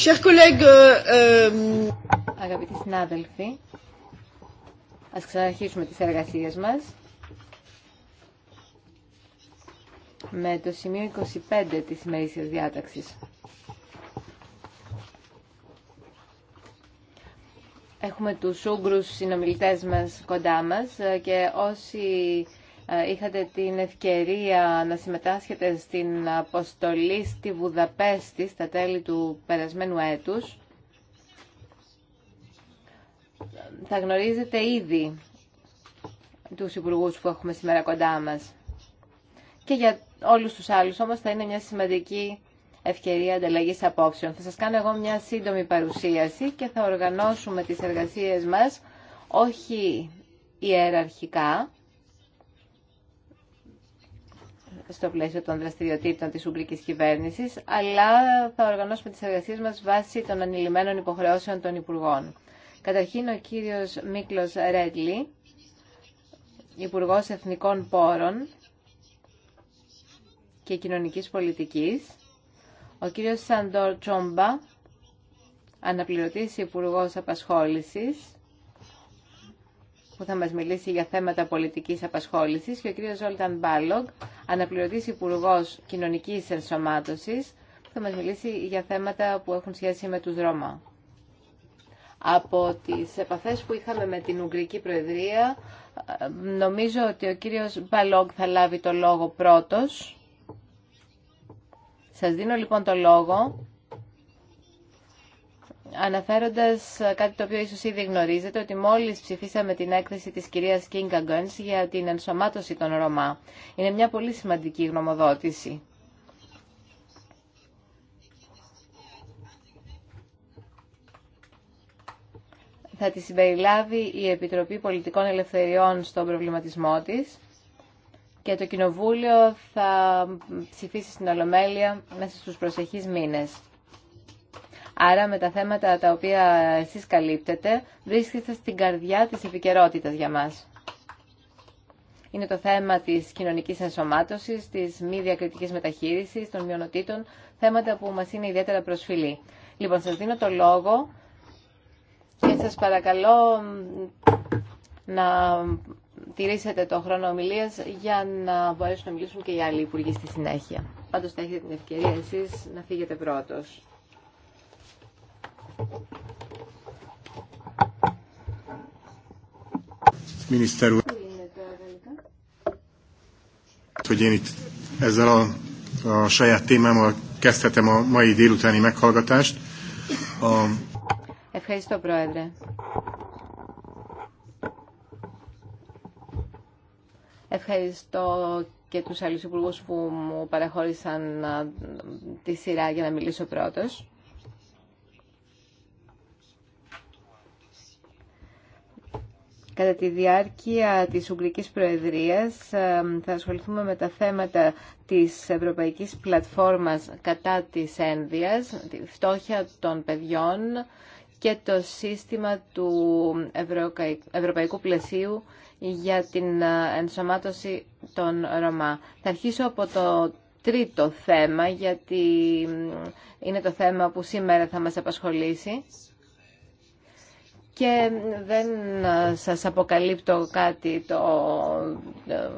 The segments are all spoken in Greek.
Euh, euh, Αγαπητοί συνάδελφοι, ας ξαναρχίσουμε τις εργασίες μας με το σημείο 25 της ημερήσιας διάταξης. Έχουμε τους Ούγκρους συνομιλητές μας κοντά μας και όσοι ε, είχατε την ευκαιρία να συμμετάσχετε στην αποστολή στη Βουδαπέστη στα τέλη του περασμένου έτους. Θα γνωρίζετε ήδη τους υπουργούς που έχουμε σήμερα κοντά μας. Και για όλους τους άλλους όμως θα είναι μια σημαντική ευκαιρία ανταλλαγή απόψεων. Θα σας κάνω εγώ μια σύντομη παρουσίαση και θα οργανώσουμε τις εργασίες μας όχι ιεραρχικά, στο πλαίσιο των δραστηριοτήτων τη Ουγγρική κυβέρνηση, αλλά θα οργανώσουμε τις εργασίες μας βάσει των ανηλυμένων υποχρεώσεων των Υπουργών. Καταρχήν ο κύριος Μίκλο Ρέτλι, Υπουργό Εθνικών Πόρων και Κοινωνικής Πολιτικής, ο κύριος Σαντόρ Τσόμπα, Αναπληρωτής Υπουργός Απασχόλησης, που θα μας μιλήσει για θέματα πολιτικής απασχόλησης και ο κ. Ζόλταν Μπάλογ, αναπληρωτής υπουργό Κοινωνικής Ενσωμάτωσης, που θα μας μιλήσει για θέματα που έχουν σχέση με τους Ρώμα. Από τις επαφές που είχαμε με την Ουγγρική Προεδρία, νομίζω ότι ο κύριος Μπαλόγ θα λάβει το λόγο πρώτος. Σας δίνω λοιπόν το λόγο αναφέροντας ε, κάτι το οποίο ίσως ήδη γνωρίζετε, ότι μόλις ψηφίσαμε την έκθεση της κυρίας Κίνκα για την ενσωμάτωση των Ρωμά. Είναι μια πολύ σημαντική γνωμοδότηση. Θα τη συμπεριλάβει η Επιτροπή Πολιτικών Ελευθεριών στον προβληματισμό της και το Κοινοβούλιο θα ψηφίσει στην Ολομέλεια μέσα στους προσεχείς μήνες. Άρα με τα θέματα τα οποία εσείς καλύπτετε βρίσκεστε στην καρδιά της επικαιρότητα για μας. Είναι το θέμα της κοινωνικής ενσωμάτωσης, της μη διακριτικής μεταχείρισης, των μειονοτήτων, θέματα που μας είναι ιδιαίτερα προσφυλή. Λοιπόν, σας δίνω το λόγο και σας παρακαλώ να τηρήσετε το χρόνο ομιλία για να μπορέσουν να μιλήσουν και οι άλλοι υπουργοί στη συνέχεια. Πάντως θα έχετε την ευκαιρία εσείς να φύγετε πρώτος. Miniszter úr, hogy én itt ezzel a, a saját témámmal kezdhetem a mai délutáni meghallgatást. A... Ευχαριστώ, και τους άλλους υπουργούς που μου παραχώρησαν τη σειρά για να μιλήσω πρώτος. Κατά τη διάρκεια της Ουγγρικής Προεδρίας ε, θα ασχοληθούμε με τα θέματα της Ευρωπαϊκής Πλατφόρμας κατά της ένδυας, τη φτώχεια των παιδιών και το σύστημα του Ευρωπαϊκού Πλαισίου για την ε, ενσωμάτωση των Ρωμά. Θα αρχίσω από το τρίτο θέμα, γιατί ε, είναι το θέμα που σήμερα θα μας απασχολήσει και δεν ε, σας αποκαλύπτω κάτι, το, ε,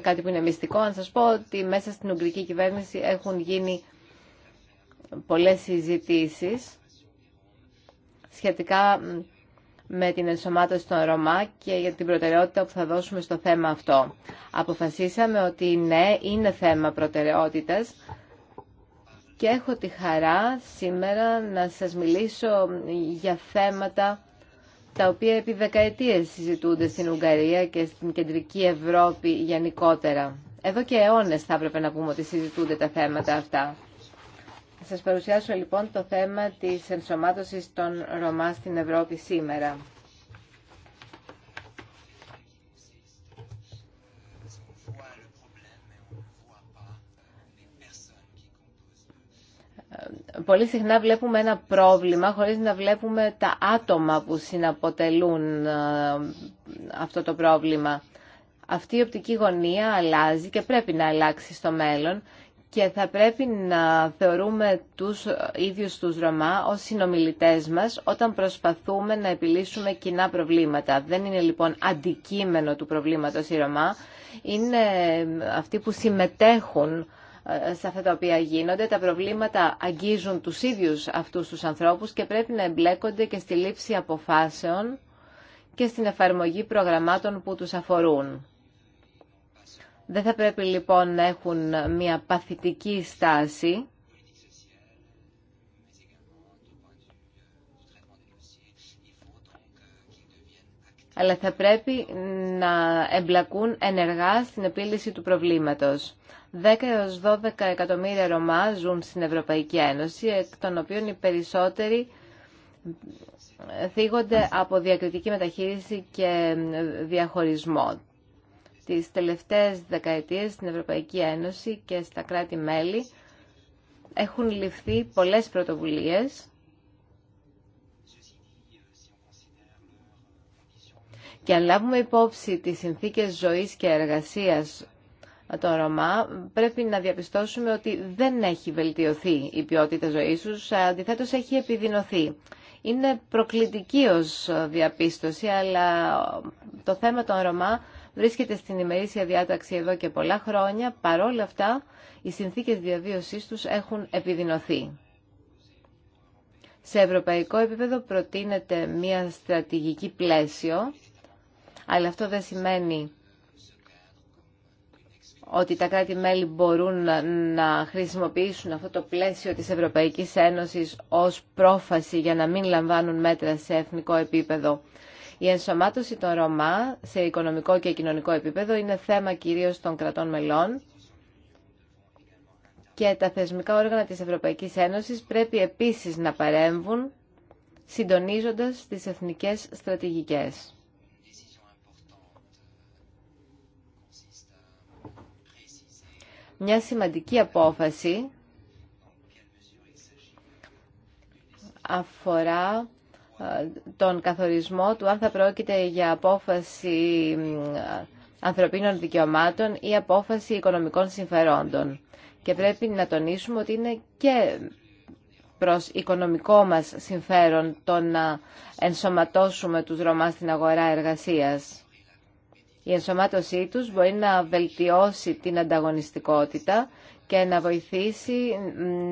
κάτι που είναι μυστικό αν σας πω ότι μέσα στην Ουγγρική κυβέρνηση έχουν γίνει πολλές συζητήσει σχετικά με την ενσωμάτωση των Ρωμά και για την προτεραιότητα που θα δώσουμε στο θέμα αυτό. Αποφασίσαμε ότι ναι, είναι θέμα προτεραιότητας και έχω τη χαρά σήμερα να σας μιλήσω για θέματα τα οποία επί δεκαετίες συζητούνται στην Ουγγαρία και στην κεντρική Ευρώπη γενικότερα. Εδώ και αιώνες θα έπρεπε να πούμε ότι συζητούνται τα θέματα αυτά. Θα σας παρουσιάσω λοιπόν το θέμα της ενσωμάτωσης των Ρωμά στην Ευρώπη σήμερα. πολύ συχνά βλέπουμε ένα πρόβλημα χωρίς να βλέπουμε τα άτομα που συναποτελούν ε, αυτό το πρόβλημα. Αυτή η οπτική γωνία αλλάζει και πρέπει να αλλάξει στο μέλλον και θα πρέπει να θεωρούμε τους ίδιους τους Ρωμά ως συνομιλητές μας όταν προσπαθούμε να επιλύσουμε κοινά προβλήματα. Δεν είναι λοιπόν αντικείμενο του προβλήματος οι Ρωμά, είναι αυτοί που συμμετέχουν σε αυτά τα οποία γίνονται. Τα προβλήματα αγγίζουν τους ίδιους αυτούς τους ανθρώπους και πρέπει να εμπλέκονται και στη λήψη αποφάσεων και στην εφαρμογή προγραμμάτων που τους αφορούν. Δεν θα πρέπει λοιπόν να έχουν μια παθητική στάση αλλά θα πρέπει να εμπλακούν ενεργά στην επίλυση του προβλήματος. 10 έως 12 εκατομμύρια Ρωμά ζουν στην Ευρωπαϊκή Ένωση, εκ των οποίων οι περισσότεροι θίγονται από διακριτική μεταχείριση και διαχωρισμό. Τις τελευταίες δεκαετίες στην Ευρωπαϊκή Ένωση και στα κράτη-μέλη έχουν ληφθεί πολλές πρωτοβουλίες Και αν λάβουμε υπόψη τις συνθήκες ζωής και εργασίας των Ρωμά, πρέπει να διαπιστώσουμε ότι δεν έχει βελτιωθεί η ποιότητα ζωής τους, αντιθέτως έχει επιδεινωθεί. Είναι προκλητική ως διαπίστωση, αλλά το θέμα των Ρωμά βρίσκεται στην ημερήσια διάταξη εδώ και πολλά χρόνια. Παρόλα αυτά, οι συνθήκες διαβίωσής τους έχουν επιδεινωθεί. Σε ευρωπαϊκό επίπεδο προτείνεται μια στρατηγική πλαίσιο αλλά αυτό δεν σημαίνει ότι τα κράτη-μέλη μπορούν να χρησιμοποιήσουν αυτό το πλαίσιο της Ευρωπαϊκής Ένωσης ως πρόφαση για να μην λαμβάνουν μέτρα σε εθνικό επίπεδο. Η ενσωμάτωση των Ρωμά σε οικονομικό και κοινωνικό επίπεδο είναι θέμα κυρίως των κρατών μελών και τα θεσμικά όργανα της Ευρωπαϊκής Ένωσης πρέπει επίσης να παρέμβουν συντονίζοντας τις εθνικές στρατηγικές. μια σημαντική απόφαση αφορά ε, τον καθορισμό του αν θα πρόκειται για απόφαση ανθρωπίνων δικαιωμάτων ή απόφαση οικονομικών συμφερόντων. Και πρέπει να τονίσουμε ότι είναι και προς οικονομικό μας συμφέρον το να ενσωματώσουμε τους Ρωμά στην αγορά εργασίας. Η ενσωμάτωσή τους μπορεί να βελτιώσει την ανταγωνιστικότητα και να βοηθήσει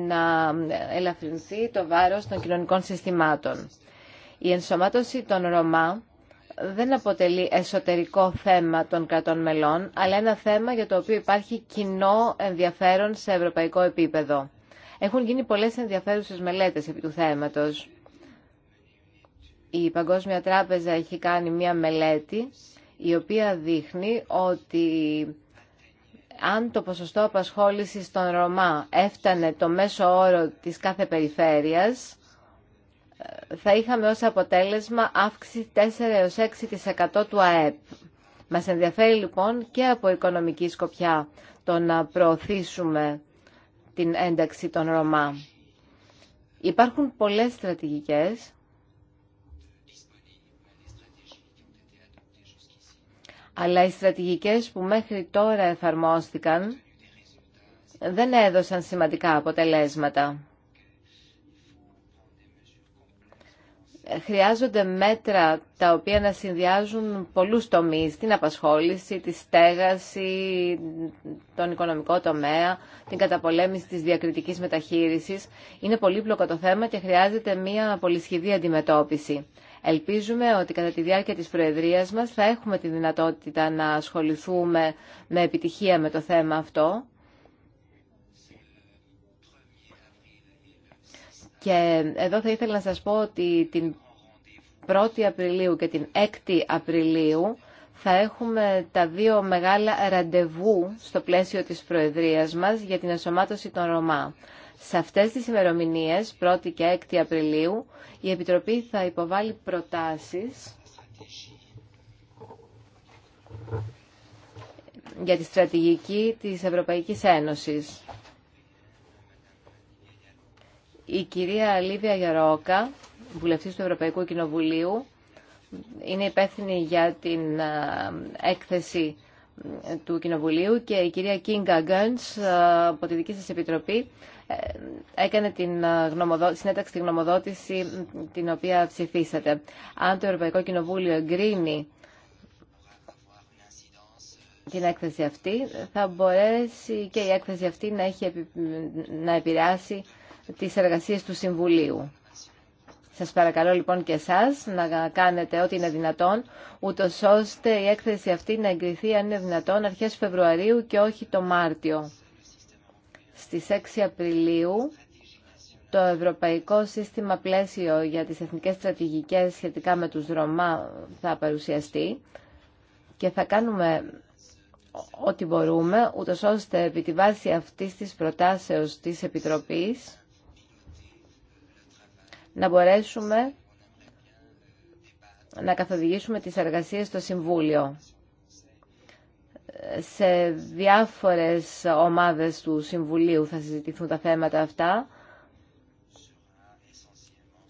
να ελαφρυνθεί το βάρος των κοινωνικών συστημάτων. Η ενσωμάτωση των Ρωμά δεν αποτελεί εσωτερικό θέμα των κρατών μελών, αλλά ένα θέμα για το οποίο υπάρχει κοινό ενδιαφέρον σε ευρωπαϊκό επίπεδο. Έχουν γίνει πολλές ενδιαφέρουσες μελέτες επί του θέματος. Η Παγκόσμια Τράπεζα έχει κάνει μία μελέτη η οποία δείχνει ότι αν το ποσοστό απασχόλησης των Ρωμά έφτανε το μέσο όρο της κάθε περιφέρειας, θα είχαμε ως αποτέλεσμα αύξηση 4 6% του ΑΕΠ. Μας ενδιαφέρει λοιπόν και από οικονομική σκοπιά το να προωθήσουμε την ένταξη των Ρωμά. Υπάρχουν πολλές στρατηγικές αλλά οι στρατηγικές που μέχρι τώρα εφαρμόστηκαν δεν έδωσαν σημαντικά αποτελέσματα. Χρειάζονται μέτρα τα οποία να συνδυάζουν πολλούς τομείς, την απασχόληση, τη στέγαση, τον οικονομικό τομέα, την καταπολέμηση της διακριτικής μεταχείρισης. Είναι πολύπλοκο το θέμα και χρειάζεται μια πολυσχηδή αντιμετώπιση. Ελπίζουμε ότι κατά τη διάρκεια της Προεδρίας μας θα έχουμε τη δυνατότητα να ασχοληθούμε με επιτυχία με το θέμα αυτό. Και εδώ θα ήθελα να σας πω ότι την 1η Απριλίου και την 6η Απριλίου θα έχουμε τα δύο μεγάλα ραντεβού στο πλαίσιο της Προεδρίας μας για την εσωμάτωση των Ρωμά. Σε αυτές τις ημερομηνίες, 1η και 6η Απριλίου, η Επιτροπή θα υποβάλει προτάσεις για τη στρατηγική της Ευρωπαϊκής Ένωσης. Η κυρία Λίβια Γιαρόκα, βουλευτής του Ευρωπαϊκού Κοινοβουλίου, είναι υπεύθυνη για την έκθεση του Κοινοβουλίου και η κυρία Κίνγκα Γκέντς από τη δική σας επιτροπή ε, έκανε την ε, συνέταξη τη γνωμοδότηση την οποία ψηφίσατε. Αν το Ευρωπαϊκό Κοινοβούλιο εγκρίνει την έκθεση αυτή, θα μπορέσει και η έκθεση αυτή να, έχει, να επηρεάσει τις εργασίες του Συμβουλίου. Σας παρακαλώ λοιπόν και εσάς να κάνετε ό,τι είναι δυνατόν, ούτω ώστε η έκθεση αυτή να εγκριθεί αν είναι δυνατόν αρχές Φεβρουαρίου και όχι το Μάρτιο. Στις 6 Απριλίου το Ευρωπαϊκό Σύστημα Πλαίσιο για τις Εθνικές Στρατηγικές σχετικά με τους Ρωμά θα παρουσιαστεί και θα κάνουμε ό,τι μπορούμε, ούτω ώστε επί τη βάση αυτής της προτάσεως της Επιτροπής να μπορέσουμε να καθοδηγήσουμε τις εργασίες στο Συμβούλιο σε διάφορες ομάδες του Συμβουλίου θα συζητηθούν τα θέματα αυτά,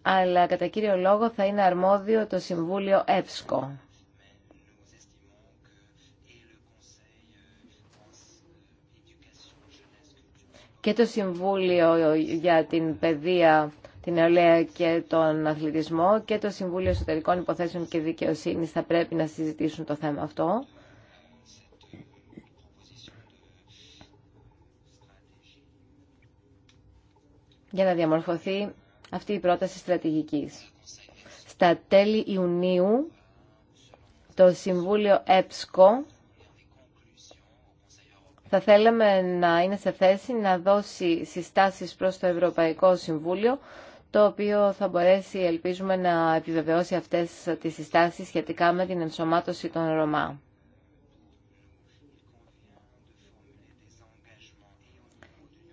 αλλά κατά κύριο λόγο θα είναι αρμόδιο το Συμβούλιο ΕΠΣΚΟ. Και το Συμβούλιο για την Παιδεία, την Νεολαία και τον Αθλητισμό και το Συμβούλιο Εσωτερικών Υποθέσεων και Δικαιοσύνης θα πρέπει να συζητήσουν το θέμα αυτό. για να διαμορφωθεί αυτή η πρόταση στρατηγικής. Στα τέλη Ιουνίου το Συμβούλιο ΕΠΣΚΟ θα θέλαμε να είναι σε θέση να δώσει συστάσεις προς το Ευρωπαϊκό Συμβούλιο το οποίο θα μπορέσει, ελπίζουμε, να επιβεβαιώσει αυτές τις συστάσεις σχετικά με την ενσωμάτωση των Ρωμά.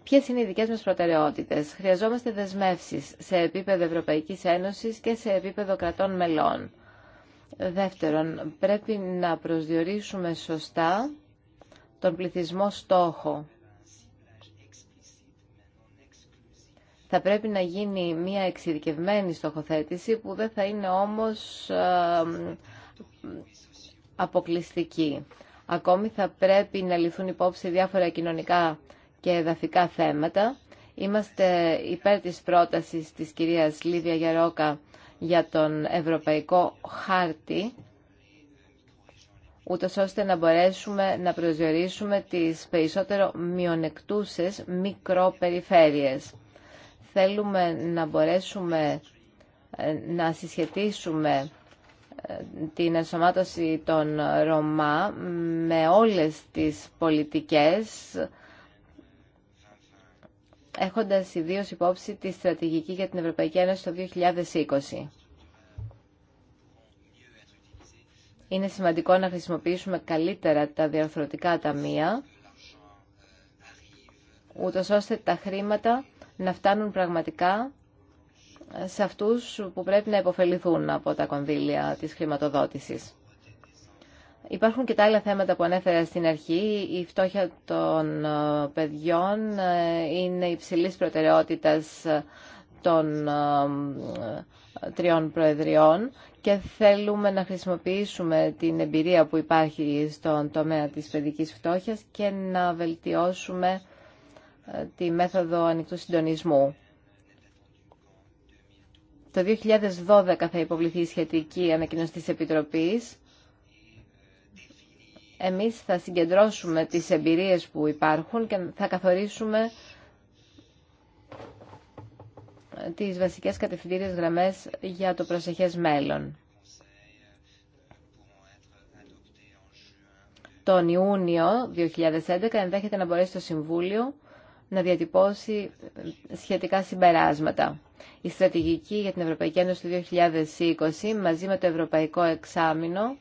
Ποιες είναι οι δικές μας προτεραιότητες. Χρειαζόμαστε δεσμεύσεις σε επίπεδο Ευρωπαϊκής Ένωσης και σε επίπεδο κρατών μελών. Δεύτερον, πρέπει να προσδιορίσουμε σωστά τον πληθυσμό στόχο. Θα πρέπει να γίνει μια εξειδικευμένη στοχοθέτηση που δεν θα είναι όμως αποκλειστική. Ακόμη θα πρέπει να λυθούν υπόψη διάφορα κοινωνικά και εδαφικά θέματα. Είμαστε υπέρ της πρότασης της κυρίας Λίβια Γιαρόκα για τον Ευρωπαϊκό Χάρτη, ούτως ώστε να μπορέσουμε να προσδιορίσουμε τις περισσότερο μειονεκτούσες μικροπεριφέρειες. Θέλουμε να μπορέσουμε ε, να συσχετίσουμε ε, την ενσωμάτωση των Ρωμά με όλες τις πολιτικές έχοντας ιδίως υπόψη τη στρατηγική για την Ευρωπαϊκή Ένωση το 2020. Είναι σημαντικό να χρησιμοποιήσουμε καλύτερα τα διαρθρωτικά ταμεία, ούτως ώστε τα χρήματα να φτάνουν πραγματικά σε αυτούς που πρέπει να υποφεληθούν από τα κονδύλια της χρηματοδότησης. Υπάρχουν και τα άλλα θέματα που ανέφερα στην αρχή. Η φτώχεια των ε, παιδιών ε, είναι υψηλής προτεραιότητας των ε, τριών προεδριών και θέλουμε να χρησιμοποιήσουμε την εμπειρία που υπάρχει στον τομέα της παιδικής φτώχειας και να βελτιώσουμε τη μέθοδο ανοιχτού συντονισμού. Το 2012 θα υποβληθεί η σχετική ανακοινώση της Επιτροπής εμείς θα συγκεντρώσουμε τις εμπειρίες που υπάρχουν και θα καθορίσουμε τις βασικές κατευθυντήριες γραμμές για το προσεχές μέλλον. Τον Ιούνιο 2011 ενδέχεται να μπορέσει το Συμβούλιο να διατυπώσει σχετικά συμπεράσματα. Η στρατηγική για την Ευρωπαϊκή Ένωση του 2020 μαζί με το Ευρωπαϊκό Εξάμεινο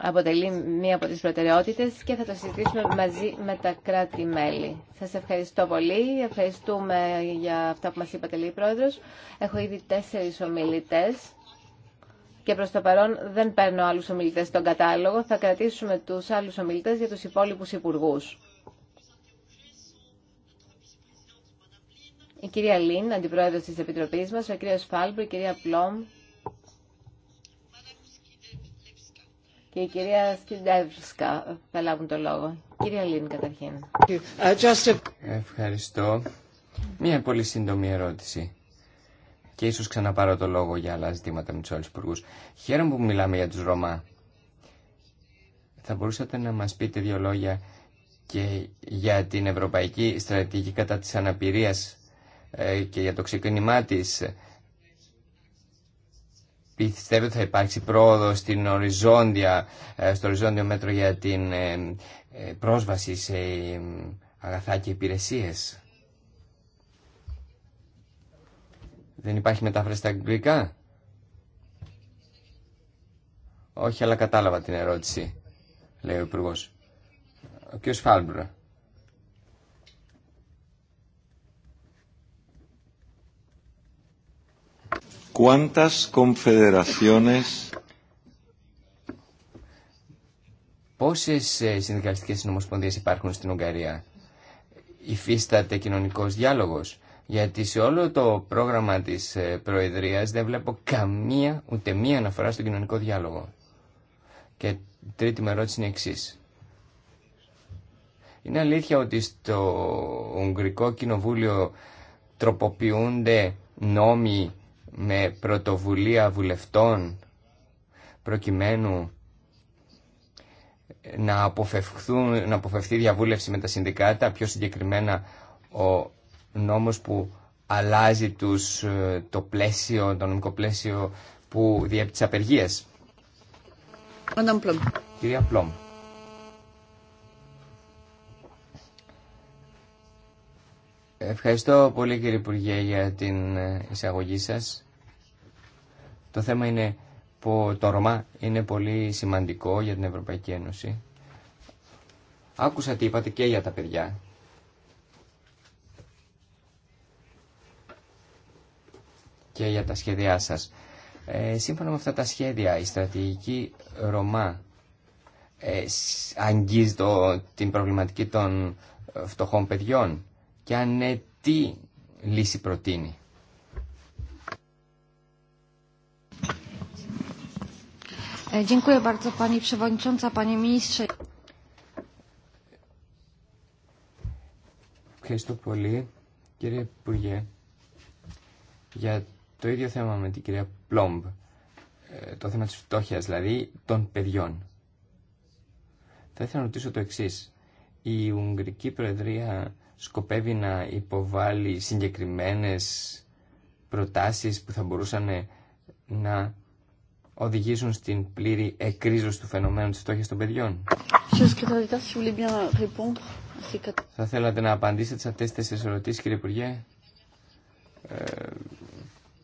αποτελεί μία από τις προτεραιότητες και θα το συζητήσουμε μαζί με τα κράτη-μέλη. Σας ευχαριστώ πολύ. Ευχαριστούμε για αυτά που μας είπατε, λέει Πρόεδρος. Έχω ήδη τέσσερις ομιλητές και προς το παρόν δεν παίρνω άλλους ομιλητές στον κατάλογο. Θα κρατήσουμε τους άλλους ομιλητές για τους υπόλοιπους υπουργούς. Η κυρία Λίν, αντιπρόεδρος της Επιτροπής μας, ο κύριος Φάλμπρου, η κυρία Πλόμ, και η κυρία Σκιντεύσκα θα λάβουν το λόγο. Κυρία Λίν, καταρχήν. Ευχαριστώ. Μία πολύ σύντομη ερώτηση. Και ίσως ξαναπάρω το λόγο για άλλα ζητήματα με τους άλλους υπουργούς. Χαίρομαι που μιλάμε για τους Ρωμά. Θα μπορούσατε να μας πείτε δύο λόγια και για την Ευρωπαϊκή Στρατηγική κατά της Αναπηρίας ε, και για το ξεκίνημά της πιστεύετε ότι θα υπάρξει πρόοδο στην οριζόντια, ε, στο οριζόντιο μέτρο για την ε, ε, πρόσβαση σε αγαθά και υπηρεσίες. Δεν υπάρχει μετάφραση στα αγγλικά. Όχι, αλλά κατάλαβα την ερώτηση, λέει ο Υπουργό. Ο κ. ¿Cuántas confederaciones... Πόσες ε, συνδικαλιστικές νομοσπονδίες υπάρχουν στην Ουγγαρία. Υφίσταται κοινωνικός διάλογος. Γιατί σε όλο το πρόγραμμα της ε, Προεδρίας δεν βλέπω καμία, ούτε μία αναφορά στον κοινωνικό διάλογο. Και τρίτη με ερώτηση είναι εξής. Είναι αλήθεια ότι στο Ουγγρικό Κοινοβούλιο τροποποιούνται νόμοι με πρωτοβουλία βουλευτών προκειμένου να, αποφευχθούν, να αποφευθεί διαβούλευση με τα συνδικάτα, πιο συγκεκριμένα ο νόμος που αλλάζει τους, ε, το πλαίσιο, το νομικό πλαίσιο που διέπει τις απεργίες. Κυρία Πλόμ. Ευχαριστώ πολύ κύριε Υπουργέ για την εισαγωγή σας. Το θέμα είναι που το Ρωμά είναι πολύ σημαντικό για την Ευρωπαϊκή Ένωση. Άκουσα τι είπατε και για τα παιδιά. Και για τα σχέδιά σας. Ε, σύμφωνα με αυτά τα σχέδια, η στρατηγική Ρωμά ε, αγγίζει την προβληματική των ε, φτωχών παιδιών και αν ναι, τι λύση προτείνει. Ε, Ευχαριστώ πολύ, κύριε Υπουργέ, για το ίδιο θέμα με την κυρία Πλόμπ, ε, το θέμα της φτώχειας, δηλαδή των παιδιών. Θα ήθελα να ρωτήσω το εξής. Η Ουγγρική Προεδρία σκοπεύει να υποβάλει συγκεκριμένες προτάσεις που θα μπορούσαν να οδηγήσουν στην πλήρη εκρίζωση του φαινομένου της φτώχειας των παιδιών. Θα θέλατε να απαντήσετε σε αυτές τις τέσσερις ερωτήσεις, κύριε Υπουργέ. Ε,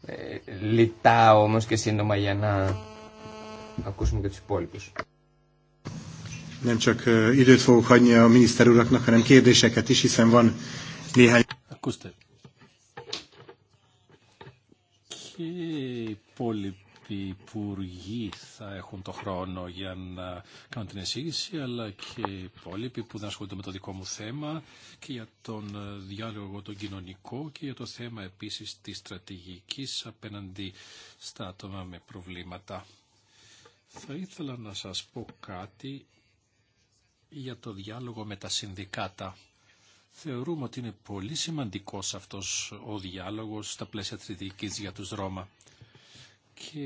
ε, λιτά όμως και σύντομα για να ακούσουμε και τους υπόλοιπους nem csak időt fogok hagyni a miniszter uraknak, hanem kérdéseket is, hiszen van néhány... Ακούστε. οι υπόλοιποι υπουργοί θα έχουν το χρόνο για να κάνουν την εισήγηση, αλλά και οι υπόλοιποι που δεν ασχολούνται με το δικό μου θέμα και για τον ε, διάλογο τον κοινωνικό και για το θέμα επίσης της στρατηγικής απέναντι στα άτομα με προβλήματα. Θα ήθελα να σας πω κάτι για το διάλογο με τα συνδικάτα. Θεωρούμε ότι είναι πολύ σημαντικός αυτός ο διάλογος στα πλαίσια της για τους Ρώμα και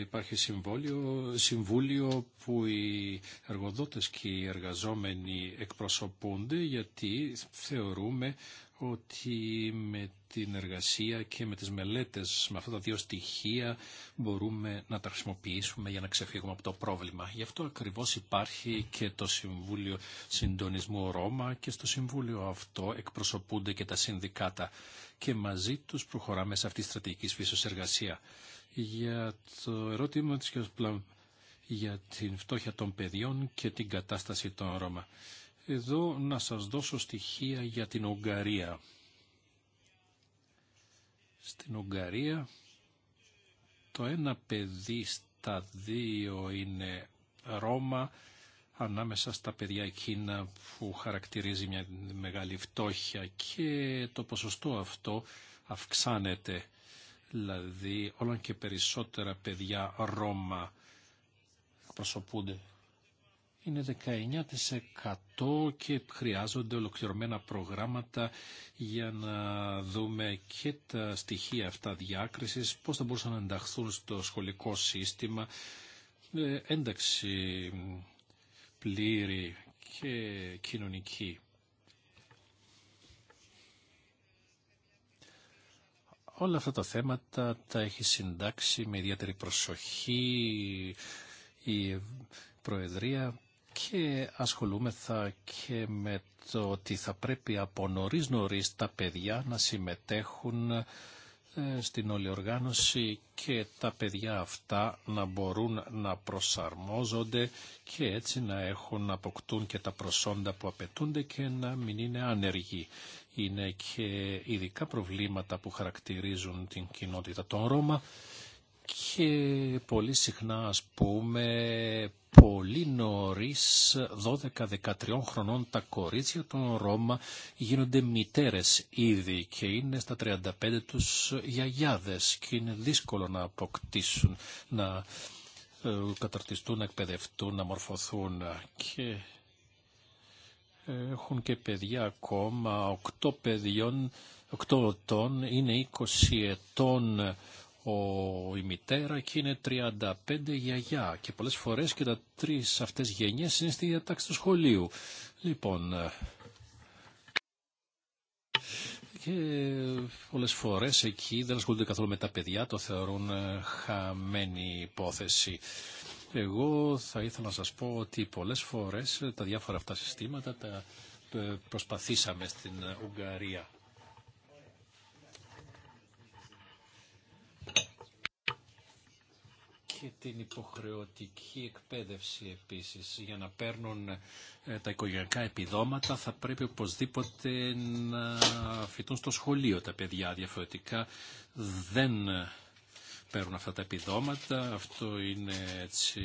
υπάρχει συμβόλιο, συμβούλιο που οι εργοδότες και οι εργαζόμενοι εκπροσωπούνται γιατί θεωρούμε ότι με την εργασία και με τις μελέτες, με αυτά τα δύο στοιχεία μπορούμε να τα χρησιμοποιήσουμε για να ξεφύγουμε από το πρόβλημα. Γι' αυτό ακριβώς υπάρχει και το Συμβούλιο Συντονισμού Ρώμα και στο Συμβούλιο αυτό εκπροσωπούνται και τα συνδικάτα και μαζί τους προχωράμε σε αυτή τη στρατηγική εργασία για το ερώτημα της κ. Πλάμ για την φτώχεια των παιδιών και την κατάσταση των Ρώμα. Εδώ να σας δώσω στοιχεία για την Ουγγαρία. Στην Ουγγαρία το ένα παιδί στα δύο είναι Ρώμα ανάμεσα στα παιδιά εκείνα που χαρακτηρίζει μια μεγάλη φτώχεια και το ποσοστό αυτό αυξάνεται. Δηλαδή όλα και περισσότερα παιδιά Ρώμα προσωπούνται. Είναι 19% και χρειάζονται ολοκληρωμένα προγράμματα για να δούμε και τα στοιχεία αυτά διάκρισης, πώς θα μπορούσαν να ενταχθούν στο σχολικό σύστημα, ε, ένταξη πλήρη και κοινωνική. Όλα αυτά τα θέματα τα έχει συντάξει με ιδιαίτερη προσοχή η Προεδρία και ασχολούμεθα και με το ότι θα πρέπει από νωρίς νωρίς τα παιδιά να συμμετέχουν ε, στην όλη οργάνωση και τα παιδιά αυτά να μπορούν να προσαρμόζονται και έτσι να έχουν να αποκτούν και τα προσόντα που απαιτούνται και να μην είναι ανεργοί είναι και ειδικά προβλήματα που χαρακτηρίζουν την κοινότητα των Ρώμα και πολύ συχνά ας πούμε πολύ νωρίς 12-13 χρονών τα κορίτσια των Ρώμα γίνονται μητέρες ήδη και είναι στα 35 τους γιαγιάδες και είναι δύσκολο να αποκτήσουν, να ε, καταρτιστούν, να εκπαιδευτούν, να μορφωθούν και έχουν και παιδιά ακόμα, 8 παιδιών, 8 ετών, είναι 20 ετών ο, η μητέρα και είναι 35 γιαγιά και πολλές φορές και τα τρεις αυτές γενιές είναι στη διατάξη του σχολείου. Λοιπόν, ε, και πολλές φορές εκεί δεν ασχολούνται καθόλου με τα παιδιά, το θεωρούν ε, χαμένη υπόθεση. Εγώ θα ήθελα να σας πω ότι πολλές φορές τα διάφορα αυτά συστήματα τα προσπαθήσαμε στην Ουγγαρία. και την υποχρεωτική εκπαίδευση επίσης. Για να παίρνουν ε, τα οικογενειακά επιδόματα θα πρέπει οπωσδήποτε να φοιτούν στο σχολείο τα παιδιά. Διαφορετικά δεν παίρνουν αυτά τα επιδόματα. Αυτό είναι έτσι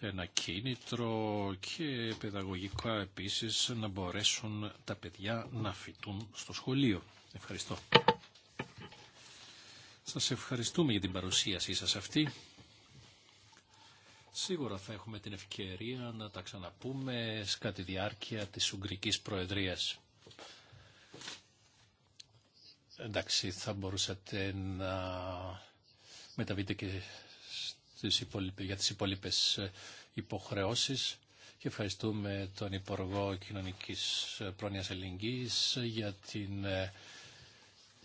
ένα κίνητρο και παιδαγωγικά επίσης να μπορέσουν τα παιδιά να φοιτούν στο σχολείο. Ευχαριστώ. Σας ευχαριστούμε για την παρουσίασή σας αυτή. Σίγουρα θα έχουμε την ευκαιρία να τα ξαναπούμε κατά τη διάρκεια της Ουγγρικής Προεδρίας. Εντάξει, θα μπορούσατε να μεταβείτε και για τις υπόλοιπες ε, υποχρεώσεις και ευχαριστούμε τον Υπουργό Κοινωνικής Πρόνοιας Ελληνικής για την ε,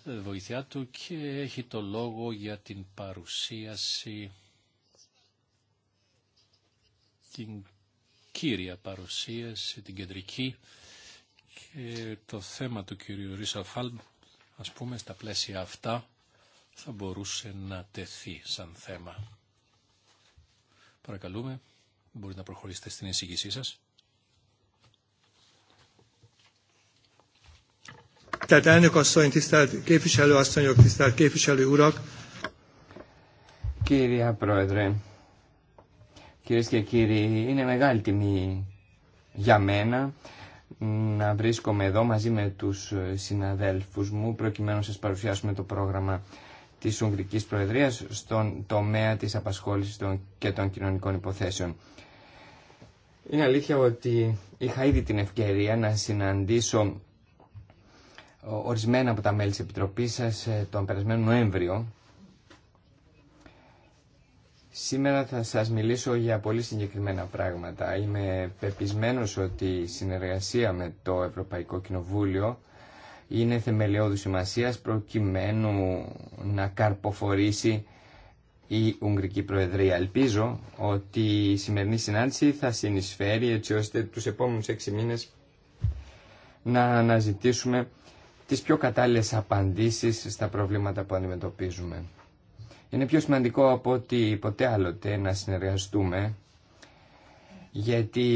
βοήθειά του και έχει το λόγο για την παρουσίαση, την κύρια παρουσίαση, την κεντρική και το θέμα του κυρίου Ρίσα ας πούμε, στα πλαίσια αυτά θα μπορούσε να τεθεί σαν θέμα. Παρακαλούμε, μπορείτε να προχωρήσετε στην εισηγήσή σας. Κύριε Πρόεδρε, κυρίες και κύριοι, είναι μεγάλη τιμή για μένα να βρίσκομαι εδώ μαζί με τους συναδέλφους μου προκειμένου να σας παρουσιάσουμε το πρόγραμμα τη Ουγγρικής Προεδρίας στον τομέα της απασχόλησης και των κοινωνικών υποθέσεων. Είναι αλήθεια ότι είχα ήδη την ευκαιρία να συναντήσω ορισμένα από τα μέλη της Επιτροπής σας ε, τον περασμένο Νοέμβριο. Σήμερα θα σας μιλήσω για πολύ συγκεκριμένα πράγματα. Είμαι πεπισμένος ότι η συνεργασία με το Ευρωπαϊκό Κοινοβούλιο είναι θεμελιώδου σημασία προκειμένου να καρποφορήσει η Ουγγρική Προεδρία. Ελπίζω ότι η σημερινή συνάντηση θα συνεισφέρει έτσι ώστε τους επόμενους έξι μήνες να αναζητήσουμε τις πιο κατάλληλες απαντήσεις στα προβλήματα που αντιμετωπίζουμε. Είναι πιο σημαντικό από ότι ποτέ άλλοτε να συνεργαστούμε γιατί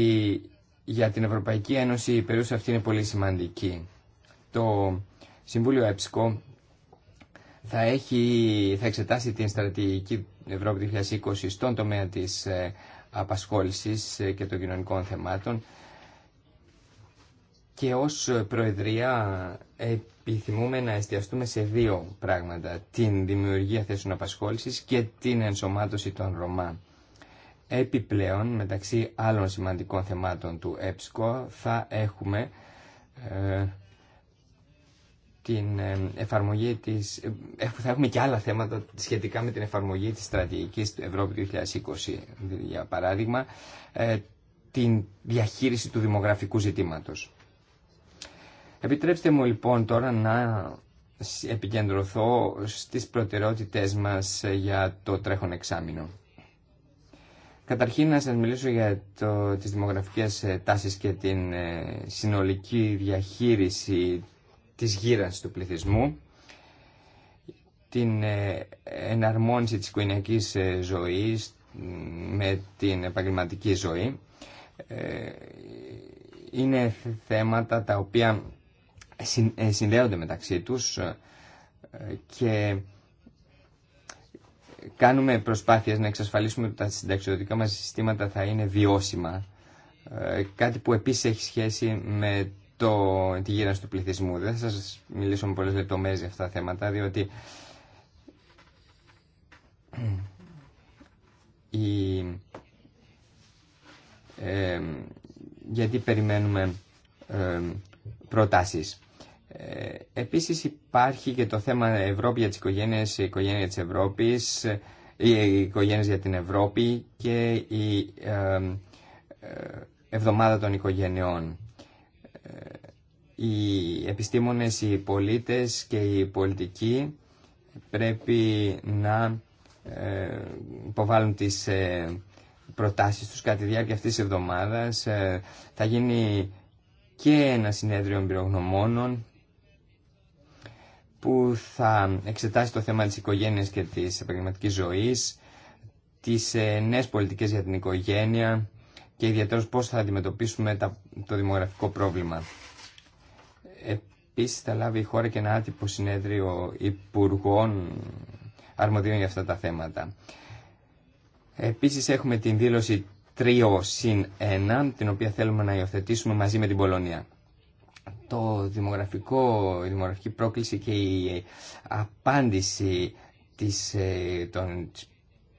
για την Ευρωπαϊκή Ένωση η περίοδος αυτή είναι πολύ σημαντική το Συμβούλιο ΕΠΣΚΟ θα, έχει, θα εξετάσει την στρατηγική Ευρώπη 2020 στον τομέα της ε, απασχόλησης ε, και των κοινωνικών θεμάτων και ως Προεδρία επιθυμούμε να εστιαστούμε σε δύο πράγματα. Την δημιουργία θέσεων απασχόλησης και την ενσωμάτωση των Ρωμά. Επιπλέον, μεταξύ άλλων σημαντικών θεμάτων του ΕΠΣΚΟ, θα έχουμε ε, την ε, εφαρμογή της, ε, θα έχουμε και άλλα θέματα σχετικά με την εφαρμογή της στρατηγικής του Ευρώπη 2020, για παράδειγμα, ε, την διαχείριση του δημογραφικού ζητήματος. Επιτρέψτε μου λοιπόν τώρα να επικεντρωθώ στις προτεραιότητες μας για το τρέχον εξάμεινο. Καταρχήν να σας μιλήσω για το, τις δημογραφικές τάσεις και την συνολική διαχείριση της γύρας του πληθυσμού, την ε, εναρμόνιση της οικογενειακής ε, ζωής με την επαγγελματική ζωή. Ε, είναι θέματα τα οποία συνδέονται μεταξύ τους και κάνουμε προσπάθειες να εξασφαλίσουμε ότι τα συνταξιδοτικά μας συστήματα θα είναι βιώσιμα. Κάτι που επίσης έχει σχέση με το, τη γύρανση του πληθυσμού. Δεν θα σας μιλήσω με πολλές λεπτομέρειες για αυτά τα θέματα, διότι γιατί περιμένουμε ε, προτάσεις. επίσης υπάρχει και το θέμα Ευρώπη για τις οικογένειες, η οικογένεια της Ευρώπης, οι οικογένειες για την Ευρώπη και η ε, εβδομάδα των οικογενειών οι επιστήμονες, οι πολίτες και οι πολιτικοί πρέπει να ε, υποβάλουν τις ε, προτάσεις τους κατά διάρκεια αυτής της εβδομάδας. Ε, θα γίνει και ένα συνέδριο εμπειρογνωμόνων που θα εξετάσει το θέμα της οικογένειας και της επαγγελματικής ζωής, τις νέες πολιτικές για την οικογένεια, και ιδιαίτερως πώς θα αντιμετωπίσουμε το δημογραφικό πρόβλημα. Επίση, θα λάβει η χώρα και ένα άτυπο συνέδριο υπουργών αρμοδίων για αυτά τα θέματα. Επίσης έχουμε την δήλωση 3 συν 1, την οποία θέλουμε να υιοθετήσουμε μαζί με την Πολωνία. Το δημογραφικό, η δημογραφική πρόκληση και η απάντηση της, ε, των,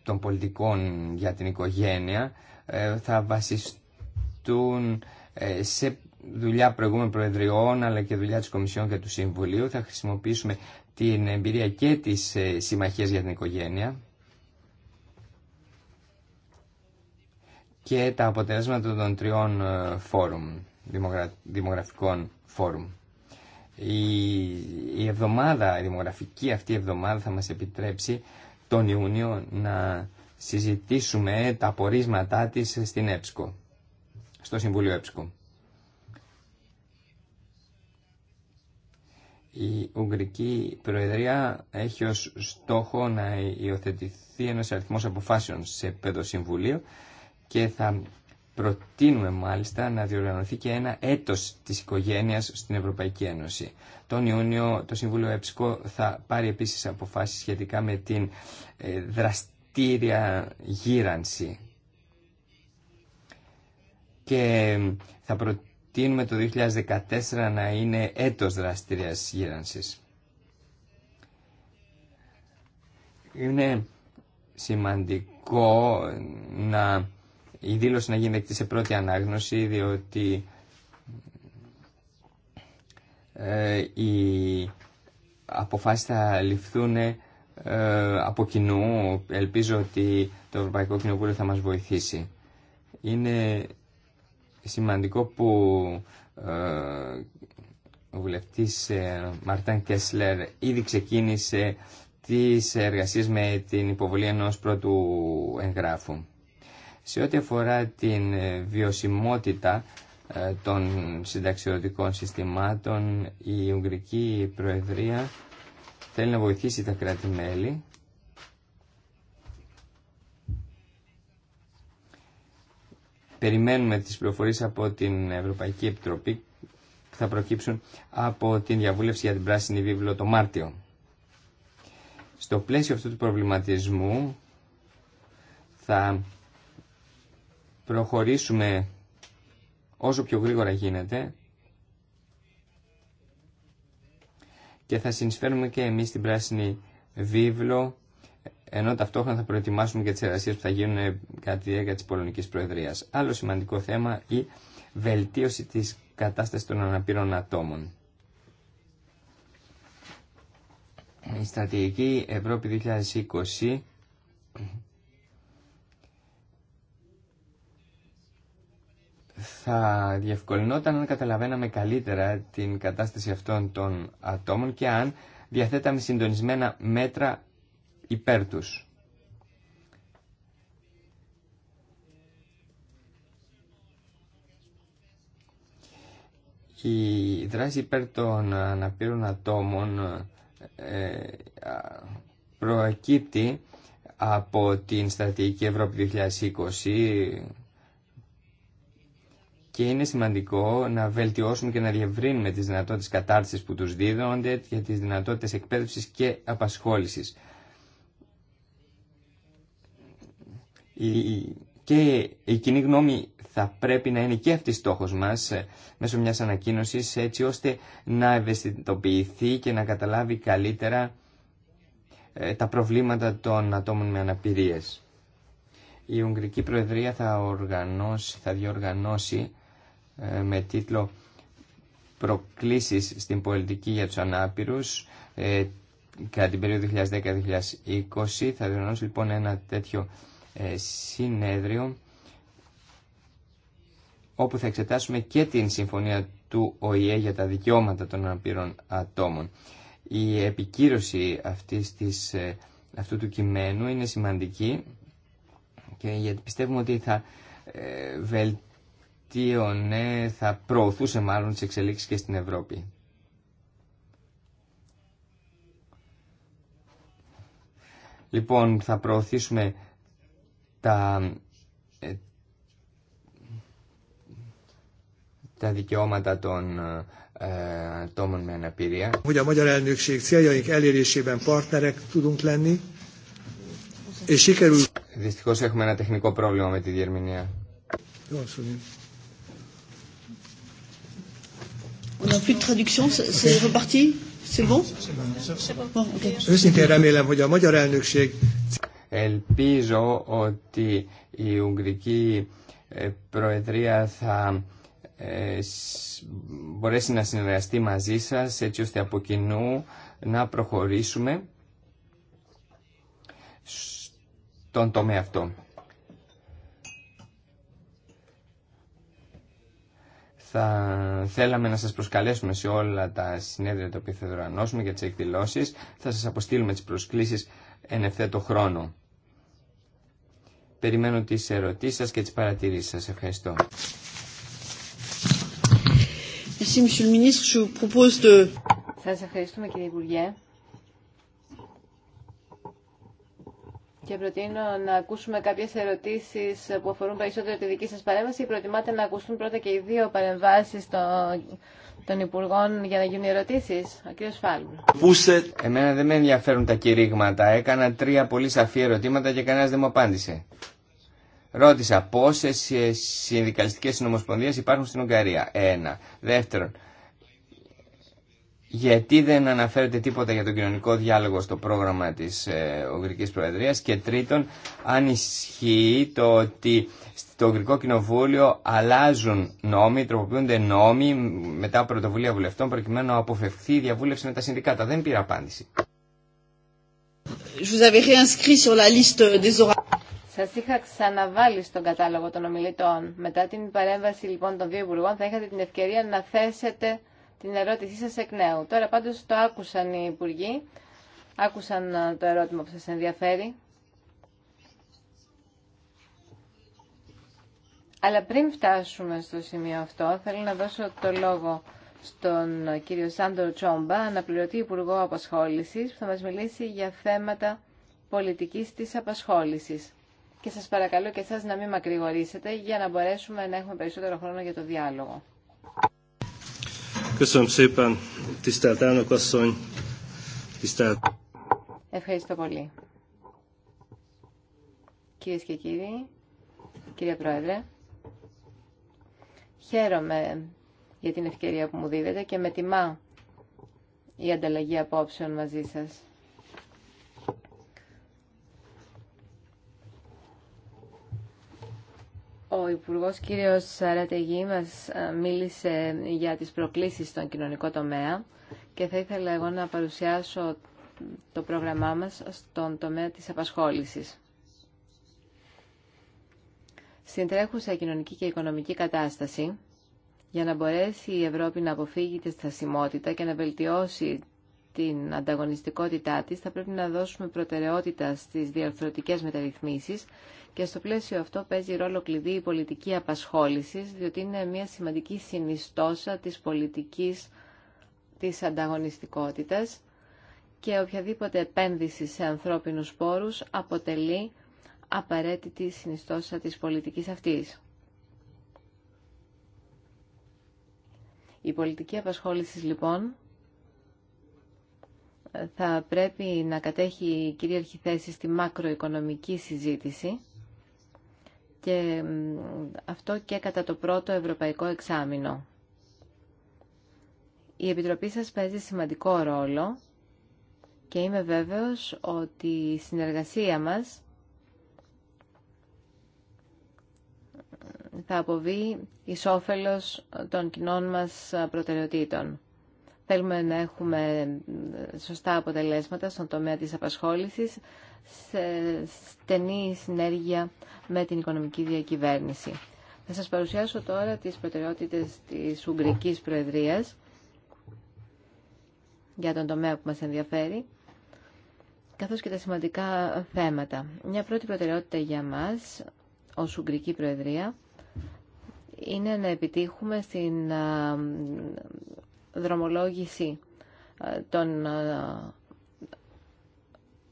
των πολιτικών για την οικογένεια ε, θα βασιστούν ε, σε δουλειά προηγούμενων προεδριών αλλά και δουλειά της Κομισιόν και του Συμβουλίου. Θα χρησιμοποιήσουμε την εμπειρία και της ε, Συμμαχίας για την Οικογένεια και τα αποτελέσματα των τριών φόρουμ, δημογραφικών φόρουμ. Η, εβδομάδα, η δημογραφική αυτή εβδομάδα θα μας επιτρέψει τον Ιούνιο να συζητήσουμε τα πορίσματά της στην ΕΠΣΚΟ, στο Συμβούλιο ΕΠΣΚΟ. Η Ουγγρική Προεδρία έχει ως στόχο να υιοθετηθεί ένας αριθμός αποφάσεων σε πεδοσυμβούλιο και θα προτείνουμε μάλιστα να διοργανωθεί και ένα έτος της οικογένειας στην Ευρωπαϊκή Ένωση. Τον Ιούνιο το Συμβούλιο ΕΠΣΚΟ θα πάρει επίσης αποφάσεις σχετικά με την ε, δραστηριότητα γύρανση. Και θα προτείνουμε το 2014 να είναι έτος δραστηρίας γύρανσης. Είναι σημαντικό να, η δήλωση να γίνεται σε πρώτη ανάγνωση, διότι ε, οι αποφάσεις θα ληφθούν ε, από κοινού. Ελπίζω ότι το Ευρωπαϊκό Κοινοβούλιο θα μας βοηθήσει. Είναι σημαντικό που ε, ο βουλευτής ε, Μαρτάν Κέσλερ ήδη ξεκίνησε τις εργασίες με την υποβολή ενός πρώτου εγγράφου. Σε ό,τι αφορά την βιωσιμότητα των συνταξιωτικών συστημάτων, η Ουγγρική Προεδρία θέλει να βοηθήσει τα κράτη-μέλη Περιμένουμε τις πληροφορίες από την Ευρωπαϊκή Επιτροπή που θα προκύψουν από την διαβούλευση για την Πράσινη Βίβλο το Μάρτιο. Στο πλαίσιο αυτού του προβληματισμού θα προχωρήσουμε όσο πιο γρήγορα γίνεται και θα συνεισφέρουμε και εμείς την πράσινη βίβλο ενώ ταυτόχρονα θα προετοιμάσουμε και τις εργασίες που θα γίνουν κατά τη διάρκεια της Πολωνικής Προεδρίας. Άλλο σημαντικό θέμα η βελτίωση της κατάστασης των αναπήρων ατόμων. Η στρατηγική Ευρώπη 2020 θα διευκολυνόταν αν καταλαβαίναμε καλύτερα την κατάσταση αυτών των ατόμων και αν διαθέταμε συντονισμένα μέτρα υπέρ τους. Η δράση υπέρ των αναπήρων ατόμων ε, προκύπτει από την Στρατηγική Ευρώπη 2020 και είναι σημαντικό να βελτιώσουμε και να διευρύνουμε τις δυνατότητες κατάρτισης που τους δίδονται για τις δυνατότητες εκπαίδευσης και απασχόλησης. Και η κοινή γνώμη θα πρέπει να είναι και αυτή στόχος μας ε, μέσω μιας ανακοίνωσης έτσι ώστε να ευαισθητοποιηθεί και να καταλάβει καλύτερα ε, τα προβλήματα των ατόμων με αναπηρίες. Η Ουγγρική Προεδρία θα, θα διοργανώσει με τίτλο «Προκλήσεις στην πολιτική για τους ανάπηρους» ε, κατά την περίοδο 2010-2020. Θα διοργανώσω λοιπόν ένα τέτοιο ε, συνέδριο όπου θα εξετάσουμε και την συμφωνία του ΟΗΕ για τα δικαιώματα των αναπήρων ατόμων. Η επικύρωση αυτής της, ε, αυτού του κειμένου είναι σημαντική και γιατί πιστεύουμε ότι θα βελτιώσει δικτύων ναι, θα προωθούσε μάλλον τις εξελίξεις και στην Ευρώπη. Λοιπόν, θα προωθήσουμε τα, ε, τα δικαιώματα των ε, ατόμων με αναπηρία. Δυστυχώ Δυστυχώς έχουμε ένα τεχνικό πρόβλημα με τη διερμηνία. On n'a plus de traduction, c'est reparti C'est bon C'est bon. Őszintén bon. hogy a magyar elnökség... Ελπίζω ότι η Ουγγρική Προεδρία θα μπορέσει να συνεργαστεί μαζί σας έτσι ώστε από κοινού να προχωρήσουμε στον τομέα αυτό. θα θέλαμε να σας προσκαλέσουμε σε όλα τα συνέδρια τα οποία θα δωρανώσουμε για τις εκδηλώσεις. Θα σας αποστείλουμε τις προσκλήσεις εν ευθέτω χρόνο. Περιμένω τις ερωτήσεις σας και τις παρατηρήσεις σας. Ευχαριστώ. Σας ευχαριστούμε κύριε Υπουργέ. και προτείνω να ακούσουμε κάποιες ερωτήσεις που αφορούν περισσότερο τη δική σα παρέμβαση. Προτιμάτε να ακουστούν πρώτα και οι δύο παρεμβάσει των Υπουργών για να γίνουν ερωτήσεις. Ο κ. Φάλμου. Εμένα δεν με ενδιαφέρουν τα κηρύγματα. Έκανα τρία πολύ σαφή ερωτήματα και κανένα δεν μου απάντησε. Ρώτησα πόσε συνδικαλιστικέ συνομοσπονδίε υπάρχουν στην Ουγγαρία. Ένα. Δεύτερον, γιατί δεν αναφέρεται τίποτα για τον κοινωνικό διάλογο στο πρόγραμμα της ε, Ουγγρικής Προεδρίας και τρίτον αν ισχύει το ότι στο Ουγγρικό Κοινοβούλιο αλλάζουν νόμοι, τροποποιούνται νόμοι μετά από πρωτοβουλία βουλευτών προκειμένου να αποφευχθεί η διαβούλευση με τα συνδικάτα. Δεν πήρα απάντηση. Σα είχα ξαναβάλει στον κατάλογο των ομιλητών. Μετά την παρέμβαση λοιπόν των δύο υπουργών θα είχατε την ευκαιρία να θέσετε την ερώτησή σας εκ νέου. Τώρα πάντως το άκουσαν οι Υπουργοί, άκουσαν ε, το ερώτημα που σας ενδιαφέρει. Αλλά πριν φτάσουμε στο σημείο αυτό, θέλω να δώσω το λόγο στον κύριο Σάντορ Τσόμπα, αναπληρωτή Υπουργό Απασχόλησης, που θα μας μιλήσει για θέματα πολιτικής της απασχόλησης. Και σας παρακαλώ και εσάς να μην μακρηγορήσετε για να μπορέσουμε να έχουμε περισσότερο χρόνο για το διάλογο. Ευχαριστώ πολύ. Κυρίε και κύριοι, κύριε Πρόεδρε, χαίρομαι για την ευκαιρία που μου δίδεται και με τιμά η ανταλλαγή απόψεων μαζί σας. Ο Υπουργό κύριος Σαρατεγή μα ε, μίλησε για τις προκλήσει στον κοινωνικό τομέα και θα ήθελα εγώ να παρουσιάσω το πρόγραμμά μας στον τομέα της απασχόλησης. Στην τρέχουσα κοινωνική και οικονομική κατάσταση, για να μπορέσει η Ευρώπη να αποφύγει τη στασιμότητα και να βελτιώσει την ανταγωνιστικότητά της, θα πρέπει να δώσουμε προτεραιότητα στις διαρθρωτικές μεταρρυθμίσεις και στο πλαίσιο αυτό παίζει ρόλο κλειδί η πολιτική απασχόλησης, διότι είναι μια σημαντική συνιστόσα της πολιτικής της ανταγωνιστικότητας και οποιαδήποτε επένδυση σε ανθρώπινους πόρους αποτελεί απαραίτητη συνιστόσα της πολιτικής αυτής. Η πολιτική απασχόληση λοιπόν θα πρέπει να κατέχει κυρίαρχη θέση στη μακροοικονομική συζήτηση και αυτό και κατά το πρώτο ευρωπαϊκό εξάμεινο. Η Επιτροπή σας παίζει σημαντικό ρόλο και είμαι βέβαιος ότι η συνεργασία μας θα αποβεί εις των κοινών μας προτεραιοτήτων. Θέλουμε να έχουμε σωστά αποτελέσματα στον τομέα της απασχόλησης, σε στενή συνέργεια με την οικονομική διακυβέρνηση. Θα σας παρουσιάσω τώρα τις προτεραιότητες της Ουγγρικής Προεδρίας για τον τομέα που μας ενδιαφέρει, καθώς και τα σημαντικά θέματα. Μια πρώτη προτεραιότητα για μας, ως Ουγγρική Προεδρία, είναι να επιτύχουμε στην δρομολόγηση των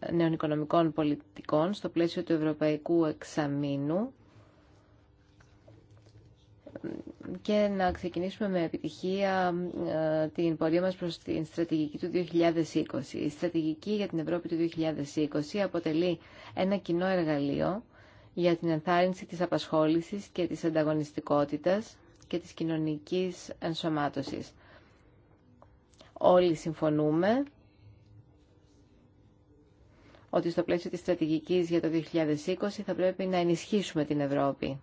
νέων οικονομικών πολιτικών στο πλαίσιο του Ευρωπαϊκού Εξαμήνου και να ξεκινήσουμε με επιτυχία ε, την πορεία μας προς την στρατηγική του 2020. Η στρατηγική για την Ευρώπη του 2020 αποτελεί ένα κοινό εργαλείο για την ενθάρρυνση της απασχόλησης και της ανταγωνιστικότητας και της κοινωνικής ενσωμάτωσης. Όλοι συμφωνούμε ότι στο πλαίσιο της στρατηγικής για το 2020 θα πρέπει να ενισχύσουμε την Ευρώπη.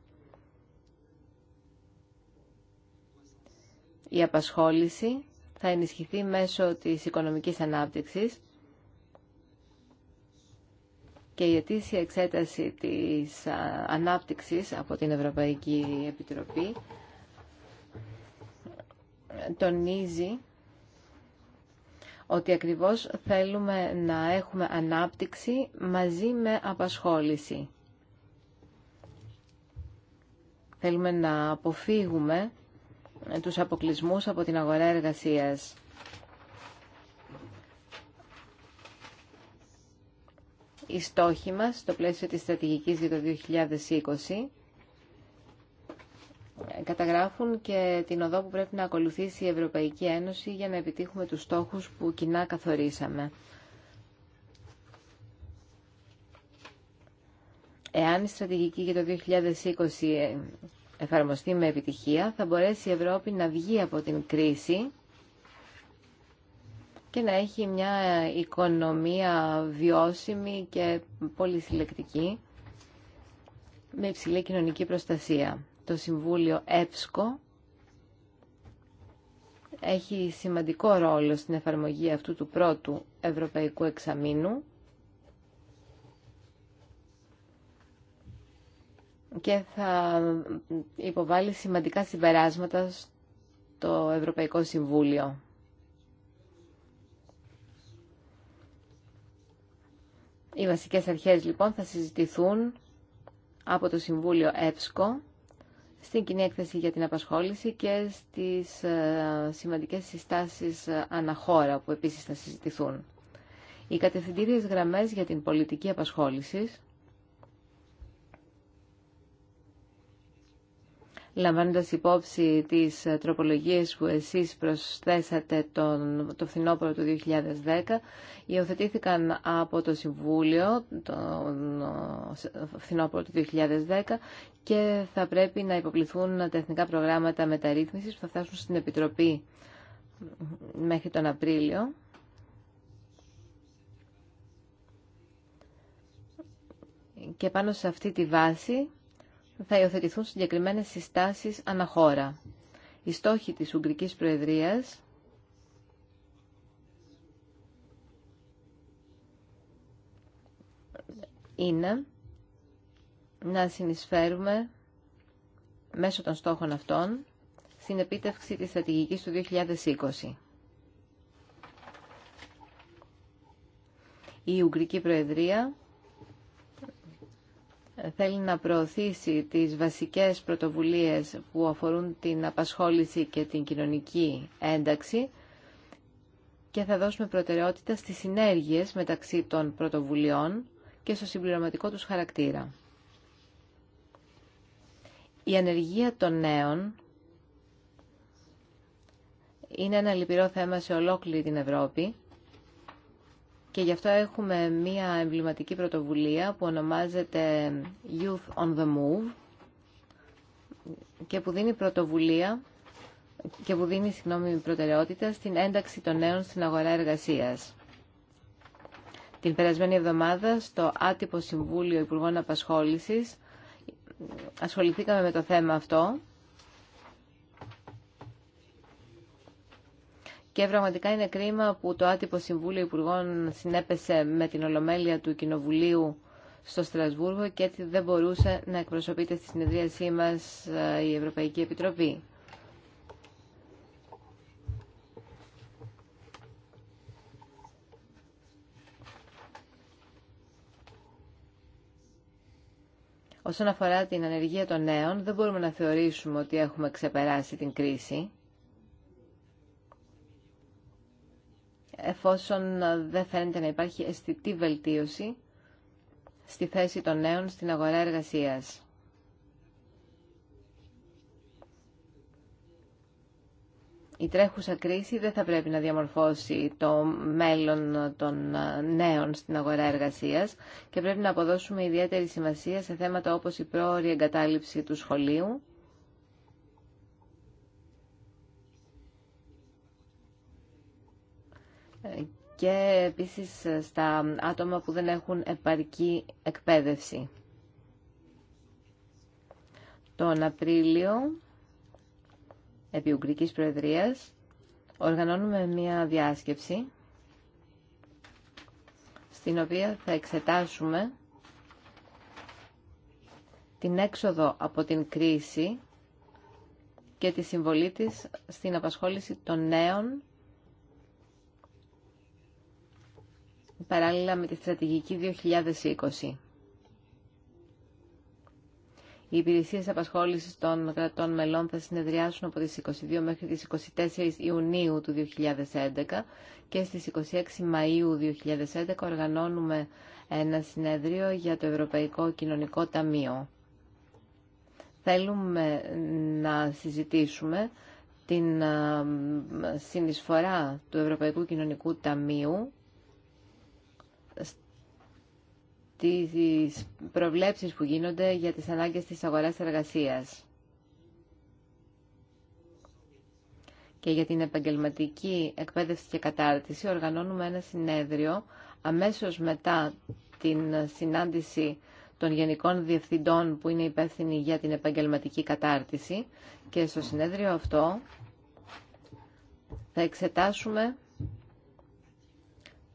Η απασχόληση θα ενισχυθεί μέσω της οικονομικής ανάπτυξης και η ετήσια εξέταση της ανάπτυξης από την Ευρωπαϊκή Επιτροπή τονίζει ότι ακριβώς θέλουμε να έχουμε ανάπτυξη μαζί με απασχόληση. Θέλουμε να αποφύγουμε τους αποκλισμούς από την αγορά εργασίας. Οι στόχοι μας στο πλαίσιο της στρατηγικής για το 2020 καταγράφουν και την οδό που πρέπει να ακολουθήσει η Ευρωπαϊκή Ένωση για να επιτύχουμε τους στόχους που κοινά καθορίσαμε. Εάν η στρατηγική για το 2020 εφαρμοστεί με επιτυχία, θα μπορέσει η Ευρώπη να βγει από την κρίση και να έχει μια οικονομία βιώσιμη και πολυσυλλεκτική με υψηλή κοινωνική προστασία το Συμβούλιο ΕΠΣΚΟ έχει σημαντικό ρόλο στην εφαρμογή αυτού του πρώτου Ευρωπαϊκού Εξαμήνου και θα υποβάλει σημαντικά συμπεράσματα στο Ευρωπαϊκό Συμβούλιο. Οι βασικές αρχές λοιπόν θα συζητηθούν από το Συμβούλιο ΕΠΣΚΟ στην κοινή έκθεση για την απασχόληση και στις ε, σημαντικές συστάσεις ε, αναχώρα που επίσης θα συζητηθούν. Οι κατευθυντήριες γραμμές για την πολιτική απασχόλησης λαμβάνοντας υπόψη τις ε, τροπολογίες που εσείς προσθέσατε τον, το φθινόπωρο του 2010, υιοθετήθηκαν από το Συμβούλιο το ε, φθινόπωρο του 2010 και θα πρέπει να υποβληθούν τα εθνικά προγράμματα μεταρρύθμισης που θα φτάσουν στην Επιτροπή μέχρι τον Απρίλιο. Και πάνω σε αυτή τη βάση θα υιοθετηθούν συγκεκριμένες συστάσεις αναχώρα. Οι στόχοι της Ουγγρικής Προεδρίας είναι να συνεισφέρουμε μέσω των στόχων αυτών στην επίτευξη της στρατηγικής του 2020. Η Ουγγρική Προεδρία θέλει να προωθήσει τις βασικές πρωτοβουλίες που αφορούν την απασχόληση και την κοινωνική ένταξη και θα δώσουμε προτεραιότητα στις συνέργειες μεταξύ των πρωτοβουλειών και στο συμπληρωματικό τους χαρακτήρα. Η ανεργία των νέων είναι ένα λυπηρό θέμα σε ολόκληρη την Ευρώπη και γι' αυτό έχουμε μία εμβληματική πρωτοβουλία που ονομάζεται Youth on the Move και που δίνει πρωτοβουλία και που δίνει συγγνώμη προτεραιότητα στην ένταξη των νέων στην αγορά εργασίας. Την περασμένη εβδομάδα στο άτυπο Συμβούλιο Υπουργών Απασχόλησης ασχοληθήκαμε με το θέμα αυτό Και πραγματικά είναι κρίμα που το άτυπο Συμβούλιο Υπουργών συνέπεσε με την Ολομέλεια του Κοινοβουλίου στο Στρασβούργο και έτσι δεν μπορούσε να εκπροσωπείται στη συνεδρίασή μας ε, η Ευρωπαϊκή Επιτροπή. Όσον αφορά την ανεργία των νέων, δεν μπορούμε να θεωρήσουμε ότι έχουμε ξεπεράσει την κρίση. εφόσον δεν φαίνεται να υπάρχει αισθητή βελτίωση στη θέση των νέων στην αγορά εργασίας. Η τρέχουσα κρίση δεν θα πρέπει να διαμορφώσει το μέλλον των νέων στην αγορά εργασίας και πρέπει να αποδώσουμε ιδιαίτερη σημασία σε θέματα όπως η πρόορη εγκατάλειψη του σχολείου, και επίσης στα άτομα που δεν έχουν επαρκή εκπαίδευση. Τον Απρίλιο, επί Ουγγρικής Προεδρίας, οργανώνουμε μία διάσκεψη στην οποία θα εξετάσουμε την έξοδο από την κρίση και τη συμβολή της στην απασχόληση των νέων παράλληλα με τη στρατηγική 2020. Οι υπηρεσίε απασχόλησης των κρατών μελών θα συνεδριάσουν από τις 22 μέχρι τις 24 Ιουνίου του 2011 και στις 26 Μαΐου 2011 οργανώνουμε ένα συνέδριο για το Ευρωπαϊκό Κοινωνικό Ταμείο. Θέλουμε να συζητήσουμε την συνεισφορά του Ευρωπαϊκού Κοινωνικού Ταμείου τις προβλέψεις που γίνονται για τις ανάγκες της αγοράς εργασίας και για την επαγγελματική εκπαίδευση και κατάρτιση οργανώνουμε ένα συνέδριο αμέσως μετά την συνάντηση των Γενικών Διευθυντών που είναι υπεύθυνοι για την επαγγελματική κατάρτιση και στο συνέδριο αυτό θα εξετάσουμε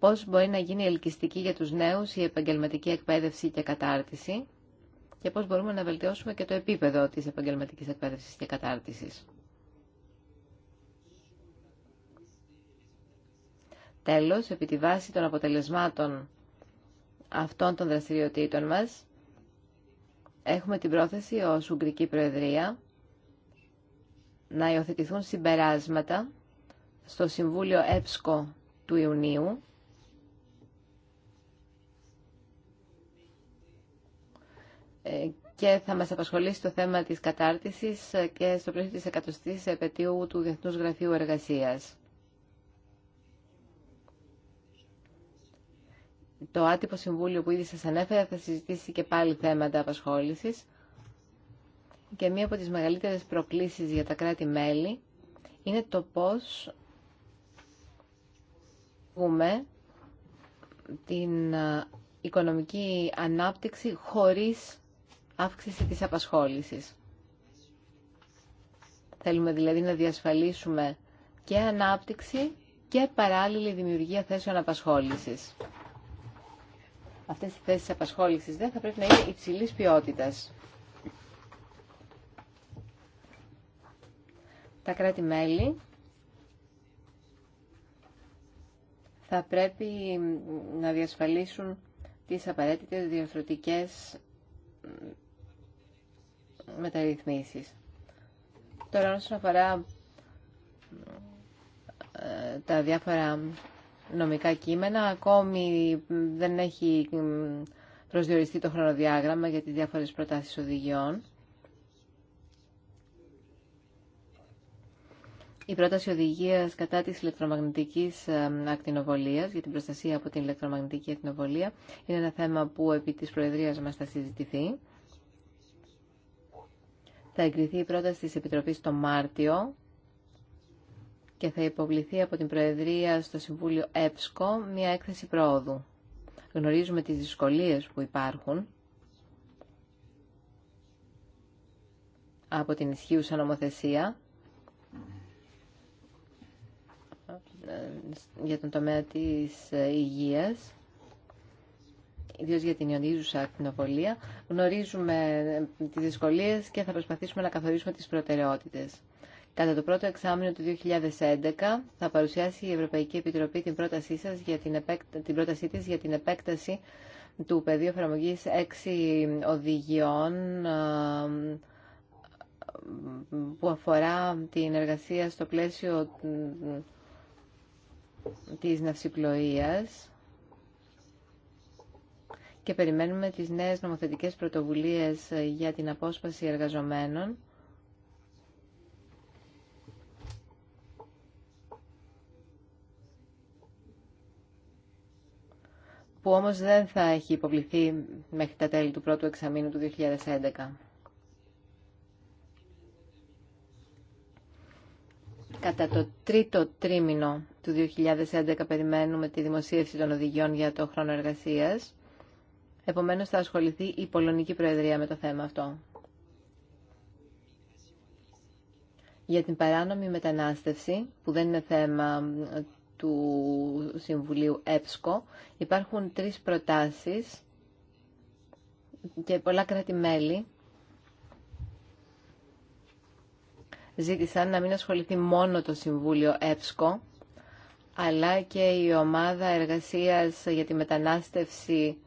πώς μπορεί να γίνει ελκυστική για τους νέους η επαγγελματική εκπαίδευση και κατάρτιση και πώς μπορούμε να βελτιώσουμε και το επίπεδο της επαγγελματικής εκπαίδευσης και κατάρτισης. Τέλος, επί τη βάση των αποτελεσμάτων αυτών των δραστηριοτήτων μας, έχουμε την πρόθεση ως Ουγγρική Προεδρία να υιοθετηθούν συμπεράσματα στο Συμβούλιο ΕΠΣΚΟ του Ιουνίου Ε, και θα μας απασχολήσει το θέμα της κατάρτισης ε, και στο πλαίσιο της εκατοστής επαιτίου του Διεθνούς Γραφείου Εργασίας. Το άτυπο συμβούλιο που ήδη σας ανέφερα θα συζητήσει και πάλι θέματα απασχόλησης και μία από τις μεγαλύτερες προκλήσεις για τα κράτη-μέλη είναι το πώς βγούμε την ε, οικονομική ανάπτυξη χωρίς αύξηση της απασχόλησης. Θέλουμε δηλαδή να διασφαλίσουμε και ανάπτυξη και παράλληλη δημιουργία θέσεων απασχόλησης. Αυτές οι θέσεις απασχόλησης δεν θα πρέπει να είναι υψηλής ποιότητας. Τα κράτη-μέλη θα πρέπει να διασφαλίσουν τις απαραίτητες διορθωτικές μεταρρυθμίσεις. Τώρα όσον αφορά ε, τα διάφορα νομικά κείμενα, ακόμη δεν έχει προσδιοριστεί το χρονοδιάγραμμα για τις διάφορες προτάσεις οδηγιών. Η πρόταση οδηγίας κατά της ηλεκτρομαγνητικής ε, ακτινοβολίας για την προστασία από την ηλεκτρομαγνητική ακτινοβολία είναι ένα θέμα που επί της Προεδρίας μας θα συζητηθεί. Θα εγκριθεί η πρόταση της Επιτροπής το Μάρτιο και θα υποβληθεί από την Προεδρία στο Συμβούλιο ΕΠΣΚΟ μια έκθεση πρόοδου. Γνωρίζουμε τις δυσκολίες που υπάρχουν από την ισχύουσα νομοθεσία για τον τομέα της υγείας ιδίω για την ιονίζουσα ακτινοβολία, γνωρίζουμε ε, τι δυσκολίε και θα προσπαθήσουμε να καθορίσουμε τι προτεραιότητε. Κατά το πρώτο εξάμεινο του 2011 θα παρουσιάσει η Ευρωπαϊκή Επιτροπή την πρότασή, σας για την, την πρότασή της για την επέκταση του πεδίου εφαρμογή έξι οδηγιών ε, που αφορά την εργασία στο πλαίσιο ε, της ναυσιπλοείας και περιμένουμε τις νέες νομοθετικές πρωτοβουλίες ε, για την απόσπαση εργαζομένων που όμως δεν θα έχει υποβληθεί μέχρι τα τέλη του πρώτου εξαμήνου του 2011. Κατά το τρίτο τρίμηνο του 2011 περιμένουμε τη δημοσίευση των οδηγιών για το χρόνο εργασίας. Επομένως θα ασχοληθεί η Πολωνική Προεδρία με το θέμα αυτό. Για την παράνομη μετανάστευση, που δεν είναι θέμα ε, του Συμβουλίου ΕΠΣΚΟ, υπάρχουν τρεις προτάσεις και πολλά κράτη-μέλη ζήτησαν να μην ασχοληθεί μόνο το Συμβούλιο ΕΠΣΚΟ, αλλά και η ομάδα εργασίας για τη μετανάστευση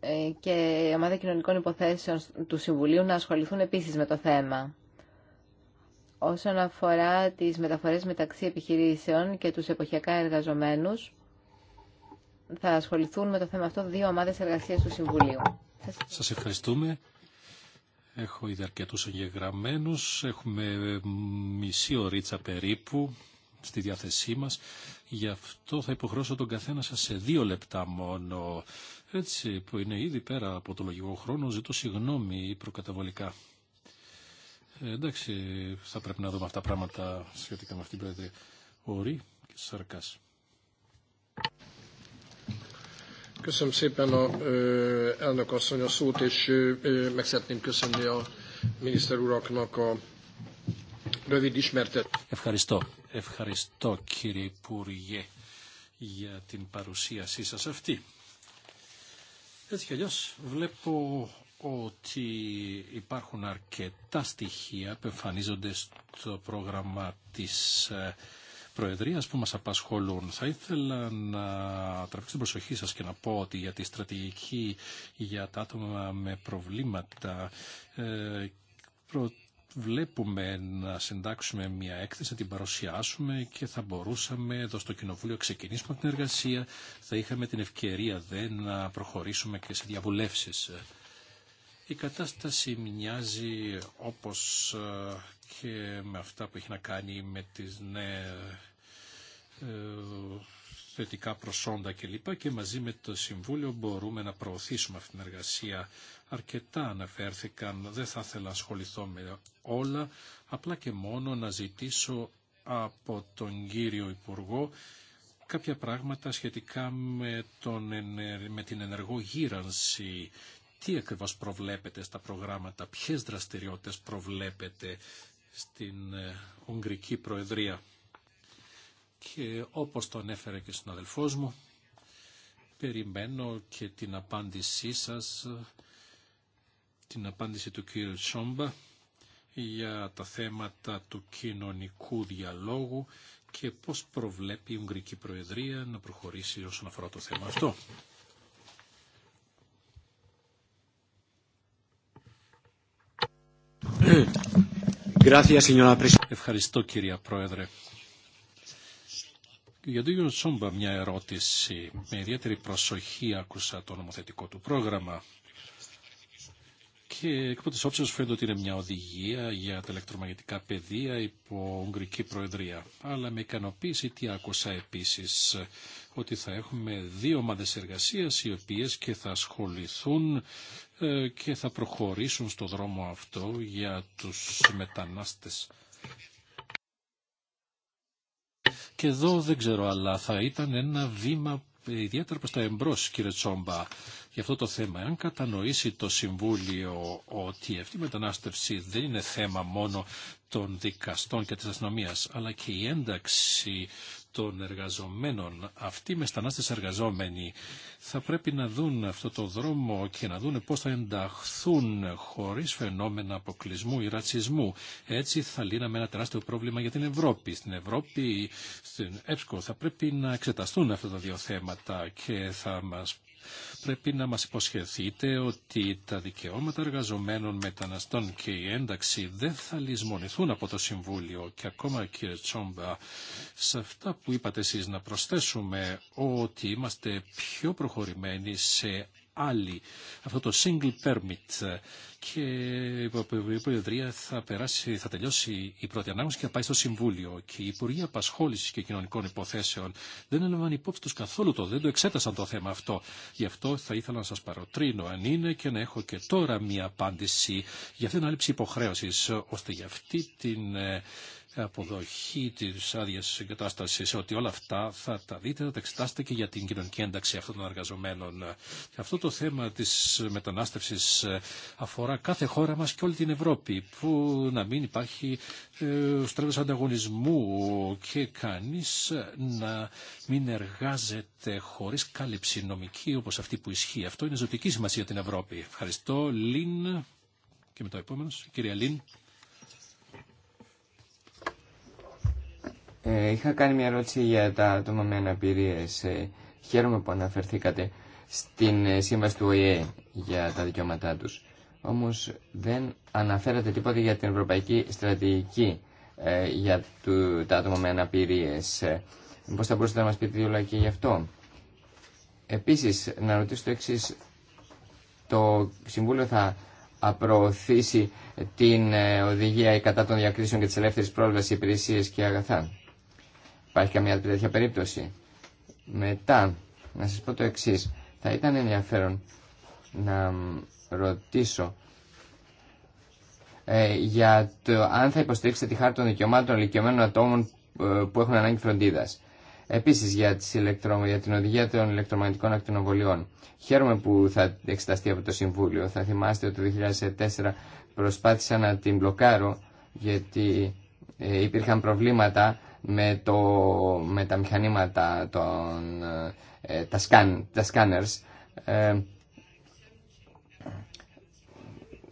ε, και η Ομάδα Κοινωνικών Υποθέσεων του Συμβουλίου να ασχοληθούν επίσης με το θέμα. Όσον αφορά τις μεταφορές μεταξύ επιχειρήσεων και τους εποχιακά εργαζομένους, θα ασχοληθούν με το θέμα αυτό δύο ομάδες εργασίας του Συμβουλίου. Σας ευχαριστούμε. Έχω ήδη αρκετούς εγγεγραμμένους. Έχουμε μισή ωρίτσα περίπου στη διάθεσή μας. Γι' αυτό θα υποχρέωσω τον καθένα σας σε δύο λεπτά μόνο. Έτσι που είναι ήδη πέρα από το λογικό χρόνο, ζητώ συγγνώμη προκαταβολικά. Ε, εντάξει, θα πρέπει να δούμε αυτά τα πράγματα σχετικά με αυτήν την πρόεδρε όρη και σαρκάς. Köszönöm szépen a elnök asszony a szót, és meg szeretném köszönni a miniszter a ismertet. Ευχαριστώ. Ευχαριστώ κύριε Υπουργέ για την παρουσίασή σας αυτή. Έτσι κι αλλιώς βλέπω ότι υπάρχουν αρκετά στοιχεία που εμφανίζονται στο πρόγραμμα της ε, Προεδρίας που μας απασχολούν. Θα ήθελα να τραβήξω την προσοχή σας και να πω ότι για τη στρατηγική για τα άτομα με προβλήματα ε, βλέπουμε να συντάξουμε μια έκθεση, να την παρουσιάσουμε και θα μπορούσαμε εδώ στο Κοινοβούλιο ξεκινήσουμε την εργασία. Θα είχαμε την ευκαιρία δε να προχωρήσουμε και σε διαβουλεύσεις. Η κατάσταση μοιάζει όπως ε, και με αυτά που έχει να κάνει με τις νέες ε, θετικά προσόντα κλπ. Και μαζί με το Συμβούλιο μπορούμε να προωθήσουμε αυτήν την εργασία. Αρκετά αναφέρθηκαν, δεν θα ήθελα να ασχοληθώ με όλα, απλά και μόνο να ζητήσω από τον κύριο Υπουργό κάποια πράγματα σχετικά με, τον, με την ενεργό γύρανση. Τι ακριβώς προβλέπετε στα προγράμματα, ποιες δραστηριότητες προβλέπετε στην ε, Ουγγρική Προεδρία και όπως το ανέφερα και στον αδελφό μου, περιμένω και την απάντησή σας, την απάντηση του κύριου Σόμπα για τα θέματα του κοινωνικού διαλόγου και πώς προβλέπει η Ουγγρική Προεδρία να προχωρήσει όσον αφορά το θέμα αυτό. Ευχαριστώ κυρία Πρόεδρε. Για τον κύριο Τσόμπα μια ερώτηση. Με ιδιαίτερη προσοχή άκουσα το νομοθετικό του πρόγραμμα και εκ πρώτη όψεω φαίνεται ότι είναι μια οδηγία για τα ηλεκτρομαγνητικά πεδία υπό Ουγγρική Προεδρία. Αλλά με ικανοποίηση τι άκουσα επίση, ότι θα έχουμε δύο ομάδε εργασία οι οποίε και θα ασχοληθούν ε, και θα προχωρήσουν στο δρόμο αυτό για του μετανάστες και εδώ δεν ξέρω, αλλά θα ήταν ένα βήμα ιδιαίτερα προς τα εμπρός, κύριε Τσόμπα, για αυτό το θέμα. Αν κατανοήσει το Συμβούλιο ότι αυτή η μετανάστευση δεν είναι θέμα μόνο των δικαστών και της αστυνομία, αλλά και η ένταξη των εργαζομένων. Αυτοί οι μεστανάστες εργαζόμενοι θα πρέπει να δουν αυτό το δρόμο και να δουν πώς θα ενταχθούν χωρίς φαινόμενα αποκλεισμού ή ρατσισμού. Έτσι θα λύναμε ένα τεράστιο πρόβλημα για την Ευρώπη. Στην Ευρώπη, στην ΕΠΣΚΟ θα πρέπει να εξεταστούν αυτά τα δύο θέματα και θα μας Πρέπει να μας υποσχεθείτε ότι τα δικαιώματα εργαζομένων μεταναστών και η ένταξη δεν θα λησμονηθούν από το Συμβούλιο και ακόμα κύριε Τσόμπα σε αυτά που είπατε εσείς να προσθέσουμε ότι είμαστε πιο προχωρημένοι σε άλλη. Αυτό το single permit και η Προεδρία θα, περάσει, θα τελειώσει η πρώτη ανάγνωση και θα πάει στο Συμβούλιο. Και η Υπουργοί Απασχόληση και Κοινωνικών Υποθέσεων δεν έλαβαν υπόψη του καθόλου το, δεν το εξέτασαν το θέμα αυτό. Γι' αυτό θα ήθελα να σα παροτρύνω, αν είναι, και να έχω και τώρα μία απάντηση για αυτή την αλήψη υποχρέωση, ώστε για αυτή την ε, αποδοχή της άδεια εγκατάσταση, ότι όλα αυτά θα τα δείτε, θα τα εξετάσετε και για την κοινωνική ένταξη αυτών των εργαζομένων. Και αυτό το θέμα της μετανάστευση ε, αφορά κάθε χώρα μας και όλη την Ευρώπη, που να μην υπάρχει ε, ανταγωνισμού και κανείς ε, να μην εργάζεται χωρί κάλυψη νομική όπως αυτή που ισχύει. Αυτό είναι ζωτική σημασία για την Ευρώπη. Ευχαριστώ. Λίν. Και με το επόμενο. Κυρία Λίν. Ε, είχα κάνει μια ερώτηση για τα άτομα με αναπηρίες. Ε, χαίρομαι που αναφερθήκατε στην ε, σύμβαση του ΟΗΕ για τα δικαιώματά τους. Όμως δεν αναφέρατε τίποτα για την Ευρωπαϊκή Στρατηγική ε, για του, τα άτομα με αναπηρίες. Ε, πώς θα μπορούσατε να μας πείτε δύο και γι' αυτό. Επίσης, να ρωτήσω το εξή Το Συμβούλιο θα απροωθήσει την οδηγία κατά των διακρίσεων και της ελεύθερης πρόσβασης υπηρεσίες και αγαθά. Υπάρχει καμία τέτοια περίπτωση. Μετά, να σας πω το εξής. Θα ήταν ενδιαφέρον να ρωτήσω ε, για το αν θα υποστηρίξετε τη χάρτη των δικαιωμάτων των ηλικιωμένων ατόμων ε, που έχουν ανάγκη φροντίδα. Επίση, για, για την οδηγία των ηλεκτρομαγνητικών ακτινοβολιών. Χαίρομαι που θα εξεταστεί από το Συμβούλιο. Θα θυμάστε ότι το 2004 προσπάθησα να την μπλοκάρω γιατί ε, υπήρχαν προβλήματα με, το, με τα μηχανήματα, των, ε, τα, σκάν τα scanners, ε,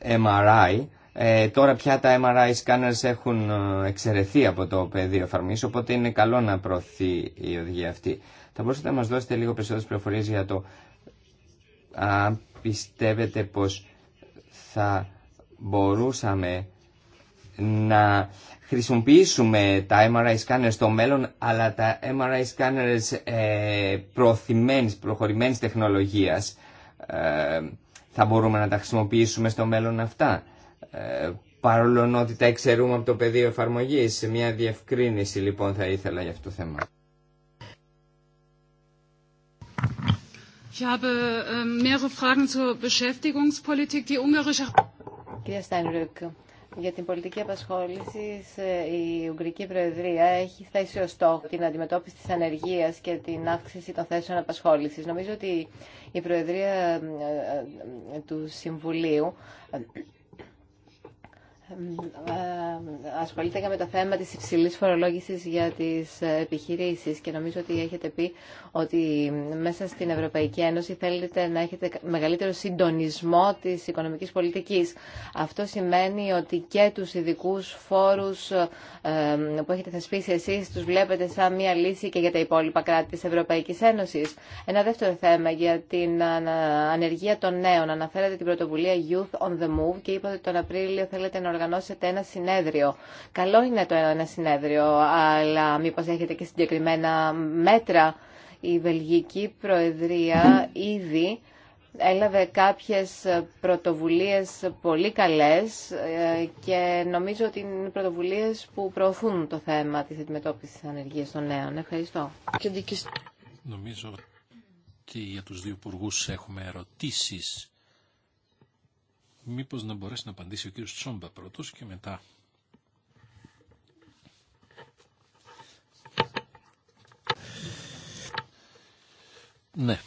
MRI. Ε, τώρα πια τα MRI scanners έχουν ε, εξαιρεθεί από το πεδίο εφαρμογή, οπότε είναι καλό να προωθεί η οδηγία αυτή. Θα μπορούσατε να μας δώσετε λίγο περισσότερες πληροφορίες για το αν πιστεύετε πως θα μπορούσαμε να χρησιμοποιήσουμε τα MRI scanners στο μέλλον, αλλά τα MRI scanners ε, προωθημένης, προχωρημένης τεχνολογίας ε, θα μπορούμε να τα χρησιμοποιήσουμε στο μέλλον αυτά. Ε, παρόλο ότι τα εξαιρούμε από το πεδίο εφαρμογής. Μια διευκρίνηση λοιπόν θα ήθελα για αυτό το θέμα. Ich habe ähm, για την πολιτική απασχόληση η Ουγγρική Προεδρία έχει θέσει ω στόχο την αντιμετώπιση της ανεργίας και την αύξηση των θέσεων απασχόλησης. Νομίζω ότι η Προεδρία ε, ε, ε, του Συμβουλίου ασχολείται και με το θέμα της υψηλής φορολόγησης για τις επιχειρήσεις και νομίζω ότι έχετε πει ότι μέσα στην Ευρωπαϊκή Ένωση θέλετε να έχετε μεγαλύτερο συντονισμό της οικονομικής πολιτικής. Αυτό σημαίνει ότι και τους ειδικού φόρους ε, που έχετε θεσπίσει εσείς τους βλέπετε σαν μια λύση και για τα υπόλοιπα κράτη της Ευρωπαϊκής Ένωσης. Ένα δεύτερο θέμα για την ανεργία των νέων. Αναφέρατε την πρωτοβουλία Youth on the Move και είπατε τον Απρίλιο θέλετε να οργανώσετε ένα συνέδριο. Καλό είναι το ένα συνέδριο, αλλά μήπως έχετε και συγκεκριμένα μέτρα. Η Βελγική Προεδρία ήδη έλαβε κάποιες πρωτοβουλίες πολύ καλές ε, και νομίζω ότι είναι πρωτοβουλίες που προωθούν το θέμα της αντιμετώπισης της ανεργίας των νέων. Ευχαριστώ. Νομίζω ότι για τους δύο υπουργού έχουμε ερωτήσεις. Μήπως να μπορέσει να απαντήσει ο κύριος Τσόμπα πρώτος και μετά. Ναι,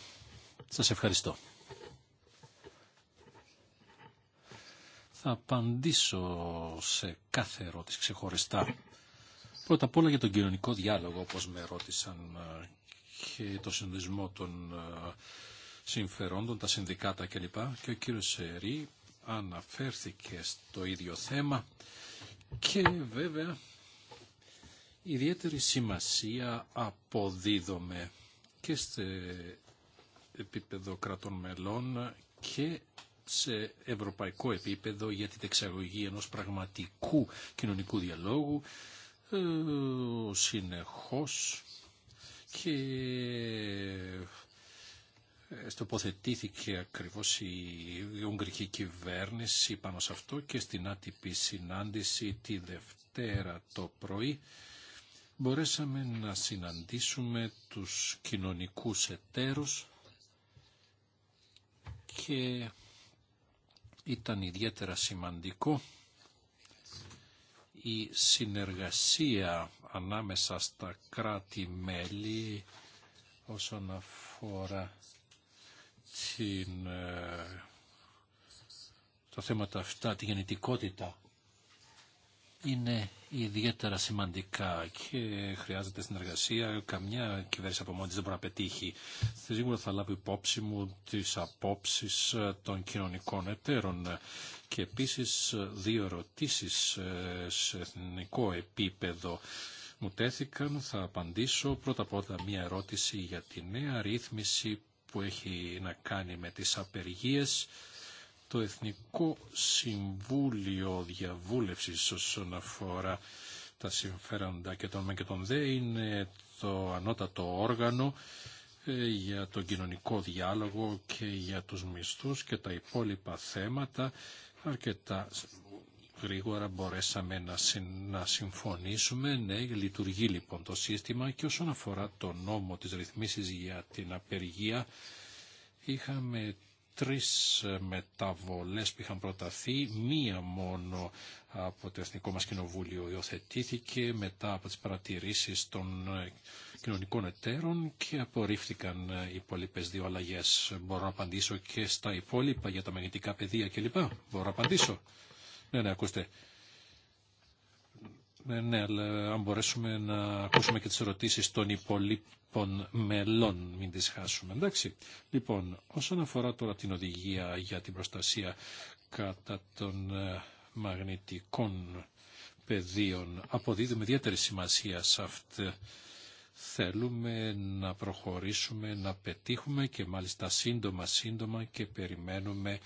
σας ευχαριστώ. Θα απαντήσω σε κάθε ερώτηση ξεχωριστά. Πρώτα απ' όλα για τον κοινωνικό διάλογο, όπως με ρώτησαν ε, και το συνδυσμό των ε, συμφερόντων, τα συνδικάτα κλπ. Και ο κύριος Σερή αναφέρθηκε στο ίδιο θέμα και βέβαια ιδιαίτερη σημασία αποδίδομαι και σε επίπεδο κρατών μελών και σε ευρωπαϊκό επίπεδο για την εξαγωγή ενός πραγματικού κοινωνικού διαλόγου ε, συνεχώς και στοποθετήθηκε ακριβώς η Ουγγρική κυβέρνηση πάνω σε αυτό και στην άτυπη συνάντηση τη Δευτέρα το πρωί μπορέσαμε να συναντήσουμε τους κοινωνικούς εταίρους και ήταν ιδιαίτερα σημαντικό η συνεργασία ανάμεσα στα κράτη-μέλη όσον αφορά ε, τα θέματα αυτά, τη γεννητικότητα είναι ιδιαίτερα σημαντικά και χρειάζεται συνεργασία. Καμιά κυβέρνηση από μόνη της δεν μπορεί να πετύχει. Σίγουρα θα λάβω υπόψη μου τις απόψεις ε, των κοινωνικών εταίρων. Και επίσης ε, δύο ερωτήσεις σε εθνικό επίπεδο μου τέθηκαν. Θα απαντήσω όλα μία ερώτηση για τη νέα ρύθμιση που έχει να κάνει με τις απεργίες. Το Εθνικό Συμβούλιο Διαβούλευσης όσον αφορά τα συμφέροντα και τον ΜΕ και ΔΕ είναι το ανώτατο όργανο ε, για τον κοινωνικό διάλογο και για τους μισθούς και τα υπόλοιπα θέματα αρκετά γρήγορα μπορέσαμε να, να συμφωνήσουμε. Ναι, λειτουργεί λοιπόν το σύστημα και όσον αφορά το νόμο της ρυθμίσης για την απεργία είχαμε τρεις μεταβολές που είχαν προταθεί, μία μόνο από το Εθνικό μας Κοινοβούλιο υιοθετήθηκε μετά από τις παρατηρήσεις των κοινωνικών εταίρων και απορρίφθηκαν οι υπόλοιπε δύο αλλαγέ. Μπορώ να απαντήσω και στα υπόλοιπα για τα μαγνητικά πεδία κλπ. Μπορώ να απαντήσω. Ναι, ναι, ακούστε. Ναι, ναι, αλλά αν μπορέσουμε να ακούσουμε και τις ερωτήσεις των υπολείπων μελών, μην τις χάσουμε, εντάξει. Λοιπόν, όσον αφορά τώρα την οδηγία για την προστασία κατά των ε, μαγνητικών πεδίων, αποδίδουμε ιδιαίτερη σημασία σε αυτή Θέλουμε να προχωρήσουμε, να πετύχουμε και μάλιστα σύντομα σύντομα και περιμένουμε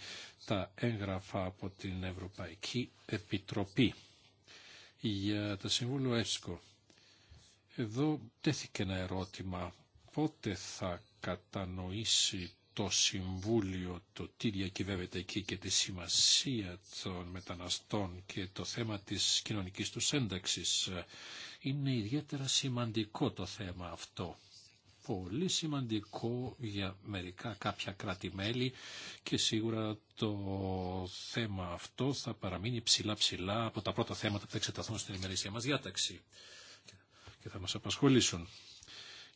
τα έγγραφα από την Ευρωπαϊκή Επιτροπή για το Συμβούλιο ΕΣΚΟ. Εδώ τέθηκε ένα ερώτημα. Πότε θα κατανοήσει το Συμβούλιο το τι διακυβεύεται εκεί και τη σημασία των μεταναστών και το θέμα της κοινωνικής του ένταξης είναι ιδιαίτερα σημαντικό το θέμα αυτό. Πολύ σημαντικό για μερικά κάποια κράτη-μέλη και σίγουρα το θέμα αυτό θα παραμείνει ψηλά-ψηλά από τα πρώτα θέματα που θα εξεταθούν στην ημερήσια μας διάταξη και θα μας απασχολήσουν.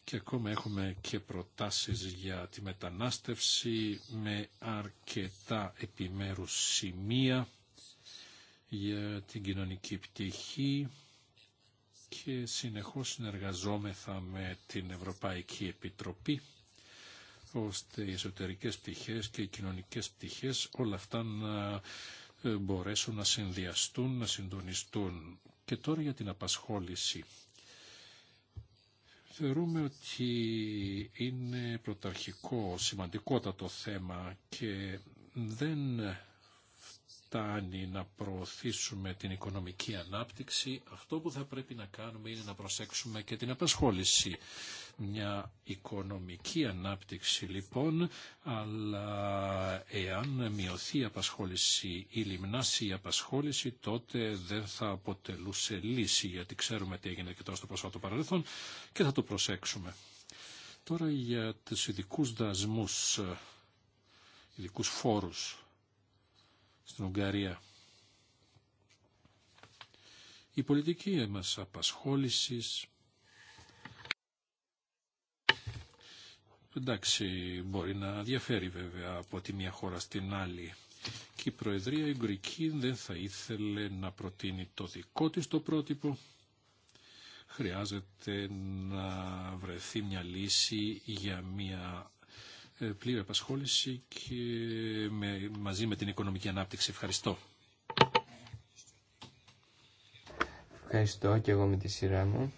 Και ακόμα έχουμε και προτάσεις για τη μετανάστευση με αρκετά επιμέρους σημεία για την κοινωνική πτυχή, και συνεχώς συνεργαζόμεθα με την Ευρωπαϊκή Επιτροπή ώστε οι εσωτερικές πτυχές και οι κοινωνικές πτυχές όλα αυτά να ε, μπορέσουν να συνδυαστούν, να συντονιστούν. Και τώρα για την απασχόληση. Θεωρούμε ότι είναι πρωταρχικό, σημαντικότατο θέμα και δεν φτάνει να προωθήσουμε την οικονομική ανάπτυξη, αυτό που θα πρέπει να κάνουμε είναι να προσέξουμε και την απασχόληση. Μια οικονομική ανάπτυξη λοιπόν, αλλά εάν μειωθεί η απασχόληση ή λιμνάσει η απασχόληση, τότε δεν θα αποτελούσε λύση, γιατί ξέρουμε τι έγινε και τώρα στο πρόσφατο παρελθόν και θα το προσέξουμε. Τώρα για τους ειδικού δασμούς, ειδικού φόρους στην Η πολιτική μας απασχόλησης εντάξει μπορεί να διαφέρει βέβαια από τη μια χώρα στην άλλη και η Προεδρία η δεν θα ήθελε να προτείνει το δικό της το πρότυπο χρειάζεται να βρεθεί μια λύση για μια ε, πλήρη απασχόληση και μαζί με την οικονομική ανάπτυξη. Ευχαριστώ. Ευχαριστώ και εγώ με τη σειρά μου.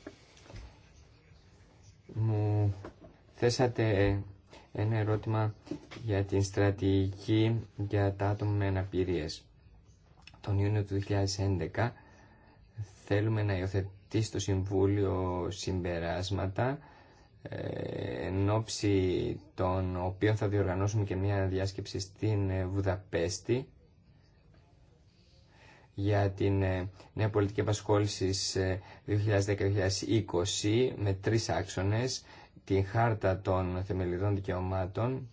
Μου θέσατε ε, ένα ερώτημα για την στρατηγική για τα άτομα με αναπηρίες. Τον Ιούνιο του 2011 θέλουμε να υιοθετήσει στο Συμβούλιο συμπεράσματα ε, εν ώψη των οποίων θα διοργανώσουμε και μια διάσκεψη στην ε, Βουδαπέστη για την ε, νέα πολιτική απασχόληση 2010-2020 με τρεις άξονες την χάρτα των θεμελιδών δικαιωμάτων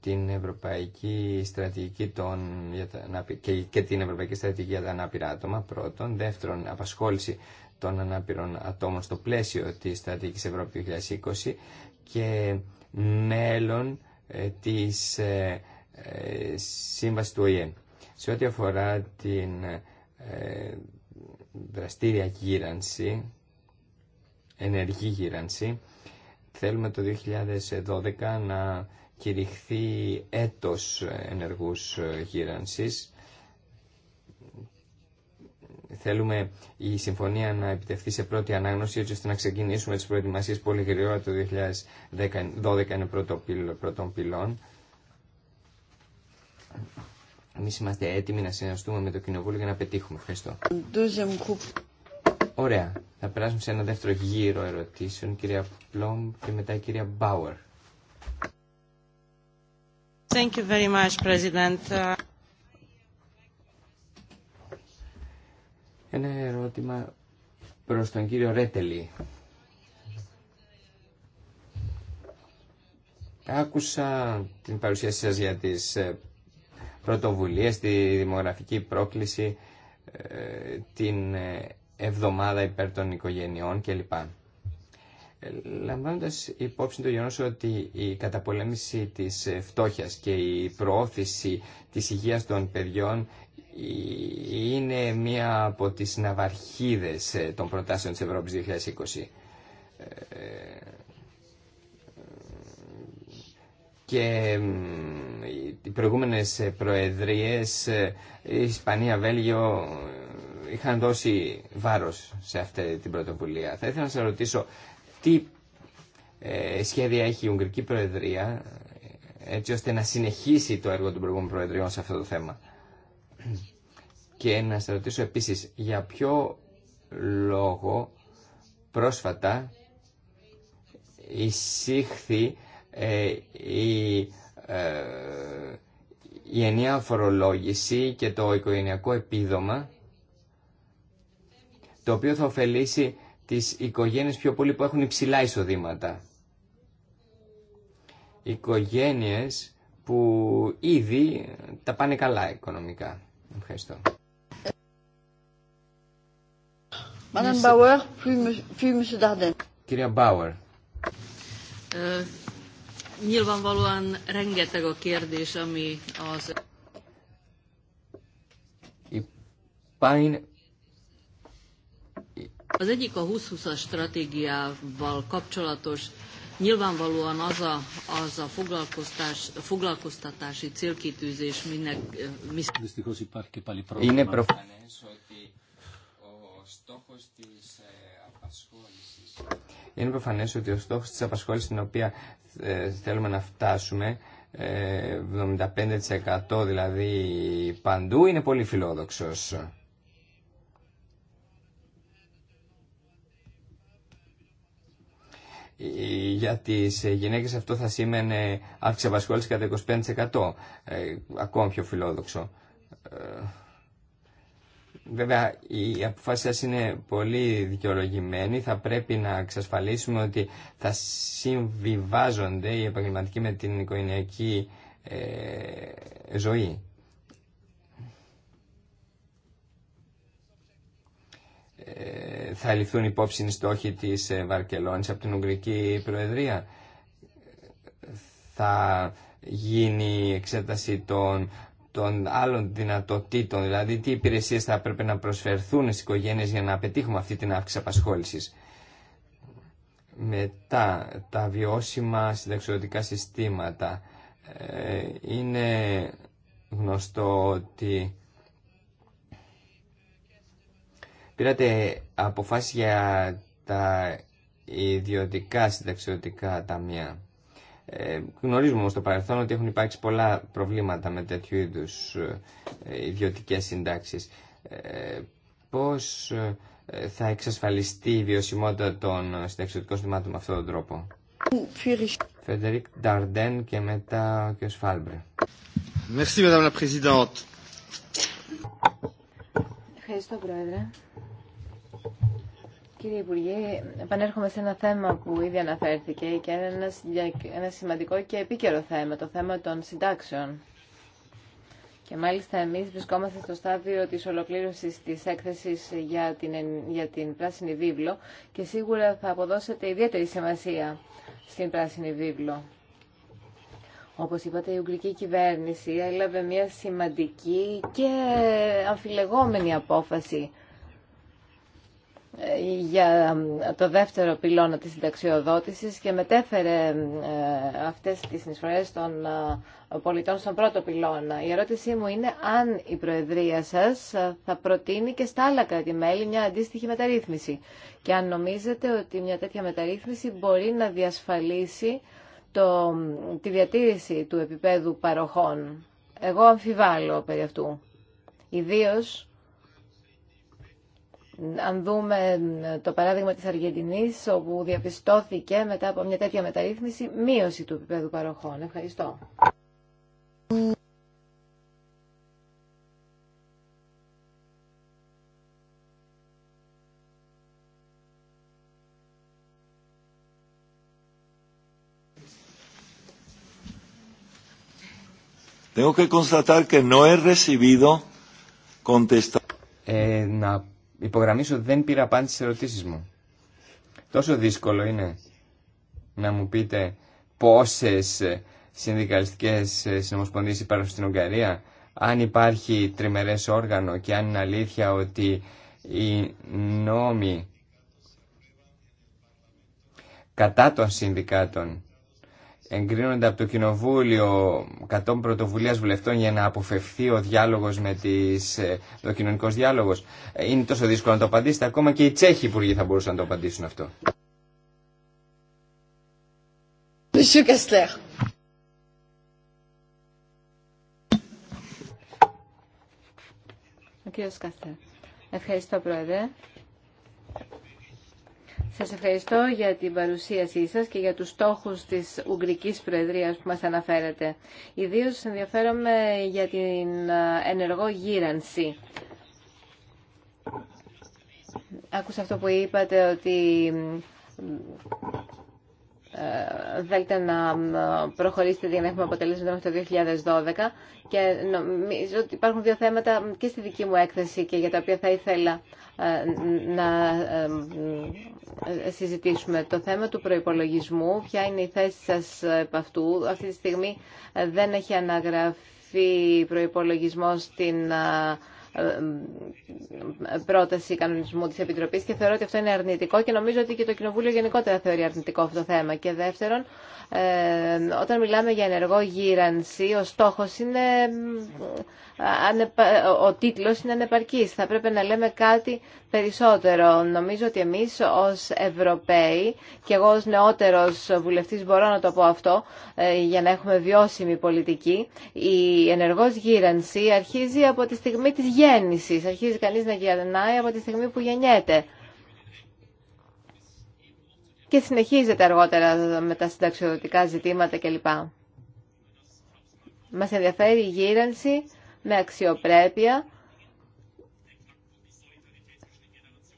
την Ευρωπαϊκή Στρατηγική των, και, την Ευρωπαϊκή Στρατηγική για τα Ανάπηρα Άτομα πρώτον, δεύτερον απασχόληση των ανάπηρων ατόμων στο πλαίσιο της Στρατηγικής Ευρώπη 2020 και μέλλον ε, της ε, ε, Σύμβασης του ΟΗΕ. Σε ό,τι αφορά την δραστήρια γύρανση, ενεργή γύρανση, θέλουμε το 2012 να κηρυχθεί έτος ενεργούς γύρανσης θέλουμε η συμφωνία να επιτευχθεί σε πρώτη ανάγνωση έτσι ώστε να ξεκινήσουμε τις προετοιμασίες πολύ γρήγορα το 2012 είναι πρώτο, πρώτον πυλών. Εμείς είμαστε έτοιμοι να συνεργαστούμε με το Κοινοβούλιο για να πετύχουμε. Ευχαριστώ. Ωραία. Θα περάσουμε σε ένα δεύτερο γύρο ερωτήσεων, κυρία Πλόμ και μετά η κυρία Μπάουερ. Thank you very much, President. Ένα ερώτημα προς τον κύριο Ρέτελη. Άκουσα την παρουσίαση σας για τις ε, πρωτοβουλίες, τη δημογραφική πρόκληση, ε, την ε, εβδομάδα υπέρ των οικογενειών κλπ. Λαμβάνοντας υπόψη το γεγονός ότι η καταπολέμηση της φτώχειας και η προώθηση της υγείας των παιδιών είναι μία από τις ναυαρχίδες ε, των προτάσεων της Ευρώπης 2020. Ε, και οι προηγούμενες προεδρίες, ε, η Ισπανία, Βέλγιο, είχαν δώσει βάρος σε αυτή την πρωτοβουλία. Θα ήθελα να σας ρωτήσω τι σχέδια έχει η Ουγγρική Προεδρία έτσι ώστε να συνεχίσει το έργο των προηγούμενων προεδριών σε αυτό το θέμα. Και να σας ρωτήσω επίσης, για ποιο λόγο πρόσφατα εισήχθη ε, η, ε, η ενιαία φορολόγηση και το οικογενειακό επίδομα το οποίο θα ωφελήσει τις οικογένειες πιο πολύ που έχουν υψηλά εισοδήματα. Οικογένειες που ήδη τα πάνε καλά οικονομικά. Ευχαριστώ. Κυρία Μπάουερ. Υπάρχει πολύ πολλά ερωτήματα. Η πάνη. το. Η Nyilvánvalóan az a, az a foglalkoztás, foglalkoztatási célkitűzés minek... Eh, Mis... Είναι προφανές ότι ο στόχος της ε, απασχόλησης... Είναι προφανές ότι ο στόχος της απασχόλησης την οποία ε, θέλουμε να φτάσουμε 75% ε, δηλαδή παντού είναι πολύ φιλόδοξος. για τις γυναίκες αυτό θα σήμαινε αύξηση απασχόληση κατά 25%. Ε, ακόμα πιο φιλόδοξο. Ε, βέβαια, η αποφάση σας είναι πολύ δικαιολογημένη. Θα πρέπει να εξασφαλίσουμε ότι θα συμβιβάζονται οι επαγγελματικοί με την οικογενειακή ε, ζωή. Ε, θα ληφθούν υπόψη οι στόχοι της ε, Βαρκελόνης από την Ουγγρική Προεδρία. Θα γίνει η εξέταση των, των άλλων δυνατοτήτων, δηλαδή τι υπηρεσίες θα πρέπει να προσφερθούν στις οικογένειες για να πετύχουμε αυτή την αύξηση απασχόλησης. Μετά, τα βιώσιμα συνταξιδοτικά συστήματα. Ε, είναι γνωστό ότι Πήρατε αποφάσεις για τα ιδιωτικά συνταξιωτικά ταμεία. Ε, γνωρίζουμε όμως στο παρελθόν ότι έχουν υπάρξει πολλά προβλήματα με τέτοιου είδους ε, ιδιωτικές συντάξεις. Ε, πώς ε, θα εξασφαλιστεί η βιωσιμότητα των συνταξιωτικών συστημάτων με αυτόν τον τρόπο. Φεντερικ Νταρντέν και μετά ο κ. Φάλμπρε. Ευχαριστώ, Πρόεδρε. Κύριε Υπουργέ, επανέρχομαι σε ένα θέμα που ήδη αναφέρθηκε και ένα, ένα σημαντικό και επίκαιρο θέμα, το θέμα των συντάξεων. Και μάλιστα εμείς βρισκόμαστε στο στάδιο της ολοκλήρωσης της έκθεσης για την, για την Πράσινη Βίβλο και σίγουρα θα αποδώσετε ιδιαίτερη σημασία στην Πράσινη Βίβλο. Όπως είπατε, η Ουγγρική κυβέρνηση έλαβε μια σημαντική και αμφιλεγόμενη απόφαση για το δεύτερο πυλώνα της συνταξιοδότησης και μετέφερε ε, αυτές τις συνεισφορές των ε, πολιτών στον πρώτο πυλώνα. Η ερώτησή μου είναι αν η Προεδρία σας θα προτείνει και στα άλλα κράτη-μέλη μια αντίστοιχη μεταρρύθμιση και αν νομίζετε ότι μια τέτοια μεταρρύθμιση μπορεί να διασφαλίσει το, τη διατήρηση του επίπεδου παροχών. Εγώ αμφιβάλλω περί αυτού. Ιδίως αν δούμε ε, το παράδειγμα της Αργεντινής, όπου διαπιστώθηκε μετά από μια τέτοια μεταρρύθμιση μείωση του επίπεδου παροχών. Ευχαριστώ. Tengo que constatar que no he recibido contestación. Ε, υπογραμμίσω ότι δεν πήρα απάντηση στις ερωτήσεις μου. Τόσο δύσκολο είναι να μου πείτε πόσες συνδικαλιστικές συνομοσπονδίες υπάρχουν στην Ουγγαρία, αν υπάρχει τριμερές όργανο και αν είναι αλήθεια ότι οι νόμοι κατά των συνδικάτων εγκρίνονται από το Κοινοβούλιο κατόπιν πρωτοβουλίας βουλευτών για να αποφευθεί ο διάλογος με τις, ε, το κοινωνικό διάλογος. Ε, είναι τόσο δύσκολο να το απαντήσετε, ακόμα και οι Τσέχοι υπουργοί θα μπορούσαν να το απαντήσουν αυτό. Ευχαριστώ, Πρόεδρε. Σας ευχαριστώ για την παρουσίασή σας και για τους στόχους της Ουγγρικής Προεδρίας που μας αναφέρατε. Ιδίως ενδιαφέρομαι για την ενεργό γύρανση. Άκουσα αυτό που είπατε ότι θέλετε ε, να προχωρήσετε για να έχουμε αποτελέσματα μέχρι το 2012 και νομίζω ότι υπάρχουν δύο θέματα και στη δική μου έκθεση και για τα οποία θα ήθελα ε, να ε, συζητήσουμε. Το θέμα του προϋπολογισμού, ποια είναι η θέση σας επ' αυτού. Αυτή τη στιγμή δεν έχει αναγραφεί προϋπολογισμός στην ε, πρόταση κανονισμού της Επιτροπής και θεωρώ ότι αυτό είναι αρνητικό και νομίζω ότι και το Κοινοβούλιο γενικότερα θεωρεί αρνητικό αυτό το θέμα. Και δεύτερον, ε, όταν μιλάμε για ενεργό γύρανση, ο στόχος είναι ο τίτλος είναι ανεπαρκής. Θα πρέπει να λέμε κάτι περισσότερο. Νομίζω ότι εμείς ως Ευρωπαίοι, και εγώ ως νεότερος βουλευτής μπορώ να το πω αυτό, ε, για να έχουμε βιώσιμη πολιτική, η ενεργός γύρανση αρχίζει από τη στιγμή της γέννησης. Αρχίζει κανείς να γυρνάει από τη στιγμή που γεννιέται και συνεχίζεται αργότερα με τα συνταξιοδοτικά ζητήματα κλπ. Μας ενδιαφέρει η γύρανση με αξιοπρέπεια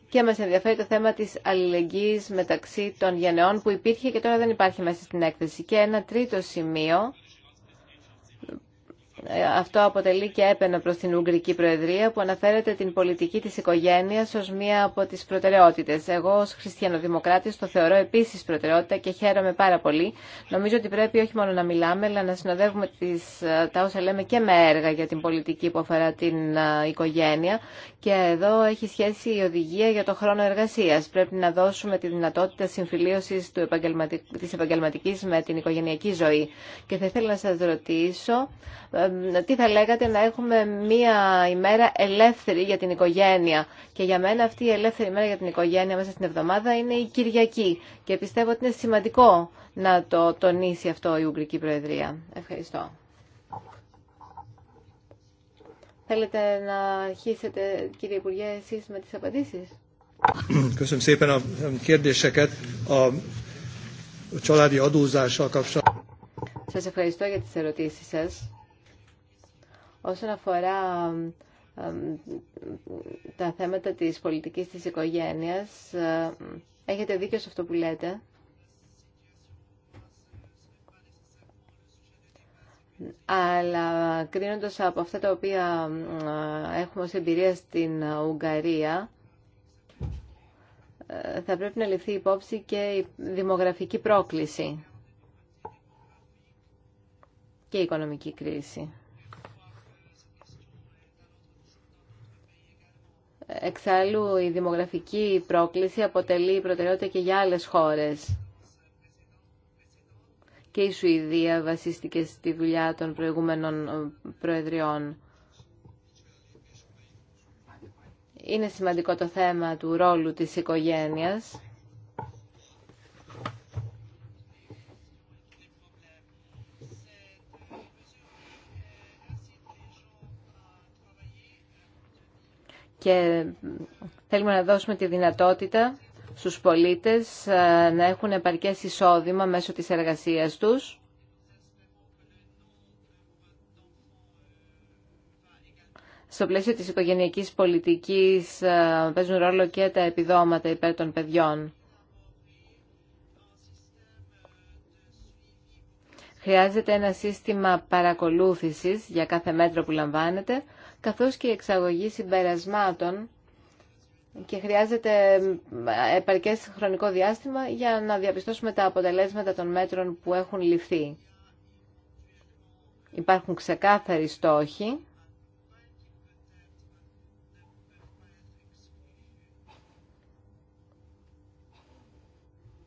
και μας ενδιαφέρει το θέμα της αλληλεγγύης μεταξύ των γενεών που υπήρχε και τώρα δεν υπάρχει μέσα στην έκθεση. Και ένα τρίτο σημείο αυτό αποτελεί και έπαινο προς την Ουγγρική Προεδρία που αναφέρεται την πολιτική της οικογένειας ως μία από τις προτεραιότητες. Εγώ ως χριστιανοδημοκράτης το θεωρώ επίσης προτεραιότητα και χαίρομαι πάρα πολύ. Νομίζω ότι πρέπει όχι μόνο να μιλάμε αλλά να συνοδεύουμε τις, τα όσα λέμε και με έργα για την πολιτική που αφορά την οικογένεια και εδώ έχει σχέση η οδηγία για το χρόνο εργασίας. Πρέπει να δώσουμε τη δυνατότητα συμφιλίωσης του επαγγελματική με την οικογενειακή ζωή. Και θα ήθελα να σα ρωτήσω ε, τι θα λέγατε να έχουμε μία ημέρα ελεύθερη για την οικογένεια. Και για μένα αυτή η ελεύθερη ημέρα για την οικογένεια μέσα στην εβδομάδα είναι η Κυριακή. Και πιστεύω ότι είναι σημαντικό να το τονίσει αυτό η Ουγγρική Προεδρία. Ευχαριστώ. Θέλετε να αρχίσετε, κύριε Υπουργέ, εσείς με τις απαντήσεις. Σας ευχαριστώ για τις ερωτήσεις σας. Όσον αφορά τα θέματα της πολιτικής της οικογένειας, ε, έχετε δίκιο σε αυτό που λέτε. Αλλά κρίνοντας από αυτά τα οποία ε, έχουμε ως εμπειρία στην Ουγγαρία, ε, θα πρέπει να ληφθεί υπόψη και η δημογραφική πρόκληση και η οικονομική κρίση. Εξάλλου, η δημογραφική πρόκληση αποτελεί προτεραιότητα και για άλλες χώρες. Και η Σουηδία βασίστηκε στη δουλειά των προηγούμενων ε, προεδριών. Είναι σημαντικό το θέμα του ρόλου της οικογένειας. και θέλουμε να δώσουμε τη δυνατότητα στους πολίτες ε, να έχουν επαρκές εισόδημα μέσω της εργασίας τους. Στο πλαίσιο της οικογενειακής πολιτικής ε, παίζουν ρόλο και τα επιδόματα υπέρ των παιδιών. Χρειάζεται ένα σύστημα παρακολούθησης για κάθε μέτρο που λαμβάνεται, καθώς και εξαγωγή συμπερασμάτων και χρειάζεται επαρκές χρονικό διάστημα για να διαπιστώσουμε τα αποτελέσματα των μέτρων που έχουν ληφθεί. Υπάρχουν ξεκάθαροι στόχοι.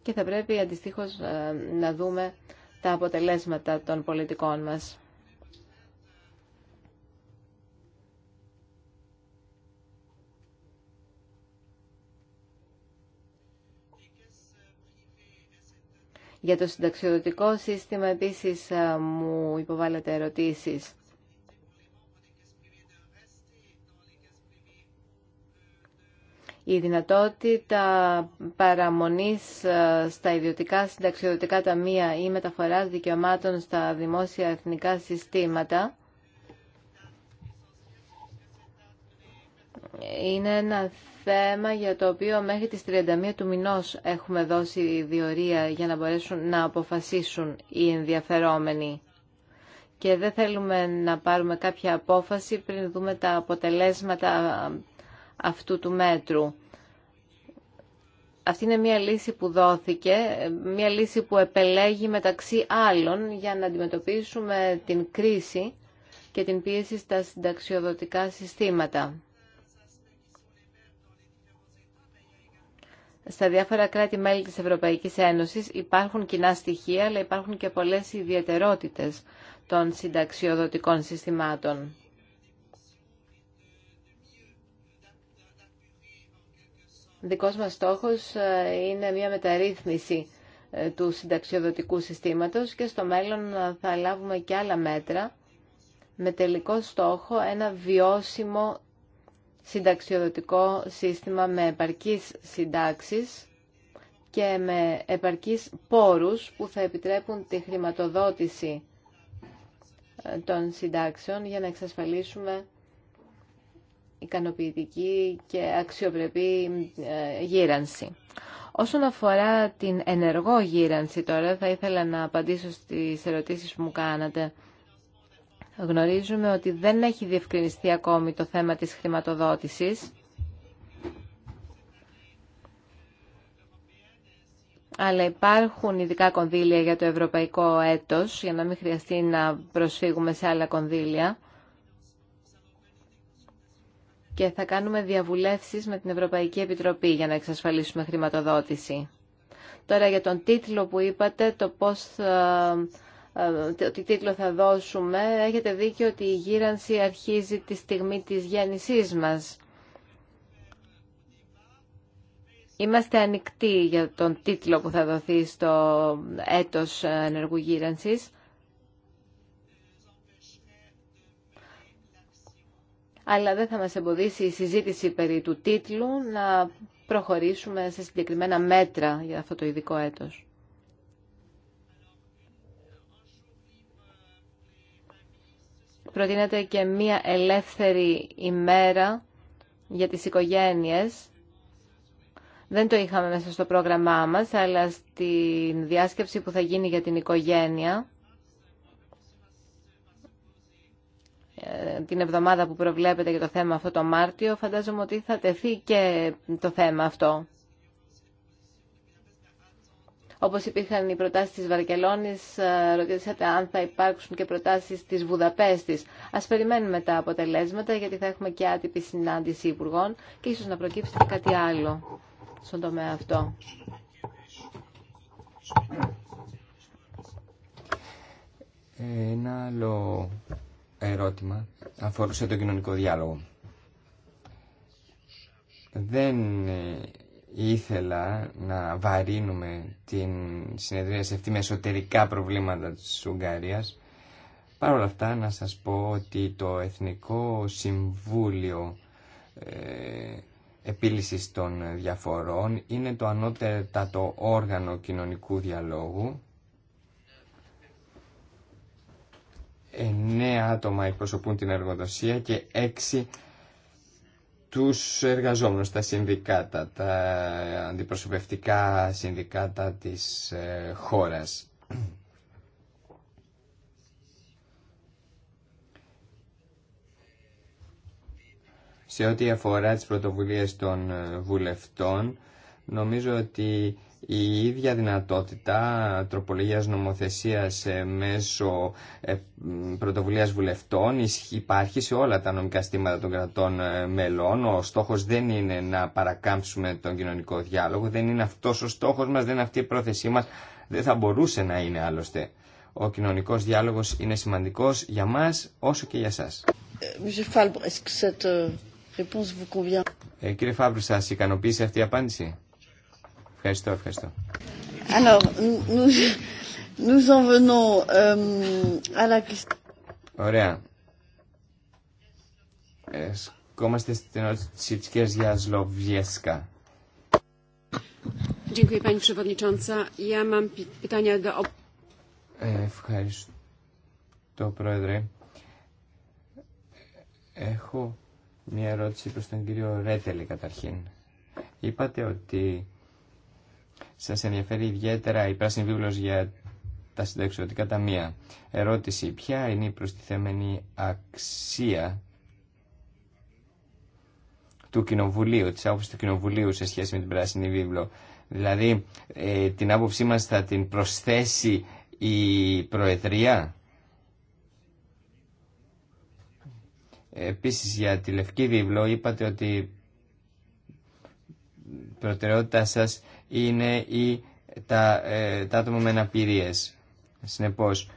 Και θα πρέπει αντιστοίχως ε, να δούμε τα αποτελέσματα των πολιτικών μας. Για το συνταξιοδοτικό σύστημα επίσης ε, μου υποβάλλεται ερωτήσεις. η δυνατότητα παραμονής ε, στα ιδιωτικά συνταξιοδοτικά ταμεία ή μεταφοράς δικαιωμάτων στα δημόσια εθνικά συστήματα είναι ένα θέμα για το οποίο μέχρι τις 31 του μηνός έχουμε δώσει διορία για να μπορέσουν να αποφασίσουν οι ενδιαφερόμενοι. Και δεν θέλουμε να πάρουμε κάποια απόφαση πριν δούμε τα αποτελέσματα αυτού του μέτρου. Αυτή είναι μια λύση που δόθηκε, μια λύση που επελέγει μεταξύ άλλων για να αντιμετωπίσουμε την κρίση και την πίεση στα συνταξιοδοτικά συστήματα. Στα διάφορα κράτη-μέλη της Ευρωπαϊκής Ένωσης υπάρχουν κοινά στοιχεία, αλλά υπάρχουν και πολλές ιδιαιτερότητες των συνταξιοδοτικών συστημάτων. Δικός μας στόχος ε, είναι μια μεταρρύθμιση ε, του συνταξιοδοτικού συστήματος και στο μέλλον ε, θα λάβουμε και άλλα μέτρα με τελικό στόχο ένα βιώσιμο συνταξιοδοτικό σύστημα με επαρκείς συντάξεις και με επαρκείς πόρους που θα επιτρέπουν τη χρηματοδότηση των συντάξεων για να εξασφαλίσουμε ικανοποιητική και αξιοπρεπή ε, γύρανση. Όσον αφορά την ενεργό γύρανση τώρα, θα ήθελα να απαντήσω στις ερωτήσεις που μου κάνατε. Γνωρίζουμε ότι δεν έχει διευκρινιστεί ακόμη το θέμα της χρηματοδότησης. αλλά υπάρχουν ειδικά κονδύλια για το ευρωπαϊκό έτος, για να μην χρειαστεί να προσφύγουμε σε άλλα κονδύλια και θα κάνουμε διαβουλεύσεις με την Ευρωπαϊκή Επιτροπή για να εξασφαλίσουμε χρηματοδότηση. Τώρα για τον τίτλο που είπατε, το πώς ε, τι τίτλο θα δώσουμε, έχετε δίκιο ότι η γύρανση αρχίζει τη στιγμή της γέννησής μας. Είμαστε ανοιχτοί για τον τίτλο που θα δοθεί στο έτος ενεργού γύρανσης αλλά δεν θα μας εμποδίσει η συζήτηση περί του τίτλου να προχωρήσουμε σε συγκεκριμένα μέτρα για αυτό το ειδικό έτος. Προτείνεται και μία ελεύθερη ημέρα για τις οικογένειες. Δεν το είχαμε μέσα στο πρόγραμμά μας, αλλά στην διάσκεψη που θα γίνει για την οικογένεια Ε, την εβδομάδα που προβλέπετε για το θέμα αυτό το Μάρτιο, φαντάζομαι ότι θα τεθεί και το θέμα αυτό. Όπως υπήρχαν οι προτάσεις της Βαρκελόνης, ε, ρωτήσατε αν θα υπάρξουν και προτάσεις της Βουδαπέστης. Ας περιμένουμε τα αποτελέσματα, γιατί θα έχουμε και άτυπη συνάντηση υπουργών και ίσως να προκύψει και κάτι άλλο στον τομέα αυτό. Ένα άλλο ερώτημα αφορούσε τον κοινωνικό διάλογο. Δεν ε, ήθελα να βαρύνουμε την σε αυτή με εσωτερικά προβλήματα της Ουγγαρίας. Παρ' όλα αυτά να σας πω ότι το Εθνικό Συμβούλιο ε, Επίλυσης των Διαφορών είναι το το όργανο κοινωνικού διαλόγου 9 άτομα εκπροσωπούν την εργοδοσία και έξι τους εργαζόμενους, τα συνδικάτα, τα αντιπροσωπευτικά συνδικάτα της ε, χώρας. Σε ό,τι αφορά τις πρωτοβουλίες των ε, βουλευτών, νομίζω ότι η ίδια δυνατότητα τροπολογίας νομοθεσίας ε, μέσω ε, πρωτοβουλίας βουλευτών υπάρχει σε όλα τα νομικά στήματα των κρατών ε, μελών. Ο στόχος δεν είναι να παρακάμψουμε τον κοινωνικό διάλογο, δεν είναι αυτός ο στόχος μας, δεν είναι αυτή η πρόθεσή μας, δεν θα μπορούσε να είναι άλλωστε. Ο κοινωνικός διάλογος είναι σημαντικός για μας όσο και για σας. Euh, κύριε Φάβρου, σας ικανοποίησε αυτή η απάντηση? Ευχαριστώ, ευχαριστώ. Alors, nous, nous en venons, euh, à la... Ωραία. Εσκόμαστε στην ερώτηση για Σλοβιέσκα. Dziękuję Pani Przewodnicząca. Ja mam pytania do... Ευχαριστώ, Πρόεδρε. Έχω μια ερώτηση προς τον κύριο Ρέτελη, καταρχήν. Είπατε ότι Σα ενδιαφέρει ιδιαίτερα η πράσινη βίβλος για τα συνταξιωτικά ταμεία. Ερώτηση, ποια είναι η προστιθέμενη αξία του Κοινοβουλίου, τη άποψη του Κοινοβουλίου σε σχέση με την πράσινη βίβλο. Δηλαδή, ε, την άποψή μας θα την προσθέσει η Προεδρία. Επίσης, για τη Λευκή Βίβλο είπατε ότι η προτεραιότητά σας είναι οι, τα, ε, τα άτομα με αναπηρίες. Συνεπώς,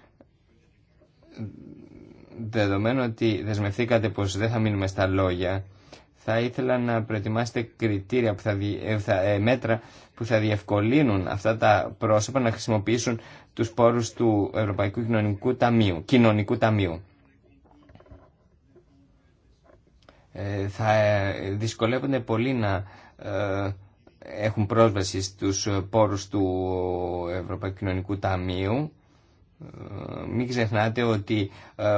δεδομένου ότι δεσμευθήκατε πως δεν θα μείνουμε στα λόγια, θα ήθελα να προετοιμάσετε κριτήρια, που θα, ε, θα ε, μέτρα που θα διευκολύνουν αυτά τα πρόσωπα να χρησιμοποιήσουν τους πόρους του Ευρωπαϊκού Κοινωνικού Ταμείου. Κοινωνικού Ταμείου. θα δυσκολεύονται πολύ να έχουν πρόσβαση στους πόρους του Ευρωπαϊκού Κοινωνικού Ταμείου. Ε, μην ξεχνάτε ότι ε,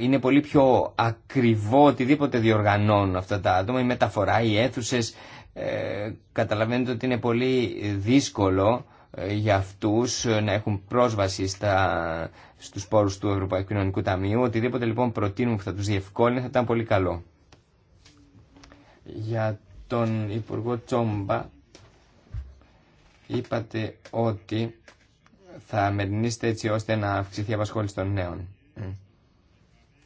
είναι πολύ πιο ακριβό οτιδήποτε διοργανώνουν αυτά τα άτομα, η μεταφορά, οι αίθουσες. Ε, καταλαβαίνετε ότι είναι πολύ δύσκολο για αυτούς να έχουν πρόσβαση στα, στους πόρους του Ευρωπαϊκού Κοινωνικού Ταμείου. Οτιδήποτε λοιπόν προτείνουν που θα τους διευκόλυνε θα ήταν πολύ καλό. Για τον Υπουργό Τσόμπα είπατε ότι θα μερινήσετε έτσι ώστε να αυξηθεί η απασχόληση των νέων.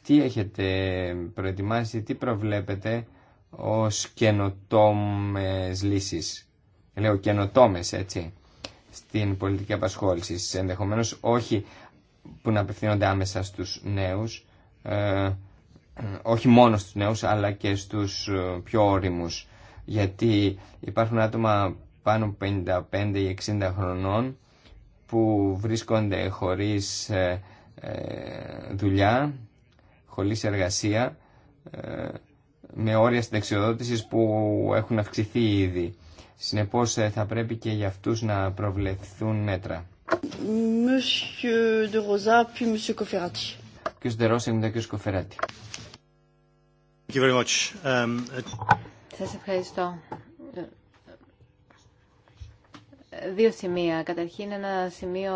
Τι έχετε προετοιμάσει, τι προβλέπετε ως καινοτόμες λύσεις. Λέω καινοτόμες έτσι στην πολιτική απασχόληση. Ενδεχομένως όχι που να απευθύνονται άμεσα στους νέους, ε, όχι μόνο στους νέους αλλά και στους ε, πιο όριμους γιατί υπάρχουν άτομα πάνω 55 ή 60 χρονών που βρίσκονται χωρίς ε, ε, δουλειά, χωρίς εργασία, ε, με όρια συνταξιοδότησης που έχουν αυξηθεί ήδη. Συνεπώς θα πρέπει και για αυτούς να προβλεφθούν μέτρα. Monsieur de Rosa, Κοφεράτη. Um, σας ευχαριστώ. Δύο σημεία. Καταρχήν ένα σημείο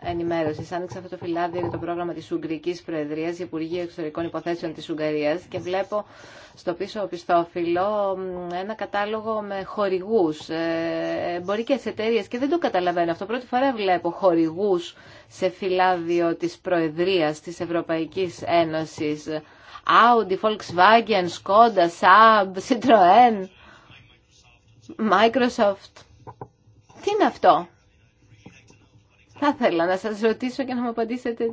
ενημέρωση. Άνοιξα αυτό το φυλάδιο για το πρόγραμμα τη Ουγγρική Προεδρία, Υπουργείου Εξωτερικών Υποθέσεων τη Ουγγαρία και βλέπω στο πίσω πιστόφυλλο ένα κατάλογο με χορηγού, ε, εμπορικέ εταιρείε και δεν το καταλαβαίνω αυτό. Πρώτη φορά βλέπω χορηγού σε φυλάδιο τη Προεδρία τη Ευρωπαϊκή Ένωση. Audi, Volkswagen, Skoda, Saab, Citroën, Microsoft. Τι είναι αυτό. Θα ήθελα να σας ρωτήσω και να μου απαντήσετε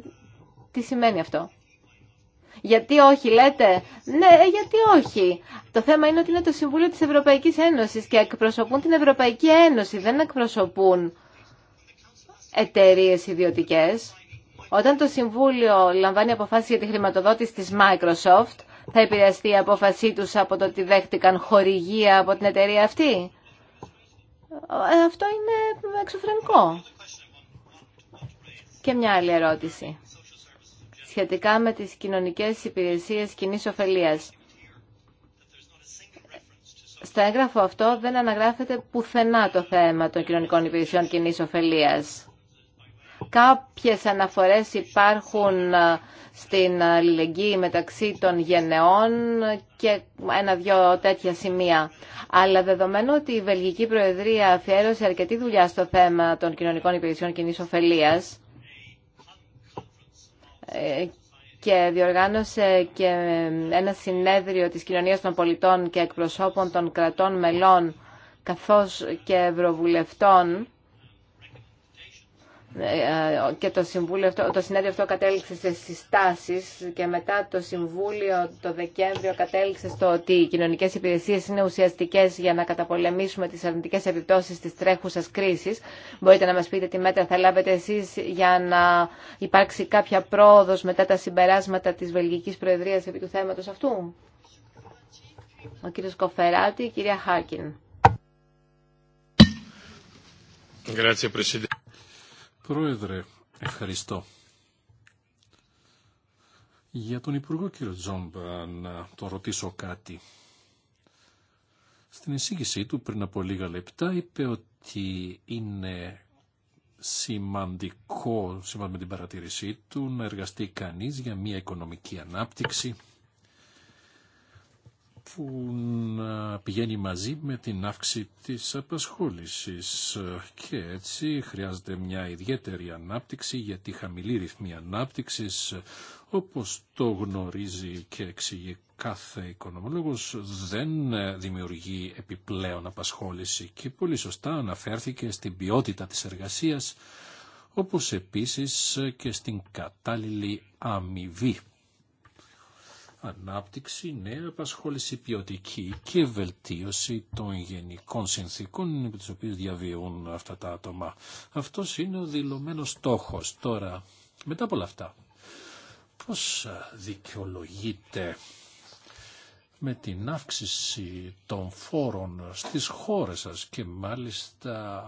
τι σημαίνει αυτό. Γιατί όχι, λέτε. Ναι, γιατί όχι. Το θέμα είναι ότι είναι το Συμβούλιο της Ευρωπαϊκής Ένωσης και εκπροσωπούν την Ευρωπαϊκή Ένωση, δεν εκπροσωπούν εταιρείες ιδιωτικές. Όταν το Συμβούλιο λαμβάνει αποφάσεις για τη χρηματοδότηση της Microsoft, θα επηρεαστεί η απόφασή τους από το ότι δέχτηκαν χορηγία από την εταιρεία αυτή. Ε, αυτό είναι εξωφρενικό. Και μια άλλη ερώτηση σχετικά με τις κοινωνικές υπηρεσίες κοινή ωφελίας. Στο έγγραφο αυτό δεν αναγράφεται πουθενά το θέμα των κοινωνικών υπηρεσιών κοινή ωφελίας. Κάποιες αναφορές υπάρχουν ε, στην αλληλεγγύη μεταξύ των γενεών και ένα-δυο τέτοια σημεία. Αλλά δεδομένου ότι η Βελγική Προεδρία αφιέρωσε αρκετή δουλειά στο θέμα των κοινωνικών υπηρεσιών κοινή ωφελία ε, και διοργάνωσε και ένα συνέδριο της κοινωνίας των πολιτών και εκπροσώπων των κρατών μελών καθώς και ευρωβουλευτών και το, συμβούλιο αυτό, το συνέδριο αυτό κατέληξε σε συστάσεις και μετά το Συμβούλιο το Δεκέμβριο κατέληξε στο ότι οι κοινωνικές υπηρεσίες είναι ουσιαστικές για να καταπολεμήσουμε τις αρνητικές επιπτώσεις της τρέχουσας κρίσης. Μπορείτε να μας πείτε τι μέτρα θα λάβετε εσείς για να υπάρξει κάποια πρόοδος μετά τα συμπεράσματα της Βελγικής Προεδρίας επί του θέματος αυτού. Ο κύριος Κοφεράτη, η κυρία Χάρκιν. Πρόεδρε, ευχαριστώ. Για τον Υπουργό κύριο Τζόμπα να το ρωτήσω κάτι. Στην εισήγησή του πριν από λίγα λεπτά είπε ότι είναι σημαντικό, σύμφωνα με την παρατήρησή του, να εργαστεί κανείς για μια οικονομική ανάπτυξη που να πηγαίνει μαζί με την αύξηση της απασχόλησης και έτσι χρειάζεται μια ιδιαίτερη ανάπτυξη για τη χαμηλή ρυθμή ανάπτυξης όπως το γνωρίζει και εξηγεί κάθε οικονομολόγος δεν δημιουργεί επιπλέον απασχόληση και πολύ σωστά αναφέρθηκε στην ποιότητα της εργασίας όπως επίσης και στην κατάλληλη αμοιβή ανάπτυξη, νέα απασχόληση ποιοτική και βελτίωση των γενικών συνθήκων με τις οποίες διαβιούν αυτά τα άτομα. Αυτός είναι ο δηλωμένος στόχος. Τώρα, μετά από όλα αυτά, πώς δικαιολογείται με την αύξηση των φόρων στις χώρες σας και μάλιστα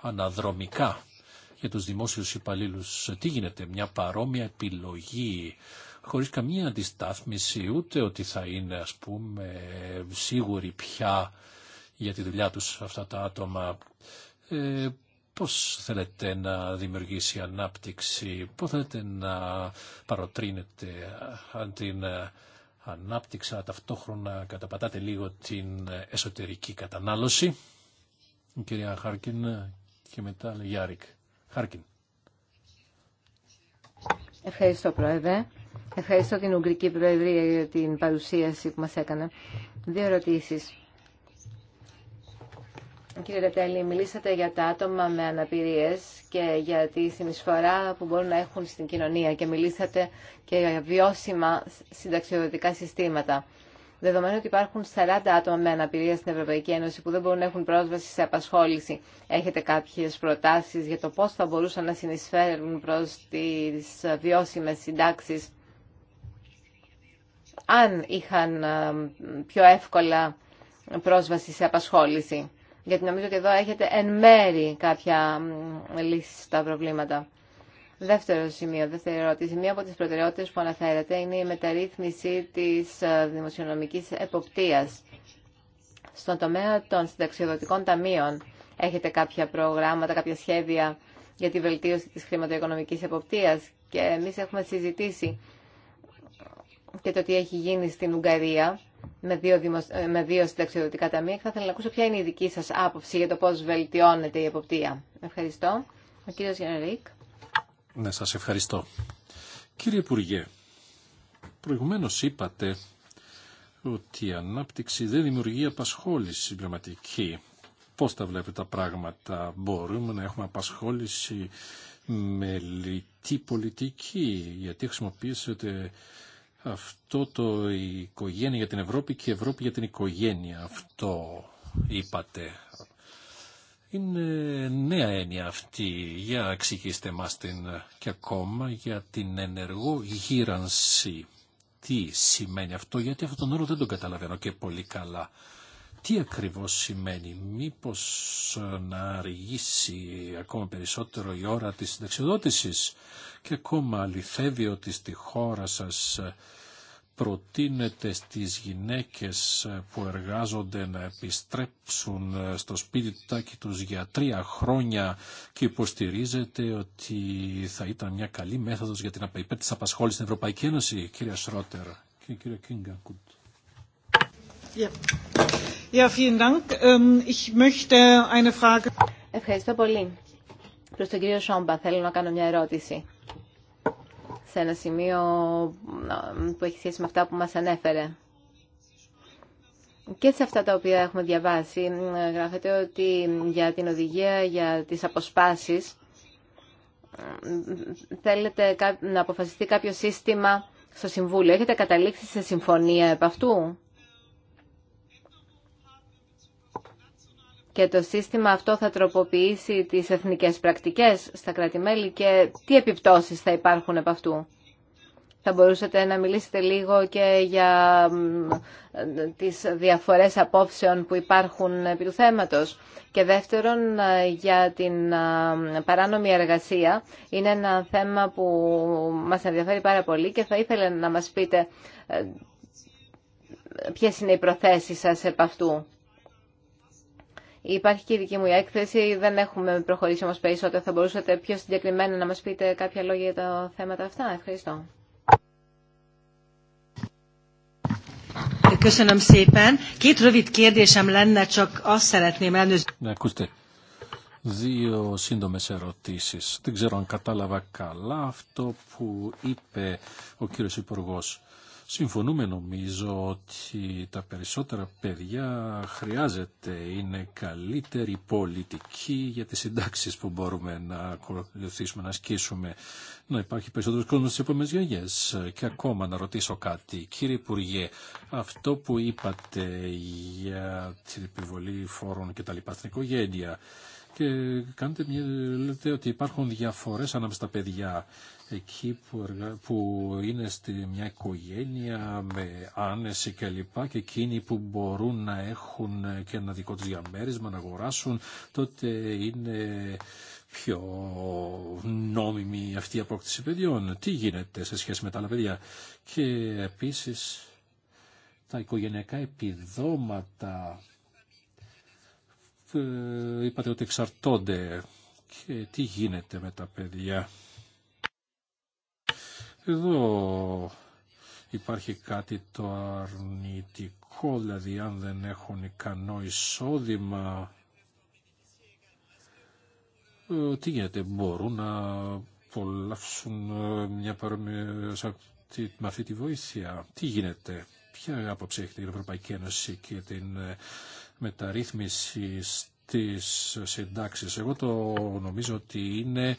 αναδρομικά για τους δημόσιους υπαλλήλους. Τι γίνεται, μια παρόμοια επιλογή χωρίς καμία αντιστάθμιση ούτε ότι θα είναι ας πούμε σίγουροι πια για τη δουλειά τους αυτά τα άτομα. Ε, πώς θέλετε να δημιουργήσει ανάπτυξη, πώς θέλετε να παροτρύνετε αν την ε, ανάπτυξα ταυτόχρονα καταπατάτε λίγο την ε, εσωτερική κατανάλωση. κυρία Χάρκιν και μετά Γιάρικ. Χάρκιν. Ευχαριστώ Πρόεδρε. Ευχαριστώ την Ουγγρική Προεδρία για την παρουσίαση που μας έκανε. Δύο ερωτήσεις. Κύριε Ρετέλη, μιλήσατε για τα άτομα με αναπηρίες και για τη συνεισφορά που μπορούν να έχουν στην κοινωνία και μιλήσατε και για βιώσιμα συνταξιοδοτικά συστήματα. Δεδομένου ότι υπάρχουν 40 άτομα με αναπηρία στην Ευρωπαϊκή Ένωση που δεν μπορούν να έχουν πρόσβαση σε απασχόληση, έχετε κάποιες προτάσεις για το πώς θα μπορούσαν να συνεισφέρουν προς τις βιώσιμε συντάξεις αν είχαν ε, πιο εύκολα πρόσβαση σε απασχόληση. Γιατί νομίζω ότι εδώ έχετε εν μέρη κάποια λύση στα προβλήματα. Δεύτερο σημείο, δεύτερη ερώτηση. Μία από τις προτεραιότητες που αναφέρατε είναι η μεταρρύθμιση της ε, δημοσιονομικής εποπτείας. Στον τομέα των συνταξιοδοτικών ταμείων έχετε κάποια προγράμματα, κάποια σχέδια για τη βελτίωση της χρηματοοικονομικής εποπτείας και εμείς έχουμε συζητήσει και το τι έχει γίνει στην Ουγγαρία με δύο, δημοσ... Ε, με δύο συνταξιδοτικά ταμεία θα ήθελα να ακούσω ποια είναι η δική σας άποψη για το πώς βελτιώνεται η εποπτεία. Ευχαριστώ. Ο κύριος Γενερίκ. Ναι, σας ευχαριστώ. Κύριε Υπουργέ, προηγουμένως είπατε ότι η ανάπτυξη δεν δημιουργεί απασχόληση συμπληρωματική. Πώς τα βλέπετε τα πράγματα. Μπορούμε να έχουμε απασχόληση με λιτή πολιτική, γιατί χρησιμοποιήσετε αυτό το η οικογένεια για την Ευρώπη και η Ευρώπη για την οικογένεια. Αυτό είπατε. Είναι νέα έννοια αυτή. Για εξηγήστε μας την και ακόμα για την ενεργό γύρανση. Τι σημαίνει αυτό, γιατί αυτόν τον όρο δεν τον καταλαβαίνω και πολύ καλά τι ακριβώς σημαίνει. Μήπως ε, να αργήσει ακόμα περισσότερο η ώρα της συνταξιοδότησης και ακόμα αληθεύει ότι στη χώρα σας ε, προτείνεται στις γυναίκες ε, που εργάζονται να επιστρέψουν στο σπίτι του τους για τρία χρόνια και υποστηρίζεται ότι θα ήταν μια καλή μέθοδος για την υπέρ της απασχόλησης στην Ευρωπαϊκή Ένωση, κύριε Σρότερ και κύριε Yeah. Ähm, Ευχαριστώ πολύ. Προς τον κύριο Σόμπα θέλω να κάνω μια ερώτηση σε ένα σημείο που έχει σχέση με αυτά που μας ανέφερε. Και σε αυτά τα οποία έχουμε διαβάσει γράφεται ότι για την οδηγία για τις αποσπάσεις θέλετε να αποφασιστεί κάποιο σύστημα στο Συμβούλιο. Έχετε καταλήξει σε συμφωνία επ' αυτού. και το σύστημα αυτό θα τροποποιήσει τις εθνικές πρακτικές στα κράτη-μέλη και τι επιπτώσεις θα υπάρχουν από αυτού. Θα μπορούσατε να μιλήσετε λίγο και για τις διαφορές απόψεων που υπάρχουν επί του θέματος. Και δεύτερον, για την παράνομη εργασία. Είναι ένα θέμα που μας ενδιαφέρει πάρα πολύ και θα ήθελα να μας πείτε ε, ποιες είναι οι προθέσεις σας επ' αυτού. Υπάρχει και η δική μου έκθεση, δεν έχουμε προχωρήσει όμως περισσότερο. Θα μπορούσατε πιο συγκεκριμένα να μας πείτε κάποια λόγια για τα θέματα αυτά. Ευχαριστώ. Köszönöm ναι, Ακούστε, δύο σύντομε ερωτήσει. Δεν ξέρω αν κατάλαβα καλά αυτό που είπε ο κύριο Υπουργός. Συμφωνούμε νομίζω ότι τα περισσότερα παιδιά χρειάζεται, είναι καλύτερη πολιτική για τις συντάξει που μπορούμε να ακολουθήσουμε, να ασκήσουμε, να υπάρχει περισσότερο κόσμο στις επόμενες γιαγιές. Και ακόμα να ρωτήσω κάτι, κύριε Υπουργέ, αυτό που είπατε για την επιβολή φόρων και τα λοιπά στην οικογένεια, και κάνετε μια, λέτε ότι υπάρχουν διαφορές ανάμεσα στα παιδιά εκεί που, είναι στη μια οικογένεια με άνεση και Και, και εκείνοι που μπορούν να έχουν και ένα δικό τους διαμέρισμα, να αγοράσουν, τότε είναι πιο νόμιμη αυτή η απόκτηση παιδιών. Τι γίνεται σε σχέση με τα άλλα παιδιά. Και επίσης τα οικογενειακά επιδόματα ε, είπατε ότι εξαρτώνται και τι γίνεται με τα παιδιά. Εδώ υπάρχει κάτι το αρνητικό, δηλαδή αν δεν έχουν ικανό εισόδημα, ε, τι γίνεται, μπορούν να απολαύσουν ε, μια παρόμοια με αυτή τη βοήθεια. Τι γίνεται, ποια άποψη έχει την Ευρωπαϊκή Ένωση και την ε, μεταρρύθμιση στις συντάξεις. Εγώ το νομίζω ότι είναι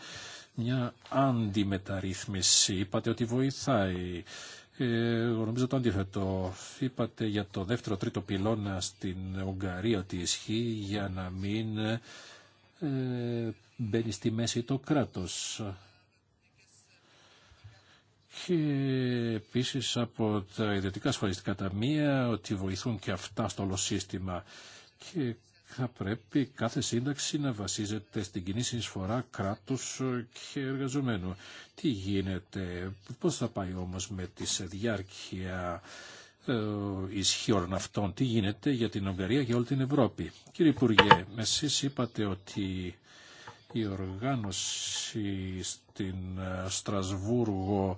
μια αντιμεταρρύθμιση. Είπατε ότι βοηθάει. Ε, νομίζω το αντίθετο. Είπατε για το δεύτερο τρίτο πυλώνα στην Ουγγαρία ότι ισχύει για να μην ε, μπαίνει στη μέση το κράτος. Και επίσης από τα ιδιωτικά ασφαλιστικά ταμεία ότι βοηθούν και αυτά στο όλο σύστημα. Και θα πρέπει κάθε σύνταξη να βασίζεται στην κοινή συνεισφορά κράτους και εργαζομένου. Τι γίνεται, πώς θα πάει όμως με τη διάρκεια ε, ισχύων αυτών, τι γίνεται για την Ουγγαρία και όλη την Ευρώπη. Κύριε Υπουργέ, εσείς είπατε ότι η οργάνωση στην ε, Στρασβούργο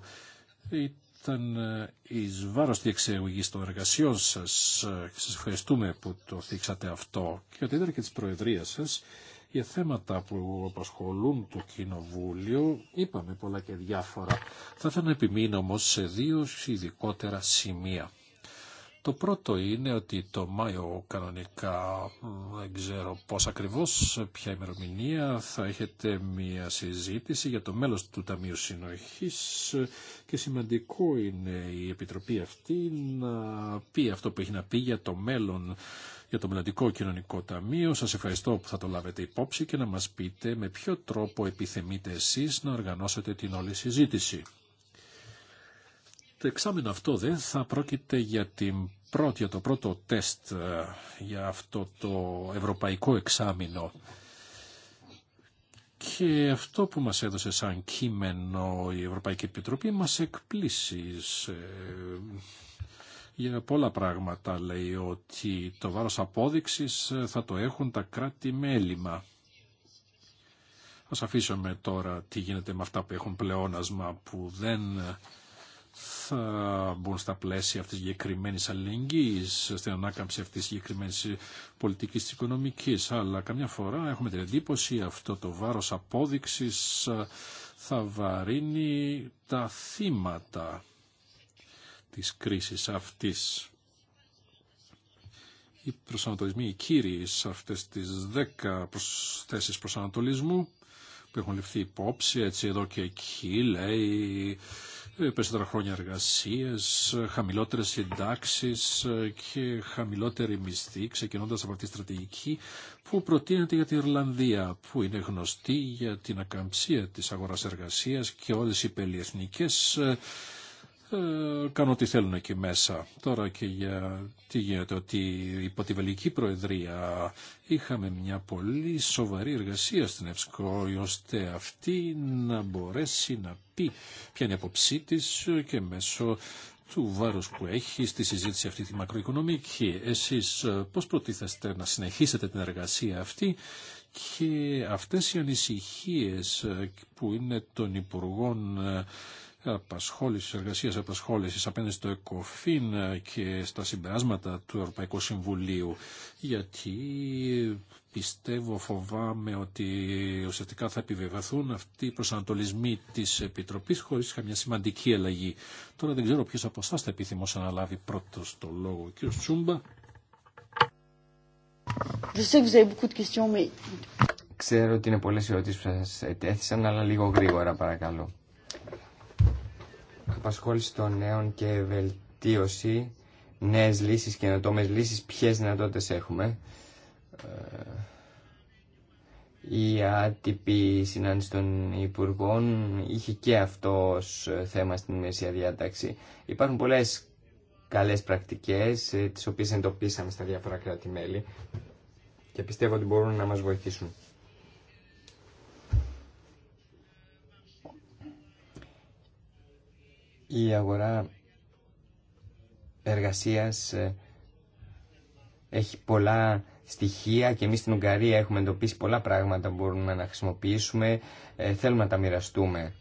ήταν ε, εις βάρος διεξαγωγής των εργασιών σας και ε, σας ευχαριστούμε που το θίξατε αυτό και ότι ήταν και της Προεδρίας σας για θέματα που απασχολούν το Κοινοβούλιο είπαμε πολλά και διάφορα. Θα ήθελα να επιμείνω όμως σε δύο ειδικότερα σημεία. Το πρώτο είναι ότι το Μάιο κανονικά, δεν ξέρω πώς ακριβώς, ποια ημερομηνία, θα έχετε μια συζήτηση για το μέλος του Ταμείου Συνοχής και σημαντικό είναι η Επιτροπή αυτή να πει αυτό που έχει να πει για το μέλλον για το Μελλοντικό Κοινωνικό Ταμείο. Σας ευχαριστώ που θα το λάβετε υπόψη και να μας πείτε με ποιο τρόπο επιθυμείτε εσείς να οργανώσετε την όλη συζήτηση. Το εξάμεινο αυτό δεν θα πρόκειται για την πρώτη, το πρώτο τεστ ε, για αυτό το ευρωπαϊκό εξάμεινο. Και αυτό που μας έδωσε σαν κείμενο η Ευρωπαϊκή Επιτροπή μας εκπλήσει σε... για πολλά πράγματα. Λέει ότι το βάρος απόδειξης ε, θα το έχουν τα κράτη με έλλειμμα. Ας αφήσουμε τώρα τι γίνεται με αυτά που έχουν πλεόνασμα που δεν ε, θα μπουν στα πλαίσια αυτής της συγκεκριμένης αλληλεγγύης, στην ανάκαμψη αυτής της συγκεκριμένης πολιτικής της οικονομικής. Αλλά καμιά φορά έχουμε την εντύπωση αυτό το βάρος απόδειξης θα βαρύνει τα θύματα της κρίσης αυτής. Οι προσανατολισμοί, οι κύριοι σε αυτές τις δέκα θέσεις προσανατολισμού που έχουν ληφθεί υπόψη, έτσι εδώ και εκεί λέει ε, περισσότερα χρόνια εργασίες χαμηλότερες συντάξεις ε, και χαμηλότερη μισθή, ξεκινώντας από αυτή τη στρατηγική που προτείνεται για την Ιρλανδία, που είναι γνωστή για την ακαμψία της αγοράς εργασίας και όλες οι περιεθνικές ε, ε, κάνω ό,τι θέλουν εκεί μέσα. Τώρα και για τι γίνεται, ότι υπό τη Βελική Προεδρία είχαμε μια πολύ σοβαρή εργασία στην Ευσκό, ώστε αυτή να μπορέσει να πει ποια είναι η αποψή τη και μέσω του βάρους που έχει στη συζήτηση αυτή τη μακροοικονομική. Εσείς ε, πώς προτίθεστε να συνεχίσετε την εργασία αυτή και αυτές οι ανησυχίες ε, που είναι των Υπουργών απασχόλησης, εργασίας απασχόλησης απέναντι στο ΕΚΟΦΗΝ και στα συμπεράσματα του Ευρωπαϊκού Συμβουλίου γιατί πιστεύω, φοβάμαι ότι ουσιαστικά θα επιβεβαθούν αυτοί οι προσανατολισμοί της Επιτροπής χωρίς καμιά σημαντική αλλαγή. Τώρα δεν ξέρω ποιος από εσάς θα επιθυμούσε να λάβει πρώτος το λόγο. Κύριο Τσούμπα. Ξέρω ότι είναι πολλές ερωτήσεις που σας ετέθησαν, αλλά λίγο γρήγορα παρακαλώ απασχόληση των νέων και βελτίωση, νέες λύσεις και ενωτόμες λύσεις, ποιες δυνατότητες έχουμε. Ε, η άτυπη συνάντηση των Υπουργών είχε και αυτός θέμα στην Μεσία διάταξη. Υπάρχουν πολλές καλές πρακτικές, ε, τις οποίες εντοπίσαμε στα διάφορα κράτη-μέλη και πιστεύω ότι μπορούν να μας βοηθήσουν. η αγορά εργασίας ε, έχει πολλά στοιχεία και εμείς στην Ουγγαρία έχουμε εντοπίσει πολλά πράγματα που μπορούμε να χρησιμοποιήσουμε, ε, θέλουμε να τα μοιραστούμε.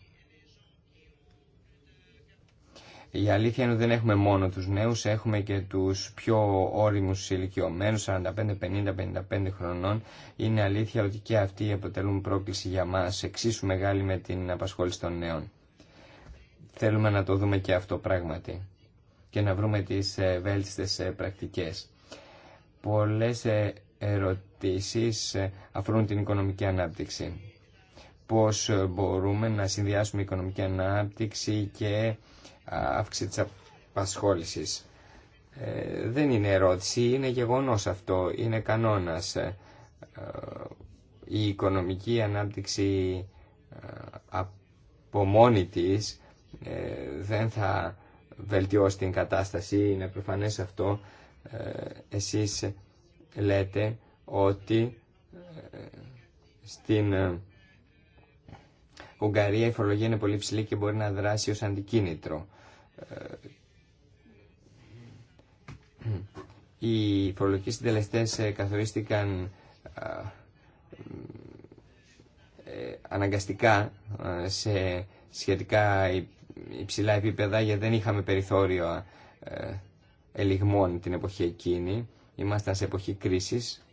Η αλήθεια είναι ότι δεν έχουμε μόνο τους νέους, έχουμε και τους πιο όριμους ηλικιωμένους, 45, 50, 55 χρονών. Είναι αλήθεια ότι και αυτοί αποτελούν πρόκληση για μας, εξίσου μεγάλη με την απασχόληση των νέων. Θέλουμε να το δούμε και αυτό πράγματι και να βρούμε τις ε, βέλτιστες ε, πρακτικές. Πολλές ε, ερωτήσεις αφορούν την οικονομική ανάπτυξη. Πώς μπορούμε να συνδυάσουμε οικονομική ανάπτυξη και αύξηση της απασχόλησης. Δεν είναι ερώτηση, είναι γεγονός αυτό, είναι κανόνας. Η οικονομική ανάπτυξη από ε, δεν θα βελτιώσει την κατάσταση, είναι προφανές αυτό. Ε, εσείς λέτε ότι ε, στην Ουγγαρία η φορολογία είναι πολύ ψηλή και μπορεί να δράσει ως αντικίνητρο. Οι φορολογικοί συντελεστές καθορίστηκαν αναγκαστικά σε σχετικά υψηλά επίπεδα γιατί δεν είχαμε περιθώριο ε, ελιγμών την εποχή εκείνη. Ήμασταν σε εποχή κρίσης.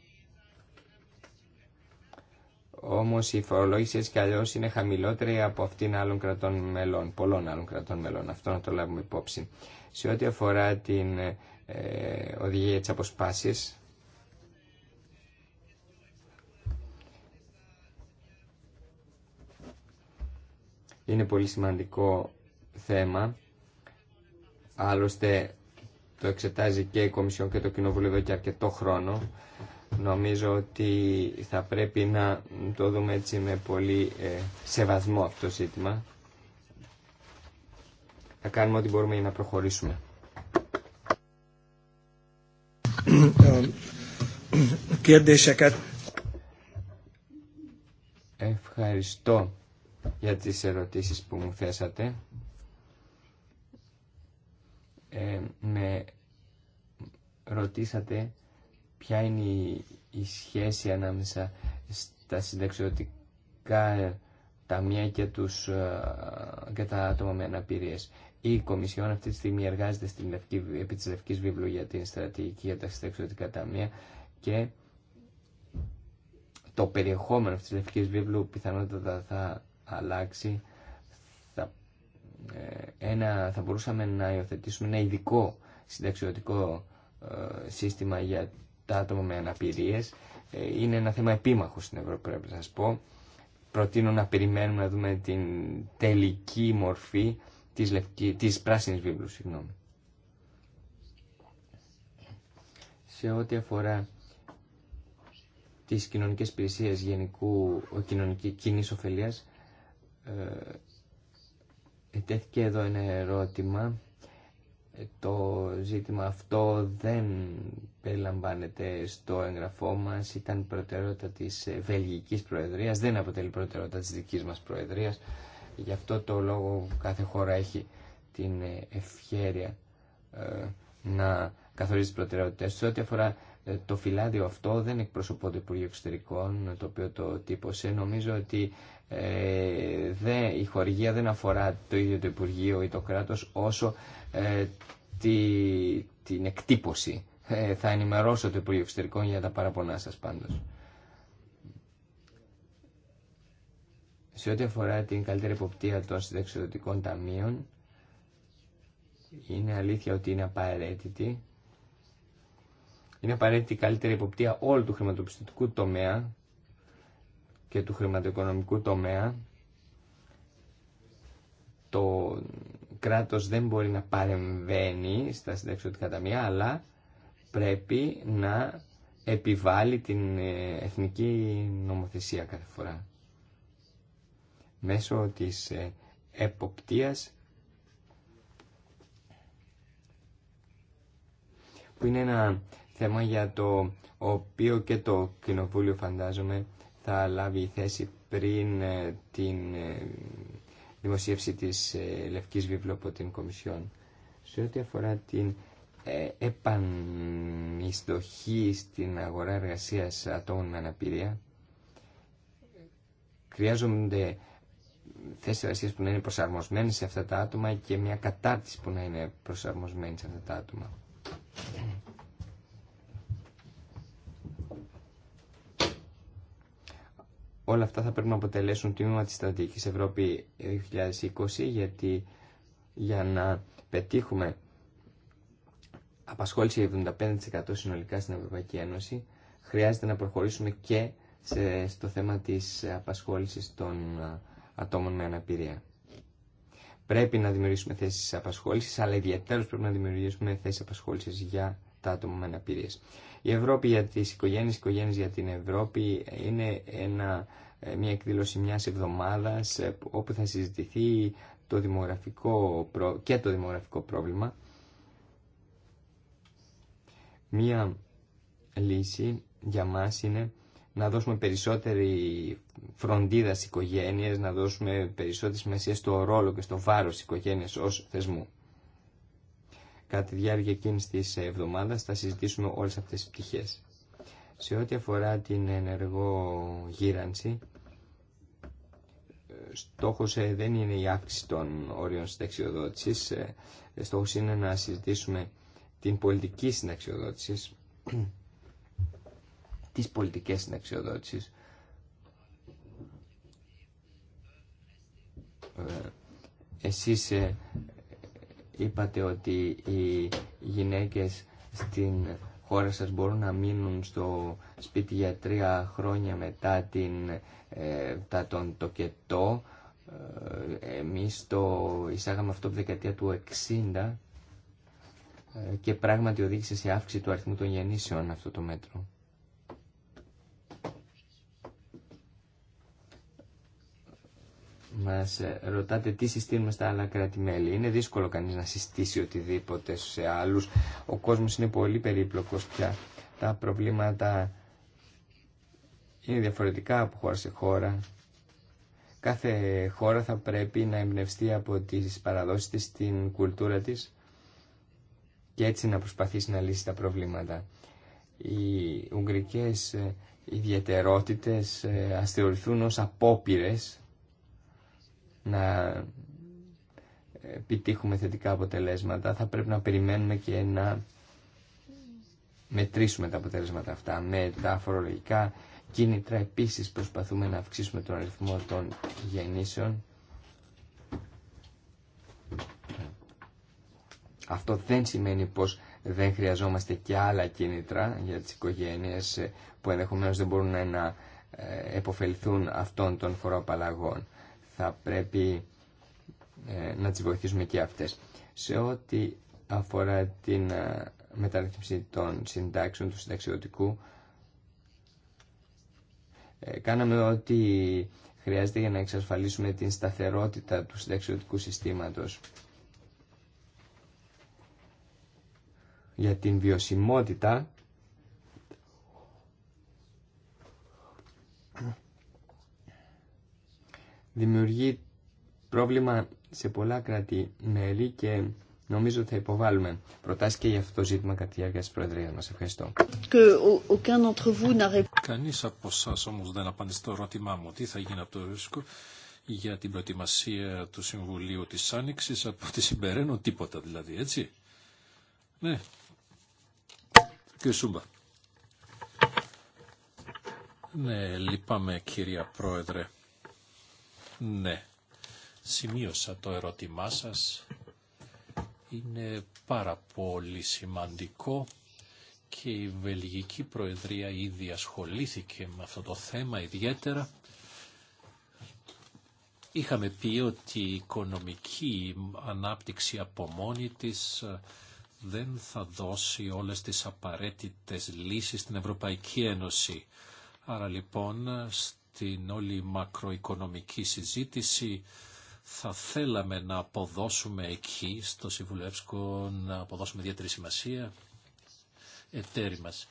Όμως η φορολόγηση έτσι κι αλλιώς είναι χαμηλότερη από αυτήν άλλων κρατών μελών, πολλών άλλων κρατών μελών. Αυτό να το λάβουμε υπόψη. Σε ό,τι αφορά την ε, οδηγία της αποσπάσεις, είναι πολύ σημαντικό θέμα. Άλλωστε το εξετάζει και η Κομισιόν και το Κοινοβούλιο εδώ και αρκετό χρόνο. Νομίζω ότι θα πρέπει να το δούμε έτσι με πολύ ε, σεβασμό αυτό το ζήτημα. Θα κάνουμε ό,τι μπορούμε για να προχωρήσουμε. Ευχαριστώ για τις ερωτήσεις που μου θέσατε ε, με ρωτήσατε ποια είναι η, σχέση ανάμεσα στα συνταξιωτικά ταμεία και, τους, ε, και τα άτομα με αναπηρίες. Η Κομισιόν αυτή τη στιγμή εργάζεται στην Λευκή, επί της Λευκής Βίβλου για την στρατηγική για τα συνταξιωτικά ταμεία και το περιεχόμενο αυτής της Λευκής Βίβλου πιθανότατα θα αλλάξει ε, ένα, θα μπορούσαμε να υιοθετήσουμε ένα ειδικό συνταξιωτικό ε, σύστημα για τα άτομα με αναπηρίες. Ε, είναι ένα θέμα επίμαχο στην Ευρώπη, πρέπει να σας πω. Προτείνω να περιμένουμε να δούμε την τελική μορφή της, λευκή, της πράσινης βίβλου. Σε ό,τι αφορά τις κοινωνικές υπηρεσίες γενικού κοινωνική κοινής ωφελίας, Τέθηκε εδώ ένα ερώτημα. Ε, το ζήτημα αυτό δεν περιλαμβάνεται στο εγγραφό μας. Ήταν προτεραιότητα της ε, Βελγικής Προεδρίας. Δεν αποτελεί προτεραιότητα της δικής μας Προεδρίας. Γι' αυτό το λόγο κάθε χώρα έχει την ε, ευχέρεια να καθορίζει τις προτεραιότητες. ό,τι αφορά ε, το φυλάδιο αυτό δεν εκπροσωπώ το Υπουργείο Εξωτερικών, το οποίο το τύπωσε. Νομίζω ότι ε, δε, η χορηγία δεν αφορά το ίδιο το Υπουργείο ή το κράτος, όσο ε, τη, την εκτύπωση. Ε, θα ενημερώσω το Υπουργείο Εξωτερικών για τα παραπονά σας πάντως. Σε ό,τι αφορά την καλύτερη εποπτεία των συνταξιδοτικών ταμείων, είναι αλήθεια ότι είναι απαραίτητη είναι απαραίτητη καλύτερη υποπτία όλου του χρηματοπιστωτικού τομέα και του χρηματοοικονομικού τομέα. Το κράτος δεν μπορεί να παρεμβαίνει στα συνταξιωτικά ταμεία, αλλά πρέπει να επιβάλλει την ε, εθνική νομοθεσία κάθε φορά. Μέσω της ε, εποπτείας που είναι ένα θέμα για το οποίο και το Κοινοβούλιο φαντάζομαι θα λάβει θέση πριν ε, την ε, δημοσίευση της ε, Λευκής Βίβλου από την Κομισιόν. Σε ό,τι αφορά την επανειστοχή στην αγορά εργασίας ατόμων με αναπηρία, χρειάζονται θέσεις εργασίας που να είναι προσαρμοσμένες σε αυτά τα άτομα και μια κατάρτιση που να είναι προσαρμοσμένη σε αυτά τα άτομα. όλα αυτά θα πρέπει να αποτελέσουν τμήμα της στρατηγικής Ευρώπη 2020 γιατί για να πετύχουμε απασχόληση 75% συνολικά στην Ευρωπαϊκή Ένωση χρειάζεται να προχωρήσουμε και σε, στο θέμα της απασχόλησης των ε, ατόμων με αναπηρία. Πρέπει να δημιουργήσουμε θέσεις απασχόλησης, αλλά ιδιαίτερα πρέπει να δημιουργήσουμε θέσεις απασχόλησης για τα άτομα με Η Ευρώπη για τις οικογένειες, οικογένειε για την Ευρώπη είναι ένα, ε, μια εκδήλωση μια εβδομάδα ε, όπου θα συζητηθεί το δημογραφικό, και το δημογραφικό πρόβλημα. Μια λύση για μας είναι να δώσουμε περισσότερη φροντίδα στις οικογένειες, να δώσουμε περισσότερη σημασία στο ρόλο και στο βάρος οικογένειας ως θεσμού. Κατά τη διάρκεια εκείνη τη εβδομάδα θα συζητήσουμε όλε αυτέ τι πτυχέ. Σε ό,τι αφορά την ενεργό γύρανση, στόχος ε, δεν είναι η αύξηση των όριων συνταξιοδότηση. Ε, ε, στόχο είναι να συζητήσουμε την πολιτική συνταξιοδότηση, τις πολιτικέ συνταξιοδότηση. Εσείς Είπατε ότι οι γυναίκες στην χώρα σας μπορούν να μείνουν στο σπίτι για τρία χρόνια μετά την, ε, τα τον τοκετό. Ε, εμείς το εισάγαμε αυτό από δεκαετία του 60 ε, και πράγματι οδήγησε σε αύξηση του αριθμού των γεννήσεων αυτό το μέτρο. Μα ρωτάτε τι συστήνουμε στα άλλα κράτη-μέλη. Είναι δύσκολο κανεί να συστήσει οτιδήποτε σε άλλους. Ο κόσμος είναι πολύ περίπλοκος πια. Τα προβλήματα είναι διαφορετικά από χώρα σε χώρα. Κάθε χώρα θα πρέπει να εμπνευστεί από τις παραδόσεις της, την κουλτούρα της και έτσι να προσπαθήσει να λύσει τα προβλήματα. Οι ουγγρικές ιδιαιτερότητες ε, ας θεωρηθούν ως απόπειρες να επιτύχουμε θετικά αποτελέσματα. Θα πρέπει να περιμένουμε και να μετρήσουμε τα αποτελέσματα αυτά. Με τα φορολογικά κίνητρα επίσης προσπαθούμε να αυξήσουμε τον αριθμό των γεννήσεων. Αυτό δεν σημαίνει πως δεν χρειαζόμαστε και άλλα κίνητρα για τις οικογένειες που ενδεχομένως δεν μπορούν να ε, επωφεληθούν αυτών των φοροαπαλλαγών θα πρέπει ε, να τις βοηθήσουμε και αυτές. Σε ό,τι αφορά την ε, μεταρρύθμιση των συντάξεων του συνταξιωτικού, ε, κάναμε ό,τι χρειάζεται για να εξασφαλίσουμε την σταθερότητα του συνταξιωτικού συστήματος. Για την βιωσιμότητα δημιουργεί πρόβλημα σε πολλά κράτη-μέλη και νομίζω θα υποβάλουμε προτάσει και για αυτό το ζήτημα κατά τη διάρκεια τη Προεδρία μας. Ευχαριστώ. Κανεί από εσά όμω δεν απάντησε το ερώτημά μου. Τι θα γίνει από το ρίσκο για την προετοιμασία του Συμβουλίου της Άνοιξης από τη συμπεραίνω τίποτα δηλαδή, έτσι. Ναι. Κύριε Σούμπα. Ναι, λυπάμαι κυρία Πρόεδρε. Ναι, σημείωσα το ερώτημά σας. Είναι πάρα πολύ σημαντικό και η Βελγική Προεδρία ήδη ασχολήθηκε με αυτό το θέμα ιδιαίτερα. Είχαμε πει ότι η οικονομική ανάπτυξη από μόνη της ε, δεν θα δώσει όλες τις απαραίτητες λύσεις στην Ευρωπαϊκή Ένωση. Άρα λοιπόν την όλη μακροοικονομική συζήτηση θα θέλαμε να αποδώσουμε εκεί στο Συμβουλεύσκο να αποδώσουμε ιδιαίτερη σημασία εταίροι μας.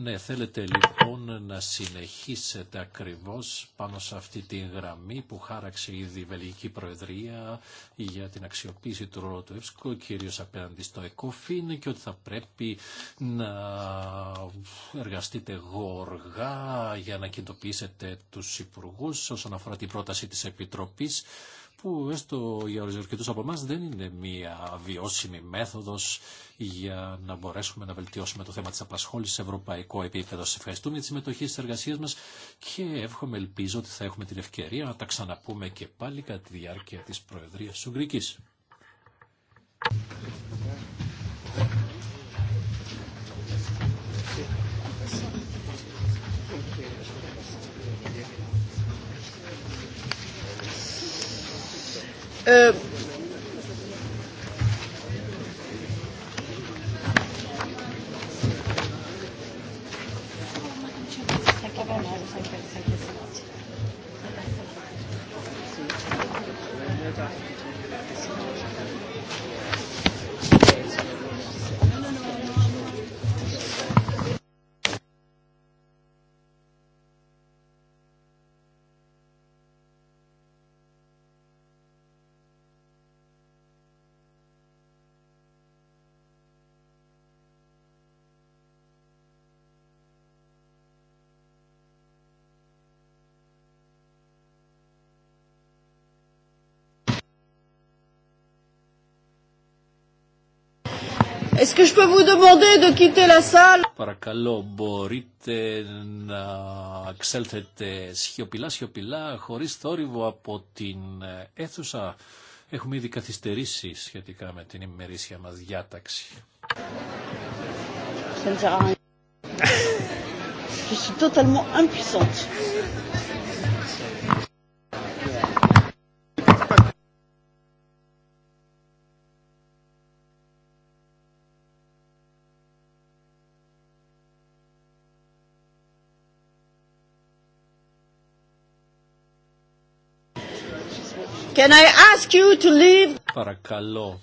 Ναι, θέλετε λοιπόν να συνεχίσετε ακριβώς πάνω σε αυτή τη γραμμή που χάραξε ήδη η Βελγική Προεδρία για την αξιοποίηση του ρόλου του ΕΦΣΚΟ, κυρίως απέναντι στο ΕΚΟΦΗΝ και ότι θα πρέπει να εργαστείτε γοργά για να κινητοποιήσετε τους υπουργούς όσον αφορά την πρόταση της Επιτροπής που έστω για ορισμένου από εμά δεν είναι μία βιώσιμη μέθοδος για να μπορέσουμε να βελτιώσουμε το θέμα της απασχόλησης σε ευρωπαϊκό επίπεδο. Σα ευχαριστούμε για τη συμμετοχή στι εργασίες μας και εύχομαι, ελπίζω ότι θα έχουμε την ευκαιρία να τα ξαναπούμε και πάλι κατά τη διάρκεια της Προεδρίας Ουγγρική. ε Est-ce que je peux vous demander de quitter la salle? Παρακαλώ, μπορείτε να εξέλθετε σιωπηλά, σιωπηλά, χωρίς θόρυβο από την ε, αίθουσα. Έχουμε ήδη καθυστερήσει σχετικά με την ημερήσια μας διάταξη. Je suis totalement impuissante. Can I ask you to leave... Παρακαλώ.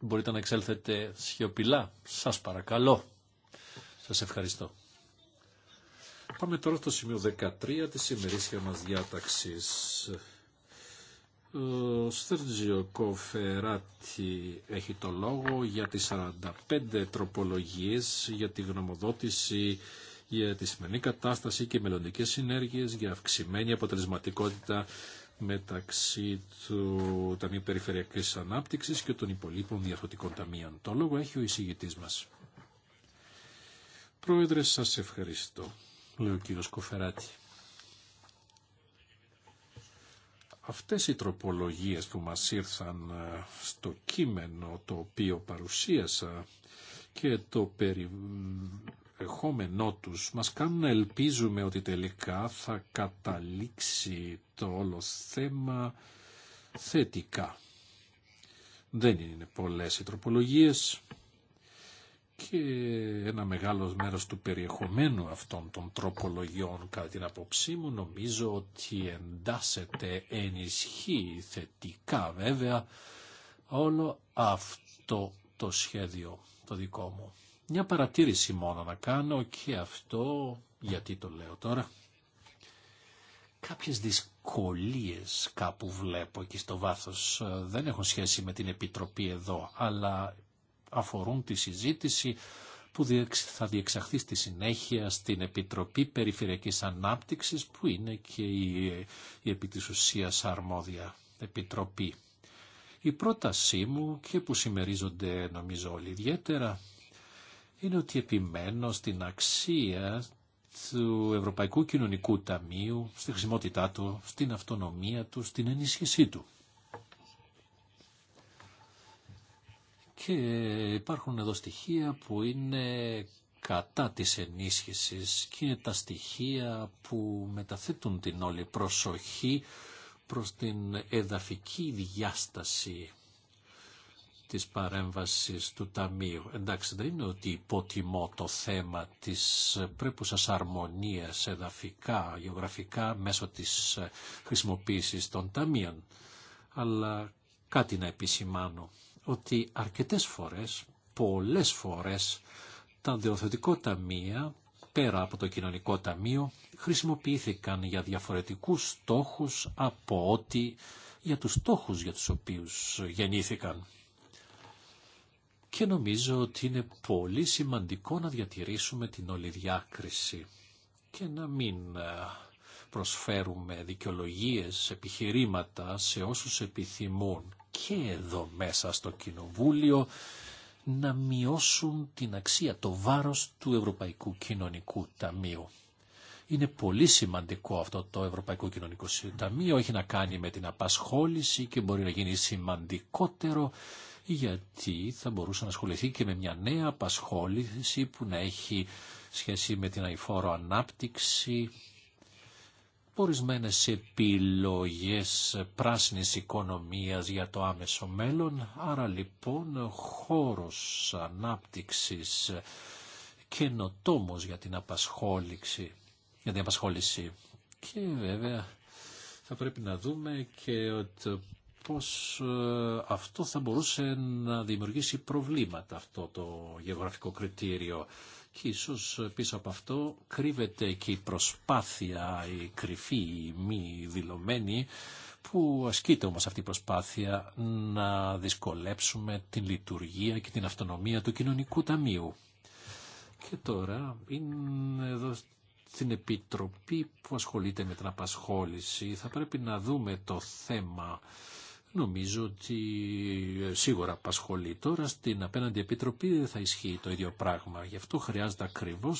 Μπορείτε να εξέλθετε σιωπηλά. Σας παρακαλώ. Σας ευχαριστώ. Πάμε τώρα στο σημείο 13 της ημερήσια μας διάταξης. Ο Στέρτζιο Κοφεράτη έχει το λόγο για τις 45 τροπολογίες για τη γνωμοδότηση για τη σημερινή κατάσταση και μελλοντικές συνέργειες για αυξημένη αποτελεσματικότητα μεταξύ του Ταμείου Περιφερειακή Ανάπτυξης και των υπολείπων διαρθωτικών ταμείων. Το λόγο έχει ο εισηγητή μας. Πρόεδρε, σα ευχαριστώ, λέει ο κύριος Κοφεράτη. Αυτές οι τροπολογίες που μας ήρθαν ε, στο κείμενο το οποίο παρουσίασα και το περι περιεχόμενό τους μας κάνουν να ελπίζουμε ότι τελικά θα καταλήξει το όλο θέμα θετικά. Δεν είναι πολλές οι τροπολογίες και ένα μεγάλο μέρος του περιεχομένου αυτών των τροπολογιών κατά την απόψή μου νομίζω ότι εντάσσεται, ενισχύει θετικά βέβαια όλο αυτό το σχέδιο το δικό μου. Μια παρατήρηση μόνο να κάνω και αυτό, γιατί το λέω τώρα, κάποιες δυσκολίες κάπου βλέπω εκεί στο βάθος ε, δεν έχουν σχέση με την Επιτροπή εδώ, αλλά αφορούν τη συζήτηση που θα διεξαχθεί στη συνέχεια στην Επιτροπή Περιφερειακής Ανάπτυξης που είναι και η, η επί της ουσίας αρμόδια Επιτροπή. Η πρότασή μου και που συμμερίζονται νομίζω όλοι ιδιαίτερα είναι ότι επιμένω στην αξία του Ευρωπαϊκού Κοινωνικού Ταμείου, στη χρησιμότητά του, στην αυτονομία του, στην ενίσχυσή του. Και υπάρχουν εδώ στοιχεία που είναι κατά της ενίσχυσης και είναι τα στοιχεία που μεταθέτουν την όλη προσοχή προς την εδαφική διάσταση της παρέμβασης του Ταμείου. Εντάξει, δεν είναι ότι υποτιμώ το θέμα της πρέπουσας αρμονίας εδαφικά, γεωγραφικά, μέσω της χρησιμοποίησης των Ταμείων. Αλλά κάτι να επισημάνω, ότι αρκετές φορές, πολλές φορές, τα διορθωτικό ταμεία πέρα από το κοινωνικό ταμείο χρησιμοποιήθηκαν για διαφορετικούς στόχους από ό,τι για τους στόχους για τους οποίους γεννήθηκαν και νομίζω ότι είναι πολύ σημαντικό να διατηρήσουμε την όλη διάκριση και να μην ε, προσφέρουμε δικαιολογίες, επιχειρήματα σε όσους επιθυμούν και εδώ μέσα στο Κοινοβούλιο να μειώσουν την αξία, το βάρος του Ευρωπαϊκού Κοινωνικού Ταμείου. Είναι πολύ σημαντικό αυτό το Ευρωπαϊκό Κοινωνικό Ταμείο, έχει να κάνει με την απασχόληση και μπορεί να γίνει σημαντικότερο γιατί θα μπορούσε να ασχοληθεί και με μια νέα απασχόληση που να έχει σχέση με την αηφόρο ανάπτυξη, ορισμένες επιλογές πράσινης οικονομίας για το άμεσο μέλλον, άρα λοιπόν χώρος ανάπτυξης καινοτόμος για την απασχόληση, για την απασχόληση. Και βέβαια θα πρέπει να δούμε και ότι πως ε, αυτό θα μπορούσε να δημιουργήσει προβλήματα αυτό το γεωγραφικό κριτήριο. Και ίσως ε, πίσω από αυτό κρύβεται και η προσπάθεια, η κρυφή, η μη δηλωμένη, που ασκείται όμως αυτή η προσπάθεια να δυσκολέψουμε την λειτουργία και την αυτονομία του κοινωνικού ταμείου. Και τώρα είναι εδώ στην Επιτροπή που ασχολείται με την απασχόληση. Θα πρέπει να δούμε το θέμα Νομίζω ότι ε, σίγουρα απασχολεί τώρα στην απέναντι επιτροπή δεν θα ισχύει το ίδιο πράγμα. Γι' αυτό χρειάζεται ακριβώ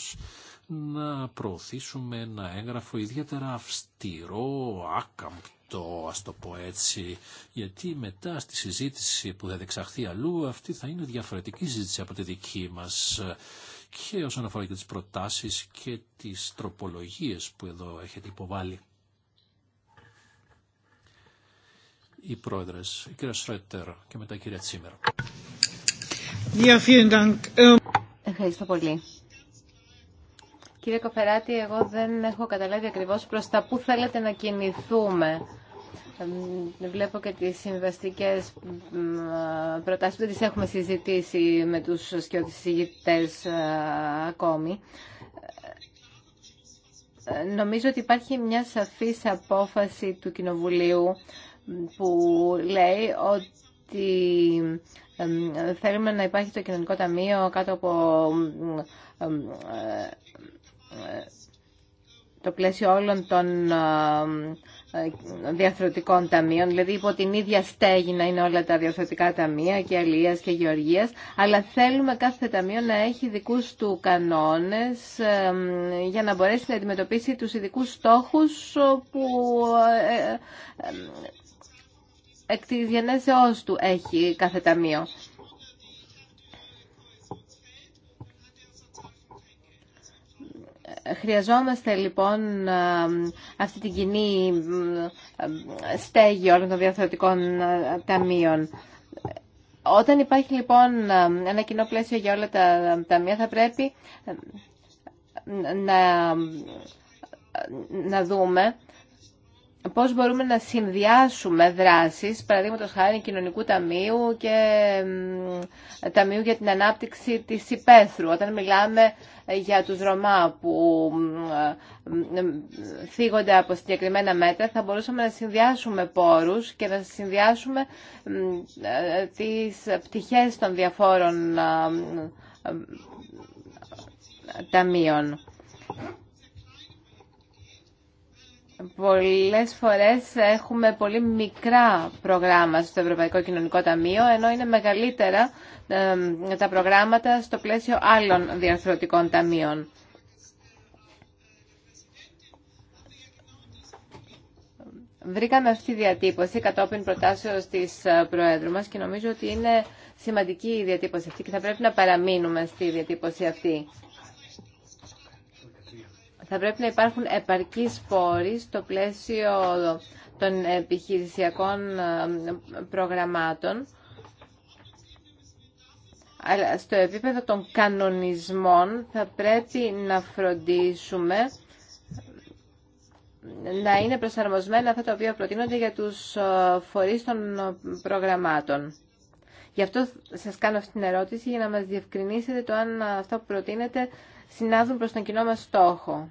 να προωθήσουμε ένα έγγραφο ιδιαίτερα αυστηρό, άκαμπτο, ας το πω έτσι, γιατί μετά στη συζήτηση που θα δεξαχθεί αλλού αυτή θα είναι διαφορετική συζήτηση από τη δική μας και όσον αφορά και τις προτάσεις και τις τροπολογίες που εδώ έχετε υποβάλει. η πρόεδρες, η κυρία Σρέτερ και μετά η κυρία Τσίμερ. Ε, Ευχαριστώ πολύ. Κύριε Κοφεράτη, εγώ δεν έχω καταλάβει ακριβώς προς τα πού θέλετε να κινηθούμε. Βλέπω και τις συμβαστικές προτάσεις που τις έχουμε συζητήσει με τους σκιώτες ε, ακόμη. Ε, νομίζω ότι υπάρχει μια σαφής απόφαση του Κοινοβουλίου που λέει ότι θέλουμε να υπάρχει το κοινωνικό ταμείο κάτω από ε, το πλαίσιο όλων των διαθροτικών ταμείων, δηλαδή υπό την ίδια στέγη να είναι όλα τα διαθροτικά ταμεία και αλληλείας και γεωργίας, αλλά θέλουμε κάθε ταμείο να έχει δικούς του κανόνες για να μπορέσει να αντιμετωπίσει τους ειδικούς στόχους που ε, ε, εκ τη γενέσεώς του έχει κάθε ταμείο. Χρειαζόμαστε λοιπόν αυτή την κοινή στέγη όλων των διαθεωτικών ταμείων. Όταν υπάρχει λοιπόν ένα κοινό πλαίσιο για όλα τα ταμεία θα πρέπει να, να δούμε πώς μπορούμε να συνδυάσουμε δράσεις, παραδείγματος χάρη κοινωνικού ταμείου και ταμείου για την ανάπτυξη της υπαίθρου. Όταν μιλάμε για τους Ρωμά που θίγονται από συγκεκριμένα μέτρα, θα μπορούσαμε να συνδυάσουμε πόρους και να συνδυάσουμε ε, τις πτυχές των διαφόρων ταμείων. Πολλές φορές έχουμε πολύ μικρά προγράμματα στο Ευρωπαϊκό Κοινωνικό Ταμείο, ενώ είναι μεγαλύτερα τα προγράμματα στο πλαίσιο άλλων διαρθρωτικών ταμείων. Βρήκαμε αυτή τη διατύπωση κατόπιν προτάσεως της ε, Προέδρου μας και νομίζω ότι είναι σημαντική η διατύπωση αυτή και θα πρέπει να παραμείνουμε στη διατύπωση αυτή. Θα πρέπει να υπάρχουν επαρκείς πόροι στο πλαίσιο των επιχειρησιακών ε, προγραμμάτων αλλά στο επίπεδο των κανονισμών θα πρέπει να φροντίσουμε να είναι προσαρμοσμένα αυτά τα οποία προτείνονται για τους ε, φορείς των προγραμμάτων. Γι' αυτό σας κάνω αυτή την ερώτηση για να μας διευκρινίσετε το αν αυτά που προτείνετε συνάδουν προς τον κοινό μας στόχο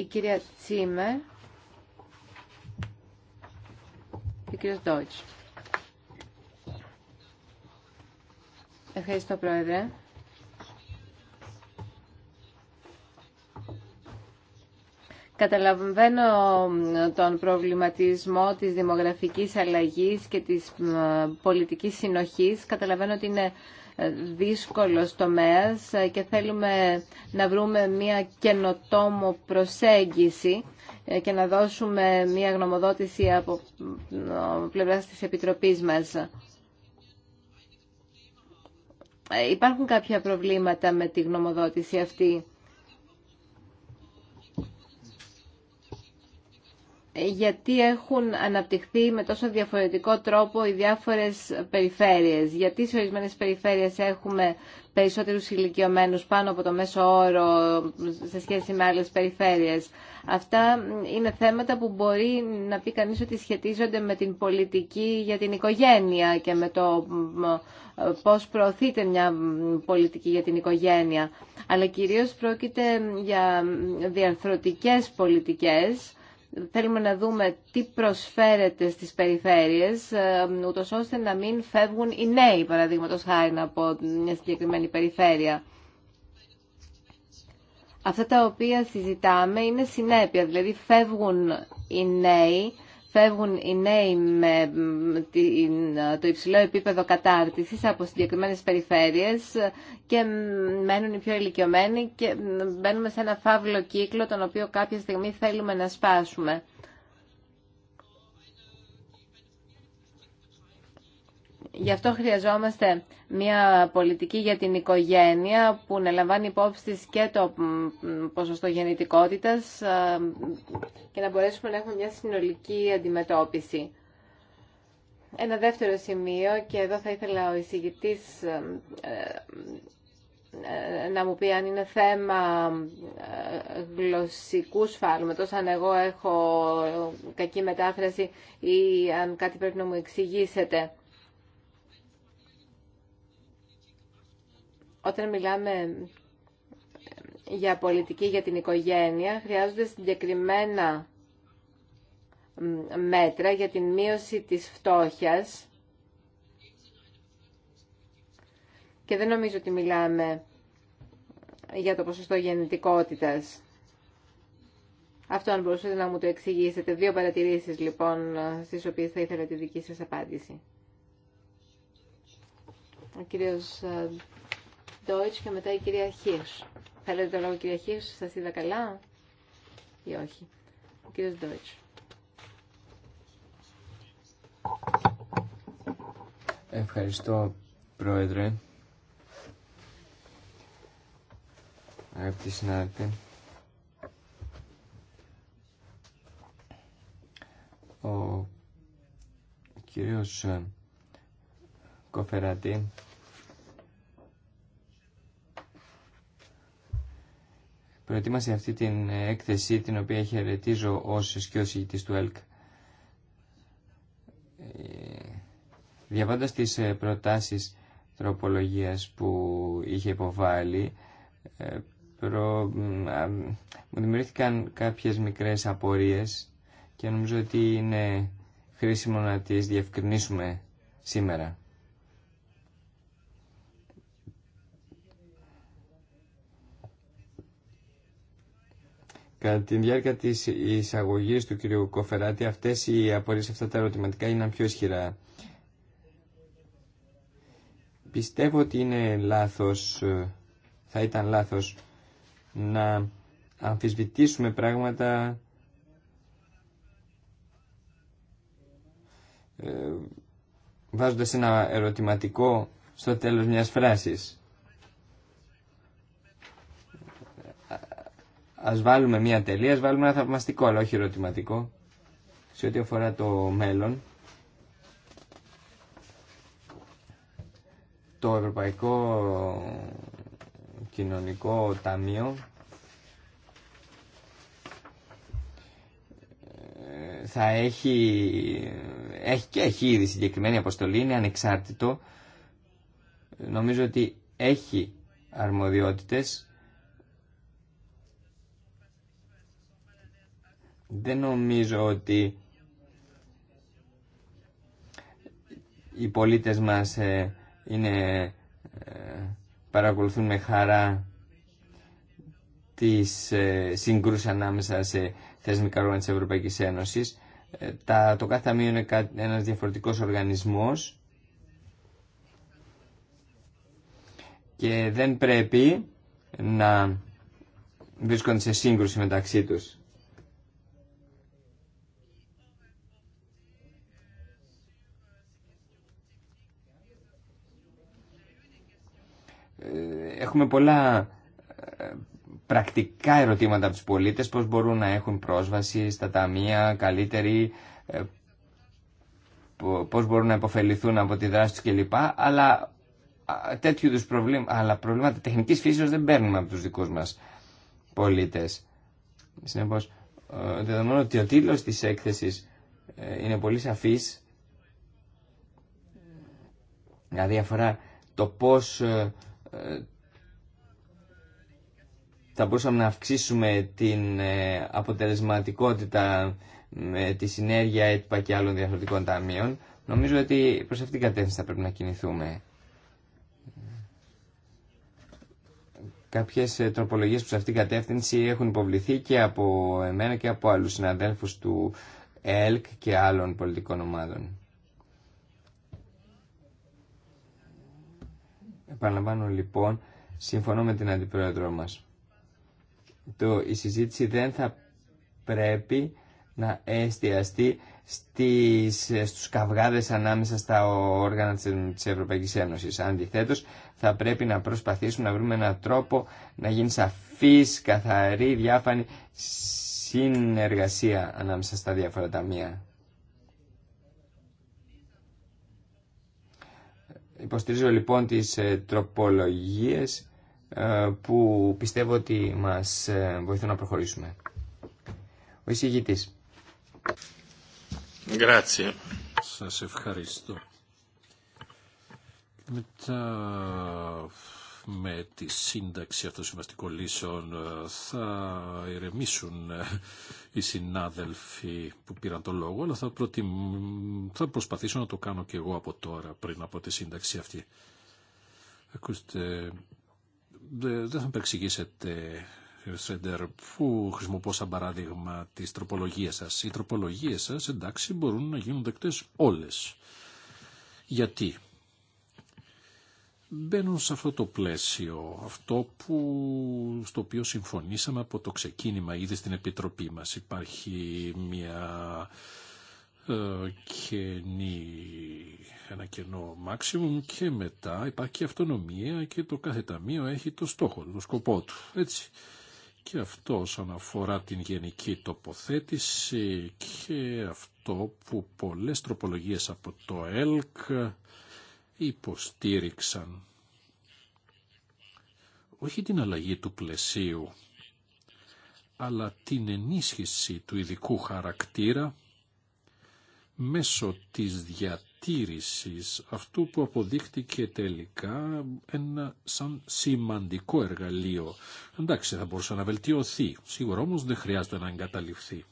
η κυρία Τσίμε και ο κύριος Ντόιτς. Ευχαριστώ, Πρόεδρε. Καταλαβαίνω τον προβληματισμό της δημογραφικής αλλαγής και της πολιτικής συνοχής. Καταλαβαίνω ότι είναι δύσκολος τομέας και θέλουμε να βρούμε μια καινοτόμο προσέγγιση και να δώσουμε μια γνωμοδότηση από πλευράς της Επιτροπής μας. Ε, υπάρχουν κάποια προβλήματα με τη γνωμοδότηση αυτή. γιατί έχουν αναπτυχθεί με τόσο διαφορετικό τρόπο οι διάφορες περιφέρειες. Γιατί σε ορισμένες περιφέρειες έχουμε περισσότερους ηλικιωμένους πάνω από το μέσο όρο σε σχέση με άλλες περιφέρειες. Αυτά είναι θέματα που μπορεί να πει κανείς ότι σχετίζονται με την πολιτική για την οικογένεια και με το πώς προωθείται μια πολιτική για την οικογένεια. Αλλά κυρίως πρόκειται για διαρθρωτικές πολιτικές Θέλουμε να δούμε τι προσφέρεται στις περιφέρειες, ε, ούτως ώστε να μην φεύγουν οι νέοι, παραδείγματος χάρη, από μια συγκεκριμένη περιφέρεια. Αυτά τα οποία συζητάμε είναι συνέπεια, δηλαδή φεύγουν οι νέοι φεύγουν οι νέοι με το υψηλό επίπεδο κατάρτισης από συγκεκριμένες περιφέρειες και μένουν οι πιο ηλικιωμένοι και μπαίνουμε σε ένα φαύλο κύκλο τον οποίο κάποια στιγμή θέλουμε να σπάσουμε. Γι' αυτό χρειαζόμαστε μια πολιτική για την οικογένεια που να λαμβάνει υπόψη της και το ποσοστό γεννητικότητας και να μπορέσουμε να έχουμε μια συνολική αντιμετώπιση. Ένα δεύτερο σημείο και εδώ θα ήθελα ο εισηγητής ε, ε, να μου πει αν είναι θέμα ε, γλωσσικού σφάλματος, αν εγώ έχω κακή μετάφραση ή αν κάτι πρέπει να μου εξηγήσετε. Όταν μιλάμε για πολιτική για την οικογένεια, χρειάζονται συγκεκριμένα μέτρα για την μείωση της φτώχειας και δεν νομίζω ότι μιλάμε για το ποσοστό γεννητικότητας. Αυτό αν μπορούσατε να μου το εξηγήσετε. Δύο παρατηρήσεις λοιπόν στις οποίες θα ήθελα τη δική σας απάντηση. κύριος ε, Deutsch και μετά η κυρία Χίρς. Θέλετε το λόγο κυρία Χίρς, σας είδα καλά ή όχι. Ο κύριος Deutsch. Ευχαριστώ πρόεδρε. Αγαπητοί συνάδελφοι. Ο κύριος Κοφεράτη προετοίμασε αυτή την έκθεση την οποία χαιρετίζω ως της του ΕΛΚ. Ε, διαβάντας τις ε, προτάσεις τροπολογίας που είχε υποβάλει, ε, προ... μου δημιουργήθηκαν κάποιες μικρές απορίες και νομίζω ότι είναι χρήσιμο να τις διευκρινίσουμε σήμερα. Κατά τη διάρκεια τη εισαγωγή του κ. Κοφεράτη, αυτέ οι απορίε, αυτά τα ερωτηματικά είναι πιο ισχυρά. Πιστεύω ότι είναι λάθος, θα ήταν λάθος να αμφισβητήσουμε πράγματα ε, βάζοντας ένα ερωτηματικό στο τέλος μιας φράσης. Α βάλουμε μια τελεία, α βάλουμε ένα θαυμαστικό, αλλά όχι ερωτηματικό, σε ό,τι αφορά το μέλλον. Το Ευρωπαϊκό Κοινωνικό Ταμείο ε, θα έχει, έχει και έχει ήδη συγκεκριμένη αποστολή, είναι ανεξάρτητο. Νομίζω ότι έχει αρμοδιότητες Δεν νομίζω ότι οι πολίτες μας ε, είναι, ε, παρακολουθούν με χαρά τις ε, συγκρούσεις ανάμεσα σε θεσμικά όργανα της Ευρωπαϊκής Ένωσης. Τα, το κάθε ταμείο είναι ένας διαφορετικός οργανισμός και δεν πρέπει να βρίσκονται σε σύγκρουση μεταξύ τους. Ε, έχουμε πολλά ε, πρακτικά ερωτήματα από τους πολίτες, πώς μπορούν να έχουν πρόσβαση στα ταμεία καλύτερη, ε, πώς μπορούν να υποφεληθούν από τη δράση τους κλπ. Αλλά τέτοιου είδους προβλήματα, αλλά προβλήματα τεχνικής φύσεως δεν παίρνουμε από τους δικούς μας πολίτες. Συνεπώς, δεδομένου ότι ο τίτλος της έκθεσης είναι πολύ σαφής, δηλαδή αφορά το πώς ε, θα μπορούσαμε να αυξήσουμε την ε, αποτελεσματικότητα με τη συνέργεια έτυπα και άλλων διαφορετικών ταμείων. Νομίζω ότι προς αυτήν την κατεύθυνση θα πρέπει να κινηθούμε. Κάποιες ε, τροπολογίες προς αυτήν την κατεύθυνση έχουν υποβληθεί και από εμένα και από άλλους συναδέλφους του ΕΛΚ και άλλων πολιτικών ομάδων. Επαναλαμβάνω λοιπόν, συμφωνώ με την αντιπρόεδρό μας. Το, η συζήτηση δεν θα πρέπει να εστιαστεί στις, στους καυγάδες ανάμεσα στα όργανα της Ευρωπαϊκής Ένωσης. Αντιθέτως, θα πρέπει να προσπαθήσουμε να βρούμε έναν τρόπο να γίνει σαφής, καθαρή, διάφανη συνεργασία ανάμεσα στα διάφορα ταμεία. Υποστηρίζω λοιπόν τις ε, τροπολογίες ε, που πιστεύω ότι μας ε, βοηθούν να προχωρήσουμε. Ο εισηγητής. Grazie. Σας ευχαριστώ με τη σύνταξη αυτών των λύσεων ε, θα ηρεμήσουν ε, οι συνάδελφοι που πήραν το λόγο, αλλά θα, θα προσπαθήσω να το κάνω και εγώ από τώρα πριν από τη σύνταξη αυτή. Ακούστε, δεν θα με εξηγήσετε Σρέντερ, που χρησιμοποιώ σαν παράδειγμα τις τροπολογίες σας. Οι τροπολογίες σας, εντάξει, μπορούν να γίνουν δεκτές όλες. Γιατί μπαίνουν σε αυτό το πλαίσιο, αυτό που, στο οποίο συμφωνήσαμε από το ξεκίνημα ήδη στην Επιτροπή μας. Υπάρχει μια ε, ένα κενό maximum και μετά υπάρχει και αυτονομία και το κάθε ταμείο έχει το στόχο, του, το σκοπό του. Έτσι. Και αυτό όσον αφορά την γενική τοποθέτηση και αυτό που πολλές τροπολογίες από το ΕΛΚ υποστήριξαν όχι την αλλαγή του πλαισίου, αλλά την ενίσχυση του ειδικού χαρακτήρα μέσω της διατήρησης αυτού που αποδείχτηκε τελικά ένα σαν σημαντικό εργαλείο. Εντάξει, θα μπορούσε να βελτιωθεί, σίγουρα όμως δεν χρειάζεται να εγκαταληφθεί.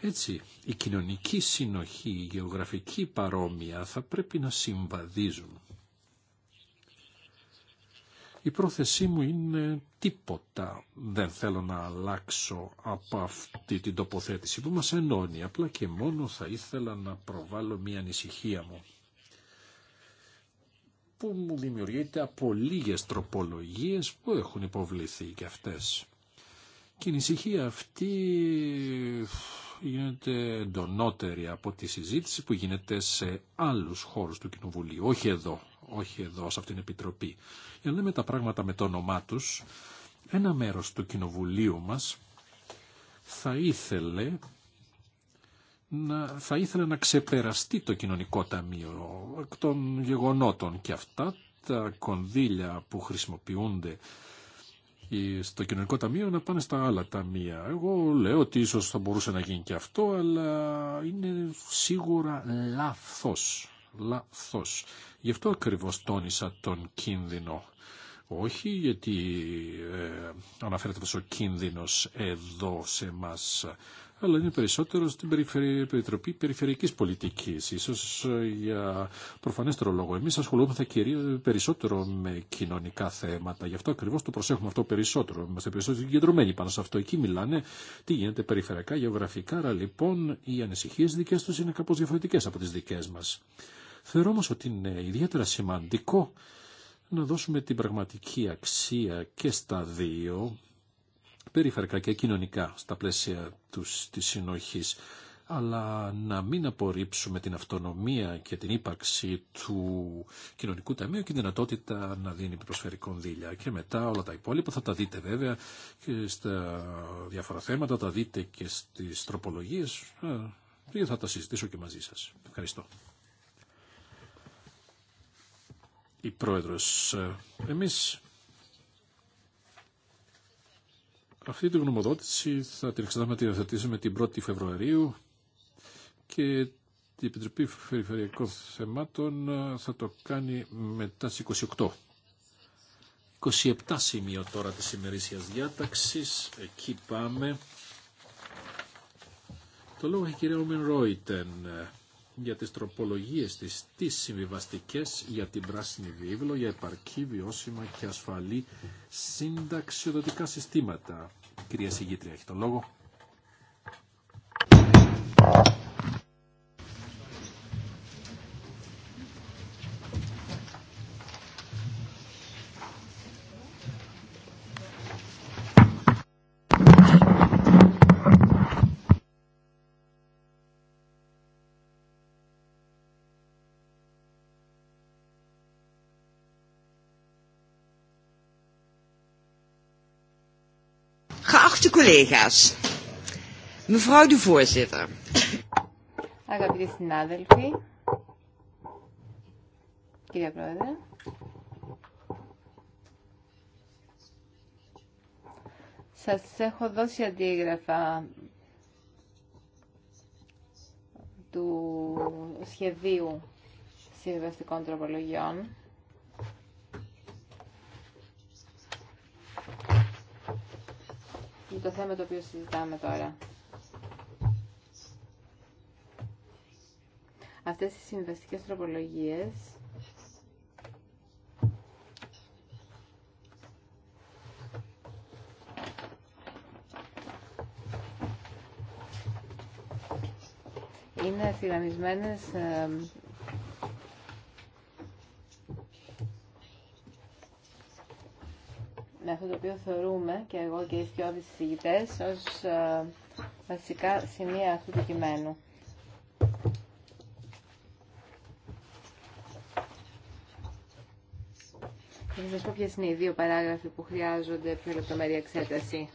Έτσι, η κοινωνική συνοχή, η γεωγραφική παρόμοια θα πρέπει να συμβαδίζουν. Η πρόθεσή μου είναι τίποτα. Δεν θέλω να αλλάξω από αυτή την τοποθέτηση που μας ενώνει. Απλά και μόνο θα ήθελα να προβάλλω μία ανησυχία μου που μου δημιουργείται από λίγες τροπολογίες που έχουν υποβληθεί και αυτές. Και η ανησυχία αυτή γίνεται εντονότερη από τη συζήτηση που γίνεται σε άλλους χώρους του Κοινοβουλίου, όχι εδώ, όχι εδώ σε αυτήν την Επιτροπή. Για να λέμε τα πράγματα με το όνομά τους, ένα μέρος του Κοινοβουλίου μας θα ήθελε να, θα ήθελε να ξεπεραστεί το κοινωνικό ταμείο των γεγονότων και αυτά τα κονδύλια που χρησιμοποιούνται στο κοινωνικό ταμείο να πάνε στα άλλα ταμεία. Εγώ λέω ότι ίσως θα μπορούσε να γίνει και αυτό, αλλά είναι σίγουρα λάθος. Λάθος. Γι' αυτό ακριβώς τόνισα τον κίνδυνο. Όχι, γιατί ε, αναφέρεται αυτός ο κίνδυνος εδώ σε εμά, αλλά είναι περισσότερο στην περιτροπή Περιφερειακής Πολιτικής, ίσως ε, για προφανέστερο λόγο. Εμείς ασχολούμαστε κυρίως περισσότερο με κοινωνικά θέματα, γι' αυτό ακριβώς το προσέχουμε αυτό περισσότερο. Είμαστε περισσότερο συγκεντρωμένοι πάνω σε αυτό. Εκεί μιλάνε τι γίνεται περιφερειακά, γεωγραφικά, άρα λοιπόν οι ανησυχίες δικές τους είναι κάπως διαφορετικές από τις δικές μας. Θεωρώ όμως ότι είναι ιδιαίτερα σημαντικό να δώσουμε την πραγματική αξία και στα δύο, περιφερικά και κοινωνικά, στα πλαίσια τους, της συνοχής, αλλά να μην απορρίψουμε την αυτονομία και την ύπαρξη του κοινωνικού ταμείου και την δυνατότητα να δίνει προσφαιρικό δίλια. Και μετά όλα τα υπόλοιπα θα τα δείτε βέβαια και στα διάφορα θέματα, τα δείτε και στις τροπολογίες και ε, θα τα συζητήσω και μαζί σας. Ευχαριστώ. η Πρόεδρος. Ε, εμείς αυτή τη γνωμοδότηση θα την εξετάσουμε την 1η Φεβρουαρίου και η Επιτροπή Περιφερειακών Θεμάτων ε, θα το κάνει μετά στις 28. 27 σημείο τώρα της ημερήσιας διάταξης. Εκεί πάμε. Το λόγο έχει η κυρία Ομιν για τις τροπολογίες της, τις συμβιβαστικές για την πράσινη βίβλο, για επαρκή, βιώσιμα και ασφαλή συνταξιοδοτικά συστήματα. Κυρία Συγγήτρια, έχει τον λόγο. Collega's, mevrouw de voorzitter. Αγαπητοί συνάδελφοι, κύριε Πρόεδρε, σας έχω δώσει αντίγραφα του σχεδίου συμβιβαστικών τροπολογιών για το θέμα το οποίο συζητάμε τώρα. Αυτές οι συμβαστικές τροπολογίες είναι ευθυγραμμισμένες ε, με αυτό το οποίο θεωρούμε και εγώ και οι πιο ως ε, βασικά σημεία αυτού του κειμένου. Θα σας πω ποιες είναι οι δύο παράγραφοι που χρειάζονται πιο λεπτομερή εξέταση.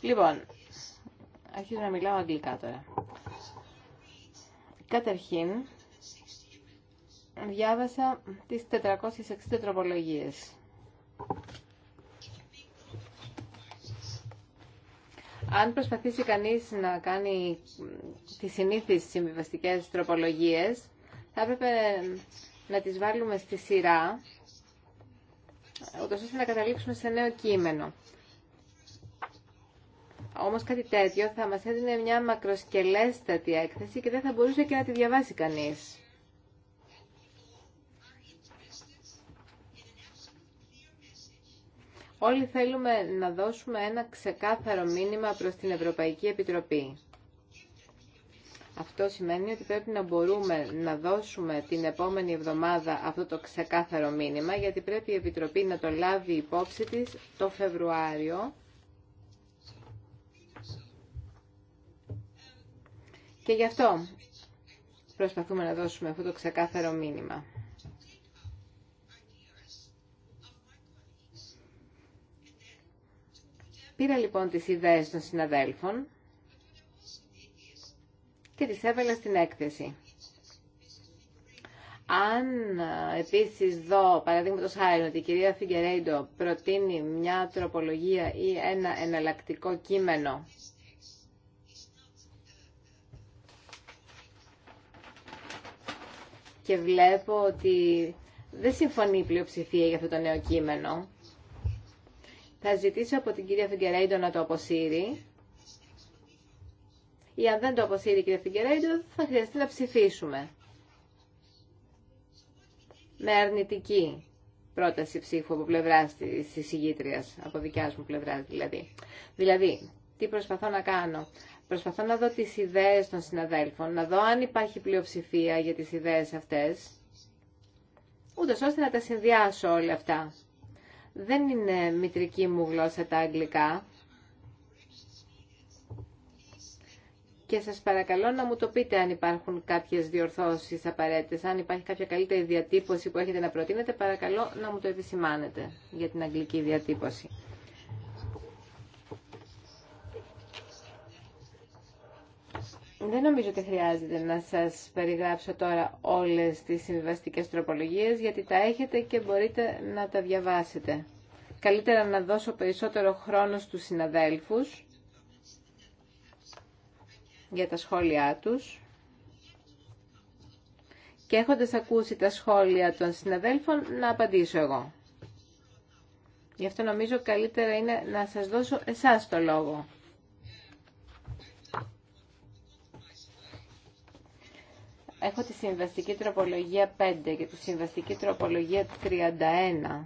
Λοιπόν, αρχίζω να μιλάω αγγλικά τώρα. Καταρχήν, διάβασα τις 460 τροπολογίες. Αν προσπαθήσει κανείς να κάνει τις συνήθεις συμβιβαστικές τροπολογίες, θα έπρεπε να τις βάλουμε στη σειρά, ούτως ώστε να καταλήξουμε σε νέο κείμενο. Όμως κάτι τέτοιο θα μας έδινε μια μακροσκελέστατη έκθεση και δεν θα μπορούσε και να τη διαβάσει κανείς. Όλοι θέλουμε να δώσουμε ένα ξεκάθαρο μήνυμα προς την Ευρωπαϊκή Επιτροπή. Αυτό σημαίνει ότι πρέπει να μπορούμε να δώσουμε την επόμενη εβδομάδα αυτό το ξεκάθαρο μήνυμα, γιατί πρέπει η Επιτροπή να το λάβει υπόψη της το Φεβρουάριο και γι' αυτό προσπαθούμε να δώσουμε αυτό το ξεκάθαρο μήνυμα. Πήρα λοιπόν τις ιδέες των συναδέλφων και τις έβαλα στην έκθεση. Αν επίσης δω, παραδείγματο χάρη, ότι η κυρία Φιγκερέιντο προτείνει μια τροπολογία ή ένα εναλλακτικό κείμενο και βλέπω ότι δεν συμφωνεί η πλειοψηφία για αυτό το νέο κείμενο, θα ζητήσω από την κυρία Φιγκερέιντο να το αποσύρει. Ή αν δεν το αποσύρει η κυρία Φιγκερέιντο, θα χρειαστεί να ψηφίσουμε. Με αρνητική πρόταση ψήφου από πλευρά τη εισηγήτρια, από δικιά μου πλευρά δηλαδή. Δηλαδή, τι προσπαθώ να κάνω. Προσπαθώ να δω τις ιδέες των συναδέλφων, να δω αν υπάρχει πλειοψηφία για τι ιδέε αυτέ, ούτω ώστε να τα συνδυάσω όλα αυτά. Δεν είναι μητρική μου γλώσσα τα αγγλικά. Και σας παρακαλώ να μου το πείτε αν υπάρχουν κάποιες διορθώσεις απαραίτητες, αν υπάρχει κάποια καλύτερη διατύπωση που έχετε να προτείνετε, παρακαλώ να μου το επισημάνετε για την αγγλική διατύπωση. Δεν νομίζω ότι χρειάζεται να σας περιγράψω τώρα όλες τις συμβιβαστικές τροπολογίες, γιατί τα έχετε και μπορείτε να τα διαβάσετε. Καλύτερα να δώσω περισσότερο χρόνο στους συναδέλφους για τα σχόλιά τους. Και έχοντας ακούσει τα σχόλια των συναδέλφων, να απαντήσω εγώ. Γι' αυτό νομίζω καλύτερα είναι να σας δώσω εσάς το λόγο. Έχω τη συμβαστική τροπολογία 5 και τη συμβαστική τροπολογία 31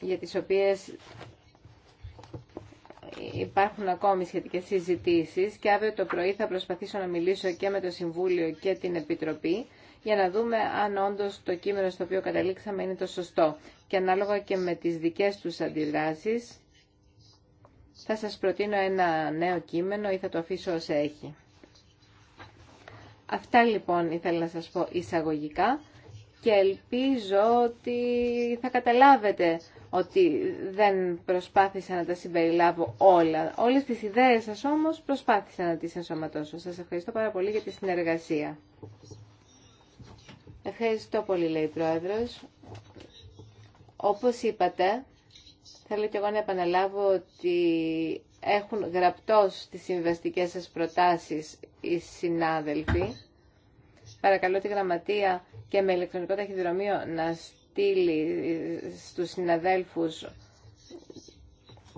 για τις οποίες υπάρχουν ακόμη σχετικές συζητήσεις και αύριο το πρωί θα προσπαθήσω να μιλήσω και με το Συμβούλιο και την Επιτροπή για να δούμε αν όντως το κείμενο στο οποίο καταλήξαμε είναι το σωστό. Και ανάλογα και με τις δικές τους αντιδράσεις θα σας προτείνω ένα νέο κείμενο ή θα το αφήσω ως έχει. Αυτά λοιπόν ήθελα να σας πω εισαγωγικά και ελπίζω ότι θα καταλάβετε ότι δεν προσπάθησα να τα συμπεριλάβω όλα. Όλες τις ιδέες σας όμως προσπάθησα να τις ενσωματώσω. Σας ευχαριστώ πάρα πολύ για τη συνεργασία. Ευχαριστώ πολύ, λέει η Πρόεδρος. Όπως είπατε, θέλω και εγώ να επαναλάβω ότι έχουν γραπτό στις συμβαστικές σας προτάσεις οι συνάδελφοι. Παρακαλώ τη γραμματεία και με ηλεκτρονικό ταχυδρομείο να στείλει στους συναδέλφους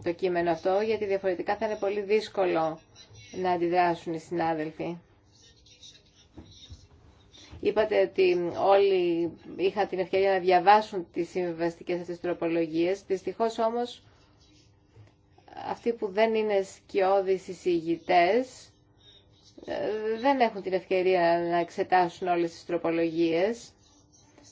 το κείμενο αυτό, γιατί διαφορετικά θα είναι πολύ δύσκολο να αντιδράσουν οι συνάδελφοι. Είπατε ότι όλοι είχαν την ευκαιρία να διαβάσουν τις συμβαστικές αυτές τροπολογίες. Δυστυχώς όμως αυτοί που δεν είναι σκιώδεις εισηγητές ε, δεν έχουν την ευκαιρία να εξετάσουν όλες τις τροπολογίες.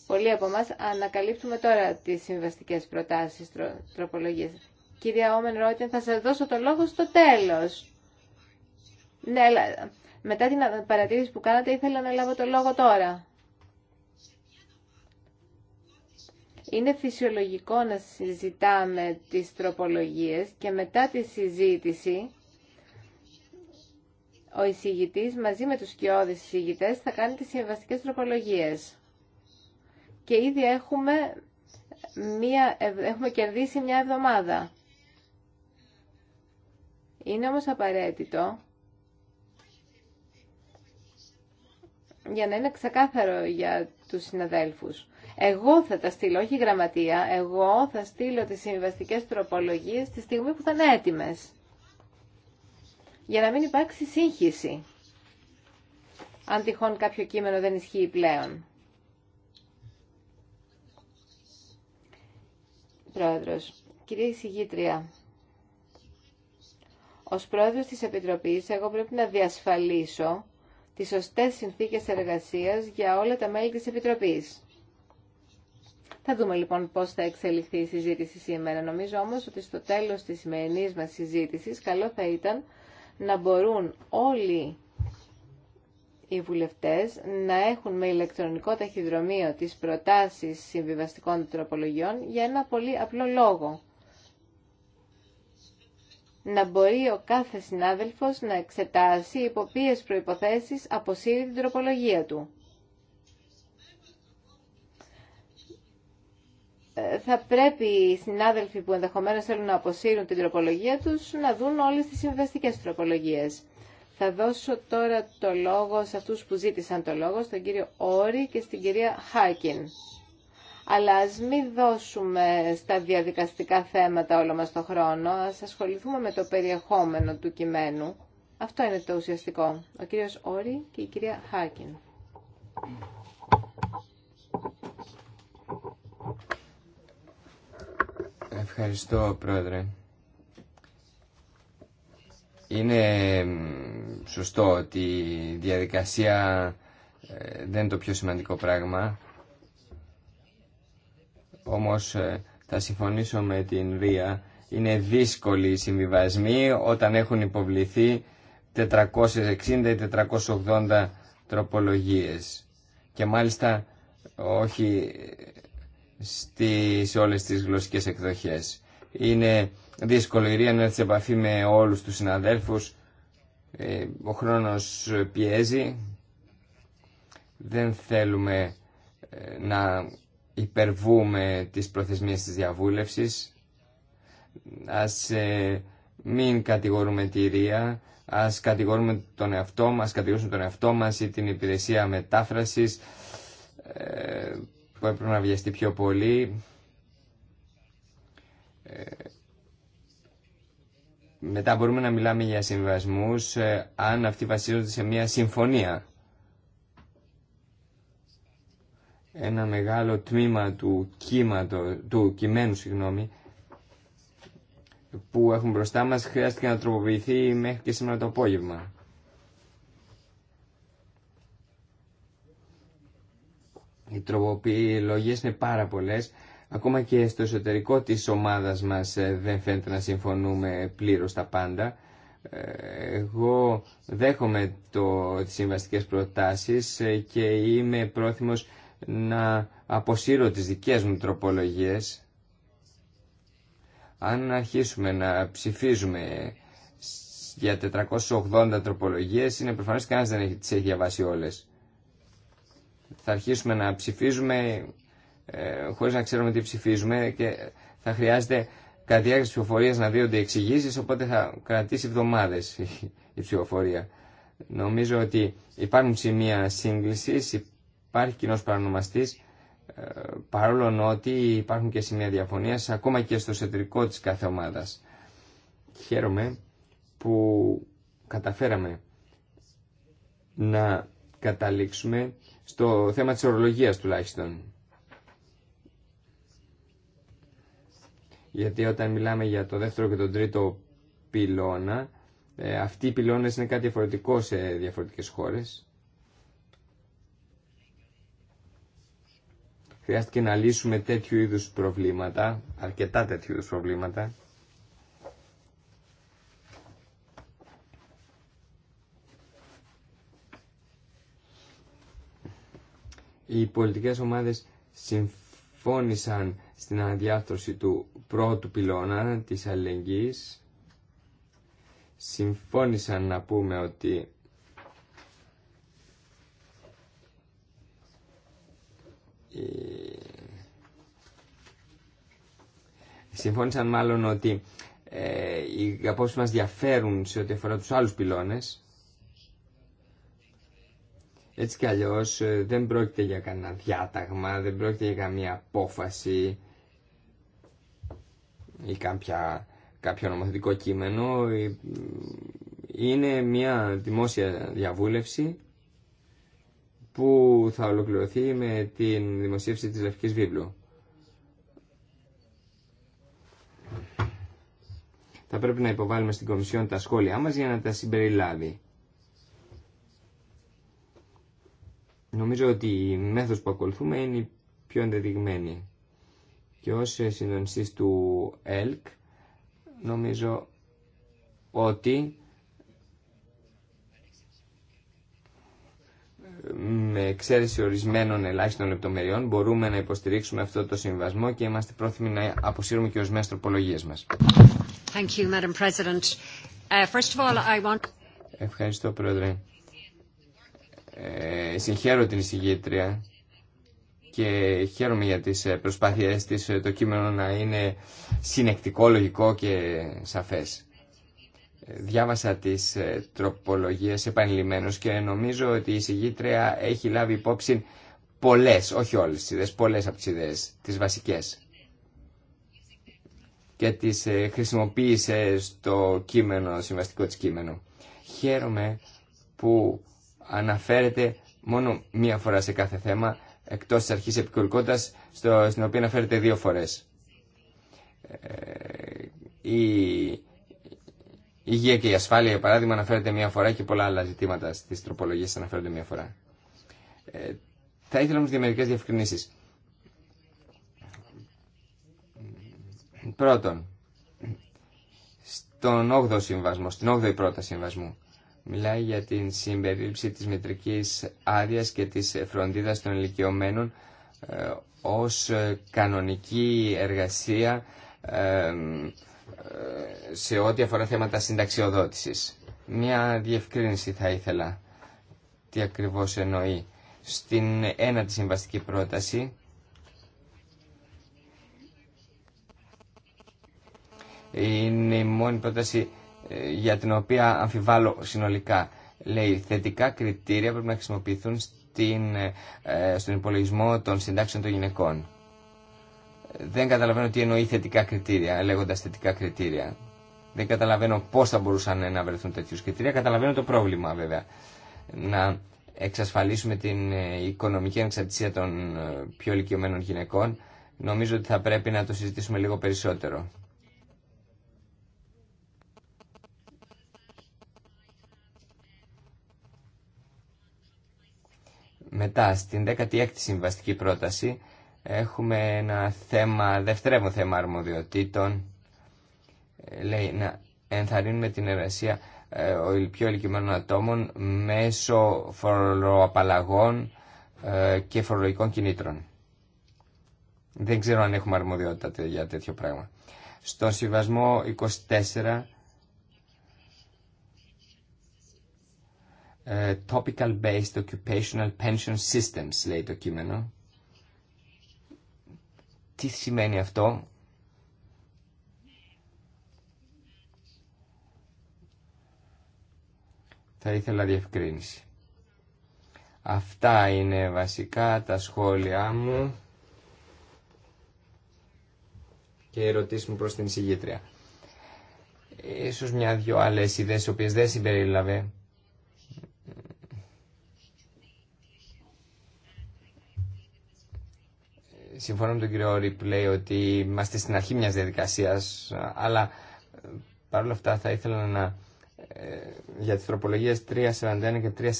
Πολλοί από εμά ανακαλύπτουμε τώρα τις συμβαστικές προτάσεις τρο, τροπολογίες. Κυρία Όμεν Ρόιτεν, θα σας δώσω το λόγο στο τέλος. Ναι, μετά την παρατήρηση που κάνατε ήθελα να λάβω το λόγο τώρα. Είναι φυσιολογικό να συζητάμε τις τροπολογίες και μετά τη συζήτηση ο εισηγητής μαζί με τους κοιόδης εισηγητές θα κάνει τις συμβαστικές τροπολογίες. Και ήδη έχουμε, μία, έχουμε κερδίσει μια εβδομάδα. Είναι όμως απαραίτητο για να είναι ξεκάθαρο για τους συναδέλφους. Εγώ θα τα στείλω, όχι γραμματεία. Εγώ θα στείλω τις συμβαστικές τροπολογίες τη στιγμή που θα είναι έτοιμες. Για να μην υπάρξει σύγχυση. Αν τυχόν κάποιο κείμενο δεν ισχύει πλέον. Πρόεδρος, κυρία εισηγήτρια, ως πρόεδρος της Επιτροπής εγώ πρέπει να διασφαλίσω τις σωστές συνθήκες εργασίας για όλα τα μέλη της Επιτροπής. Θα δούμε λοιπόν πώς θα εξελιχθεί η συζήτηση σήμερα. Νομίζω όμως ότι στο τέλος της σημερινής μας συζήτησης καλό θα ήταν να μπορούν όλοι οι βουλευτές να έχουν με ηλεκτρονικό ταχυδρομείο τις προτάσεις συμβιβαστικών τροπολογιών για ένα πολύ απλό λόγο. Να μπορεί ο κάθε συνάδελφος να εξετάσει υπό ποιες προϋποθέσεις αποσύρει την τροπολογία του. θα πρέπει οι συνάδελφοι που ενδεχομένω θέλουν να αποσύρουν την τροπολογία τους να δουν όλες τις συμβαστικέ τροπολογίε. Θα δώσω τώρα το λόγο σε αυτούς που ζήτησαν το λόγο, στον κύριο Όρη και στην κυρία Χάκιν. Αλλά α μην δώσουμε στα διαδικαστικά θέματα όλο μας το χρόνο, α ασχοληθούμε με το περιεχόμενο του κειμένου. Αυτό είναι το ουσιαστικό. Ο κύριος Όρη και η κυρία Χάκιν. Ευχαριστώ, Πρόεδρε. Είναι σωστό ότι η διαδικασία ε, δεν είναι το πιο σημαντικό πράγμα. Όμως ε, θα συμφωνήσω με την Ρία. Είναι δύσκολοι οι συμβιβασμοί όταν έχουν υποβληθεί 460 ή 480 τροπολογίες. Και μάλιστα όχι σε όλες τις γλωσσικές εκδοχές. Είναι δύσκολο η να έρθει σε επαφή με όλους τους συναδέλφους. Ε, ο χρόνος πιέζει. Δεν θέλουμε ε, να υπερβούμε τις προθεσμίες της διαβούλευσης. Ας ε, μην κατηγορούμε τη Ρία, ας κατηγορούμε τον εαυτό μας, κατηγορούμε τον εαυτό μας ή την υπηρεσία μετάφρασης που έπρεπε να βιαστεί πιο πολύ. Ε, μετά μπορούμε να μιλάμε για συμβασμούς ε, αν αυτοί βασίζονται σε μια συμφωνία. Ένα μεγάλο τμήμα του, κύματο, του κειμένου συγγνώμη, που έχουν μπροστά μας χρειάστηκε να τροποποιηθεί μέχρι και σήμερα το απόγευμα. Οι τροπολογίε είναι πάρα πολλές. Ακόμα και στο εσωτερικό της ομάδας μας ε, δεν φαίνεται να συμφωνούμε πλήρως τα πάντα. Ε, εγώ δέχομαι το, τις συμβαστικές προτάσεις ε, και είμαι πρόθυμος να αποσύρω τις δικές μου τροπολογίες. Αν αρχίσουμε να ψηφίζουμε για 480 τροπολογίες, είναι προφανές κανένας δεν έχει διαβάσει όλες θα αρχίσουμε να ψηφίζουμε ε, χωρίς να ξέρουμε τι ψηφίζουμε και θα χρειάζεται κατά τη διάρκεια ψηφοφορίας να δίνονται εξηγήσει, οπότε θα κρατήσει εβδομάδες η ψηφοφορία. Νομίζω ότι υπάρχουν σημεία σύγκλησης, υπάρχει κοινός παρανομαστής, ε, παρόλο ότι υπάρχουν και σημεία διαφωνίας, ακόμα και στο εσωτερικό της κάθε ομάδας. Χαίρομαι που καταφέραμε να καταλήξουμε στο θέμα της ορολογίας τουλάχιστον. Γιατί όταν μιλάμε για το δεύτερο και τον τρίτο πυλώνα, ε, αυτοί οι πυλώνες είναι κάτι διαφορετικό σε διαφορετικές χώρες. Χρειάστηκε να λύσουμε τέτοιου είδους προβλήματα, αρκετά τέτοιου είδους προβλήματα. οι πολιτικές ομάδες συμφώνησαν στην αναδιάρθρωση του πρώτου πυλώνα της αλληλεγγύης. Συμφώνησαν να πούμε ότι συμφώνησαν μάλλον ότι ε, οι απόψεις μας διαφέρουν σε ό,τι αφορά τους άλλους πυλώνες έτσι κι αλλιώ ε, δεν πρόκειται για κανένα διάταγμα, δεν πρόκειται για καμία απόφαση ή κάποια, κάποιο νομοθετικό κείμενο. Ε, είναι μια δημόσια διαβούλευση που θα ολοκληρωθεί με τη δημοσίευση της Λευκής Βίβλου. Θα πρέπει να υποβάλουμε στην Κομισιόν τα σχόλιά μας για να τα συμπεριλάβει. Νομίζω ότι η μέθοδος που ακολουθούμε είναι η πιο ενδεδειγμένη. Και ως συντονιστή του ΕΛΚ νομίζω ότι με εξαίρεση ορισμένων ελάχιστων λεπτομεριών μπορούμε να υποστηρίξουμε αυτό το συμβασμό και είμαστε πρόθυμοι να αποσύρουμε και ορισμένες τροπολογίες μας. Thank uh, Ευχαριστώ, Πρόεδρε. Ε, συγχαίρω την εισηγήτρια και χαίρομαι για τις ε, προσπάθειές της ε, το κείμενο να είναι συνεκτικό, λογικό και σαφές. Ε, διάβασα τις τροπολογίες επανειλημμένως και νομίζω ότι η εισηγήτρια έχει λάβει υπόψη πολλές, όχι όλες τις ιδέες, πολλές από τις ιδέες, τις βασικές. Και τις χρησιμοποίησε στο κείμενο, συμβαστικό της κείμενο. Χαίρομαι που αναφέρεται μόνο μία φορά σε κάθε θέμα, εκτός της αρχής επικουρικότητας, στο, στην οποία αναφέρεται δύο φορές. Ε, η υγεία και η ασφάλεια, για παράδειγμα, αναφέρεται μία φορά και πολλά άλλα ζητήματα στις τροπολογίες αναφέρονται μία φορά. Ε, θα ήθελα όμως διαμερικές διευκρινήσεις. Πρώτον, στον 8ο συμβασμό, στην 8η πρόταση συμβασμού, Μιλάει για την συμπερίληψη της μετρικής άδειας και της φροντίδας των ηλικιωμένων ε, ως ε, κανονική εργασία ε, σε ό,τι αφορά θέματα συνταξιοδότησης. Μια διευκρίνηση θα ήθελα τι ακριβώς εννοεί. Στην ένατη συμβαστική πρόταση είναι η μόνη πρόταση ε, για την οποία αμφιβάλλω συνολικά. Λέει θετικά κριτήρια πρέπει να χρησιμοποιηθούν στην, ε, ε, στον υπολογισμό των συντάξεων των γυναικών. Δεν καταλαβαίνω τι εννοεί θετικά κριτήρια, λέγοντα θετικά κριτήρια. Δεν καταλαβαίνω πώ θα μπορούσαν να βρεθούν τέτοιου κριτήρια. Καταλαβαίνω το πρόβλημα βέβαια. Να εξασφαλίσουμε την οικονομική ανεξαρτησία των πιο ηλικιωμένων γυναικών. Νομίζω ότι θα πρέπει να το συζητήσουμε λίγο περισσότερο. Μετά, στην 16η συμβαστική πρόταση, έχουμε ένα θέμα, δευτερεύον θέμα αρμοδιοτήτων. Ε, λέει να ενθαρρύνουμε την εργασία ε, πιο ηλικιωμένων ατόμων μέσω φοροαπαλλαγών ε, και φορολογικών κινήτρων. Δεν ξέρω αν έχουμε αρμοδιότητα για τέτοιο πράγμα. Στον συμβασμό 24 Ε, topical-based occupational pension systems, λέει το κείμενο. Τι σημαίνει αυτό? Θα ήθελα διευκρίνηση. Αυτά είναι βασικά τα σχόλιά μου και ερωτήσεις μου προς την εισηγήτρια. Ίσως μια-δυο άλλες ιδέες, οποίες δεν συμπερίλαβε, συμφωνώ με τον κύριο λέει ότι είμαστε στην αρχή μιας διαδικασίας, αλλά ε, παρ' όλα αυτά θα ήθελα να ε, για τις τροπολογίες 341 και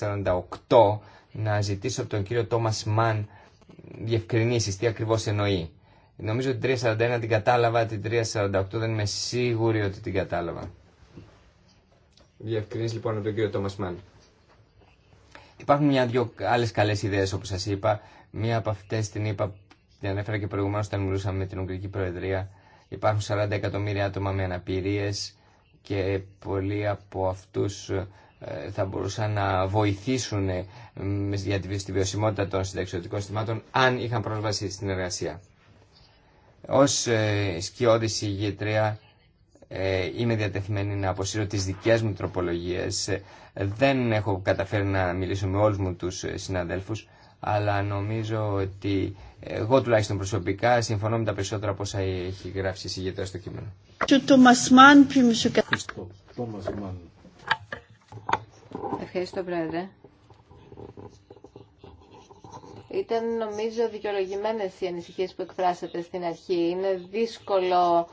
348 να ζητήσω από τον κύριο Τόμας Μαν διευκρινήσεις τι ακριβώς εννοεί. Νομίζω ότι την 341 την κατάλαβα, την 348 δεν είμαι σίγουρη ότι την κατάλαβα. Διευκρινήσεις λοιπόν από τον κύριο Τόμας Μαν. Υπάρχουν μια-δυο άλλες καλές ιδέες όπως σας είπα. Μία από αυτές την είπα την ανέφερα και προηγουμένω όταν μιλούσαμε με την Ουγγρική Προεδρία, υπάρχουν 40 εκατομμύρια άτομα με αναπηρίε και πολλοί από αυτού ε, θα μπορούσαν να βοηθήσουν ε, για τη βιωσιμότητα των συνταξιωτικών συστημάτων αν είχαν πρόσβαση στην εργασία. Ω ε, σκιώδη ηγετρία είμαι διατεθειμένη να αποσύρω τι δικέ μου τροπολογίε. Δεν έχω καταφέρει να μιλήσω με όλου μου του συναδέλφου αλλά νομίζω ότι εγώ τουλάχιστον προσωπικά συμφωνώ με τα περισσότερα από όσα έχει γράψει η συγγετρία στο κείμενο. Ευχαριστώ, Πρόεδρε. Ήταν νομίζω δικαιολογημένε οι ανησυχίε που εκφράσατε στην αρχή. Είναι δύσκολο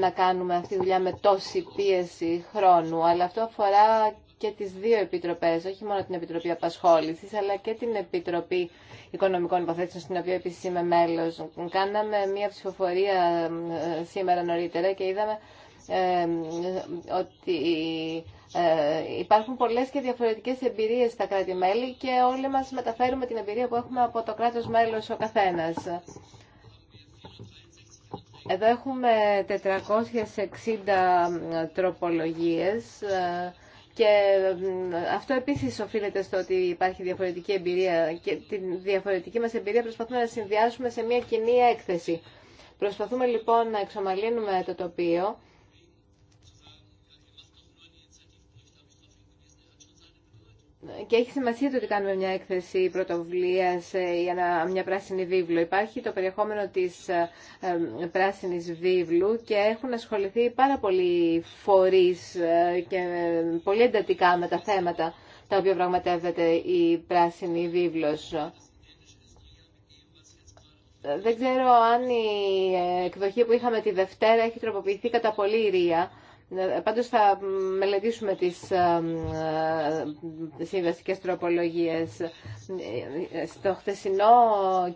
να κάνουμε αυτή τη δουλειά με τόση πίεση χρόνου, αλλά αυτό αφορά και τις δύο επιτροπές, όχι μόνο την Επιτροπή Απασχόλησης, αλλά και την Επιτροπή Οικονομικών Υποθέσεων, στην οποία επίσης είμαι μέλος. Κάναμε μία ψηφοφορία ε, σήμερα νωρίτερα και είδαμε ε, ότι ε, υπάρχουν πολλές και διαφορετικές εμπειρίες στα κράτη-μέλη και όλοι μας μεταφέρουμε την εμπειρία που έχουμε από το κράτος μέλος ο καθένας. Εδώ έχουμε 460 τροπολογίες και αυτό επίση οφείλεται στο ότι υπάρχει διαφορετική εμπειρία και τη διαφορετική μα εμπειρία προσπαθούμε να συνδυάσουμε σε μια κοινή έκθεση. Προσπαθούμε λοιπόν να εξομαλύνουμε το τοπίο και έχει σημασία το ότι κάνουμε μια έκθεση πρωτοβουλία ε, για μια πράσινη βίβλο. Υπάρχει το περιεχόμενο της ε, ε, πράσινης βίβλου και έχουν ασχοληθεί πάρα πολλοί φορείς και πολύ εντατικά με τα θέματα τα οποία πραγματεύεται η πράσινη βίβλο. Δεν ξέρω αν η εκδοχή που είχαμε τη Δευτέρα έχει τροποποιηθεί κατά πολύ ρία Πάντω θα μελετήσουμε τις ε, ε, συμβαστικέ τροπολογίε Στο χτεσινό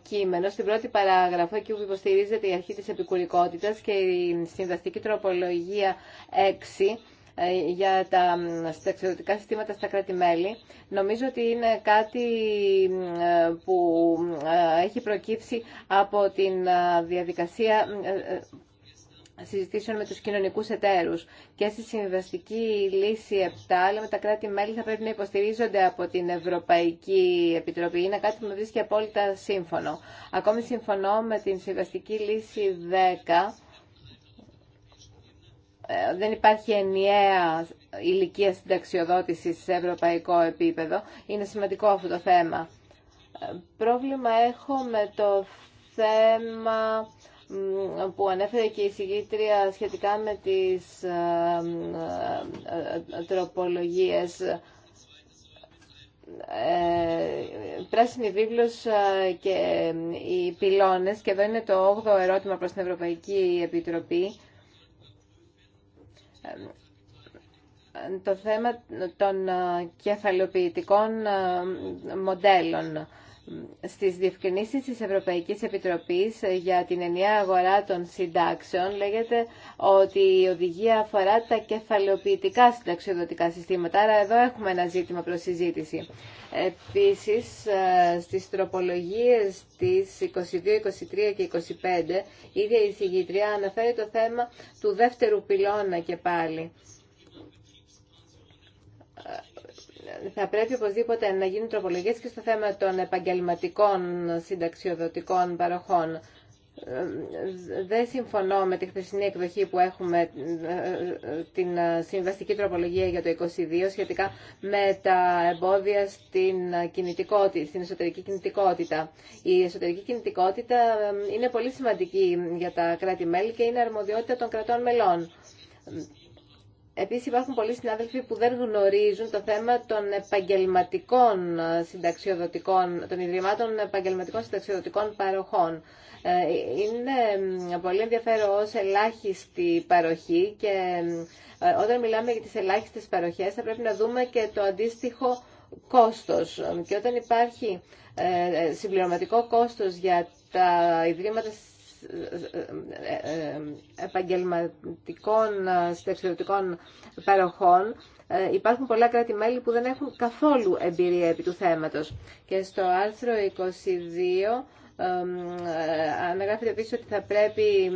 κείμενο, στην πρώτη παράγραφο, εκεί που υποστηρίζεται η αρχή της επικουρικότητα και η συμβαστική τροπολογία 6, ε, για τα εξαιρετικά συστήματα στα κράτη-μέλη. Νομίζω ότι είναι κάτι που έχει προκύψει από την διαδικασία συζητήσεων με τους κοινωνικού εταίρους. Και στη συμβαστική λύση 7 με τα κράτη-μέλη θα πρέπει να υποστηρίζονται από την Ευρωπαϊκή Επιτροπή. Είναι κάτι που με βρίσκει απόλυτα σύμφωνο. Ακόμη συμφωνώ με την συμβαστική λύση 10 ε, δεν υπάρχει ενιαία ηλικία συνταξιοδότηση σε ευρωπαϊκό επίπεδο. Είναι σημαντικό αυτό το θέμα. Ε, πρόβλημα έχω με το θέμα που ανέφερε και η συγγήτρια σχετικά με τις ε, ε, ε, τροπολογίες πράσινη βίβλος και οι πυλώνες και εδώ είναι το 8ο ερώτημα προς την Ευρωπαϊκή Επιτροπή το θέμα των κεφαλαιοποιητικών μοντέλων στις διευκρινήσεις της Ευρωπαϊκής Επιτροπής για την ενιαία αγορά των συντάξεων λέγεται ότι η οδηγία αφορά τα κεφαλαιοποιητικά συνταξιοδοτικά συστήματα, άρα εδώ έχουμε ένα ζήτημα προς συζήτηση. Επίσης, ε, στις τροπολογίες της 22, 23 και 25, η ίδια η συγγήτρια αναφέρει το θέμα του δεύτερου πυλώνα και πάλι θα πρέπει οπωσδήποτε να γίνουν τροπολογίες και στο θέμα των επαγγελματικών συνταξιοδοτικών παροχών. Δεν συμφωνώ με τη χθεσινή εκδοχή που έχουμε ε, την συμβαστική τροπολογία για το 22 σχετικά με τα εμπόδια στην, κινητικότητα, στην εσωτερική κινητικότητα. Η εσωτερική κινητικότητα ε, είναι πολύ σημαντική για τα κράτη-μέλη και είναι αρμοδιότητα των κρατών μελών Επίσης υπάρχουν πολλοί συνάδελφοι που δεν γνωρίζουν το θέμα των επαγγελματικών συνταξιοδοτικών, των ιδρυμάτων επαγγελματικών συνταξιοδοτικών παροχών. Ε, είναι πολύ ενδιαφέρον ως ελάχιστη παροχή και ε, όταν μιλάμε για τις ελάχιστες παροχές θα πρέπει να δούμε και το αντίστοιχο κόστος. Και όταν υπάρχει ε, συμπληρωματικό κόστος για τα ιδρύματα επαγγελματικων ε, συνταξιδοτικων στεξιωτικών παροχών ε, υπάρχουν πολλά κράτη-μέλη που δεν έχουν καθόλου εμπειρία επί του θέματος. Και στο άρθρο 22 ε, αναγράφεται επίσης ότι θα πρέπει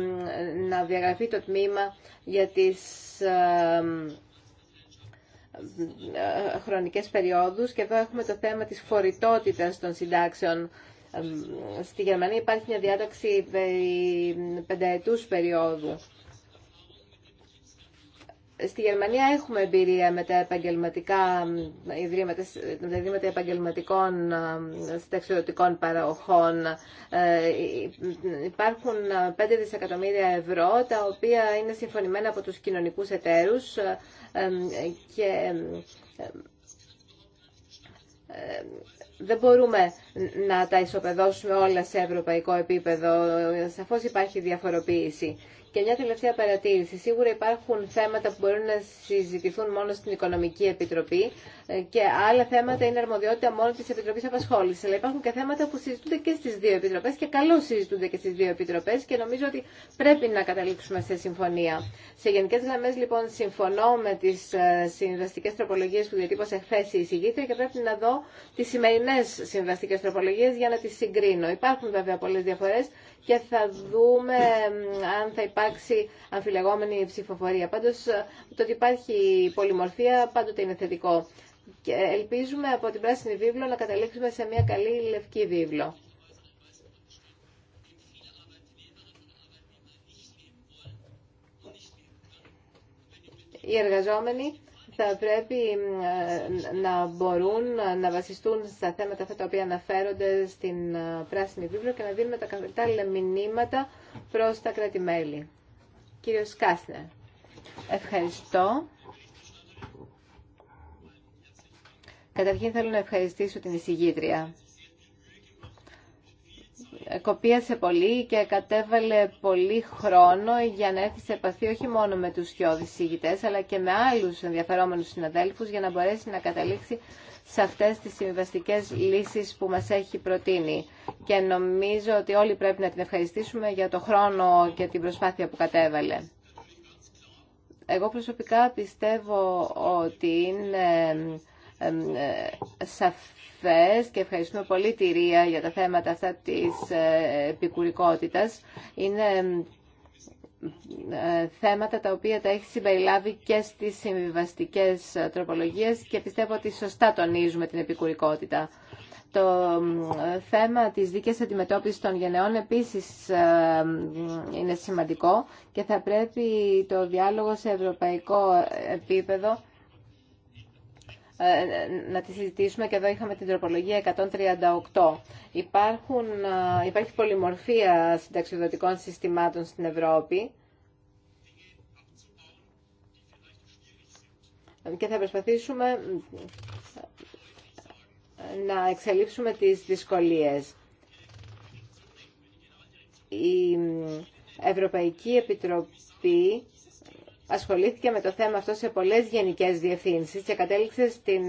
να διαγραφεί το τμήμα για τις χρονικές περιόδους και εδώ έχουμε το θέμα της φορητότητας των συντάξεων Στη Γερμανία υπάρχει μια διάταξη πενταετούς περίοδου. Στη Γερμανία έχουμε εμπειρία με τα επαγγελματικά ιδρύματα, ιδρύματα επαγγελματικών στεξιωτικών παροχών. Ε, υπάρχουν 5 δισεκατομμύρια ευρώ, τα οποία είναι συμφωνημένα από τους κοινωνικούς εταίρους και δεν μπορούμε να τα ισοπεδώσουμε όλα σε ευρωπαϊκό επίπεδο. Σαφώς υπάρχει διαφοροποίηση. Και μια τελευταία παρατήρηση. Σίγουρα υπάρχουν θέματα που μπορούν να συζητηθούν μόνο στην Οικονομική Επιτροπή ε, και άλλα θέματα είναι αρμοδιότητα μόνο τη Επιτροπή Απασχόληση. Αλλά υπάρχουν και θέματα που συζητούνται και στι δύο επιτροπέ και καλώ συζητούνται και στι δύο επιτροπέ και νομίζω ότι πρέπει να καταλήξουμε σε συμφωνία. Σε γενικέ γραμμέ, λοιπόν, συμφωνώ με τι ε, συμβαστικέ τροπολογίε που διατύπωσε χθε η εισηγήτρια και πρέπει να δω τι σημερινέ συμβαστικέ τροπολογίε για να τι συγκρίνω. Υπάρχουν βέβαια πολλέ διαφορέ και θα δούμε αν θα υπάρξει αμφιλεγόμενη ψηφοφορία. Πάντως το ότι υπάρχει πολυμορφία πάντοτε είναι θετικό. Και ελπίζουμε από την πράσινη βίβλο να καταλήξουμε σε μια καλή λευκή βίβλο. Οι εργαζόμενοι θα πρέπει να μπορούν να βασιστούν στα θέματα αυτά τα οποία αναφέρονται στην ε, Πράσινη Βίβλο και να δίνουμε τα κατάλληλα μηνύματα προς τα κράτη-μέλη. Κύριος Κάσνερ, ευχαριστώ. Καταρχήν θέλω να ευχαριστήσω την εισηγήτρια κοπίασε πολύ και κατέβαλε πολύ χρόνο για να έρθει σε επαφή όχι μόνο με τους χιώδης συγητές αλλά και με άλλους ενδιαφερόμενους συναδέλφους για να μπορέσει να καταλήξει σε αυτές τις συμβιβαστικέ λύσεις που μας έχει προτείνει. Και νομίζω ότι όλοι πρέπει να την ευχαριστήσουμε για το χρόνο και την προσπάθεια που κατέβαλε. Εγώ προσωπικά πιστεύω ότι είναι ε, σαφή και ευχαριστούμε πολύ τη Ρία για τα θέματα αυτά της ε, επικουρικότητας. Είναι ε, θέματα τα οποία τα έχει συμπεριλάβει και στις συμβιβαστικές τροπολογίες και πιστεύω ότι σωστά τονίζουμε την επικουρικότητα. Το ε, θέμα της δίκαιας αντιμετώπισης των γενεών επίσης είναι σημαντικό και θα πρέπει το διάλογο σε ευρωπαϊκό επίπεδο ε, να τη συζητήσουμε και εδώ είχαμε την τροπολογία 138. Υπάρχουν, ε, υπάρχει πολυμορφία συνταξιδοτικών συστημάτων στην Ευρώπη και θα προσπαθήσουμε ε, να εξελίψουμε τις δυσκολίες. Η Ευρωπαϊκή Επιτροπή ασχολήθηκε με το θέμα αυτό σε πολλές γενικές διευθύνσεις και κατέληξε στην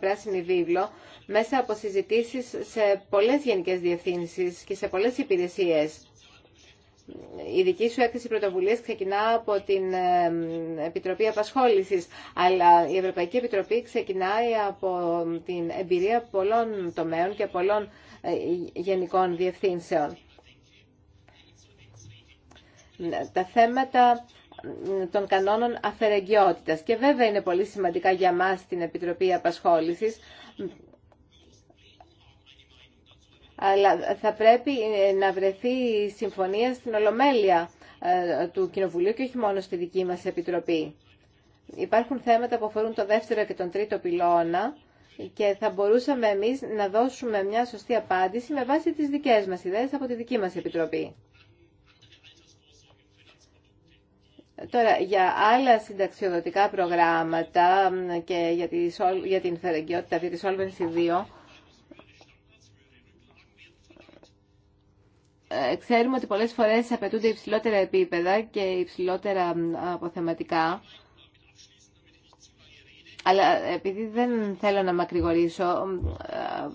Πράσινη Βίβλο μέσα από συζητήσεις σε πολλές γενικές διευθύνσεις και σε πολλές υπηρεσίες. Η δική σου έκθεση πρωτοβουλίας ξεκινά από την ε, Επιτροπή Απασχόλησης, αλλά η Ευρωπαϊκή Επιτροπή ξεκινάει από την εμπειρία πολλών τομέων και πολλών ε, γενικών διευθύνσεων. Τα θέματα των κανόνων αφαιρεγγιότητας. Και βέβαια είναι πολύ σημαντικά για μας την Επιτροπή Απασχόλησης, αλλά θα πρέπει ε, να βρεθεί συμφωνία στην Ολομέλεια ε, του Κοινοβουλίου και όχι μόνο στη δική μας Επιτροπή. Υπάρχουν θέματα που αφορούν το δεύτερο και τον τρίτο πυλώνα και θα μπορούσαμε εμείς να δώσουμε μια σωστή απάντηση με βάση τις δικές μας ιδέες από τη δική μας Επιτροπή. Τώρα, για άλλα συνταξιοδοτικά προγράμματα και για, για την φερεγγιότητα, για τη Solvency 2, ε, ξέρουμε ότι πολλές φορές απαιτούνται υψηλότερα επίπεδα και υψηλότερα αποθεματικά. Αλλά ε, επειδή δεν θέλω να μακρηγορήσω, ε,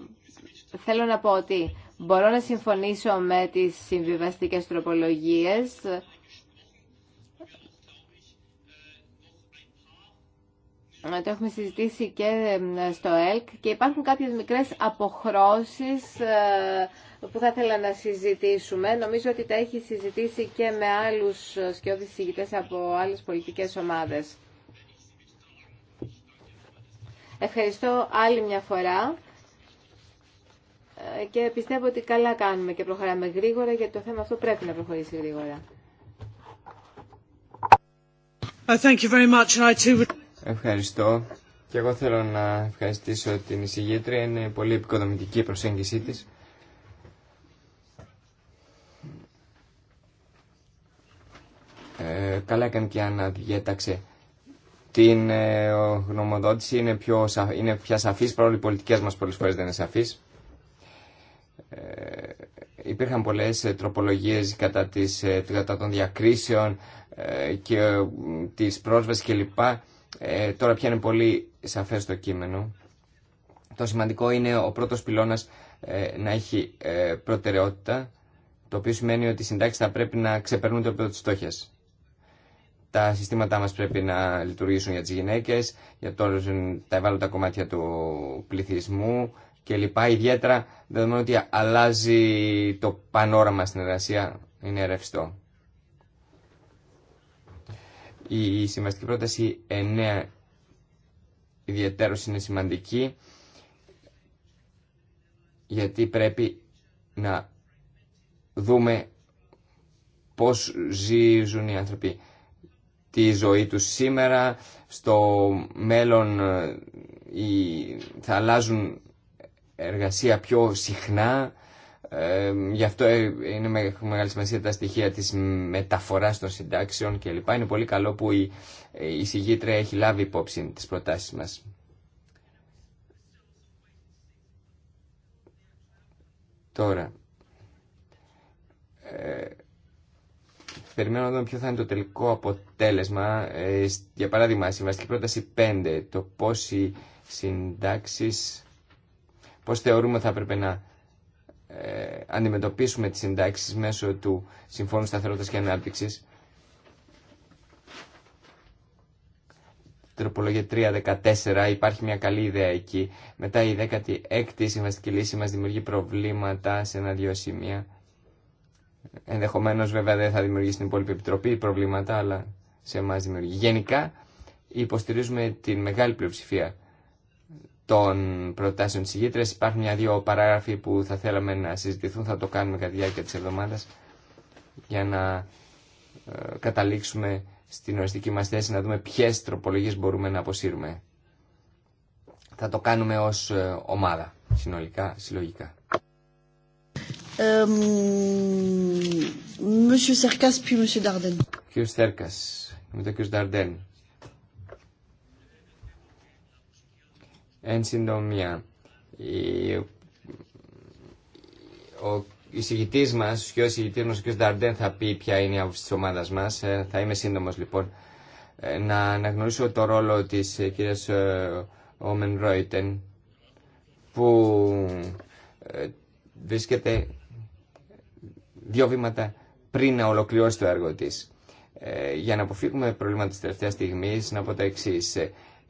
θέλω να πω ότι μπορώ να συμφωνήσω με τις συμβιβαστικές τροπολογίες Ε, το έχουμε συζητήσει και στο ΕΛΚ και υπάρχουν κάποιες μικρές αποχρώσεις ε, που θα ήθελα να συζητήσουμε. Νομίζω ότι τα έχει συζητήσει και με άλλους σκιώδης συζητητές από άλλες πολιτικές ομάδες. Ευχαριστώ άλλη μια φορά ε, και πιστεύω ότι καλά κάνουμε και προχωράμε γρήγορα γιατί το θέμα αυτό πρέπει να προχωρήσει γρήγορα. Thank you Ευχαριστώ. Και εγώ θέλω να ευχαριστήσω την εισηγήτρια. Είναι πολύ επικοδομητική η προσέγγιση της. Ε, καλά έκανε και αναδιέταξε. Την ε, γνωμοδότηση είναι, πιο, είναι πια σαφής, παρόλο οι πολιτικές μας πολλές φορές δεν είναι σαφείς. Ε, υπήρχαν πολλές ε, τροπολογίες κατά, ε, κατά των διακρίσεων ε, και της πρόσβασης κλπ. Ε, τώρα πια είναι πολύ σαφές το κείμενο. Το σημαντικό είναι ο πρώτος πυλώνας ε, να έχει ε, προτεραιότητα, το οποίο σημαίνει ότι οι συντάξεις θα πρέπει να ξεπερνούν το επίπεδο της Τα συστήματά μας πρέπει να λειτουργήσουν για τις γυναίκες, για τώρα τα ευάλωτα κομμάτια του πληθυσμού και Ιδιαίτερα δεδομένου ότι αλλάζει το πανόραμα στην εργασία, είναι ρευστό. Η συμβαστική πρόταση 9 ιδιαίτερως είναι σημαντική γιατί πρέπει να δούμε πώς ζίζουν οι άνθρωποι τη ζωή τους σήμερα, στο μέλλον ε, θα αλλάζουν εργασία πιο συχνά γι' αυτό ε, είναι με, μεγάλη σημασία τα στοιχεία της μεταφοράς των συντάξεων κλπ. Είναι πολύ καλό που η, ε, η συγγήτρια έχει λάβει υπόψη τις προτάσεις μας. Τώρα, ε, περιμένω να δω ποιο θα είναι το τελικό αποτέλεσμα. Ε, για παράδειγμα, συμβαστική πρόταση 5, το πώς οι συντάξεις, πώς θεωρούμε θα έπρεπε να ε, αντιμετωπίσουμε τις συντάξεις μέσω του Συμφώνου Σταθερότητας και Ανάπτυξης. Τροπολογία 3.14 υπάρχει μια καλή ιδέα εκεί. Μετά η 16η συμβαστική λύση μας δημιουργεί προβλήματα σε ένα-δυο σημεία. Ενδεχομένως βέβαια δεν θα δημιουργήσει την υπόλοιπη επιτροπή προβλήματα, αλλά σε εμά δημιουργεί. Γενικά υποστηρίζουμε την μεγάλη πλειοψηφία των προτάσεων τη ηγητρια υπαρχουν Υπάρχουν μια-δύο παράγραφοι που θα θέλαμε να συζητηθούν, θα το κάνουμε κατά τη διάρκεια τη εβδομάδα για να ε, καταλήξουμε στην οριστική μα θέση να δούμε ποιε τροπολογίε μπορούμε να αποσύρουμε. Θα το κάνουμε ως ε, ομάδα, συνολικά, συλλογικά. Monsieur Serkas, puis Monsieur Darden. Σέρκας, κύριος Darden. Εν συντομία, ο εισηγητή μα, ο κ. εισηγητή μα, ο κ. Νταρντέν, θα πει ποια είναι η άποψη τη ομάδα μα. Ε, θα είμαι σύντομο λοιπόν. Ε, να αναγνωρίσω το ρόλο τη ε, κ. Όμεν Ρόιτεν που βρίσκεται δύο βήματα πριν να ολοκληρώσει το έργο της. Για να αποφύγουμε προβλήματα της τελευταίας στιγμής, να πω τα εξής.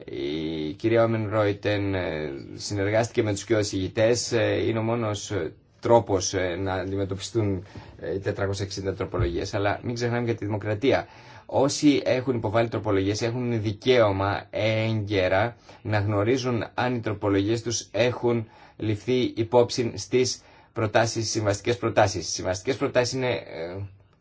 Η κυρία Όμεν Ρόιτεν ε, συνεργάστηκε με τους πιο εισηγητές. Ε, είναι ο μόνος ε, τρόπος να αντιμετωπιστούν οι 460 τροπολογίες. Αλλά μην ξεχνάμε για τη δημοκρατία. Όσοι έχουν υποβάλει τροπολογίες έχουν δικαίωμα έγκαιρα να γνωρίζουν αν οι τροπολογίες τους έχουν ληφθεί υπόψη στις προτάσεις, συμβαστικές προτάσεις. Συμβαστικές προτάσεις είναι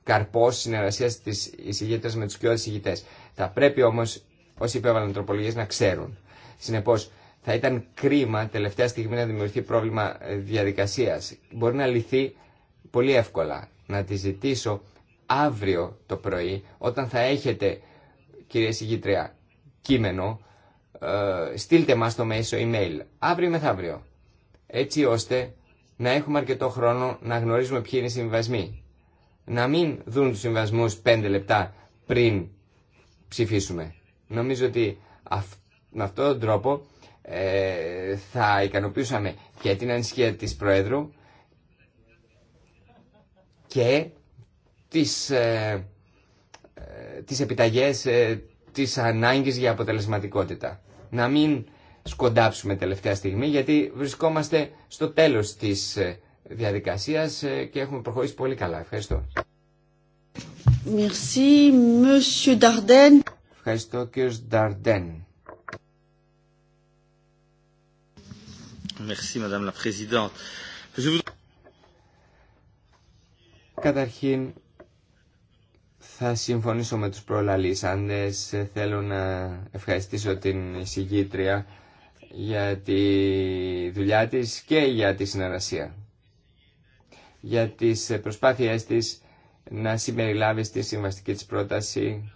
καρπός συνεργασίας της εισηγήτρας με τους πιο εισηγητές. Θα πρέπει όμως όσοι υπέβαλαν τροπολογίε να ξέρουν. Συνεπώ, θα ήταν κρίμα τελευταία στιγμή να δημιουργηθεί πρόβλημα ε, διαδικασία. Μπορεί να λυθεί πολύ εύκολα. Να τη ζητήσω αύριο το πρωί, όταν θα έχετε, κυρία Συγγήτρια, κείμενο, ε, στείλτε μας το μέσο email, αύριο μεθαύριο, έτσι ώστε να έχουμε αρκετό χρόνο να γνωρίζουμε ποιοι είναι οι συμβασμοί. Να μην δουν τους συμβασμούς πέντε λεπτά πριν ψηφίσουμε. Νομίζω ότι με αυτόν τον τρόπο ε, θα ικανοποιούσαμε και την ανησυχία της Προέδρου και τις, ε, ε, τις επιταγές της ανάγκης για αποτελεσματικότητα. Να μην σκοντάψουμε τελευταία στιγμή γιατί βρισκόμαστε στο τέλος της διαδικασίας και έχουμε προχωρήσει πολύ καλά. Ευχαριστώ. Merci, Monsieur Ευχαριστώ κύριος Νταρντέν. Καταρχήν, θα συμφωνήσω με τους προλαλήσαντες. Θέλω να ευχαριστήσω την εισηγήτρια για τη δουλειά της και για τη συνεργασία. Για τις προσπάθειές της να συμπεριλάβει στη συμβαστική της πρόταση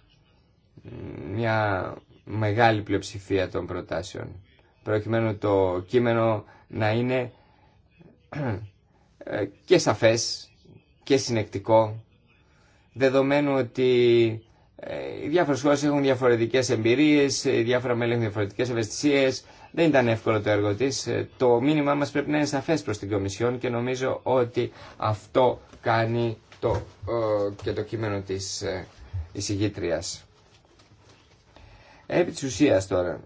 μια μεγάλη πλειοψηφία των προτάσεων προκειμένου το κείμενο να είναι ε, και σαφές και συνεκτικό δεδομένου ότι ε, οι διάφορες χώρες έχουν διαφορετικές εμπειρίες, οι διάφορα μέλη έχουν διαφορετικές ευαισθησίες. Δεν ήταν εύκολο το έργο της. Ε, το μήνυμά μας πρέπει να είναι σαφές προς την Κομισιόν και νομίζω ότι αυτό κάνει το, και το κείμενο της εισηγήτριας. Επί της ουσίας τώρα.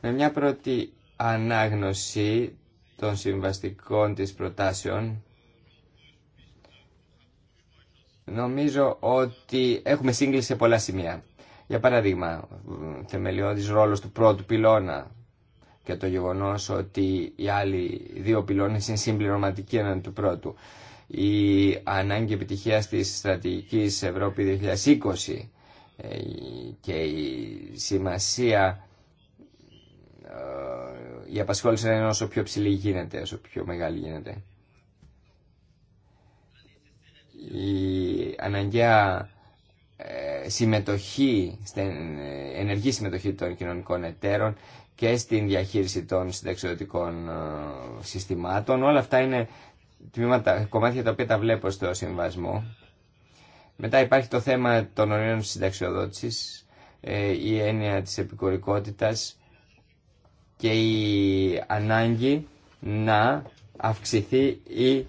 Με μια πρώτη ανάγνωση των συμβαστικών της προτάσεων νομίζω ότι έχουμε σύγκληση σε πολλά σημεία. Για παράδειγμα, θεμελιώδης ρόλος του πρώτου πυλώνα και το γεγονός ότι οι άλλοι δύο πυλώνες είναι συμπληρωματικοί έναν του πρώτου η ανάγκη επιτυχίας της στρατηγικής Ευρώπη 2020 ε, και η σημασία ε, η απασχόληση είναι όσο πιο ψηλή γίνεται, όσο πιο μεγάλη γίνεται. Η αναγκαία ε, συμμετοχή, στην ενεργή συμμετοχή των κοινωνικών εταίρων και στην διαχείριση των συνταξιδοτικών συστημάτων. Όλα αυτά είναι τμήματα, κομμάτια τα οποία τα βλέπω στο συμβασμό. Μετά υπάρχει το θέμα των ορίων συνταξιοδότησης, ε, η έννοια της επικορικότητας και η ανάγκη να αυξηθεί η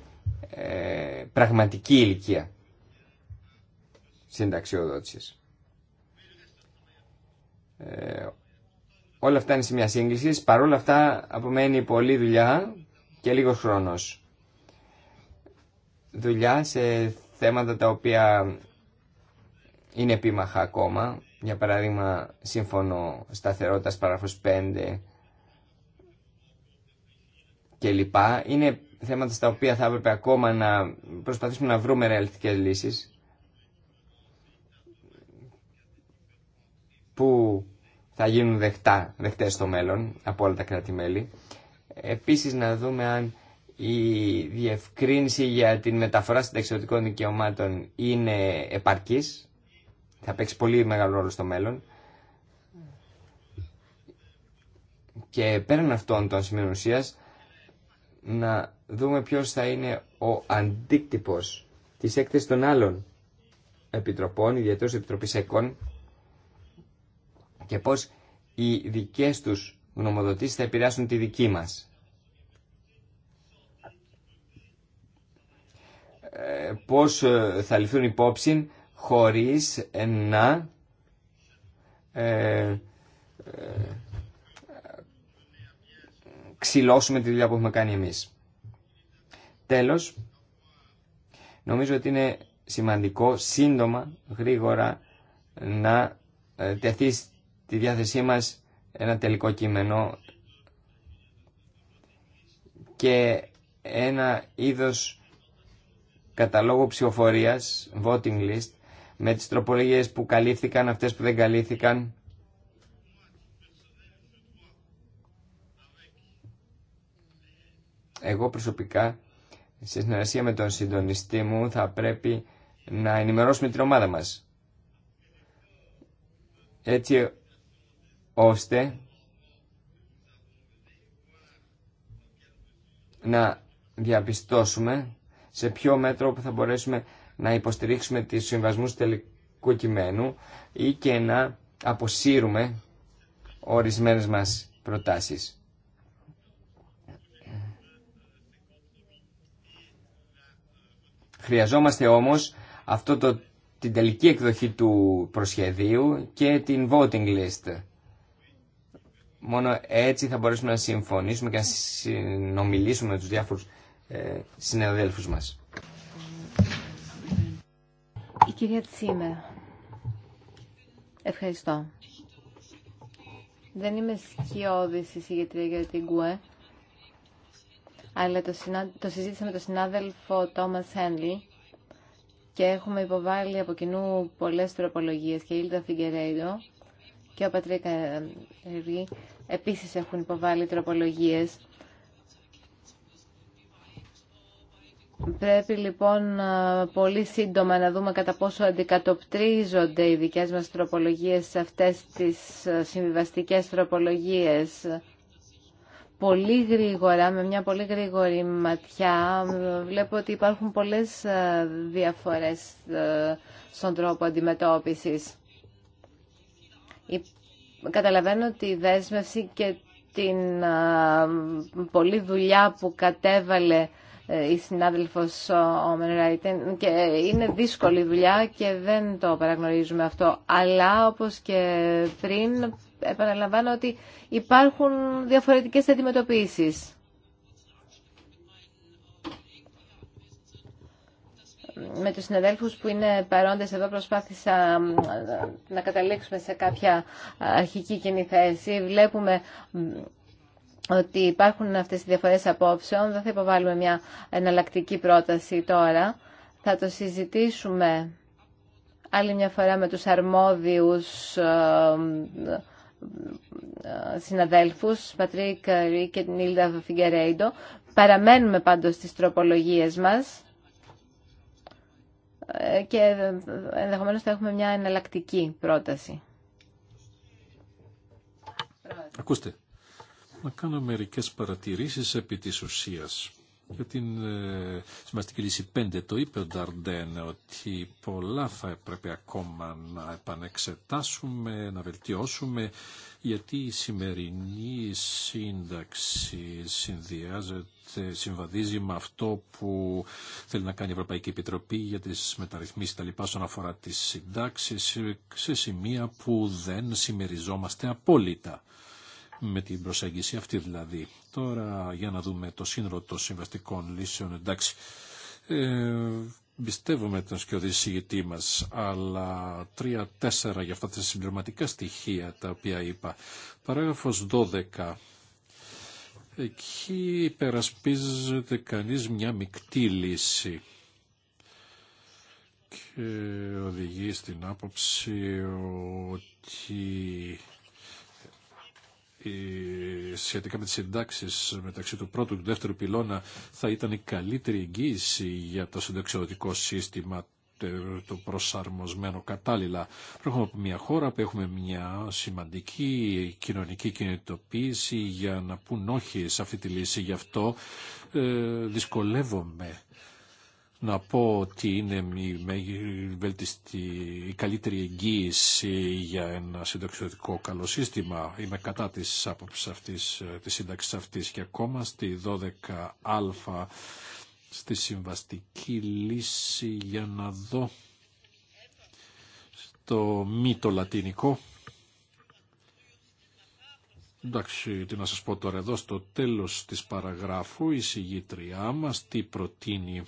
ε, πραγματική ηλικία συνταξιοδότησης. Ε, όλα αυτά είναι σημεία σύγκληση. Παρ' όλα αυτά απομένει πολλή δουλειά και λίγος χρόνος δουλειά σε θέματα τα οποία είναι επίμαχα ακόμα. Για παράδειγμα, σύμφωνο σταθερότητας παράγραφος 5 και λοιπά. Είναι θέματα στα οποία θα έπρεπε ακόμα να προσπαθήσουμε να βρούμε ρεαλιστικές λύσεις που θα γίνουν δεκτά, δεκτές στο μέλλον από όλα τα κράτη-μέλη. Επίσης να δούμε αν η διευκρίνηση για την μεταφορά συνταξιδοτικών δικαιωμάτων είναι επαρκής. Θα παίξει πολύ μεγάλο ρόλο στο μέλλον. Και πέραν αυτών των σημείων να δούμε ποιος θα είναι ο αντίκτυπος της έκθεσης των άλλων επιτροπών, ιδιαίτερως Επιτροπής ΕΚΟΝ, και πώς οι δικές τους γνωμοδοτήσεις θα επηρεάσουν τη δική μας. πώς ε, θα ληφθούν υπόψη χωρίς να ε, ε, ξυλώσουμε τη δουλειά που έχουμε κάνει εμείς. Τέλος, νομίζω ότι είναι σημαντικό σύντομα, γρήγορα να τεθεί στη διάθεσή μας ένα τελικό κείμενο και ένα είδος καταλόγου ψηφοφορίας, voting list, με τις τροπολογίες που καλύφθηκαν, αυτές που δεν καλύφθηκαν. Εγώ προσωπικά, σε συνεργασία με τον συντονιστή μου, θα πρέπει να ενημερώσουμε την ομάδα μας. Έτσι ώστε να διαπιστώσουμε σε ποιο μέτρο που θα μπορέσουμε να υποστηρίξουμε τις συμβασμούς τελικού κειμένου ή και να αποσύρουμε ορισμένες μας προτάσεις. Χρειαζόμαστε όμως αυτό το, την τελική εκδοχή του προσχεδίου και την voting list. Μόνο έτσι θα μπορέσουμε να συμφωνήσουμε και να συνομιλήσουμε με τους διάφορους ε, συναδέλφους μας. Η κυρία Τσίμερ. Ευχαριστώ. Δεν είμαι σκιώδης εισηγητρία για την ΚΟΕ, αλλά το, συνα... το συζήτησα με τον συνάδελφο Τόμας Χένλι και έχουμε υποβάλει από κοινού πολλές τροπολογίες και η Ήλτα Φιγκερέιδο και ο Πατρίκα Ρή επίσης έχουν υποβάλει τροπολογίες Πρέπει λοιπόν πολύ σύντομα να δούμε κατά πόσο αντικατοπτρίζονται οι δικές μας τροπολογίες σε αυτές τις συμβιβαστικές τροπολογίες. Πολύ γρήγορα, με μια πολύ γρήγορη ματιά, βλέπω ότι υπάρχουν πολλές διαφορές στον τρόπο αντιμετώπισης. Καταλαβαίνω η δέσμευση και την πολλή δουλειά που κατέβαλε ε, η συνάδελφο ο και ε, είναι δύσκολη δουλειά και δεν το παραγνωρίζουμε αυτό. Αλλά όπως και πριν επαναλαμβάνω ότι υπάρχουν διαφορετικές αντιμετωπίσεις. με τους συναδέλφους που είναι παρόντες εδώ προσπάθησα να καταλήξουμε σε κάποια αρχική κοινή θέση. Βλέπουμε ότι υπάρχουν αυτές οι διαφορές απόψεων. Δεν θα υποβάλουμε μια εναλλακτική πρόταση τώρα. Θα το συζητήσουμε άλλη μια φορά με τους αρμόδιους ε, ε, συναδέλφους, Πατρίκ Ρί και την Φιγκερέιντο. Παραμένουμε πάντως στις τροπολογίες μας ε, και ενδεχομένως θα έχουμε μια εναλλακτική πρόταση. Ακούστε να κάνω μερικές παρατηρήσεις επί της ουσίας. Για την ε, σημαντική λύση 5 το είπε ο Νταρντέν ότι πολλά θα έπρεπε ακόμα να επανεξετάσουμε, να βελτιώσουμε γιατί η σημερινή σύνταξη συνδυάζεται, συμβαδίζει με αυτό που θέλει να κάνει η Ευρωπαϊκή Επιτροπή για τις μεταρρυθμίσεις τα λοιπά στον αφορά τις συντάξεις σε σημεία που δεν συμμεριζόμαστε απόλυτα με την προσέγγιση αυτή δηλαδή. Τώρα για να δούμε το σύνολο των συμβαστικών λύσεων. Εντάξει, ε, πιστεύουμε τον σκιωδή συγητή μα, αλλά τρία-τέσσερα για αυτά τα συμπληρωματικά στοιχεία τα οποία είπα. Παράγραφος 12. Εκεί υπερασπίζεται κανείς μια μεικτή λύση και οδηγεί στην άποψη ότι σχετικά με τις συντάξεις μεταξύ του πρώτου και του δεύτερου πυλώνα θα ήταν η καλύτερη εγγύηση για το συνταξιοδοτικό σύστημα το προσαρμοσμένο κατάλληλα. Προχωρούμε από μια χώρα που έχουμε μια σημαντική κοινωνική κινητοποίηση για να πούν όχι σε αυτή τη λύση. Γι' αυτό ε, δυσκολεύομαι να πω ότι είναι η, η καλύτερη εγγύηση για ένα συνταξιδοτικό καλό σύστημα. Είμαι κατά της άποψης αυτής, της σύνταξης αυτής και ακόμα στη 12α στη συμβαστική λύση για να δω το μη το λατινικό. Εντάξει, τι να σας πω τώρα εδώ, στο τέλος της παραγράφου η συγγήτριά μας τι προτείνει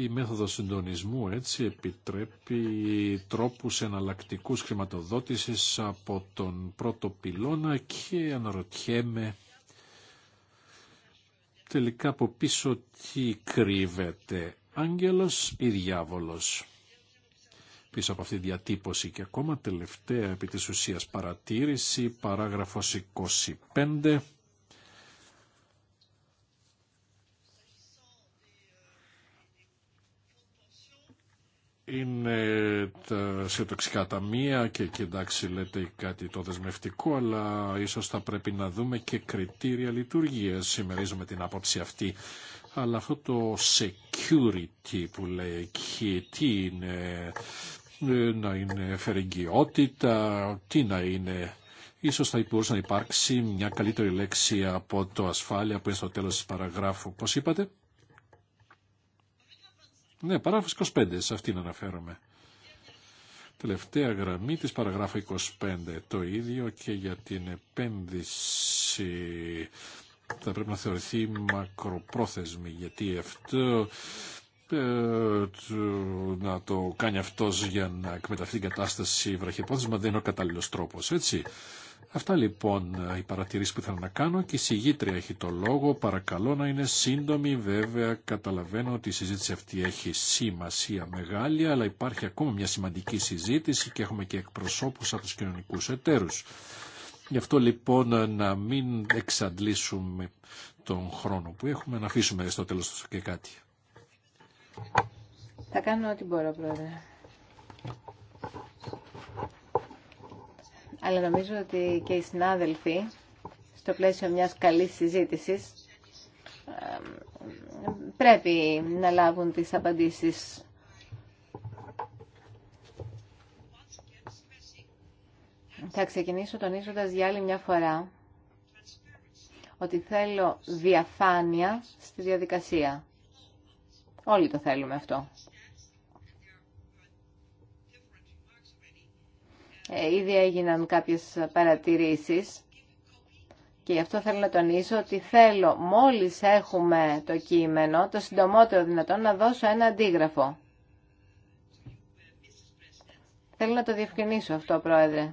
η μέθοδος συντονισμού έτσι επιτρέπει τρόπους εναλλακτικού χρηματοδότησης από τον πρώτο πυλώνα και αναρωτιέμαι τελικά από πίσω τι κρύβεται, άγγελος ή διάβολος. Πίσω από αυτή τη διατύπωση και ακόμα τελευταία επί της ουσίας παρατήρηση, παράγραφος 25, Ε, σε τοξικά ταμεία και και εντάξει λέτε κάτι το δεσμευτικό, αλλά ίσως θα πρέπει να δούμε και κριτήρια λειτουργίας. σημερίζουμε την άποψη αυτή. Αλλά αυτό το security που λέει εκεί, τι είναι, ε, να είναι φερεγγιότητα, τι να είναι. Ίσως θα μπορούσε να υπάρξει μια καλύτερη λέξη από το ασφάλεια που είναι στο τέλος της παραγράφου. Πώς είπατε? Ναι, παράγραφος 25, σε αυτήν αναφέρομαι τελευταία γραμμή της παραγράφου 25. Το ίδιο και για την επένδυση θα πρέπει να θεωρηθεί μακροπρόθεσμη γιατί αυτό ε, να το κάνει αυτός για να εκμεταλλευτεί την κατάσταση βραχυπρόθεσμα δεν είναι ο κατάλληλος τρόπος, έτσι. Αυτά λοιπόν ε, οι παρατηρήσει που ήθελα να κάνω και η συγγήτρια έχει το λόγο. Παρακαλώ να είναι σύντομη βέβαια. Καταλαβαίνω ότι η συζήτηση αυτή έχει σημασία μεγάλη αλλά υπάρχει ακόμα μια σημαντική συζήτηση και έχουμε και εκπροσώπου από τους κοινωνικούς εταίρου. Γι' αυτό λοιπόν ε, να μην εξαντλήσουμε τον χρόνο που έχουμε, να αφήσουμε στο τέλο του και κάτι. Θα κάνω ό,τι μπορώ, πρόεδρε αλλά νομίζω ότι και οι συνάδελφοι στο πλαίσιο μιας καλής συζήτησης πρέπει να λάβουν τις απαντήσεις. Θα ξεκινήσω τονίζοντας για άλλη μια φορά ότι θέλω διαφάνεια στη διαδικασία. Όλοι το θέλουμε αυτό. Ε, ήδη έγιναν κάποιες παρατηρήσεις και γι' αυτό θέλω να τονίσω ότι θέλω μόλις έχουμε το κείμενο, το συντομότερο δυνατόν, να δώσω ένα αντίγραφο. Θέλω να το διευκρινίσω αυτό, Πρόεδρε.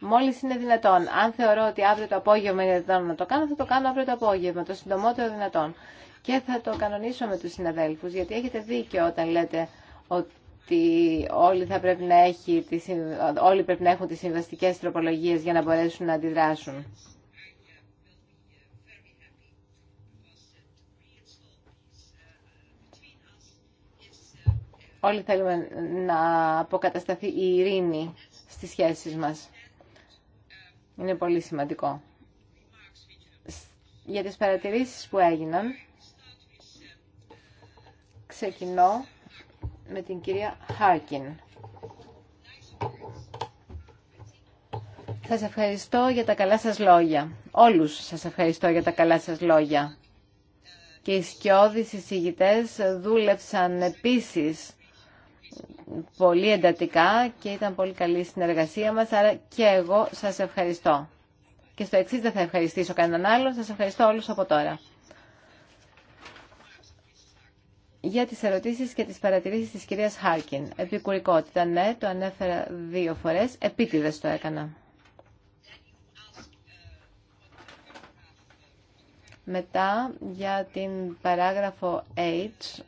Μόλις είναι δυνατόν. Αν θεωρώ ότι αύριο το απόγευμα είναι δυνατόν να το κάνω, θα το κάνω αύριο το απόγευμα, το συντομότερο δυνατόν. Και θα το κανονίσω με τους συναδέλφους, γιατί έχετε δίκιο όταν λέτε ότι ότι όλοι, θα πρέπει να έχει, όλοι πρέπει να έχουν τις συμβαστικές τροπολογίες για να μπορέσουν να αντιδράσουν. Όλοι θέλουμε να αποκατασταθεί η ειρήνη στις σχέσεις μας. Είναι πολύ σημαντικό. Για τις παρατηρήσεις που έγιναν, ξεκινώ με την κυρία Χάρκιν. Σας ευχαριστώ για τα καλά σας λόγια. Όλους σας ευχαριστώ για τα καλά σας λόγια. Και οι σκιώδεις εισηγητές δούλεψαν επίσης πολύ εντατικά και ήταν πολύ καλή η συνεργασία μας, άρα και εγώ σας ευχαριστώ. Και στο εξής δεν θα ευχαριστήσω κανέναν άλλον, σας ευχαριστώ όλους από τώρα για τις ερωτήσεις και τις παρατηρήσεις της κυρίας Χάρκιν. Επικουρικότητα, ναι, το ανέφερα δύο φορές. Επίτηδες το έκανα. Μετά, για την παράγραφο H,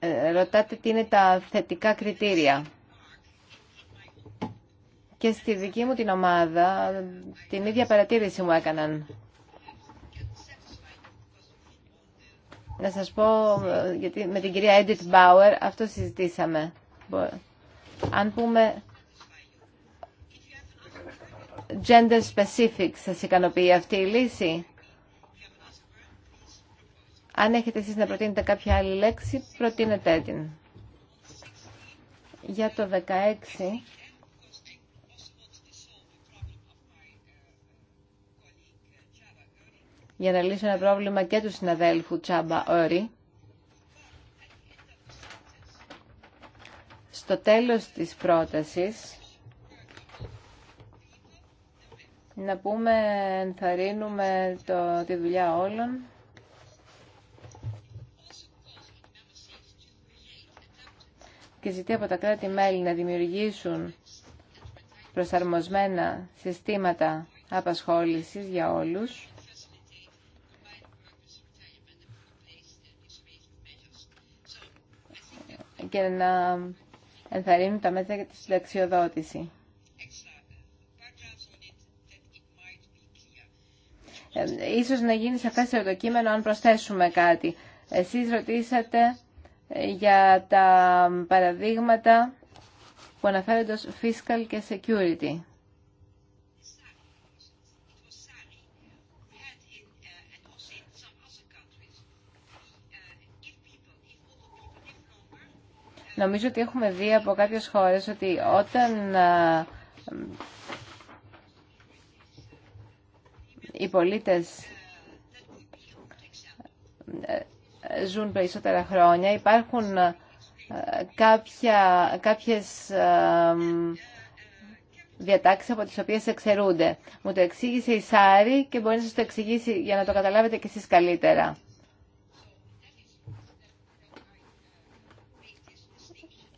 ε, ρωτάτε τι είναι τα θετικά κριτήρια και στη δική μου την ομάδα την ίδια παρατήρηση μου έκαναν. Να σας πω, γιατί με την κυρία Edith Bauer αυτό συζητήσαμε. Αν πούμε gender specific, σας ικανοποιεί αυτή η λύση. Αν έχετε εσείς να προτείνετε κάποια άλλη λέξη, προτείνετε την. Για το 16 για να λύσω ένα πρόβλημα και του συναδέλφου Τσάμπα Όρη. Στο τέλος της πρότασης να πούμε ενθαρρύνουμε το, τη δουλειά όλων και ζητεί από τα κράτη-μέλη να δημιουργήσουν προσαρμοσμένα συστήματα απασχόλησης για όλους και να ενθαρρύνουν τα μέτρα για τη συνταξιοδότηση. Ε, ίσως να γίνει σαφέστερο το κείμενο αν προσθέσουμε κάτι. Εσείς ρωτήσατε ε, για τα παραδείγματα που αναφέρονται ως fiscal και security. Νομίζω ότι έχουμε δει από κάποιες χώρες ότι όταν οι πολίτες ε, ε, ζουν περισσότερα χρόνια, υπάρχουν κάποια, κάποιες διατάξεις από τις οποίες εξαιρούνται. Μου το εξήγησε η Σάρη και μπορεί να σας το εξηγήσει για να το καταλάβετε και εσείς καλύτερα.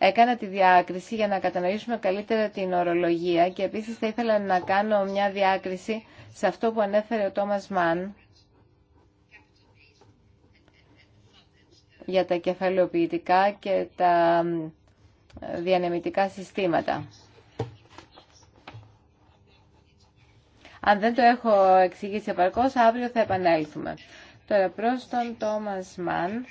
Έκανα τη διάκριση για να κατανοήσουμε καλύτερα την ορολογία και επίσης θα ήθελα να κάνω μια διάκριση σε αυτό που ανέφερε ο Τόμας Μαν για τα κεφαλαιοποιητικά και τα διανεμητικά συστήματα. Αν δεν το έχω εξηγήσει επαρκώς, αύριο θα επανέλθουμε. Τώρα προς τον Τόμας Μαν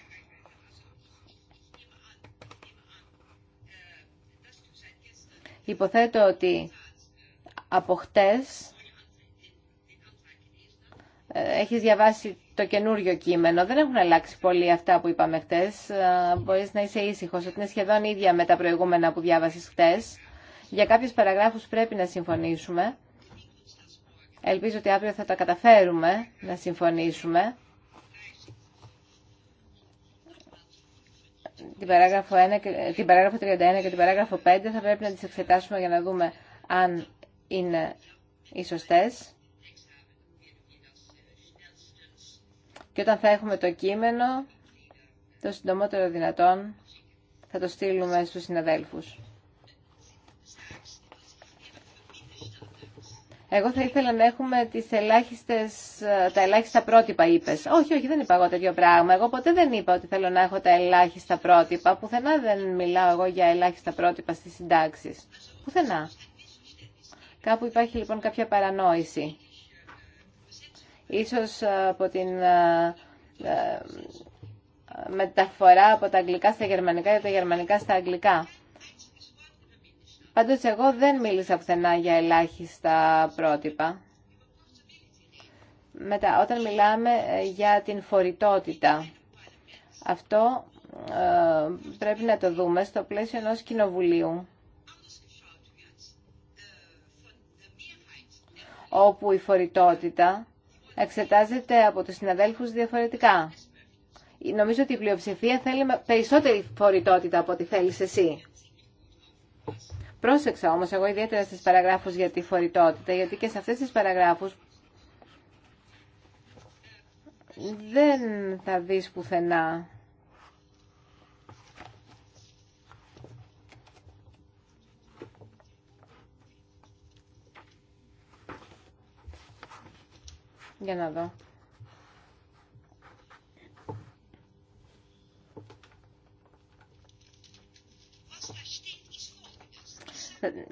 Υποθέτω ότι από χτες ε, έχεις διαβάσει το καινούριο κείμενο. Δεν έχουν αλλάξει πολύ αυτά που είπαμε χτες. Ε, μπορείς να είσαι ήσυχο ότι είναι σχεδόν ίδια με τα προηγούμενα που διάβασες χτες. Για κάποιους παραγράφους πρέπει να συμφωνήσουμε. Ελπίζω ότι αύριο θα τα καταφέρουμε να συμφωνήσουμε. την παράγραφο, 1, την παράγραφο 31 και την παράγραφο 5 θα πρέπει να τις εξετάσουμε για να δούμε αν είναι οι σωστές. Και όταν θα έχουμε το κείμενο, το συντομότερο δυνατόν θα το στείλουμε στους συναδέλφους. Εγώ θα ήθελα να έχουμε τις ελάχιστες, τα ελάχιστα πρότυπα, είπε. Όχι, όχι, δεν είπα εγώ τέτοιο πράγμα. Εγώ ποτέ δεν είπα ότι θέλω να έχω τα ελάχιστα πρότυπα. Πουθενά δεν μιλάω εγώ για ελάχιστα πρότυπα στις συντάξεις. Πουθενά. Κάπου υπάρχει λοιπόν κάποια παρανόηση. Ίσως ε, από την ε, ε, μεταφορά από τα αγγλικά στα γερμανικά ή τα γερμανικά στα αγγλικά. Πάντως εγώ δεν μίλησα πουθενά για ελάχιστα πρότυπα. Μετά, όταν μιλάμε ε, για την φορητότητα, αυτό ε, πρέπει να το δούμε στο πλαίσιο ενός κοινοβουλίου. όπου η φορητότητα εξετάζεται από τους συναδέλφους διαφορετικά. Νομίζω ότι η πλειοψηφία θέλει περισσότερη φορητότητα από ό,τι θέλεις εσύ. Πρόσεξα όμως εγώ ιδιαίτερα στι παραγράφους για τη φορητότητα, γιατί και σε αυτές τις παραγράφους δεν θα δεις πουθενά Για να δω.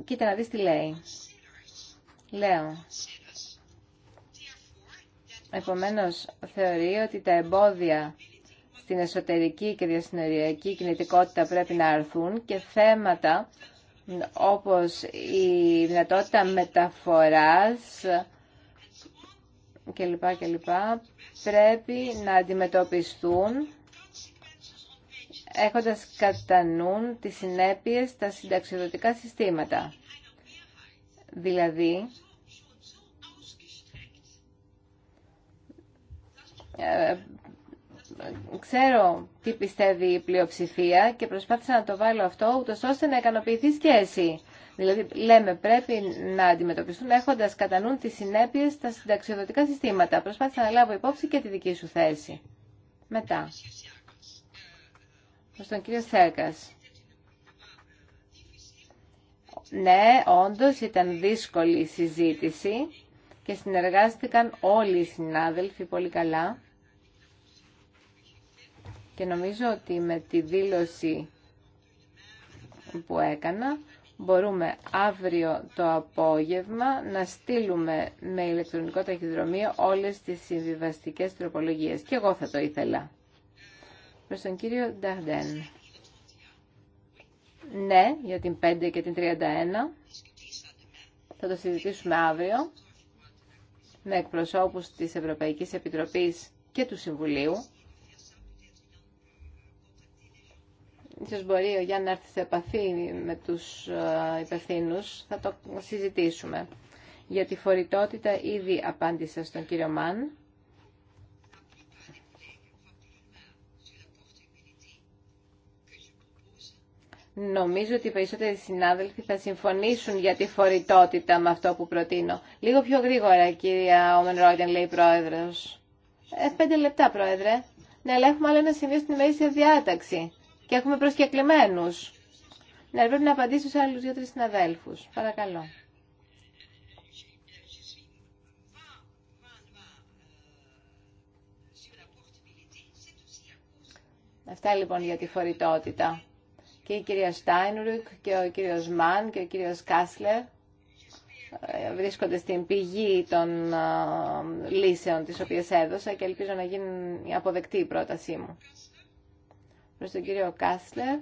Κοίτα να δεις τι λέει. Λέω. Επομένως, θεωρεί ότι τα εμπόδια στην εσωτερική και διασυνοριακή κινητικότητα πρέπει να αρθούν και θέματα όπως η δυνατότητα μεταφοράς κλπ. κλπ. πρέπει να αντιμετωπιστούν έχοντας κατά νου τις συνέπειες στα συνταξιοδοτικά συστήματα. Δηλαδή, ε, ξέρω τι πιστεύει η πλειοψηφία και προσπάθησα να το βάλω αυτό ούτως ώστε να ικανοποιηθεί εσύ. Δηλαδή, λέμε πρέπει να αντιμετωπιστούν έχοντας κατά νου τι συνέπειε στα συνταξιοδοτικά συστήματα. Προσπάθησα να λάβω υπόψη και τη δική σου θέση. Μετά προς τον κύριο Σέρκας. Ναι, όντως ήταν δύσκολη η συζήτηση και συνεργάστηκαν όλοι οι συνάδελφοι πολύ καλά. Και νομίζω ότι με τη δήλωση που έκανα μπορούμε αύριο το απόγευμα να στείλουμε με ηλεκτρονικό ταχυδρομείο όλες τις συμβιβαστικές τροπολογίες. Και εγώ θα το ήθελα προς τον κύριο Νταρντέν. Ναι, για την 5 και την 31. Θα το συζητήσουμε αύριο με εκπροσώπους της Ευρωπαϊκής Επιτροπής και του Συμβουλίου. Ίσως μπορεί ο Γιάννη να έρθει σε επαφή με τους ε, υπευθύνου. Θα το συζητήσουμε. Για τη φορητότητα ήδη απάντησα στον κύριο Μαν. Νομίζω ότι οι περισσότεροι συνάδελφοι θα συμφωνήσουν για τη φορητότητα με αυτό που προτείνω. Λίγο πιο γρήγορα, κυρία Όμεν Ρόιντεν, λέει η πρόεδρο. Ε, πέντε λεπτά, πρόεδρε. Ναι, αλλά έχουμε άλλο ένα σημείο στην ημερήσια διάταξη. Και έχουμε προσκεκλημένου. Ναι, πρέπει να απαντήσω σε άλλου δύο-τρει συναδέλφου. Παρακαλώ. Αυτά λοιπόν για τη φορητότητα και η κυρία Στάινρουκ και ο κύριος Μαν και ο κύριος Κάσλερ ε, βρίσκονται στην πηγή των ε, λύσεων τις οποίες έδωσα και ελπίζω να γίνει αποδεκτή η πρότασή μου. Προς τον κύριο Κάσλερ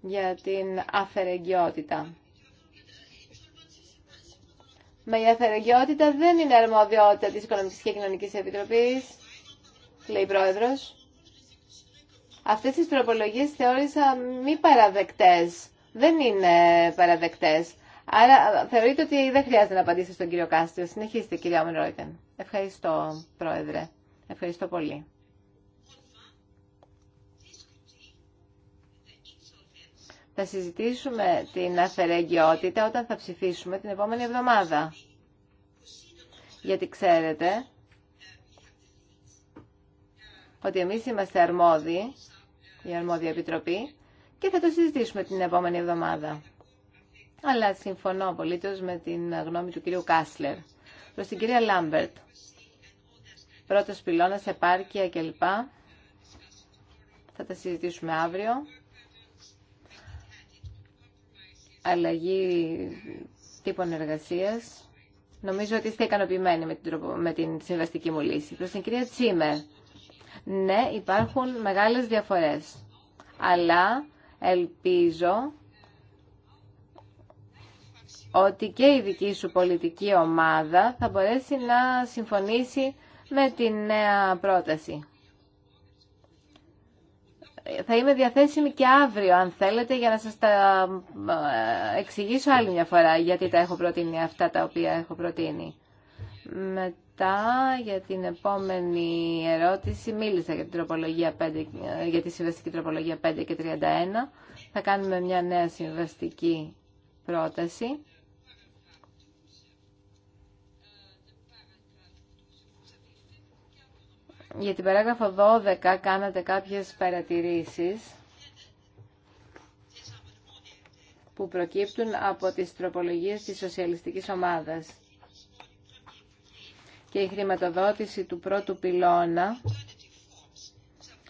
για την αφαιρεγγιότητα. Με η αφαιρεγγιότητα δεν είναι αρμοδιότητα της Οικονομικής και Κοινωνικής Επιτροπής, λέει η Πρόεδρος αυτές τις τροπολογίες θεώρησα μη παραδεκτές. Δεν είναι παραδεκτές. Άρα θεωρείτε ότι δεν χρειάζεται να απαντήσετε στον κύριο Κάστιο. Συνεχίστε κυρία Ομιρόιτεν. Ευχαριστώ πρόεδρε. Ευχαριστώ πολύ. Θα συζητήσουμε την αφαιρεγγιότητα όταν θα ψηφίσουμε την επόμενη εβδομάδα. Γιατί ξέρετε ότι εμείς είμαστε αρμόδιοι η αρμόδια επιτροπή και θα το συζητήσουμε την επόμενη εβδομάδα. Αλλά συμφωνώ απολύτω με την γνώμη του κυρίου Κάσλερ. Προ την κυρία Λάμπερτ, Πρώτο πυλώνα, επάρκεια κλπ. Θα τα συζητήσουμε αύριο. Αλλαγή τύπων εργασία. Νομίζω ότι είστε ικανοποιημένοι με την, συμβαστική μου λύση. Προς την κυρία Τσίμερ, ναι, υπάρχουν μεγάλες διαφορές. Αλλά ελπίζω ότι και η δική σου πολιτική ομάδα θα μπορέσει να συμφωνήσει με τη νέα πρόταση. Θα είμαι διαθέσιμη και αύριο, αν θέλετε, για να σας τα ε, εξηγήσω άλλη μια φορά, γιατί τα έχω προτείνει αυτά τα οποία έχω προτείνει για την επόμενη ερώτηση μίλησα για, την τροπολογία 5, για τη συμβαστική τροπολογία 5 και 31. Θα κάνουμε μια νέα συμβαστική πρόταση. Για την παράγραφο 12 κάνατε κάποιες παρατηρήσεις που προκύπτουν από τις τροπολογίες της σοσιαλιστικής ομάδας και η χρηματοδότηση του πρώτου πυλώνα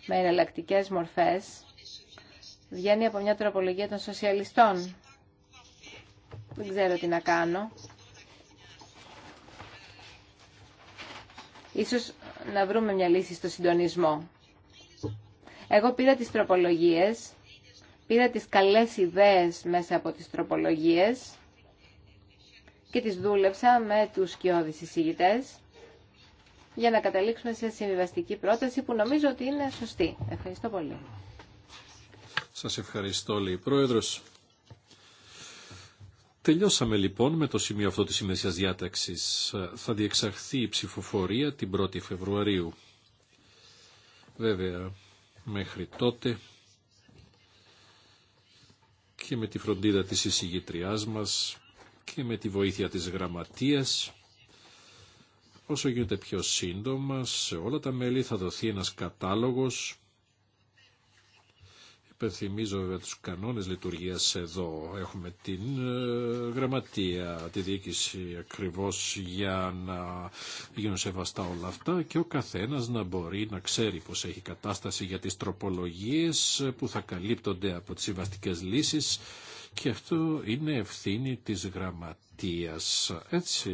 με εναλλακτικέ μορφές βγαίνει από μια τροπολογία των σοσιαλιστών. Δεν ξέρω τι να κάνω. Ίσως να βρούμε μια λύση στο συντονισμό. Εγώ πήρα τις τροπολογίες, πήρα τις καλές ιδέες μέσα από τις τροπολογίες και τις δούλεψα με τους σκιώδεις εισηγητές για να καταλήξουμε σε συμβιβαστική πρόταση που νομίζω ότι είναι σωστή. Ευχαριστώ πολύ. Σας ευχαριστώ, λέει η Πρόεδρος. Τελειώσαμε λοιπόν με το σημείο αυτό της ημερησίας διάταξης. Θα διεξαχθεί η ψηφοφορία την 1η Φεβρουαρίου. Βέβαια, μέχρι τότε και με τη φροντίδα της εισηγητριάς μας και με τη βοήθεια της γραμματείας Όσο γίνεται πιο σύντομα, σε όλα τα μέλη θα δοθεί ένας κατάλογος. Υπενθυμίζω βέβαια τους κανόνες λειτουργίας εδώ. Έχουμε την ε, γραμματεία, τη διοίκηση ακριβώς για να γίνουν σεβαστά όλα αυτά και ο καθένας να μπορεί να ξέρει πως έχει κατάσταση για τις τροπολογίες που θα καλύπτονται από τις συμβαστικές λύσεις και αυτό είναι ευθύνη της γραμματείας, έτσι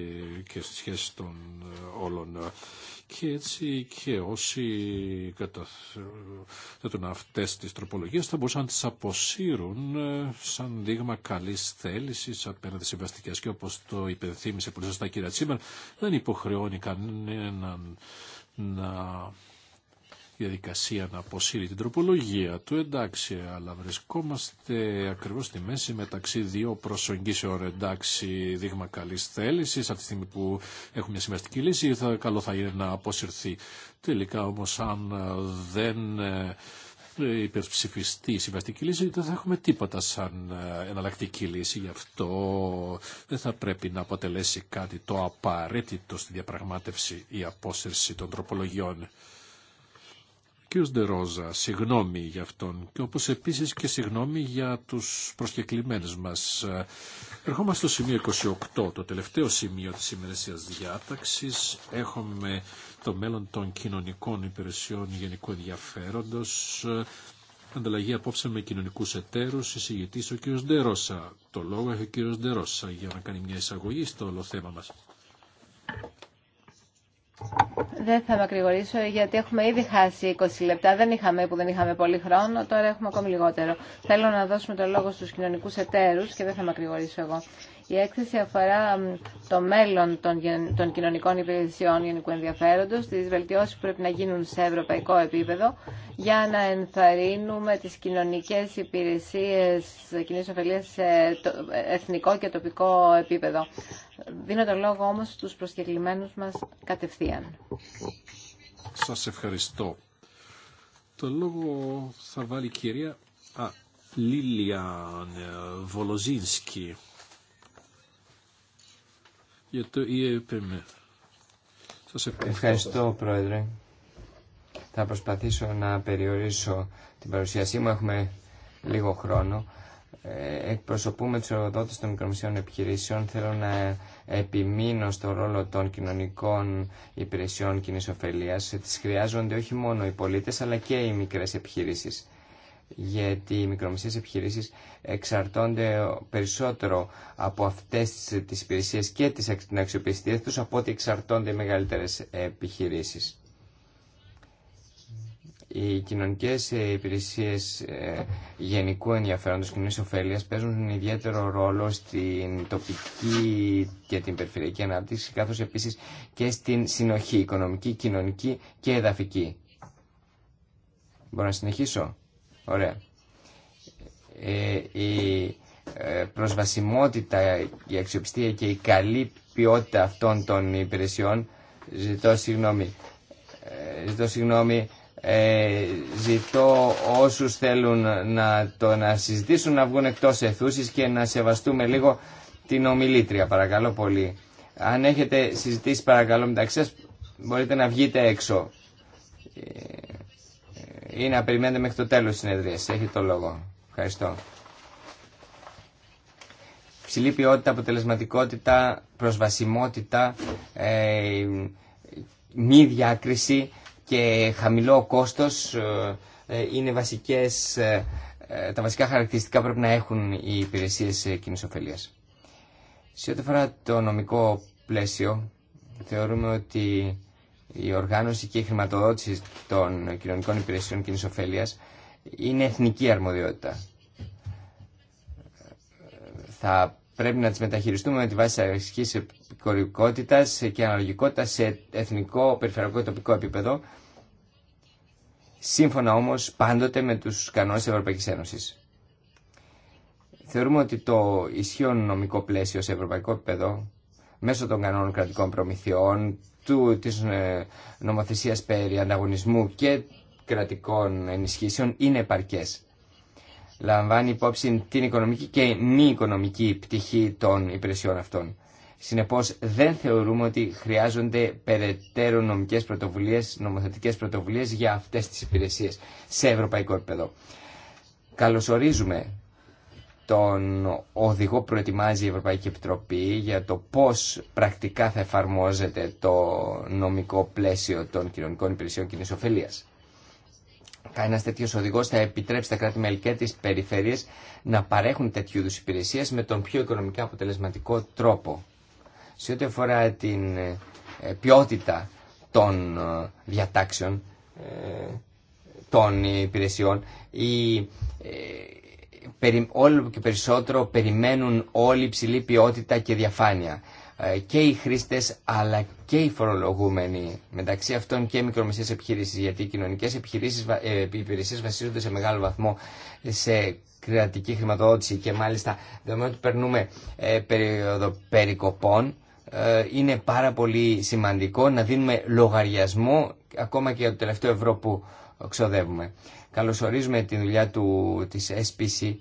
και στη σχέση των ε, όλων. Και έτσι και όσοι καταθέτουν αυτές τις τροπολογίες θα μπορούσαν να τις αποσύρουν ε, σαν δείγμα καλής θέλησης απέναντι σε βαστικές. Και όπως το υπενθύμησε πολύ σωστά η κυρία Τσίμερ, δεν υποχρεώνει κανέναν να διαδικασία να αποσύρει την τροπολογία του, εντάξει, αλλά βρισκόμαστε ακριβώς στη μέση μεταξύ δύο προσεγγίσεων, εντάξει, δείγμα καλή θέληση αυτή τη στιγμή που έχουμε μια συμβαστική λύση, θα, καλό θα είναι να αποσυρθεί. Τελικά όμως αν δεν ε, υπερψηφιστεί η συμβαστική λύση, δεν θα έχουμε τίποτα σαν ε, εναλλακτική λύση. Γι' αυτό δεν θα πρέπει να αποτελέσει κάτι το απαραίτητο στη διαπραγμάτευση η απόσυρση των τροπολογιών. Κύριο Ντερόζα, συγγνώμη για αυτόν και όπως επίσης και συγγνώμη για τους προσκεκλημένους μας. Ε, ερχόμαστε στο σημείο 28, το τελευταίο σημείο της ημερησίας διάταξης. Έχουμε το μέλλον των κοινωνικών υπηρεσιών γενικού ενδιαφέροντος. Ε, ανταλλαγή απόψε με κοινωνικού εταίρου, συζητή ο κύριο Ντερόσα. Το λόγο έχει ο κύριο Ντερόσα για να κάνει μια εισαγωγή στο όλο θέμα μα. Δεν θα με ακρηγορήσω γιατί έχουμε ήδη χάσει 20 λεπτά. Δεν είχαμε που δεν είχαμε πολύ χρόνο, τώρα έχουμε ακόμη λιγότερο. Θέλω να δώσουμε το λόγο στους κοινωνικούς εταίρους και δεν θα με ακρηγορήσω εγώ. Η έκθεση αφορά το μέλλον των, κοινωνικών υπηρεσιών γενικού ενδιαφέροντο, τις βελτιώσεις που πρέπει να γίνουν σε ευρωπαϊκό επίπεδο για να ενθαρρύνουμε τις κοινωνικές υπηρεσίες κοινή ωφελία σε εθνικό και τοπικό επίπεδο. Δίνω το λόγο όμως στους προσκεκλημένους μας κατευθείαν. Σας ευχαριστώ. Το λόγο θα βάλει η κυρία Α, Λίλιαν Βολοζίνσκι E ευχαριστώ. Πρόεδρε. Θα προσπαθήσω να περιορίσω την παρουσίασή μου. Έχουμε λίγο χρόνο. Ε, εκπροσωπούμε τους εργοδότε των μικρομεσαίων επιχειρήσεων. Θέλω να επιμείνω στο ρόλο των κοινωνικών υπηρεσιών κοινή ωφελία. Τις χρειάζονται όχι μόνο οι πολίτες, αλλά και οι μικρές επιχειρήσεις γιατί οι μικρομεσαίες επιχειρήσεις εξαρτώνται περισσότερο από αυτές τις υπηρεσίες και την αξιοπιστία τους από ό,τι εξαρτώνται οι μεγαλύτερες επιχειρήσεις. Οι κοινωνικές υπηρεσίες ε, γενικού ενδιαφέροντος κοινωνικής ωφέλειας παίζουν ιδιαίτερο ρόλο στην τοπική και την περιφερειακή ανάπτυξη καθώς επίσης και στην συνοχή οικονομική, κοινωνική και εδαφική. Μπορώ να συνεχίσω. Ωραία. Ε, η ε, προσβασιμότητα, η αξιοπιστία και η καλή ποιότητα αυτών των υπηρεσιών ζητώ συγγνώμη. Ε, ζητώ συγγνώμη. ζητώ όσους θέλουν να, το, να συζητήσουν να βγουν εκτός εθούσης και να σεβαστούμε λίγο την ομιλήτρια παρακαλώ πολύ. Αν έχετε συζητήσει παρακαλώ μεταξύ σας μπορείτε να βγείτε έξω. Είναι να περιμένετε μέχρι το τέλος της συνεδρίας. Έχετε το λόγο. Ευχαριστώ. Ψηλή ποιότητα, αποτελεσματικότητα, προσβασιμότητα, ε, μη διάκριση και χαμηλό κόστος ε, ε, είναι βασικές, ε, τα βασικά χαρακτηριστικά που πρέπει να έχουν οι υπηρεσίες κοινής ωφελίας. Σε ό,τι αφορά το νομικό πλαίσιο, θεωρούμε ότι η οργάνωση και η χρηματοδότηση των κοινωνικών υπηρεσιών κοινή ωφέλεια είναι εθνική αρμοδιότητα. Θα πρέπει να τι μεταχειριστούμε με τη βάση αρχική επικορικότητα και αναλογικότητα σε εθνικό, περιφερειακό και τοπικό επίπεδο, σύμφωνα όμως πάντοτε με τους κανόνες της Ευρωπαϊκής Ένωσης. Θεωρούμε ότι το ισχύον νομικό πλαίσιο σε ευρωπαϊκό επίπεδο μέσω των κανόνων κρατικών προμηθειών, του, της ε, νομοθεσίας περί ανταγωνισμού και κρατικών ενισχύσεων είναι επαρκές. Λαμβάνει υπόψη την οικονομική και μη οικονομική πτυχή των υπηρεσιών αυτών. Συνεπώς δεν θεωρούμε ότι χρειάζονται περαιτέρω νομικές πρωτοβουλίες, νομοθετικές πρωτοβουλίες για αυτές τις υπηρεσίες σε ευρωπαϊκό επίπεδο. Καλωσορίζουμε τον οδηγό προετοιμάζει η Ευρωπαϊκή Επιτροπή για το πώς πρακτικά θα εφαρμόζεται το νομικό πλαίσιο των κοινωνικών υπηρεσιών κοινή ωφελία. Κανένα τέτοιο οδηγό θα επιτρέψει τα κράτη-μέλη και τι περιφέρειε να παρέχουν τέτοιου είδου υπηρεσίε με τον πιο οικονομικά αποτελεσματικό τρόπο. Σε ό,τι αφορά την ε, ποιότητα των ε, διατάξεων ε, των υπηρεσιών, η όλο και περισσότερο περιμένουν όλη υψηλή ποιότητα και διαφάνεια. Ε, και οι χρήστες αλλά και οι φορολογούμενοι μεταξύ αυτών και οι μικρομεσαίες επιχειρήσεις γιατί οι κοινωνικές επιχειρήσεις, ε, υπηρεσίες βασίζονται σε μεγάλο βαθμό σε κρατική χρηματοδότηση και μάλιστα δεδομένου ότι περνούμε ε, περίοδο περικοπών είναι πάρα πολύ σημαντικό να δίνουμε λογαριασμό ακόμα και για το τελευταίο ευρώ που ξοδεύουμε. Καλωσορίζουμε τη δουλειά του, της SPC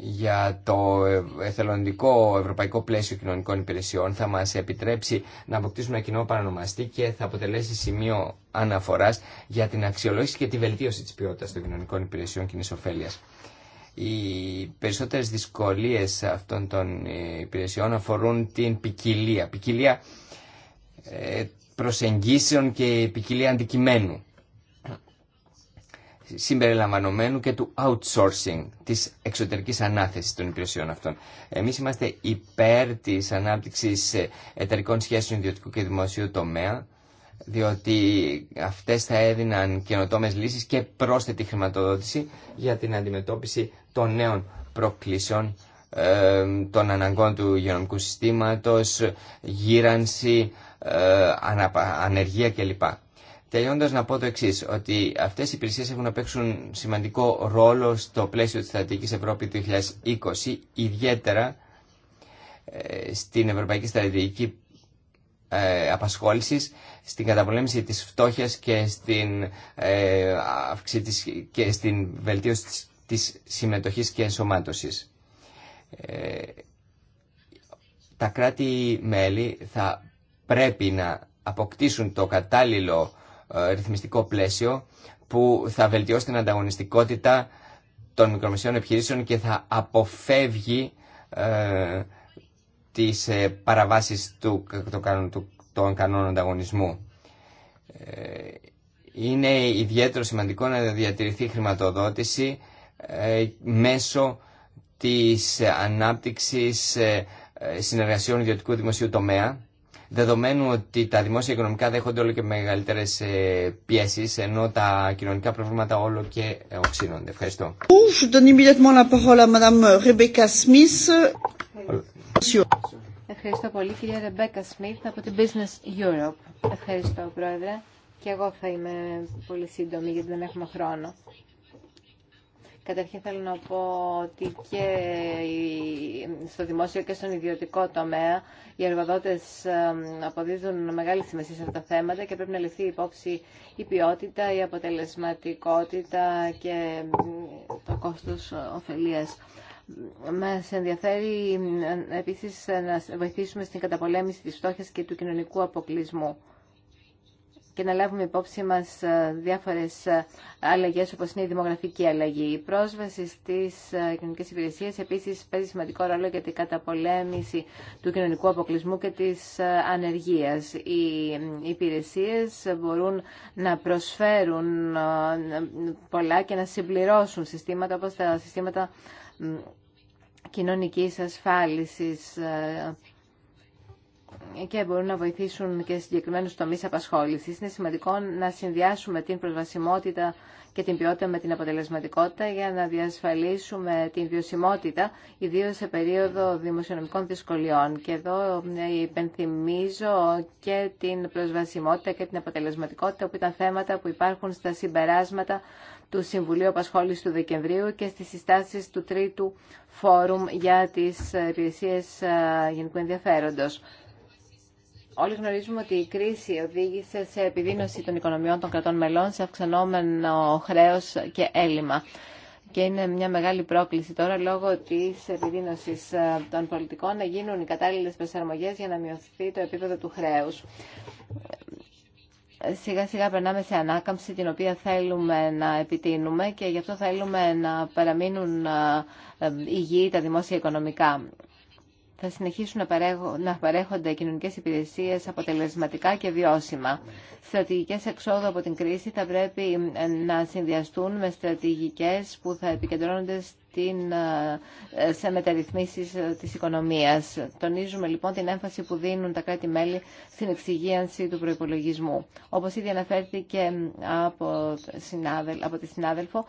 για το εθελοντικό ευρωπαϊκό πλαίσιο κοινωνικών υπηρεσιών θα μας επιτρέψει να αποκτήσουμε ένα κοινό παρανομαστή και θα αποτελέσει σημείο αναφοράς για την αξιολόγηση και τη βελτίωση της ποιότητας των κοινωνικών υπηρεσιών κοινή ωφέλεια. Οι περισσότερες δυσκολίες αυτών των ε, υπηρεσιών αφορούν την ποικιλία, ποικιλία ε, προσεγγίσεων και ποικιλία αντικειμένου συμπεριλαμβανομένου και του outsourcing, της εξωτερικής ανάθεσης των υπηρεσιών αυτών. Εμείς είμαστε υπέρ της ανάπτυξης εταιρικών σχέσεων ιδιωτικού και δημοσίου τομέα, διότι αυτές θα έδιναν καινοτόμες λύσεις και πρόσθετη χρηματοδότηση για την αντιμετώπιση των νέων προκλήσεων των αναγκών του υγειονομικού συστήματος, γύρανση, ε, ανεργία κλπ. Τελειώντα να πω το εξή, ότι αυτέ οι υπηρεσίε έχουν να παίξουν σημαντικό ρόλο στο πλαίσιο τη Στρατηγική Ευρώπη 2020, ιδιαίτερα ε, στην Ευρωπαϊκή Στρατηγική ε, Απασχόλησης, στην καταπολέμηση της φτώχειας και στην, ε, και στην βελτίωση της συμμετοχή και ενσωμάτωσης. Τα κράτη-μέλη θα πρέπει να αποκτήσουν το κατάλληλο ε, ρυθμιστικό πλαίσιο που θα βελτιώσει την ανταγωνιστικότητα των μικρομεσαίων επιχειρήσεων και θα αποφεύγει ε, τις ε, παραβάσεις του, το, του, των κανόνων ανταγωνισμού. Ε, είναι ιδιαίτερο σημαντικό να διατηρηθεί χρηματοδότηση μέσω της ανάπτυξης συνεργασιών ιδιωτικού δημοσίου τομέα Δεδομένου ότι τα δημόσια οικονομικά δέχονται όλο και μεγαλύτερε ε, πιέσει, ενώ τα κοινωνικά προβλήματα όλο και οξύνονται. Ευχαριστώ. Ευχαριστώ πολύ, κυρία Ρεμπέκα Σμιθ από την Business Europe. Ευχαριστώ, Πρόεδρε. Και εγώ θα είμαι πολύ σύντομη γιατί δεν έχουμε χρόνο. Καταρχήν θέλω να πω ότι και στο δημόσιο και στον ιδιωτικό τομέα οι εργοδότες αποδίδουν μεγάλη σημασία σε αυτά τα θέματα και πρέπει να ληφθεί υπόψη η ποιότητα, η αποτελεσματικότητα και το κόστος ωφελίας. Μας ενδιαφέρει επίσης να βοηθήσουμε στην καταπολέμηση της φτώχειας και του κοινωνικού αποκλεισμού και να λάβουμε υπόψη μας ε, διάφορες ε, αλλαγές όπως είναι η δημογραφική αλλαγή. Η πρόσβαση στις ε, κοινωνικές υπηρεσίες επίσης παίζει σημαντικό ρόλο για την καταπολέμηση του κοινωνικού αποκλεισμού και της ανεργίας. Οι υπηρεσίες μπορούν να προσφέρουν πολλά και να συμπληρώσουν συστήματα όπως τα συστήματα κοινωνικής ασφάλισης και μπορούν να βοηθήσουν και συγκεκριμένου τομεί απασχόληση. Είναι σημαντικό να συνδυάσουμε την προσβασιμότητα και την ποιότητα με την αποτελεσματικότητα για να διασφαλίσουμε την βιωσιμότητα, ιδίω σε περίοδο δημοσιονομικών δυσκολιών. Και εδώ ε, υπενθυμίζω και την προσβασιμότητα και την αποτελεσματικότητα που ήταν θέματα που υπάρχουν στα συμπεράσματα του Συμβουλίου Απασχόλησης του Δεκεμβρίου και στις συστάσεις του Τρίτου Φόρουμ για τις υπηρεσίες ε, γενικού ενδιαφέροντος. Όλοι γνωρίζουμε ότι η κρίση οδήγησε σε επιδείνωση των οικονομιών των κρατών μελών, σε αυξανόμενο χρέος και έλλειμμα. Και είναι μια μεγάλη πρόκληση τώρα λόγω της επιδείνωσης ε, των πολιτικών να γίνουν οι κατάλληλες προσαρμογές για να μειωθεί το επίπεδο του χρέους. Ε, σιγά σιγά περνάμε σε ανάκαμψη την οποία θέλουμε να επιτείνουμε και γι' αυτό θέλουμε να παραμείνουν ε, υγιεί τα δημόσια οικονομικά θα συνεχίσουν να παρέχονται κοινωνικές υπηρεσίες αποτελεσματικά και βιώσιμα. Στρατηγικές εξόδου από την κρίση θα πρέπει ε, να συνδυαστούν με στρατηγικές που θα επικεντρώνονται στην, ε, ε, σε μεταρρυθμίσεις της οικονομίας. Τονίζουμε λοιπόν την έμφαση που δίνουν τα κράτη-μέλη στην εξυγίανση του προϋπολογισμού. Όπως ήδη αναφέρθηκε από, από τη συνάδελφο,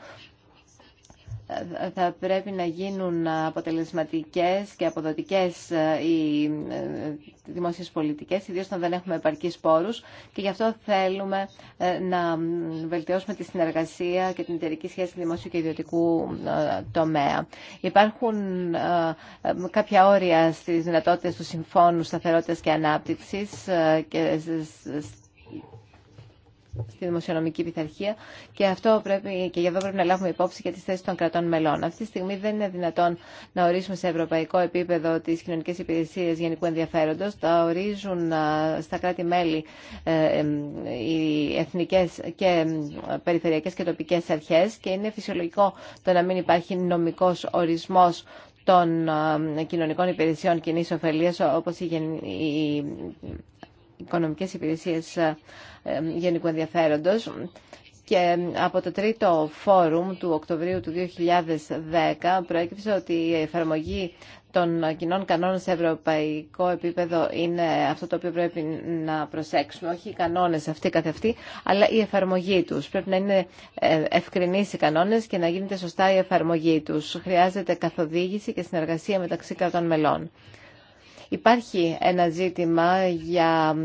θα πρέπει να γίνουν αποτελεσματικές και αποδοτικές ε, οι ε, δημόσιες πολιτικές, ιδίως όταν δεν έχουμε επαρκείς πόρους και γι' αυτό θέλουμε ε, να βελτιώσουμε τη συνεργασία και την εταιρική σχέση δημόσιου και ιδιωτικού τομέα. Υπάρχουν κάποια όρια στις δυνατότητες του Συμφώνου Σταθερότητας και Ανάπτυξης στη δημοσιονομική πειθαρχία και, αυτό πρέπει, και γι' αυτό πρέπει να λάβουμε υπόψη και τις θέσεις των κρατών μελών. Αυτή τη στιγμή δεν είναι δυνατόν να ορίσουμε σε ευρωπαϊκό επίπεδο τις κοινωνικές υπηρεσίες γενικού ενδιαφέροντος. Τα ορίζουν στα κράτη-μέλη ε, οι εθνικές και περιφερειακές και τοπικές αρχές και είναι φυσιολογικό το να μην υπάρχει νομικός ορισμός των κοινωνικών υπηρεσιών κοινή ωφελία, όπως η οικονομικές υπηρεσίες ε, ε, γενικού ενδιαφέροντος και ε, από το τρίτο φόρουμ του Οκτωβρίου του 2010 προέκυψε ότι η εφαρμογή των κοινών κανόνων σε ευρωπαϊκό επίπεδο είναι αυτό το οποίο πρέπει να προσέξουμε. Όχι οι κανόνες αυτοί καθ' αυτοί, αλλά η εφαρμογή τους. Πρέπει να είναι ευκρινείς οι κανόνες και να γίνεται σωστά η εφαρμογή τους. Χρειάζεται καθοδήγηση και συνεργασία μεταξύ κρατών μελών. Υπάρχει ένα ζήτημα για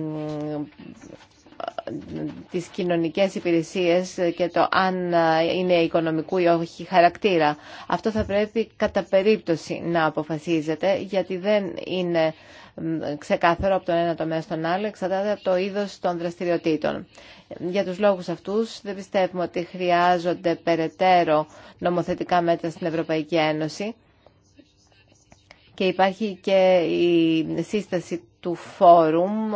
τις κοινωνικές υπηρεσίες και το αν είναι οικονομικού ή όχι χαρακτήρα. Αυτό θα πρέπει κατά περίπτωση να αποφασίζεται γιατί δεν είναι ξεκάθαρο από τον ένα τομέα στον άλλο εξαρτάται από το είδος των δραστηριοτήτων. Για τους λόγους αυτούς δεν πιστεύουμε ότι χρειάζονται περαιτέρω νομοθετικά μέτρα στην Ευρωπαϊκή Ένωση και υπάρχει και η σύσταση του φόρουμ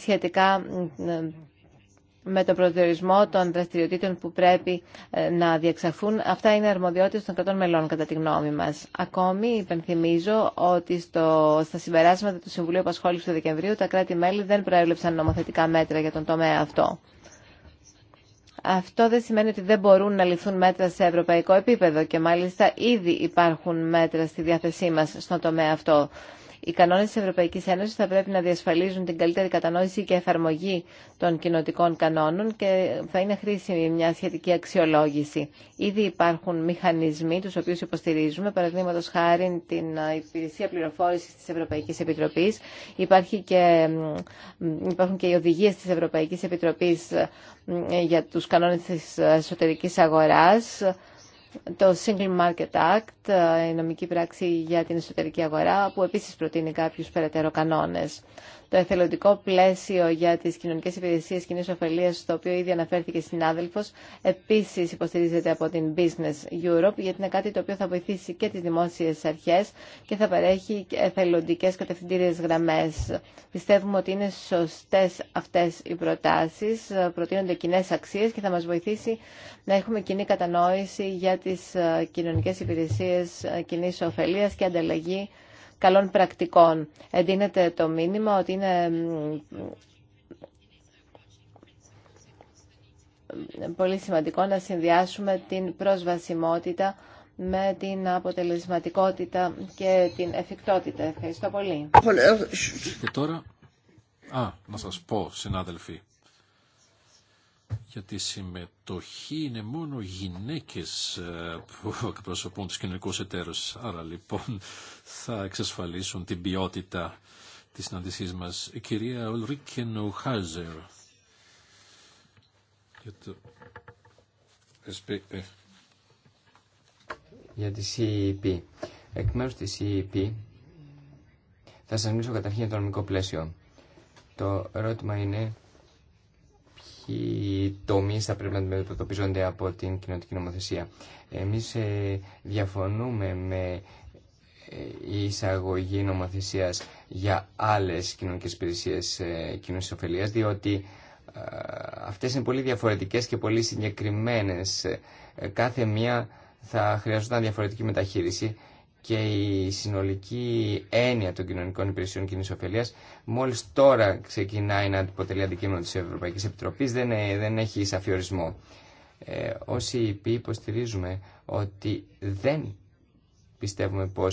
σχετικά με τον προτερισμό των δραστηριοτήτων που πρέπει ε, να διεξαχθούν. Αυτά είναι αρμοδιότητε των κρατών μελών, κατά τη γνώμη μα. Ακόμη, υπενθυμίζω ότι στο, στα συμπεράσματα του Συμβουλίου Απασχόλησης του Δεκεμβρίου τα κράτη-μέλη δεν προέβλεψαν νομοθετικά μέτρα για τον τομέα αυτό. Αυτό δεν σημαίνει ότι δεν μπορούν να ληφθούν μέτρα σε ευρωπαϊκό επίπεδο και μάλιστα ήδη υπάρχουν μέτρα στη διάθεσή μας στον τομέα αυτό. Οι κανόνες τη Ευρωπαϊκής Ένωση θα πρέπει να διασφαλίζουν την καλύτερη κατανόηση και εφαρμογή των κοινοτικών κανόνων και θα είναι χρήσιμη μια σχετική αξιολόγηση. Ήδη υπάρχουν μηχανισμοί του οποίους υποστηρίζουμε, παραδείγματο χάρη την ε, υπηρεσία πληροφόρηση τη Ευρωπαϊκή Επιτροπή, υπάρχουν και οι οδηγίε τη Ευρωπαϊκή Επιτροπή ε, για του κανόνε τη εσωτερική αγορά το Single Market Act, ε, η νομική πράξη για την εσωτερική αγορά, που επίσης προτείνει κάποιους περαιτέρω κανόνες το εθελοντικό πλαίσιο για τι κοινωνικέ υπηρεσίε κοινή ωφελία, στο οποίο ήδη αναφέρθηκε συνάδελφο, επίση υποστηρίζεται από την Business Europe, γιατί είναι κάτι το οποίο θα βοηθήσει και τι δημόσιε αρχέ και θα παρέχει εθελοντικέ κατευθυντήριε γραμμέ. Πιστεύουμε ότι είναι σωστέ αυτέ οι προτάσει, προτείνονται κοινέ αξίε και θα μα βοηθήσει να έχουμε κοινή κατανόηση για τι κοινωνικέ υπηρεσίε ε, κοινή ωφελία και ανταλλαγή καλών πρακτικών. Εντείνεται το μήνυμα ότι είναι πολύ σημαντικό να συνδυάσουμε την προσβασιμότητα με την αποτελεσματικότητα και την εφικτότητα. Ευχαριστώ πολύ. Και τώρα, α, να σας πω, συνάδελφοι, για τη συμμετοχή είναι μόνο γυναίκες ε, που εκπροσωπούν τους κοινωνικούς εταίρους. Άρα λοιπόν θα εξασφαλίσουν την ποιότητα της συναντησής μας. Η κυρία Ολρίκε Νουχάζερ. για το ε. Για τη CEP. Εκ μέρους της CEP θα σας μιλήσω καταρχήν για το νομικό πλαίσιο. Το ερώτημα είναι ποιοι τομεί θα πρέπει να αντιμετωπίζονται από την κοινωνική νομοθεσία. Εμείς ε, διαφωνούμε με ε, η εισαγωγή νομοθεσία για άλλε κοινωνικέ υπηρεσίε κοινωνική ωφελία, διότι ε, αυτέ είναι πολύ διαφορετικέ και πολύ συγκεκριμένες. Κάθε μία θα χρειαζόταν διαφορετική μεταχείριση και η συνολική έννοια των κοινωνικών υπηρεσιών κοινή ωφελία μόλι τώρα ξεκινάει να αποτελεί αντικείμενο τη Ευρωπαϊκή Επιτροπή, δεν, ε, δεν έχει σαφή Ε, όσοι υποστηρίζουμε ότι δεν πιστεύουμε πω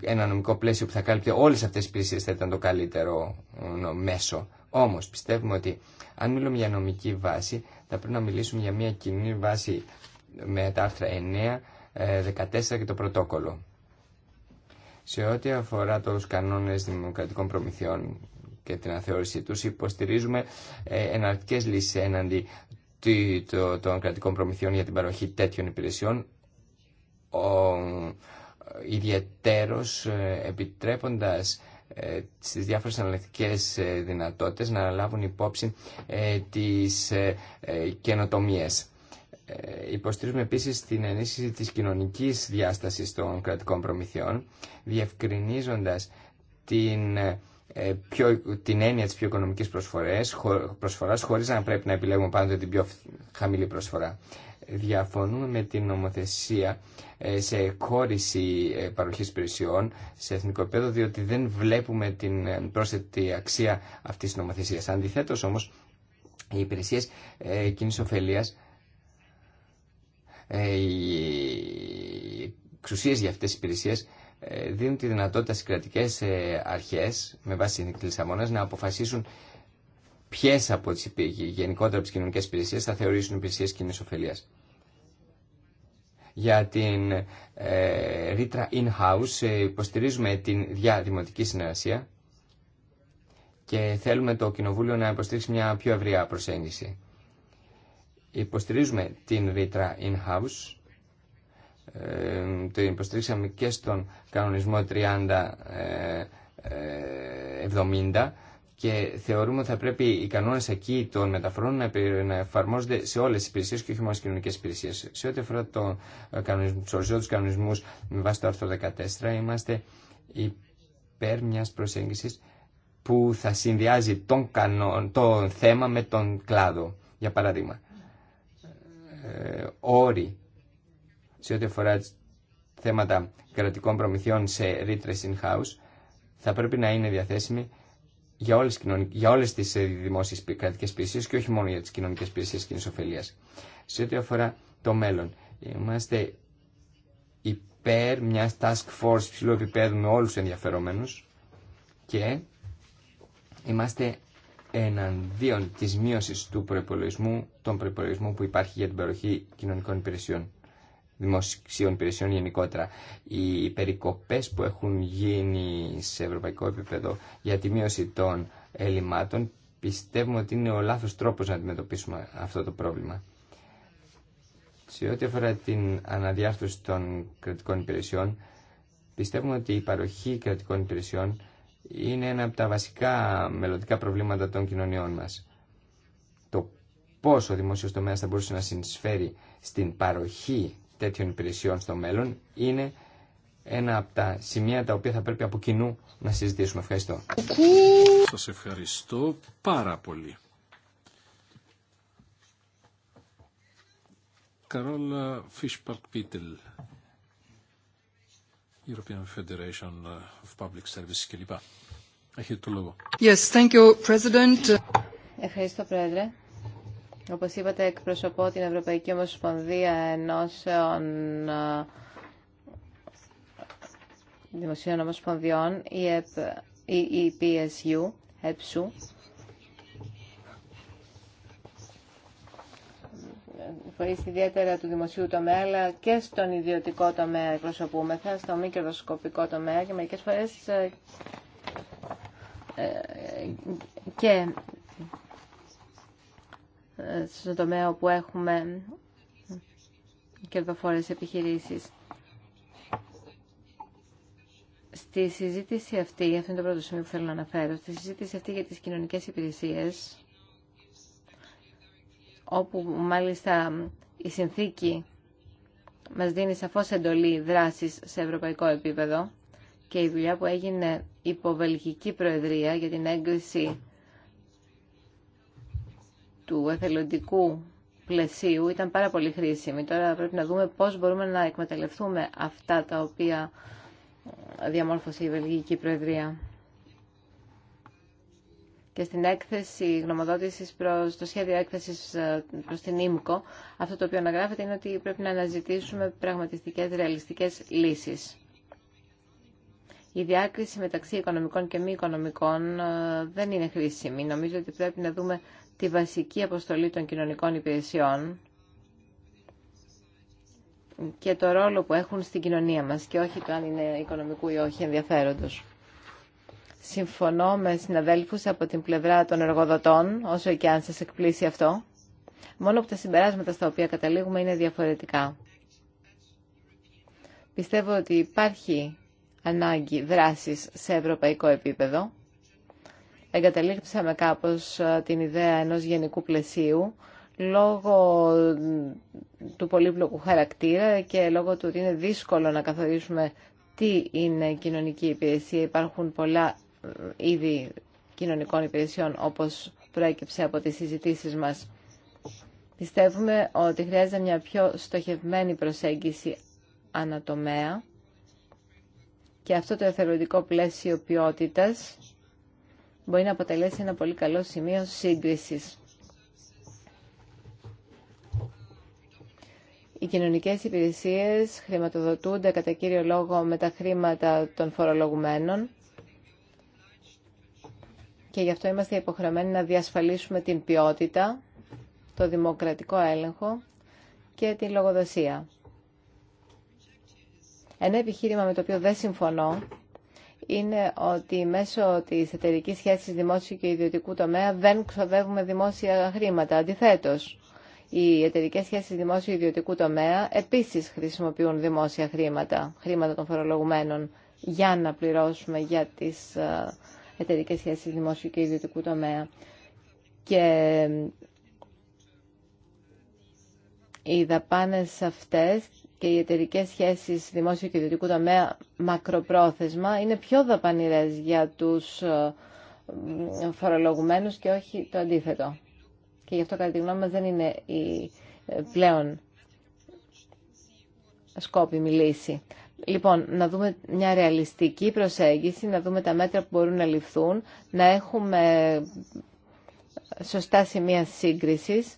ένα νομικό πλαίσιο που θα κάλυπτε όλε αυτέ τις υπηρεσίε θα ήταν το καλύτερο ε, μέσο. Όμω, πιστεύουμε ότι αν μιλούμε για νομική βάση θα πρέπει να μιλήσουμε για μια κοινή βάση με τα άρθρα 9, 14 και το πρωτόκολλο. Σε ό,τι αφορά τους κανόνες δημοκρατικών προμηθειών και την αθεώρησή τους, υποστηρίζουμε ε, εναρκτικές λύσεις έναντι των κρατικών προμηθειών για την παροχή τέτοιων υπηρεσιών, ο, ιδιαιτέρως ε, επιτρέποντας ε, στις διάφορες αναλεκτικές δυνατότητες να λάβουν υπόψη τις καινοτομίες. Ε, υποστηρίζουμε επίσης την ενίσχυση της κοινωνικής διάστασης των κρατικών προμηθειών, διευκρινίζοντας την, ε, πιο, την έννοια της πιο οικονομικής προσφοράς, χω, προσφοράς, χωρίς να πρέπει να επιλέγουμε πάντοτε την πιο χαμηλή προσφορά. Διαφωνούμε με την νομοθεσία ε, σε κόρηση παροχής υπηρεσιών σε εθνικό επίπεδο, διότι δεν βλέπουμε την πρόσθετη αξία αυτής της νομοθεσίας. Αντιθέτως όμως, οι υπηρεσίες κοινής ωφελίας ε, οι εξουσίε για αυτές τις υπηρεσίε ε, δίνουν τη δυνατότητα στι κρατικέ ε, αρχές με βάση τη Λισαβόνας να αποφασίσουν ποιε από τις γενικότερα από τις κοινωνικές υπηρεσίες θα θεωρήσουν υπηρεσίε κοινή ωφελία. Για την ρήτρα in-house υποστηρίζουμε την διαδημοτική συνεργασία και θέλουμε το Κοινοβούλιο να υποστηρίξει μια πιο ευρεία προσέγγιση. Υποστηρίζουμε την ρήτρα in-house, ε, το υποστηρίξαμε και στον κανονισμο ε, ε, 3070 και θεωρούμε ότι θα πρέπει οι κανόνες εκεί των μεταφορών να εφαρμόζονται σε όλες τις υπηρεσίες και όχι μόνο στις κοινωνικές υπηρεσίες. Σε ό,τι αφορά το κανονισμό, τους οριζόντους κανονισμούς με βάση το άρθρο 14 είμαστε υπέρ μιας προσέγγισης που θα συνδυάζει τον κανό, το θέμα με τον κλάδο, για παράδειγμα. Ε, όροι σε ό,τι αφορά θέματα κρατικών προμηθειών σε ρήτρε in-house θα πρέπει να είναι διαθέσιμη για όλες, για όλες τις ε, δημόσιες κρατικές και όχι μόνο για τις κοινωνικές υπηρεσίες κοινής ωφελίας. Σε ό,τι αφορά το μέλλον, είμαστε υπέρ μια task force ψηλού επίπεδου με όλους τους ενδιαφερόμενους και είμαστε εναντίον της μείωσης του προπολογισμού, των προπολογισμού που υπάρχει για την παροχή κοινωνικών υπηρεσιών, δημοσίων υπηρεσιών γενικότερα. Οι περικοπές που έχουν γίνει σε ευρωπαϊκό επίπεδο για τη μείωση των ελλημάτων πιστεύουμε ότι είναι ο λάθος τρόπος να αντιμετωπίσουμε αυτό το πρόβλημα. Σε ό,τι αφορά την αναδιάρθρωση των κρατικών υπηρεσιών, πιστεύουμε ότι η παροχή κρατικών υπηρεσιών είναι ένα από τα βασικά μελλοντικά προβλήματα των κοινωνιών μας. Το πόσο ο δημόσιος τομέας θα μπορούσε να συνεισφέρει στην παροχή τέτοιων υπηρεσιών στο μέλλον είναι ένα από τα σημεία τα οποία θα πρέπει από κοινού να συζητήσουμε. Ευχαριστώ. Σας ευχαριστώ πάρα πολύ. Καρόλα Φίσπαρτ Πίτελ. European Federation uh, of Public Services κλπ. Έχετε το λόγο. Yes, thank you, President. Ευχαριστώ, Πρόεδρε. Όπως είπατε, εκπροσωπώ την Ευρωπαϊκή Ομοσπονδία Ενώσεων uh, Δημοσίων Ομοσπονδιών, η, ΕΠ, η EPSU, φορείς, ιδιαίτερα του δημοσίου τομέα, αλλά και στον ιδιωτικό τομέα εκπροσωπούμεθα, στο μη κερδοσκοπικό τομέα και μερικές φορές ε, ε, και ε, στον τομέα όπου έχουμε κερδοφόρες επιχειρήσεις. Στη συζήτηση αυτή, αυτό είναι το πρώτο σημείο που θέλω να αναφέρω, στη συζήτηση αυτή για τις κοινωνικές υπηρεσίες, όπου μάλιστα η συνθήκη μας δίνει σαφώς εντολή δράσης σε ευρωπαϊκό επίπεδο και η δουλειά που έγινε υπό Βελγική Προεδρία για την έγκριση του εθελοντικού πλαισίου ήταν πάρα πολύ χρήσιμη. Τώρα πρέπει να δούμε πώς μπορούμε να εκμεταλλευτούμε αυτά τα οποία διαμόρφωσε η Βελγική Προεδρία και στην έκθεση γνωμοδότησης προς το σχέδιο έκθεσης ε, προς την ΙΜΚΟ, αυτό το οποίο αναγράφεται είναι ότι πρέπει να αναζητήσουμε πραγματιστικέ ρεαλιστικέ λύσεις. Η διάκριση μεταξύ οικονομικών και μη οικονομικών ε, δεν είναι χρήσιμη. Νομίζω ότι πρέπει να δούμε τη βασική αποστολή των κοινωνικών υπηρεσιών και το ρόλο που έχουν στην κοινωνία μας και όχι το αν είναι οικονομικού ή όχι ενδιαφέροντος συμφωνώ με συναδέλφους από την πλευρά των εργοδοτών, όσο και αν σας εκπλήσει αυτό. Μόνο που τα συμπεράσματα στα οποία καταλήγουμε είναι διαφορετικά. Πιστεύω ότι υπάρχει ανάγκη δράσης σε ευρωπαϊκό επίπεδο. Εγκαταλείψαμε κάπως την ιδέα ενός γενικού πλαισίου λόγω του πολύπλοκου χαρακτήρα και λόγω του ότι είναι δύσκολο να καθορίσουμε τι είναι κοινωνική υπηρεσία. Υπάρχουν πολλά είδη κοινωνικών υπηρεσιών όπως προέκυψε από τις συζητήσεις μας. Πιστεύουμε ότι χρειάζεται μια πιο στοχευμένη προσέγγιση ανατομέα και αυτό το εθελοντικό πλαίσιο ποιότητας μπορεί να αποτελέσει ένα πολύ καλό σημείο σύγκρισης. Οι κοινωνικές υπηρεσίες χρηματοδοτούνται κατά κύριο λόγο με τα χρήματα των φορολογουμένων και γι' αυτό είμαστε υποχρεωμένοι να διασφαλίσουμε την ποιότητα, το δημοκρατικό έλεγχο και την λογοδοσία. Ένα επιχείρημα με το οποίο δεν συμφωνώ είναι ότι μέσω της εταιρικής σχέσης δημόσιου και ιδιωτικού τομέα δεν ξοδεύουμε δημόσια χρήματα. Αντιθέτως, οι εταιρικές σχέσεις δημόσιου ιδιωτικού τομέα επίσης χρησιμοποιούν δημόσια χρήματα, χρήματα των φορολογουμένων, για να πληρώσουμε για τις ε, εταιρικές σχέσεις δημόσιου και ιδιωτικού τομέα. Και οι δαπάνες αυτές και οι εταιρικές σχέσεις δημόσιου και ιδιωτικού τομέα μακροπρόθεσμα είναι πιο δαπανηρές για τους ε, φορολογουμένους και όχι το αντίθετο. Και γι' αυτό κατά τη γνώμη μας δεν είναι η ε, πλέον σκόπιμη λύση. Λοιπόν, να δούμε μια ρεαλιστική προσέγγιση, να δούμε τα μέτρα που μπορούν να ληφθούν, να έχουμε σωστά σημεία σύγκρισης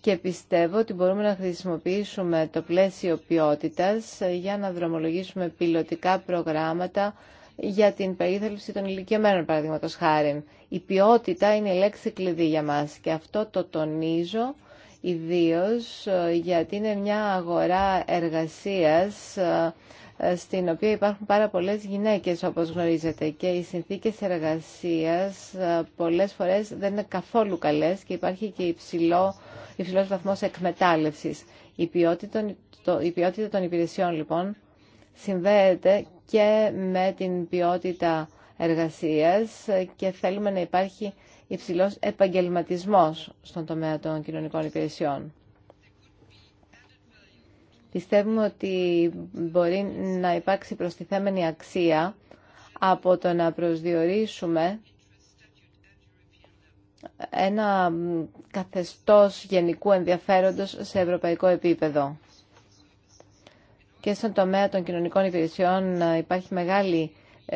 και πιστεύω ότι μπορούμε να χρησιμοποιήσουμε το πλαίσιο ποιότητας για να δρομολογήσουμε πιλωτικά προγράμματα για την περίθαλψη των ηλικιωμένων, παραδείγματο χάρη. Η ποιότητα είναι η λέξη κλειδί για μας και αυτό το τονίζω ιδίως γιατί είναι μια αγορά εργασίας στην οποία υπάρχουν πάρα πολλές γυναίκες όπως γνωρίζετε και οι συνθήκες εργασίας ε, πολλές φορές δεν είναι καθόλου καλές και υπάρχει και υψηλό, υψηλός βαθμός εκμετάλλευσης. Η ποιότητα, το, η ποιότητα των υπηρεσιών λοιπόν συνδέεται και με την ποιότητα εργασίας και θέλουμε να υπάρχει υψηλός επαγγελματισμός στον τομέα των κοινωνικών υπηρεσιών. Πιστεύουμε ότι μπορεί να υπάρξει προστιθέμενη αξία από το να προσδιορίσουμε ένα καθεστώς γενικού ενδιαφέροντος σε ευρωπαϊκό επίπεδο. Και στον τομέα των κοινωνικών υπηρεσιών υπάρχει μεγάλη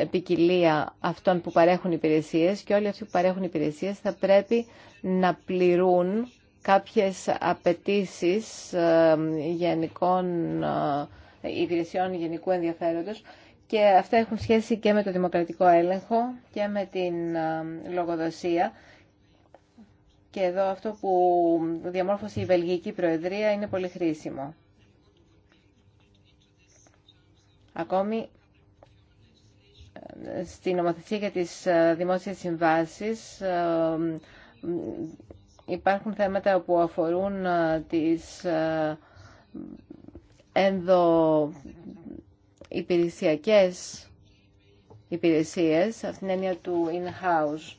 ποικιλία αυτών που παρέχουν υπηρεσίες και όλοι αυτοί που παρέχουν υπηρεσίες θα πρέπει να πληρούν κάποιες απαιτήσει ε, γενικών ε, υπηρεσιών γενικού ενδιαφέροντος και αυτά έχουν σχέση και με το δημοκρατικό έλεγχο και με την ε, λογοδοσία. Και εδώ αυτό που διαμόρφωσε η Βελγική Προεδρία είναι πολύ χρήσιμο. Ακόμη στην νομοθεσία για τις δημόσιες συμβάσεις Υπάρχουν θέματα που αφορούν ε, τις ε, ενδοϊπηρεσιακές υπηρεσίες, αυτήν την έννοια του in-house.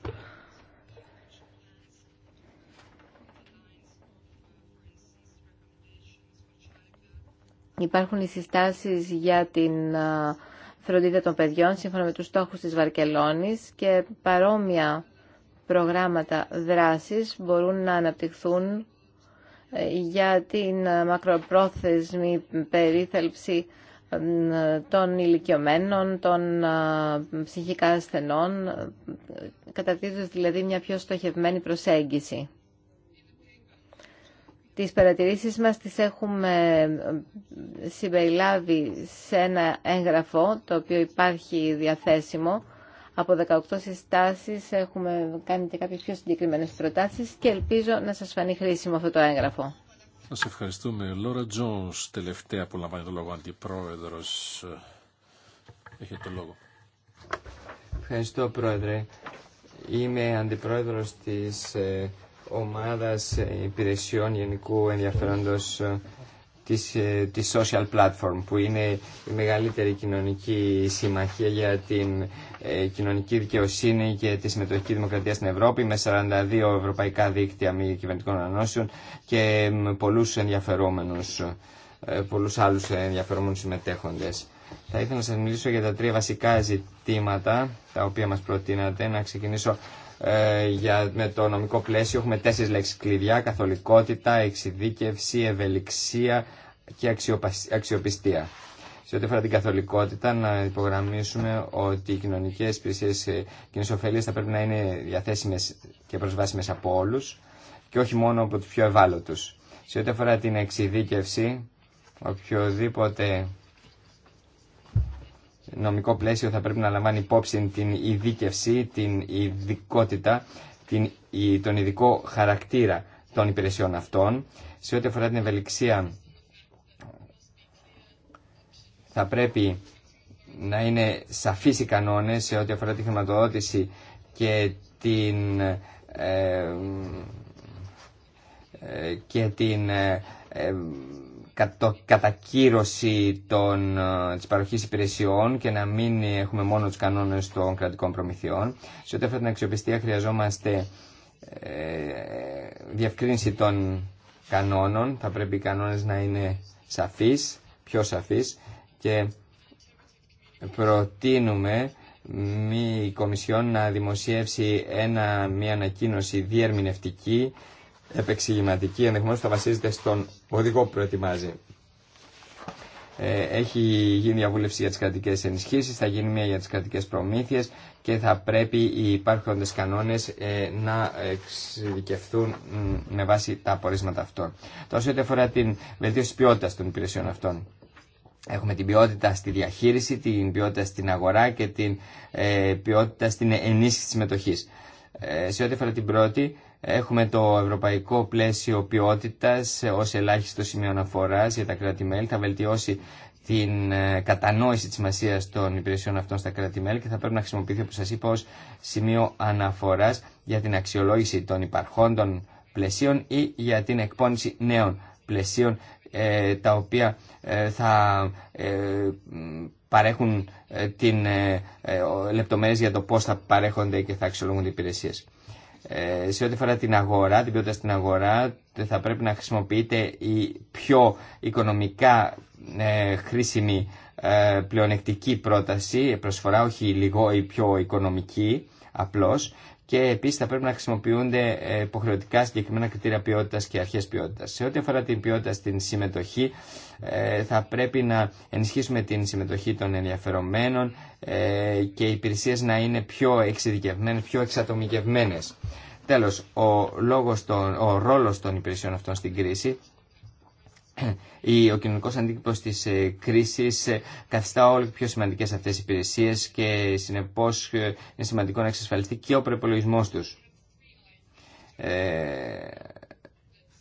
Υπάρχουν οι συστάσεις για την ε, φροντίδα των παιδιών σύμφωνα με τους στόχους της Βαρκελόνης και παρόμοια προγράμματα δράσης μπορούν να αναπτυχθούν ε, για την ε, μακροπρόθεσμη περίθαλψη ε, των ηλικιωμένων, των ψυχικά ασθενών, κατατίθεται δηλαδή μια πιο στοχευμένη προσέγγιση. Τις παρατηρήσεις μας τις έχουμε συμπεριλάβει σε ένα έγγραφο το οποίο υπάρχει διαθέσιμο από 18 συστάσεις έχουμε κάνει και κάποιες πιο συγκεκριμένες προτάσεις και ελπίζω να σας φανεί χρήσιμο αυτό το έγγραφο. Σας ευχαριστούμε. Λόρα Τζόνς, τελευταία που λαμβάνει το λόγο αντιπρόεδρος. Έχετε το λόγο. Ευχαριστώ πρόεδρε. Είμαι αντιπρόεδρος της ε, ομάδας ε, υπηρεσιών γενικού ενδιαφέροντος ε, της, ε, της Social Platform που είναι η μεγαλύτερη κοινωνική συμμαχία για την ε, κοινωνική δικαιοσύνη και τη συμμετοχική δημοκρατία στην Ευρώπη με 42 ευρωπαϊκά δίκτυα μη κυβερνητικών ανώσεων και με πολλούς ενδιαφερόμενους, ε, πολλούς άλλους ενδιαφερόμενους συμμετέχοντες. Θα ήθελα να σας μιλήσω για τα τρία βασικά ζητήματα τα οποία μας προτείνατε. Να ξεκινήσω ε, για, με το νομικό πλαίσιο έχουμε τέσσερις λέξεις κλειδιά, καθολικότητα, εξειδίκευση, ευελιξία και αξιοπιστία. Σε ό,τι αφορά την καθολικότητα, να υπογραμμίσουμε ότι οι κοινωνικέ υπηρεσίε ε, κοινή ωφελία θα πρέπει να είναι διαθέσιμε και προσβάσιμε από όλου και όχι μόνο από του πιο ευάλωτου. Σε ό,τι αφορά την εξειδίκευση, οποιοδήποτε νομικό πλαίσιο θα πρέπει να λαμβάνει υπόψη την ειδίκευση, την ειδικότητα, την, τον ειδικό χαρακτήρα των υπηρεσιών αυτών. Σε ό,τι αφορά την ευελιξία θα πρέπει να είναι σαφείς οι κανόνες σε ό,τι αφορά τη χρηματοδότηση και την, ε, ε και την ε, ε, κατακύρωση των, ε, της παροχής υπηρεσιών και να μην έχουμε μόνο τους κανόνες των κρατικών προμηθειών. Σε ό,τι αφορά την αξιοπιστία χρειαζόμαστε ε, διευκρίνηση των κανόνων. Θα πρέπει οι κανόνες να είναι σαφείς, πιο σαφείς και προτείνουμε η Κομισιόν να δημοσιεύσει ένα, μια ανακοίνωση διερμηνευτική επεξηγηματική ενδεχομένω θα βασίζεται στον οδηγό που προετοιμάζει. Ε, έχει γίνει διαβούλευση για τι κρατικέ ενισχύσει, θα γίνει μια για τι κρατικέ προμήθειε και θα πρέπει οι υπάρχοντες κανόνες ε, να εξειδικευθούν με βάση τα απορίσματα αυτών. Τόσο ό,τι αφορά την βελτίωση ποιότητα των υπηρεσιών αυτών. Έχουμε την ποιότητα στη διαχείριση, την ποιότητα στην αγορά και την ε, ποιότητα στην ενίσχυση τη Ε, Σε ό,τι αφορά την πρώτη, Έχουμε το ευρωπαϊκό πλαίσιο ποιότητας ως ελάχιστο σημείο αναφοράς για τα κράτη-μέλη. Θα βελτιώσει την ε, κατανόηση της σημασία των υπηρεσιών αυτών στα κράτη-μέλη και θα πρέπει να χρησιμοποιηθεί, όπως σας είπα, ως σημείο αναφοράς για την αξιολόγηση των υπαρχόντων πλαισίων ή για την εκπόνηση νέων πλαισίων ε, τα οποία ε, θα παρέχουν την λεπτομέρειες για το πώς θα παρέχονται και θα αξιολογούνται οι υπηρεσίες. Ε, σε ό,τι αφορά την αγορά, την ποιότητα στην αγορά, θα πρέπει να χρησιμοποιείται η πιο οικονομικά ε, χρήσιμη ε, πλεονεκτική πρόταση, προσφορά, όχι λιγό, η πιο οικονομική απλώς και επίση θα πρέπει να χρησιμοποιούνται ε, υποχρεωτικά συγκεκριμένα κριτήρια ποιότητα και αρχέ ποιότητα. Σε ό,τι αφορά την ποιότητα στην συμμετοχή, ε, θα πρέπει να ενισχύσουμε την συμμετοχή των ενδιαφερομένων ε, και οι υπηρεσίες να είναι πιο εξειδικευμένε, πιο εξατομικευμένες. Τέλος, ο, λόγος ρόλος των υπηρεσιών αυτών στην κρίση ο κοινωνικό αντίκτυπος της ε, κρίσης ε, καθιστά όλο και πιο σημαντικές αυτές οι υπηρεσίε και συνεπώς ε, είναι σημαντικό να εξασφαλιστεί και ο προπολογισμό τους.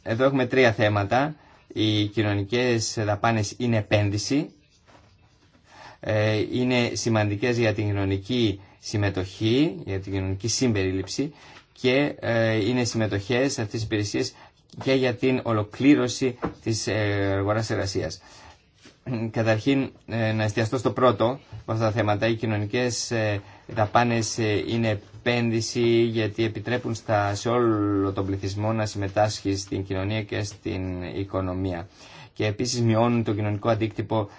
Εδώ έχουμε τρία θέματα. Οι κοινωνικέ δαπάνε είναι επένδυση, είναι σημαντικές για την κοινωνική συμμετοχή, για την κοινωνική συμπερίληψη και είναι συμμετοχές αυτές τις υπηρεσίες και για την ολοκλήρωση της ε, αγοράς εργασίας. Καταρχήν, ε, να εστιαστώ στο πρώτο από αυτά τα θέματα. Οι κοινωνικές ε, δαπάνες είναι επένδυση γιατί επιτρέπουν στα, σε όλο τον πληθυσμό να συμμετάσχει στην κοινωνία και στην οικονομία. Και επίσης μειώνουν το κοινωνικό αντίκτυπο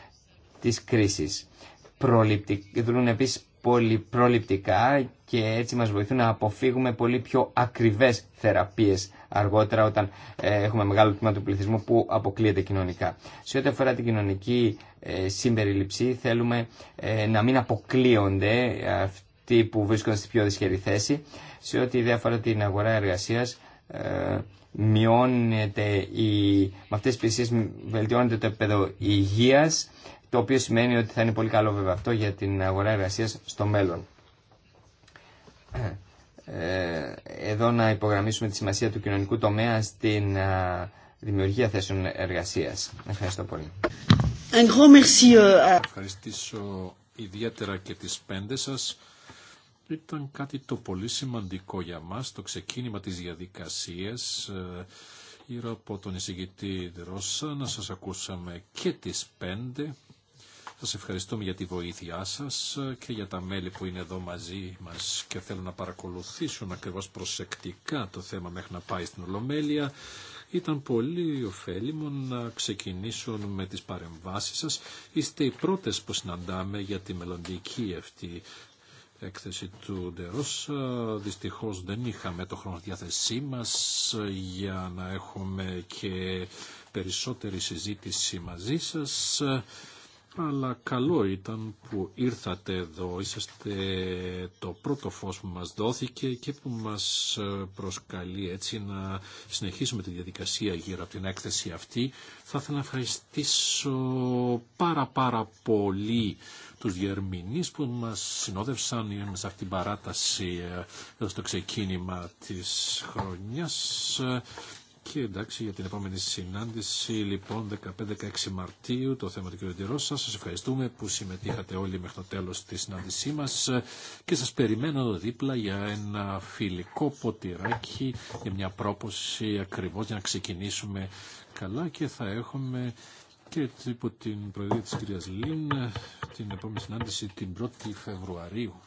της κρίσης. δρούν επίσης πολύ προληπτικά και έτσι μας βοηθούν να αποφύγουμε πολύ πιο ακριβές θεραπείες αργότερα όταν ε, έχουμε μεγάλο τμήμα του πληθυσμού που αποκλείεται κοινωνικά. Σε ό,τι αφορά την κοινωνική ε, συμπεριληψή θέλουμε ε, να μην αποκλείονται αυτοί που βρίσκονται στη πιο δυσχερή θέση. Σε ό,τι διάφορα αφορά την αγορά εργασίας μειώνεται η... με αυτές τις πλησίες βελτιώνεται το επίπεδο υγείας το οποίο σημαίνει ότι θα είναι πολύ καλό βέβαια αυτό για την αγορά εργασίας στο μέλλον. Ε, εδώ να υπογραμμίσουμε τη σημασία του κοινωνικού τομέα στην δημιουργία θέσεων εργασία. Ευχαριστώ πολύ. Euh, Ευχαριστήσω ιδιαίτερα και τις πέντε σας. Ήταν κάτι το πολύ σημαντικό για μας, το ξεκίνημα της διαδικασίας ε, γύρω από τον εισηγητή Ρώσα, να σας ακούσαμε και τις πέντε σας ευχαριστούμε για τη βοήθειά σας και για τα μέλη που είναι εδώ μαζί μας και θέλουν να παρακολουθήσουν ακριβώς προσεκτικά το θέμα μέχρι να πάει στην Ολομέλεια. Ήταν πολύ ωφέλιμο να ξεκινήσουν με τις παρεμβάσεις σας. Είστε οι πρώτες που συναντάμε για τη μελλοντική αυτή έκθεση του Ντερός. Δυστυχώς δεν είχαμε το χρόνο διάθεσή μας για να έχουμε και περισσότερη συζήτηση μαζί σας αλλά καλό ήταν που ήρθατε εδώ. Είσαστε το πρώτο φως που μας δόθηκε και που μας ε, προσκαλεί έτσι να συνεχίσουμε τη διαδικασία γύρω από την έκθεση αυτή. Θα ήθελα να ευχαριστήσω πάρα πάρα πολύ τους διερμηνείς που μας συνόδευσαν σε αυτήν την παράταση ε, εδώ στο ξεκίνημα της χρονιάς. Και εντάξει, για την επόμενη συνάντηση, λοιπόν, 15-16 Μαρτίου, το θέμα του κ. Ντυρόσα. Σας ευχαριστούμε που συμμετείχατε όλοι μέχρι το τέλος της συνάντησή μας και σας περιμένω δίπλα για ένα φιλικό ποτηράκι, για μια πρόποση ακριβώς για να ξεκινήσουμε καλά και θα έχουμε και υπό την προεδρία της κ. Λίν την επόμενη συνάντηση την 1η Φεβρουαρίου.